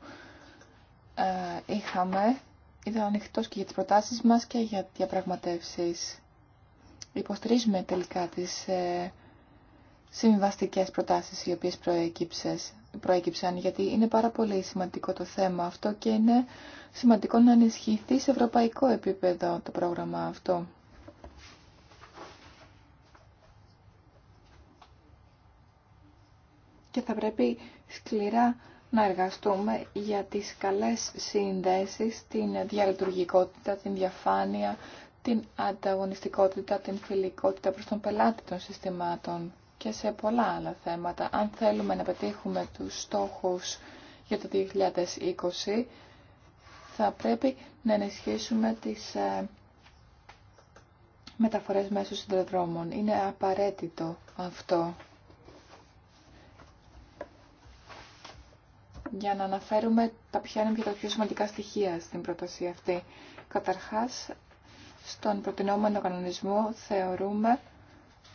ε, είχαμε. Ήταν ανοιχτός και για τις προτάσεις μας και για διαπραγματεύσεις. Υποστηρίζουμε τελικά τις ε, συμβαστικές προτάσεις οι οποίες προέκυψαν, γιατί είναι πάρα πολύ σημαντικό το θέμα αυτό και είναι σημαντικό να ενισχυθεί σε ευρωπαϊκό επίπεδο το πρόγραμμα αυτό. Και θα πρέπει σκληρά να εργαστούμε για τις καλές συνδέσεις, την διαλειτουργικότητα, την διαφάνεια, την ανταγωνιστικότητα, την φιλικότητα προς τον πελάτη των συστημάτων και σε πολλά άλλα θέματα. Αν θέλουμε να πετύχουμε τους στόχους για το 2020, θα πρέπει να ενισχύσουμε τις ε, μεταφορές μέσω συνδροδρόμων. Είναι απαραίτητο αυτό. για να αναφέρουμε τα ποια είναι τα πιο σημαντικά στοιχεία στην πρόταση αυτή. Καταρχάς, στον προτινόμενο κανονισμό θεωρούμε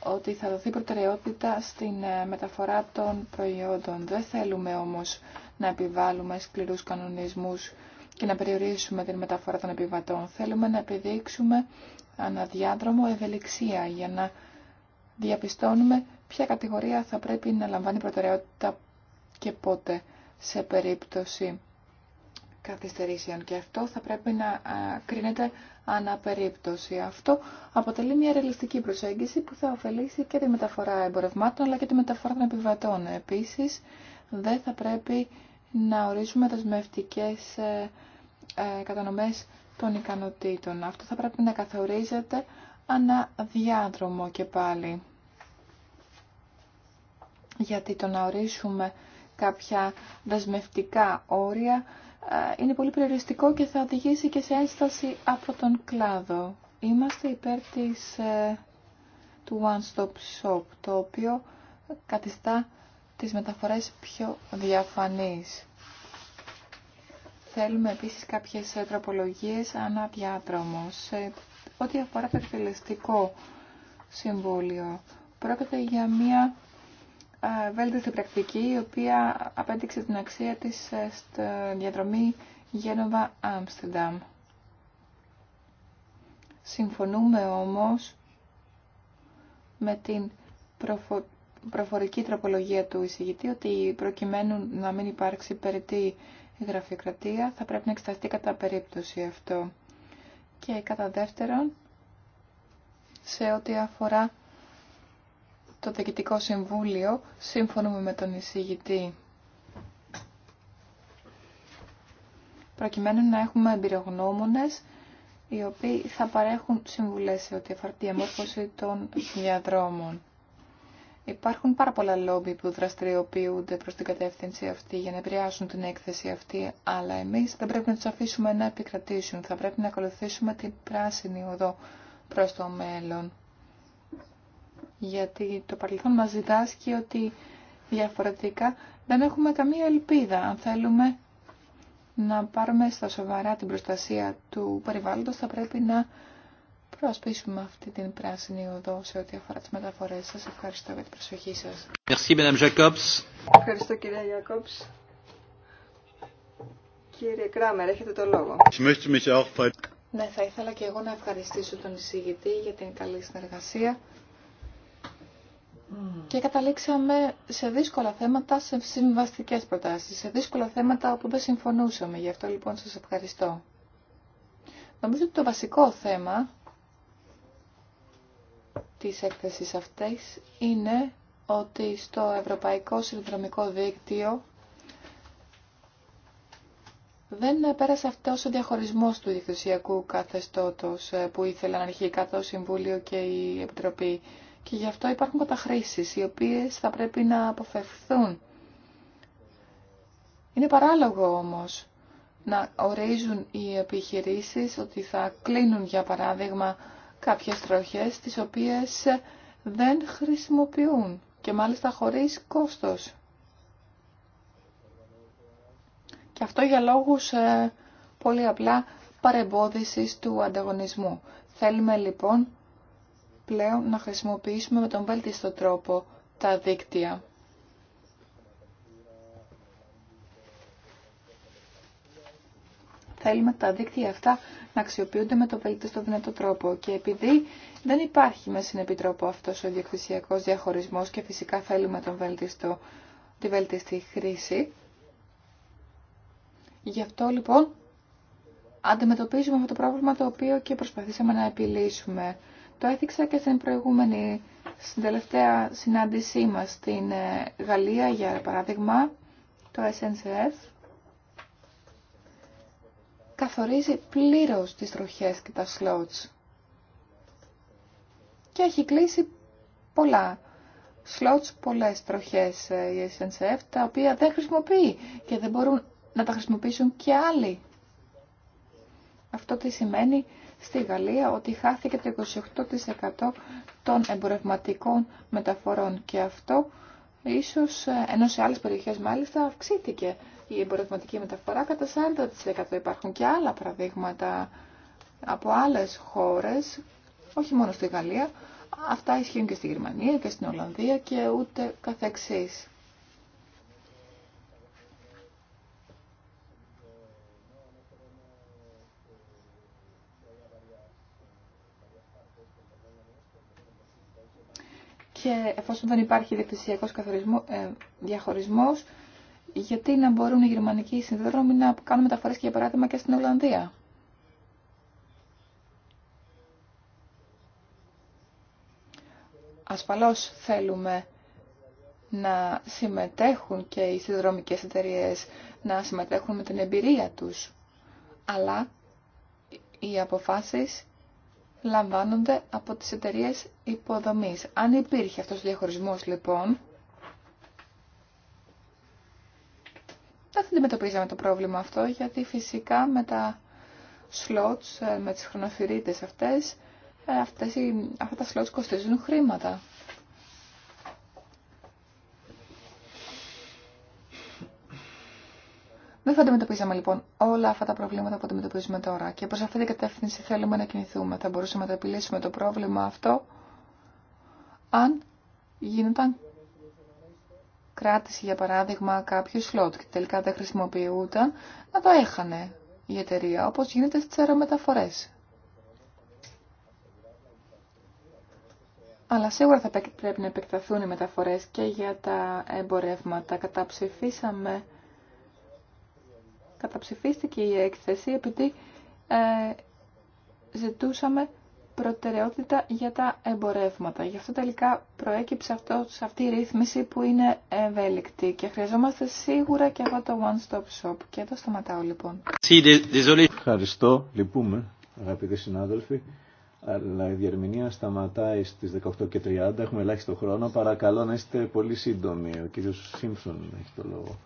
ότι θα δοθεί προτεραιότητα στην ε, μεταφορά των προϊόντων. Δεν θέλουμε όμως να επιβάλλουμε σκληρούς κανονισμούς και να περιορίσουμε την μεταφορά των επιβατών. Θέλουμε να επιδείξουμε αναδιάδρομο ευελιξία για να διαπιστώνουμε ποια κατηγορία θα πρέπει να λαμβάνει προτεραιότητα και πότε σε περίπτωση καθυστερήσεων και αυτό θα πρέπει να κρίνεται αναπερίπτωση. Αυτό αποτελεί μια ρεαλιστική προσέγγιση που θα ωφελήσει και τη μεταφορά εμπορευμάτων αλλά και τη μεταφορά των επιβατών. Επίσης, δεν θα πρέπει να ορίσουμε δεσμευτικέ ε, ε, κατανομές των ικανοτήτων. Αυτό θα πρέπει να καθορίζεται αναδιάδρομο και πάλι. Γιατί το να ορίσουμε κάποια δεσμευτικά όρια ε, είναι πολύ περιοριστικό και θα οδηγήσει και σε ένσταση από τον κλάδο. Είμαστε υπέρ ε, του One Stop Shop, το οποίο καθιστά τις μεταφορές πιο διαφανείς. Θέλουμε επίσης κάποιες ε, τροπολογίες ανά διάδρομο. ό,τι αφορά το εκτελεστικό συμβούλιο, πρόκειται για μια ε, βέλτιστη πρακτική η οποία απέδειξε την αξία της ε, στη διαδρομή Γένοβα-Άμστερνταμ. Συμφωνούμε όμως με την προφορική τροπολογία του εισηγητή ότι προκειμένου να μην υπάρξει περιττή γραφειοκρατία θα πρέπει να εξεταστεί κατά περίπτωση αυτό. Και κατά δεύτερον, σε ό,τι αφορά το Διοικητικό Συμβούλιο, σύμφωνο με τον εισηγητή. Προκειμένου να έχουμε εμπειρογνώμονες οι οποίοι θα παρέχουν συμβουλές σε ό,τι αφορά τη διαμόρφωση των διαδρόμων. Υπάρχουν πάρα πολλά λόμπι που δραστηριοποιούνται προς την κατεύθυνση αυτή για να επηρεάσουν την έκθεση αυτή, αλλά εμείς δεν πρέπει να τους αφήσουμε να επικρατήσουν. Θα πρέπει να ακολουθήσουμε την πράσινη οδό προς το μέλλον γιατί το παρελθόν μας διδάσκει ότι διαφορετικά δεν έχουμε καμία ελπίδα. Αν θέλουμε να πάρουμε στα σοβαρά την προστασία του περιβάλλοντος θα πρέπει να προασπίσουμε αυτή την πράσινη οδό σε ό,τι αφορά τις μεταφορές σας. Ευχαριστώ για την προσοχή σας. Ευχαριστώ κυρία Γιάκοψ. Κύριε Κράμερ, έχετε το λόγο. Ναι, θα ήθελα και εγώ να ευχαριστήσω τον εισηγητή για την καλή συνεργασία. Mm. Και καταλήξαμε σε δύσκολα θέματα, σε συμβαστικές προτάσεις, σε δύσκολα θέματα όπου δεν συμφωνούσαμε. Γι' αυτό λοιπόν σας ευχαριστώ. Νομίζω ότι το βασικό θέμα της έκθεσης αυτής είναι ότι στο Ευρωπαϊκό Συνδρομικό Δίκτυο δεν πέρασε αυτός ο διαχωρισμός του διεκδοσιακού καθεστώτος ε, που ήθελαν αρχικά το Συμβούλιο και η Επιτροπή. Και γι' αυτό υπάρχουν καταχρήσεις, οι οποίες θα πρέπει να αποφευθούν. Είναι παράλογο όμως να ορίζουν οι επιχειρήσεις ότι θα κλείνουν για παράδειγμα κάποιες τροχές τις οποίες δεν χρησιμοποιούν και μάλιστα χωρίς κόστος. Και αυτό για λόγους ε, πολύ απλά παρεμπόδισης του ανταγωνισμού. Θέλουμε λοιπόν πλέον να χρησιμοποιήσουμε με τον βέλτιστο τρόπο τα δίκτυα. Θέλουμε τα δίκτυα αυτά να αξιοποιούνται με τον βέλτιστο δυνατό τρόπο και επειδή δεν υπάρχει με συνεπιτρόπο αυτός ο διοκτησιακός διαχωρισμός και φυσικά θέλουμε τον βέλτιστο, τη βέλτιστη χρήση, γι' αυτό λοιπόν αντιμετωπίζουμε αυτό το πρόβλημα το οποίο και προσπαθήσαμε να επιλύσουμε το έθιξα και στην προηγούμενη, στην τελευταία συνάντησή μας στην ε, Γαλλία, για παράδειγμα, το SNCF καθορίζει πλήρως τις τροχές και τα slots και έχει κλείσει πολλά slots, πολλές τροχές ε, η SNCF, τα οποία δεν χρησιμοποιεί και δεν μπορούν να τα χρησιμοποιήσουν και άλλοι. Αυτό τι σημαίνει στη Γαλλία ότι χάθηκε το 28% των εμπορευματικών μεταφορών και αυτό ίσως, ε, ενώ σε άλλες περιοχές μάλιστα αυξήθηκε η εμπορευματική μεταφορά κατά 40%. Υπάρχουν και άλλα παραδείγματα από άλλες χώρες, όχι μόνο στη Γαλλία, αυτά ισχύουν και στη Γερμανία και στην Ολλανδία και ούτε καθεξής. και εφόσον δεν υπάρχει διεκτησιακός ε, διαχωρισμός, γιατί να μπορούν οι γερμανικοί συνδρόμοι να κάνουν μεταφορές και για παράδειγμα και στην Ολλανδία. Ασφαλώς θέλουμε να συμμετέχουν και οι συνδρομικές εταιρείες να συμμετέχουν με την εμπειρία τους. Αλλά οι αποφάσεις λαμβάνονται από τις εταιρείε υποδομής. Αν υπήρχε αυτός ο διαχωρισμός λοιπόν, δεν θα αντιμετωπίζαμε το πρόβλημα αυτό, γιατί φυσικά με τα slots ε, με τις χρονοφυρίτες αυτές, ε, αυτές αυτά τα slots κοστίζουν χρήματα. Δεν θα αντιμετωπίσαμε λοιπόν όλα αυτά τα προβλήματα που αντιμετωπίζουμε τώρα και προς αυτή την κατεύθυνση θέλουμε να κινηθούμε. Θα μπορούσαμε να επιλύσουμε το πρόβλημα αυτό αν γίνονταν κράτηση για παράδειγμα κάποιου σλότ και τελικά δεν χρησιμοποιούνταν να το έχανε η εταιρεία όπως γίνεται στις αερομεταφορές. Αλλά σίγουρα θα πρέπει να επεκταθούν οι μεταφορές και για τα εμπορεύματα. Καταψηφίσαμε καταψηφίστηκε η έκθεση επειδή ε, ζητούσαμε προτεραιότητα για τα εμπορεύματα. Γι' αυτό τελικά προέκυψε αυτό, σε αυτή η ρύθμιση που είναι ευέλικτη και χρειαζόμαστε σίγουρα και αυτό το one-stop shop. Και εδώ σταματάω λοιπόν. Ευχαριστώ, λυπούμε αγαπητοί συνάδελφοι. Αλλά η διερμηνία σταματάει στις 18.30. Έχουμε ελάχιστο χρόνο. Παρακαλώ να είστε πολύ σύντομοι. Ο κύριος Σίμψον έχει το λόγο.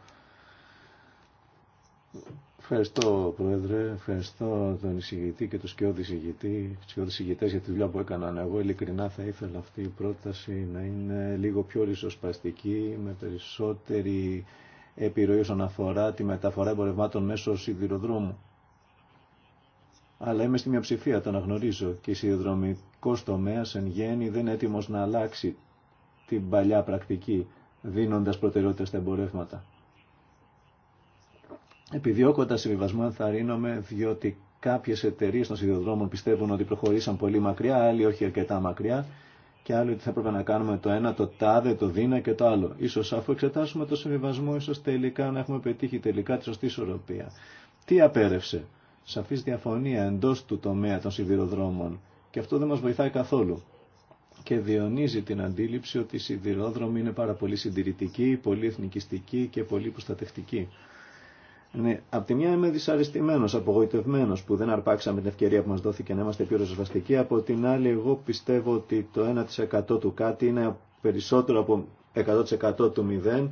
Ευχαριστώ Πρόεδρε, ευχαριστώ τον εισηγητή και τους σκιώδη εισηγητή, τους για τη δουλειά που έκαναν. Εγώ ειλικρινά θα ήθελα αυτή η πρόταση να είναι λίγο πιο ριζοσπαστική, με περισσότερη επιρροή όσον αφορά τη μεταφορά εμπορευμάτων μέσω σιδηροδρόμου. Αλλά είμαι στη μειοψηφία, το αναγνωρίζω και η σιδηροδρομικός τομέα εν γέννη δεν είναι έτοιμος να αλλάξει την παλιά πρακτική, δίνοντας προτεραιότητα στα εμπορεύματα. Επιδιώκοντα συμβιβασμό, ενθαρρύνομαι διότι κάποιε εταιρείε των σιδηροδρόμων πιστεύουν ότι προχωρήσαν πολύ μακριά, άλλοι όχι αρκετά μακριά και άλλοι ότι θα έπρεπε να κάνουμε το ένα, το τάδε, το δίνα και το άλλο. σω αφού εξετάσουμε το συμβιβασμό, ίσω τελικά να έχουμε πετύχει τελικά τη σωστή ισορροπία. Τι απέρευσε. Σαφή διαφωνία εντό του τομέα των σιδηροδρόμων. Και αυτό δεν μα βοηθάει καθόλου. Και διονύζει την αντίληψη ότι οι σιδηρόδρομοι είναι πάρα πολύ συντηρητικοί, πολύ εθνικιστικοί και πολύ προστατευτικοί. Ναι, απ' τη μια είμαι δυσαρεστημένο, απογοητευμένο που δεν αρπάξαμε την ευκαιρία που μα δόθηκε να είμαστε πιο ρεσβαστικοί. Από την άλλη, εγώ πιστεύω ότι το 1% του κάτι είναι περισσότερο από 100% του 0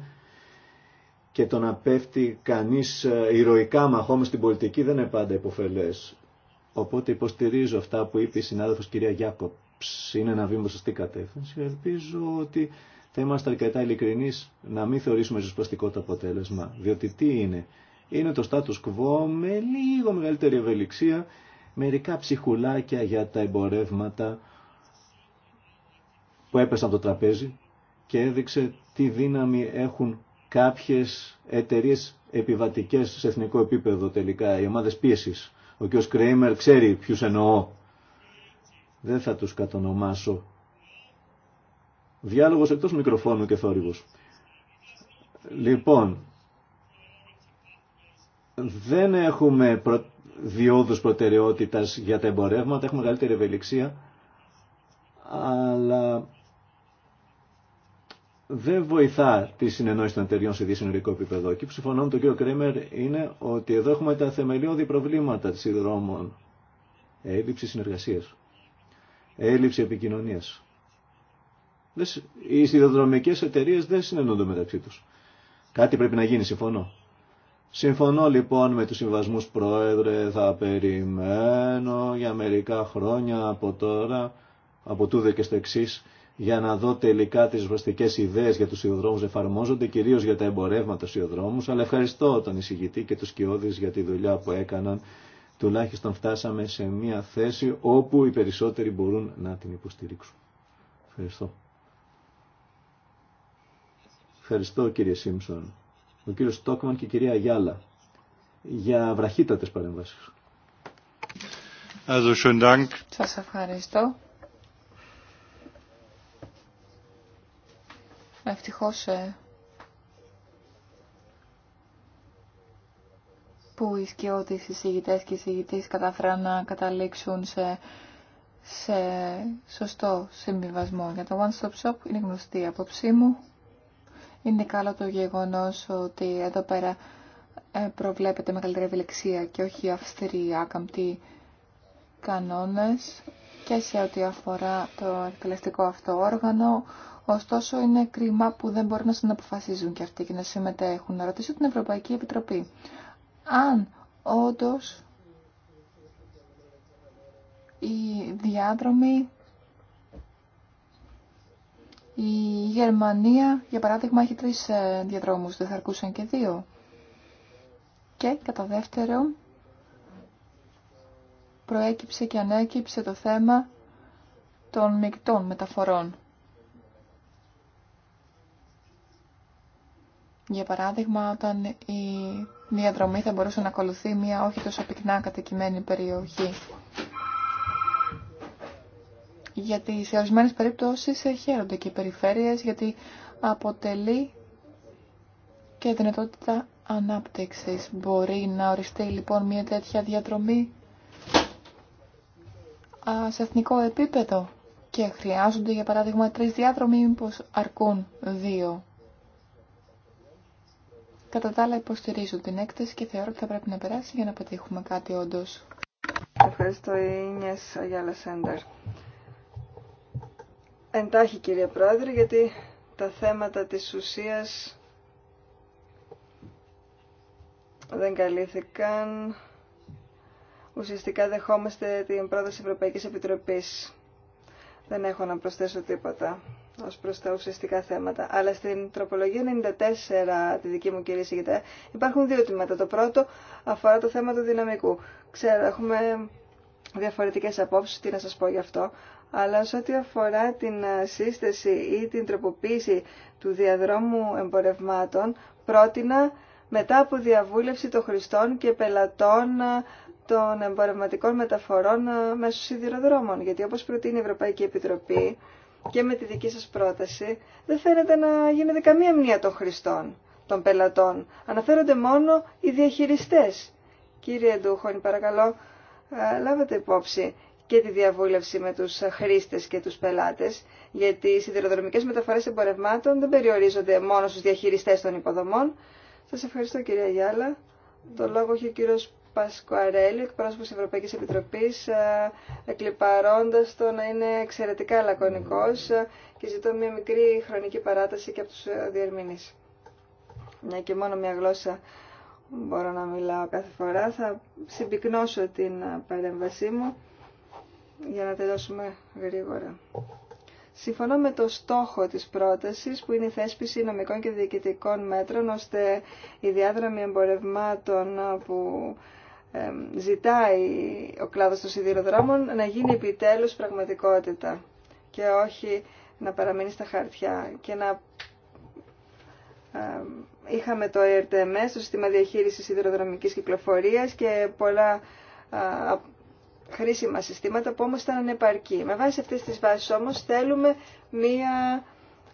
και το να πέφτει κανεί ε, ηρωικά μαχώμε στην πολιτική δεν είναι πάντα υποφέλε. Οπότε υποστηρίζω αυτά που είπε η συνάδελφος κυρία Γιάκοψ. Είναι ένα βήμα σωστή κατεύθυνση. Ελπίζω ότι θα είμαστε αρκετά ειλικρινεί να μην θεωρήσουμε ζωσπαστικό το αποτέλεσμα. Διότι τι είναι, είναι το status quo με λίγο μεγαλύτερη ευελιξία, μερικά ψυχουλάκια για τα εμπορεύματα που έπεσαν το τραπέζι και έδειξε τι δύναμη έχουν κάποιες εταιρείες επιβατικές σε εθνικό επίπεδο τελικά, οι ομάδες πίεσης. Ο κ. Κρέιμερ ξέρει ποιους εννοώ. Δεν θα τους κατονομάσω. Διάλογος εκτός μικροφώνου και θόρυβος. Λοιπόν, δεν έχουμε προ... διόδους προτεραιότητας για τα εμπορεύματα, έχουμε μεγαλύτερη ευελιξία, αλλά δεν βοηθά τη συνεννόηση των εταιριών σε δυσυνορικό επίπεδο. Και συμφωνώ με τον κύριο Κρέμερ είναι ότι εδώ έχουμε τα θεμελιώδη προβλήματα της συνδρόμων. Έλλειψη συνεργασίας. Έλλειψη επικοινωνίας. Οι σιδηροδρομικές εταιρείε δεν συνεννούνται μεταξύ τους. Κάτι πρέπει να γίνει, συμφωνώ. Συμφωνώ λοιπόν με τους συμβασμούς πρόεδρε, θα περιμένω για μερικά χρόνια από τώρα, από τούδε και στο εξή, για να δω τελικά τις βαστικές ιδέες για τους σιδηροδρόμους εφαρμόζονται, κυρίως για τα εμπορεύματα σιδηροδρόμους, αλλά ευχαριστώ τον εισηγητή και τους κοιόδης για τη δουλειά που έκαναν. Τουλάχιστον φτάσαμε σε μια θέση όπου οι περισσότεροι μπορούν να την υποστηρίξουν. Ευχαριστώ. Ευχαριστώ κύριε Σίμψον. Ο κύριο Στόκμαν και η κυρία Γιάλα για βραχύτατες παρεμβάσεις. Also, Σας ευχαριστώ. Ευτυχώς ε, που οι σκιώτες, οι συγητές και οι καταφρά καταφέραν να καταλήξουν σε, σε σωστό συμβιβασμό. Για το One Stop Shop είναι γνωστή η απόψή μου. Είναι καλό το γεγονός ότι εδώ πέρα ε, προβλέπεται μεγαλύτερη ευελιξία και όχι αυστηροί άκαμπτοι κανόνες και σε ό,τι αφορά το εκτελεστικό αυτό όργανο. Ωστόσο είναι κρίμα που δεν μπορούν να συναποφασίζουν και αυτοί και να συμμετέχουν. Να ρωτήσω την Ευρωπαϊκή Επιτροπή. Αν όντω οι διάδρομοι η Γερμανία, για παράδειγμα, έχει τρεις ε, διαδρόμους, δεν θα αρκούσαν και δύο. Και κατά δεύτερο, προέκυψε και ανέκυψε το θέμα των μεικτών μεταφορών. Για παράδειγμα, όταν η διαδρομή θα μπορούσε να ακολουθεί μια όχι τόσο πυκνά κατοικημένη περιοχή γιατί σε ορισμένες περιπτώσεις ε, χαίρονται και οι περιφέρειες, γιατί αποτελεί και δυνατότητα ανάπτυξης. Μπορεί να οριστεί λοιπόν μια τέτοια διαδρομή σε εθνικό επίπεδο και χρειάζονται για παράδειγμα τρεις διάδρομοι, μήπως αρκούν δύο. Κατά τα άλλα υποστηρίζω την έκθεση και θεωρώ ότι θα πρέπει να περάσει για να πετύχουμε κάτι όντως. Ευχαριστώ, Ινιές Αγιάλα Εντάχει κύριε Πρόεδρε γιατί τα θέματα της ουσίας δεν καλύφθηκαν. Ουσιαστικά δεχόμαστε την πρόταση Ευρωπαϊκής Επιτροπής. Δεν έχω να προσθέσω τίποτα ως προς τα ουσιαστικά θέματα. Αλλά στην τροπολογία 94, τη δική μου κυρία Σιγητά, υπάρχουν δύο τμήματα. Το πρώτο αφορά το θέμα του δυναμικού. Ξέρω, έχουμε διαφορετικές απόψεις, τι να σας πω γι' αυτό αλλά σε ό,τι αφορά την ε, σύσταση ή την τροποποίηση του διαδρόμου εμπορευμάτων, πρότεινα μετά από διαβούλευση των χρηστών και πελατών ε, των εμπορευματικών μεταφορών ε, μέσω σιδηροδρόμων. Γιατί όπως προτείνει η Ευρωπαϊκή Επιτροπή και με τη δική σας πρόταση, δεν φαίνεται να γίνεται καμία μνήα των χρηστών, των πελατών. Αναφέρονται μόνο οι διαχειριστές. Κύριε Ντούχον, παρακαλώ, λάβετε υπόψη και τη διαβούλευση με τους χρήστες και τους πελάτες, γιατί οι σιδηροδρομικές μεταφορές εμπορευμάτων δεν περιορίζονται μόνο στους διαχειριστές των υποδομών. Σας ευχαριστώ κυρία Γιάλα. Το λόγο έχει ο κύριος Πασκουαρέλη, εκπρόσωπο τη Ευρωπαϊκή Επιτροπή, ε, εκλυπαρώντας το να είναι εξαιρετικά λακωνικό ε, και ζητώ μια μικρή χρονική παράταση και από του ε, διερμηνεί. Μια και μόνο μια γλώσσα μπορώ να μιλάω κάθε φορά. Θα συμπυκνώσω την παρέμβασή μου για να τελειώσουμε γρήγορα. Συμφωνώ με το στόχο της πρότασης που είναι η θέσπιση νομικών και διοικητικών μέτρων ώστε η διάδραμη εμπορευμάτων που ζητάει ο κλάδος των σιδηροδρόμων να γίνει επιτέλους πραγματικότητα και όχι να παραμείνει στα χαρτιά και να είχαμε το ERTMS, το Σύστημα Διαχείρισης Σιδηροδρομικής Κυκλοφορίας και πολλά χρήσιμα συστήματα που όμως ήταν ανεπαρκή. Με βάση αυτές τις βάσεις όμως θέλουμε μία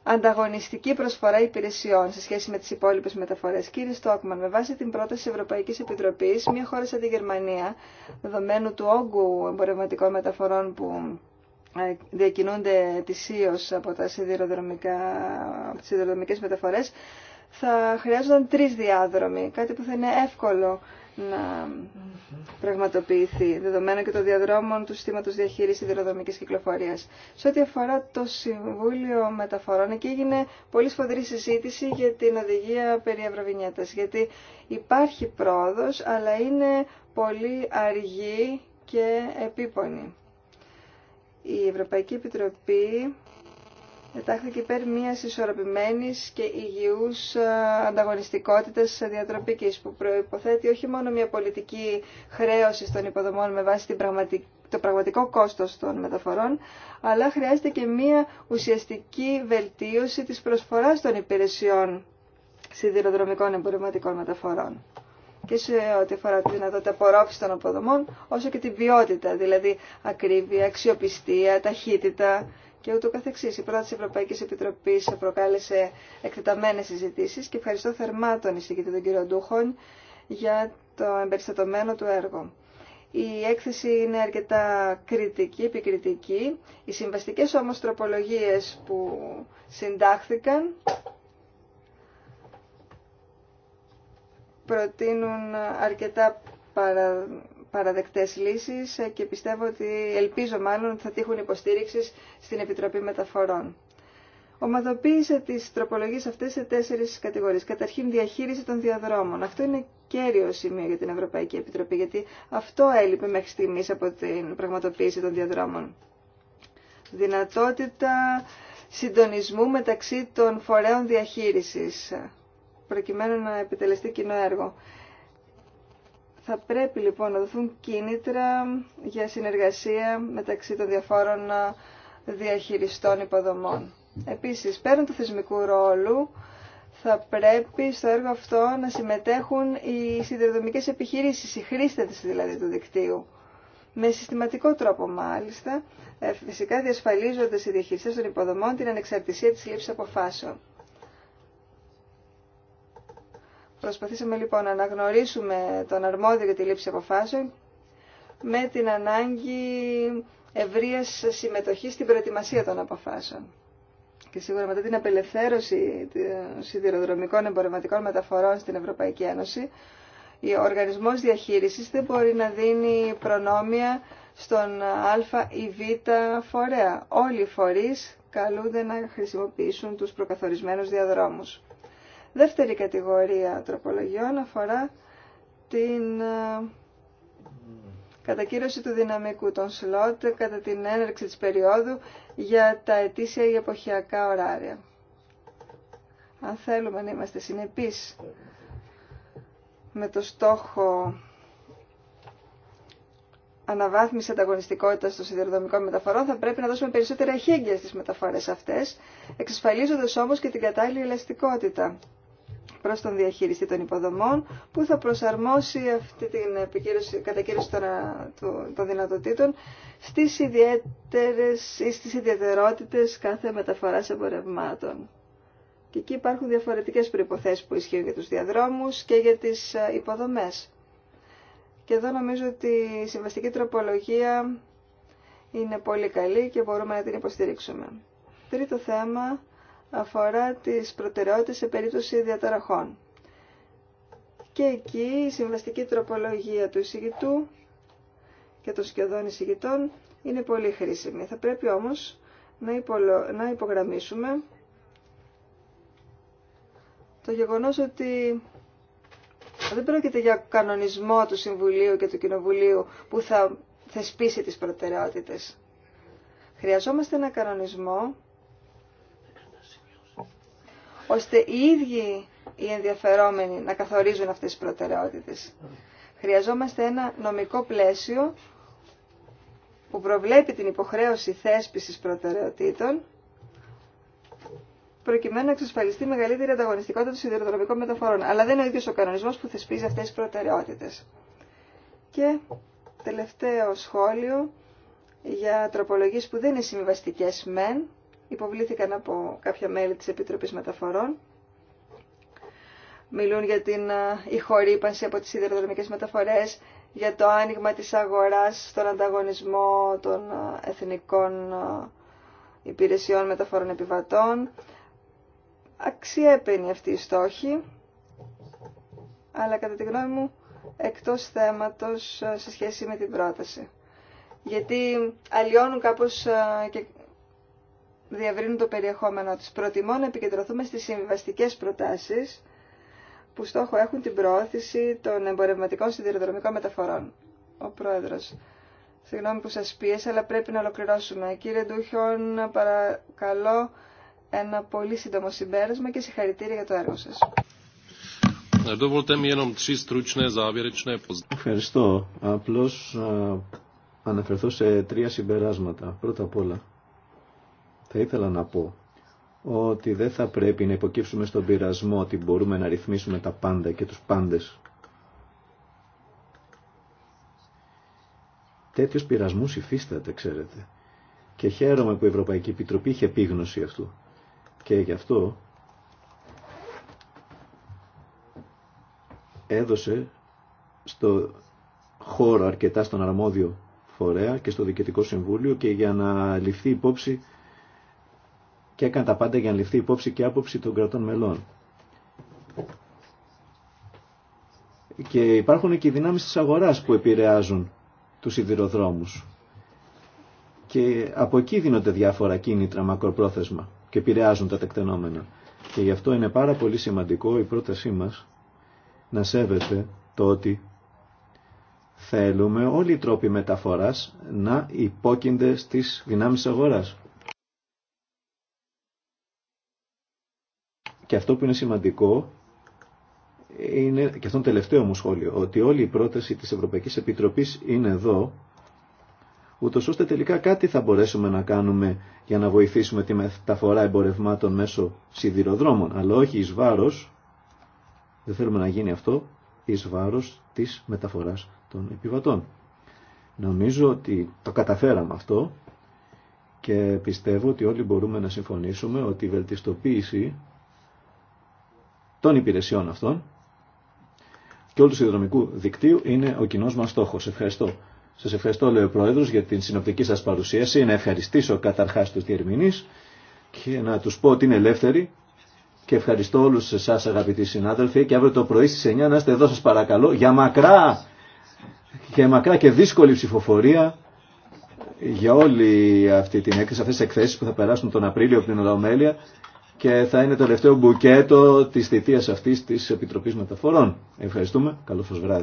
ανταγωνιστική προσφορά υπηρεσιών σε σχέση με τις υπόλοιπες μεταφορές. Κύριε Στόκμαν, με βάση την πρόταση Ευρωπαϊκής Επιτροπής, μια χώρα σαν τη Γερμανία, δεδομένου του όγκου εμπορευματικών μεταφορών που ε, διακινούνται ετησίως από, τα σιδηροδρομικά, από τις σιδηροδρομικές μεταφορές, θα χρειάζονταν τρεις διάδρομοι, κάτι που θα είναι εύκολο να πραγματοποιηθεί, δεδομένο και των διαδρόμων του συστήματο διαχείρισης σιδηροδρομικής κυκλοφορίας. Σε ό,τι αφορά το Συμβούλιο Μεταφορών, εκεί έγινε πολύ σφοδρή συζήτηση για την οδηγία περί Ευρωβινιέτα. γιατί υπάρχει πρόοδο, αλλά είναι πολύ αργή και επίπονη. Η Ευρωπαϊκή Επιτροπή ετάχθηκε υπέρ μια ισορροπημένη και υγιούς ε, ανταγωνιστικότητας διατροπική, που προποθέτει όχι μόνο μια πολιτική χρέωση των υποδομών με βάση την το πραγματικό κόστος των μεταφορών, αλλά χρειάζεται και μία ουσιαστική βελτίωση της προσφοράς των υπηρεσιών σιδηροδρομικών εμπορευματικών μεταφορών και σε ό,τι αφορά τη δυνατότητα απορρόφηση των αποδομών, όσο και την ποιότητα, δηλαδή ακρίβεια, αξιοπιστία, ταχύτητα και ούτω καθεξής. Η πρόταση της Ευρωπαϊκής Επιτροπής προκάλεσε εκτεταμένες συζητήσεις και ευχαριστώ θερμά τον εισηγητή τον κύριο Ντούχον για το εμπεριστατωμένο του έργο. Η έκθεση είναι αρκετά κριτική, επικριτική. Οι συμβαστικές όμως τροπολογίες που συντάχθηκαν προτείνουν αρκετά παρα παραδεκτές λύσεις ε, και πιστεύω ότι ελπίζω μάλλον θα τύχουν υποστήριξης στην Επιτροπή Μεταφορών. Ομαδοποίησα τις τροπολογίες αυτές σε τέσσερις κατηγορίες. Καταρχήν διαχείριση των διαδρόμων. Αυτό είναι κέριο σημείο για την Ευρωπαϊκή Επιτροπή, γιατί αυτό έλειπε μέχρι στιγμής από την πραγματοποίηση των διαδρόμων. Δυνατότητα συντονισμού μεταξύ των φορέων διαχείρισης, προκειμένου να επιτελεστεί κοινό έργο. Θα πρέπει λοιπόν να δοθούν κίνητρα για συνεργασία μεταξύ των διαφόρων διαχειριστών υποδομών. Επίσης, πέραν του θεσμικού ρόλου, θα πρέπει στο έργο αυτό να συμμετέχουν οι συνδεδομικές επιχειρήσεις, οι χρήστες δηλαδή του δικτύου. Με συστηματικό τρόπο μάλιστα, ε, φυσικά διασφαλίζοντας οι διαχειριστές των υποδομών την ανεξαρτησία της λήψης αποφάσεων. Προσπαθήσαμε λοιπόν να αναγνωρίσουμε τον αρμόδιο για τη λήψη αποφάσεων με την ανάγκη ευρεία συμμετοχής στην προετοιμασία των αποφάσεων. Και σίγουρα μετά την απελευθέρωση των σιδηροδρομικών εμπορευματικών μεταφορών στην Ευρωπαϊκή Ένωση, ο οργανισμό διαχείρισης δεν μπορεί να δίνει προνόμια στον α ή β φορέα. Όλοι οι φορεί καλούνται να χρησιμοποιήσουν τους προκαθορισμένου διαδρόμους. Δεύτερη κατηγορία τροπολογιών αφορά την ε, κατακύρωση του δυναμικού των σλότ κατά την έναρξη της περίοδου για τα ετήσια ή εποχιακά ωράρια. Αν θέλουμε να είμαστε συνεπείς με το στόχο αναβάθμιση ανταγωνιστικότητα των σιδηροδρομικών μεταφορών, θα πρέπει να δώσουμε περισσότερα χέγγια στι μεταφορέ αυτέ, εξασφαλίζοντα όμω και την κατάλληλη ελαστικότητα προς τον διαχειριστή των υποδομών που θα προσαρμόσει αυτή την επικύρωση, κατακύρωση των, των δυνατοτήτων στις, ιδιαίτερες, ή στις ιδιαιτερότητες κάθε μεταφοράς εμπορευμάτων. Και εκεί υπάρχουν διαφορετικές προϋποθέσεις που ισχύουν για τους διαδρόμους και για τις ε, υποδομές. Και εδώ νομίζω ότι η συμβαστική τροπολογία είναι πολύ καλή και μπορούμε να την υποστηρίξουμε. Τρίτο θέμα αφορά τις προτεραιότητες σε περίπτωση διαταραχών. Και εκεί η συμβαστική τροπολογία του εισηγητού και των σχεδόν εισηγητών είναι πολύ χρήσιμη. Θα πρέπει όμως να υπογραμμίσουμε το γεγονός ότι δεν πρόκειται για κανονισμό του Συμβουλίου και του Κοινοβουλίου που θα θεσπίσει τις προτεραιότητες. Χρειαζόμαστε ένα κανονισμό ώστε οι ίδιοι οι ενδιαφερόμενοι να καθορίζουν αυτές τις προτεραιότητες. Χρειαζόμαστε ένα νομικό πλαίσιο που προβλέπει την υποχρέωση θέσπισης προτεραιοτήτων προκειμένου να εξασφαλιστεί μεγαλύτερη ανταγωνιστικότητα των σιδηροδρομικών μεταφορών. Αλλά δεν είναι ο ίδιος ο κανονισμός που θεσπίζει αυτές τις προτεραιότητες. Και τελευταίο σχόλιο για τροπολογίες που δεν είναι συμβαστικές μεν, υποβλήθηκαν από κάποια μέλη της Επιτροπής Μεταφορών. Μιλούν για την ε, ηχορύπανση από τις σιδηροδρομικές μεταφορές, για το άνοιγμα της αγοράς στον ανταγωνισμό των ε, εθνικών ε, υπηρεσιών μεταφορών επιβατών. Αξιέπαινει αυτή η στόχη, αλλά κατά τη γνώμη μου εκτός θέματος σε σχέση με την πρόταση. Γιατί αλλοιώνουν κάπως διαβρύνουν το περιεχόμενό τους. Προτιμώ να επικεντρωθούμε στις συμβαστικές προτάσεις που στόχο έχουν την προώθηση των εμπορευματικών σιδηροδρομικών μεταφορών. Ο Πρόεδρος. Συγγνώμη που σας πίεσα, αλλά πρέπει να ολοκληρώσουμε. Κύριε Ντούχιον, παρακαλώ ένα πολύ σύντομο συμπέρασμα και συγχαρητήρια για το έργο σας. Ευχαριστώ. Απλώς αναφερθώ σε τρία συμπεράσματα. Πρώτα απ' όλα. Θα ήθελα να πω ότι δεν θα πρέπει να υποκύψουμε στον πειρασμό ότι μπορούμε να ρυθμίσουμε τα πάντα και τους πάντες. Τέτοιος πειρασμού υφίσταται, ξέρετε. Και χαίρομαι που η Ευρωπαϊκή Επιτροπή είχε επίγνωση αυτού. Και γι' αυτό έδωσε στο χώρο αρκετά στον αρμόδιο φορέα και στο Διοικητικό Συμβούλιο και για να ληφθεί υπόψη και έκανε τα πάντα για να ληφθεί υπόψη και άποψη των κρατών μελών. Και υπάρχουν και οι δυνάμεις της αγοράς που επηρεάζουν τους σιδηροδρόμους. Και από εκεί δίνονται διάφορα κίνητρα μακροπρόθεσμα και επηρεάζουν τα τεκτενόμενα. Και γι' αυτό είναι πάρα πολύ σημαντικό η πρότασή μας να σέβεται το ότι θέλουμε όλοι οι τρόποι μεταφοράς να υπόκεινται στις δυνάμεις αγοράς. Και αυτό που είναι σημαντικό είναι, και αυτό είναι το τελευταίο μου σχόλιο, ότι όλη η πρόταση της Ευρωπαϊκής Επιτροπής είναι εδώ, ούτω ώστε τελικά κάτι θα μπορέσουμε να κάνουμε για να βοηθήσουμε τη μεταφορά εμπορευμάτων μέσω σιδηροδρόμων, αλλά όχι εις βάρος, δεν θέλουμε να γίνει αυτό, εις βάρος της μεταφοράς των επιβατών. Νομίζω ότι το καταφέραμε αυτό και πιστεύω ότι όλοι μπορούμε να συμφωνήσουμε ότι η βελτιστοποίηση των υπηρεσιών αυτών και όλου του συνδρομικού δικτύου είναι ο κοινό μα στόχο. Ευχαριστώ. Σα ευχαριστώ, λέει ο Πρόεδρο, για την συνοπτική σα παρουσίαση. Να ευχαριστήσω καταρχά του διερμηνεί και να του πω ότι είναι ελεύθεροι. Και ευχαριστώ όλου εσά, αγαπητοί συνάδελφοι. Και αύριο το πρωί στι 9 να είστε εδώ, σα παρακαλώ, για μακρά και μακρά και δύσκολη ψηφοφορία για όλη αυτή την έκθεση, αυτέ τι εκθέσει που θα περάσουν τον Απρίλιο από την Ολαομέλεια και θα είναι το τελευταίο μπουκέτο της θητείας αυτής της Επιτροπής Μεταφορών. Ευχαριστούμε. Καλό σας βράδυ.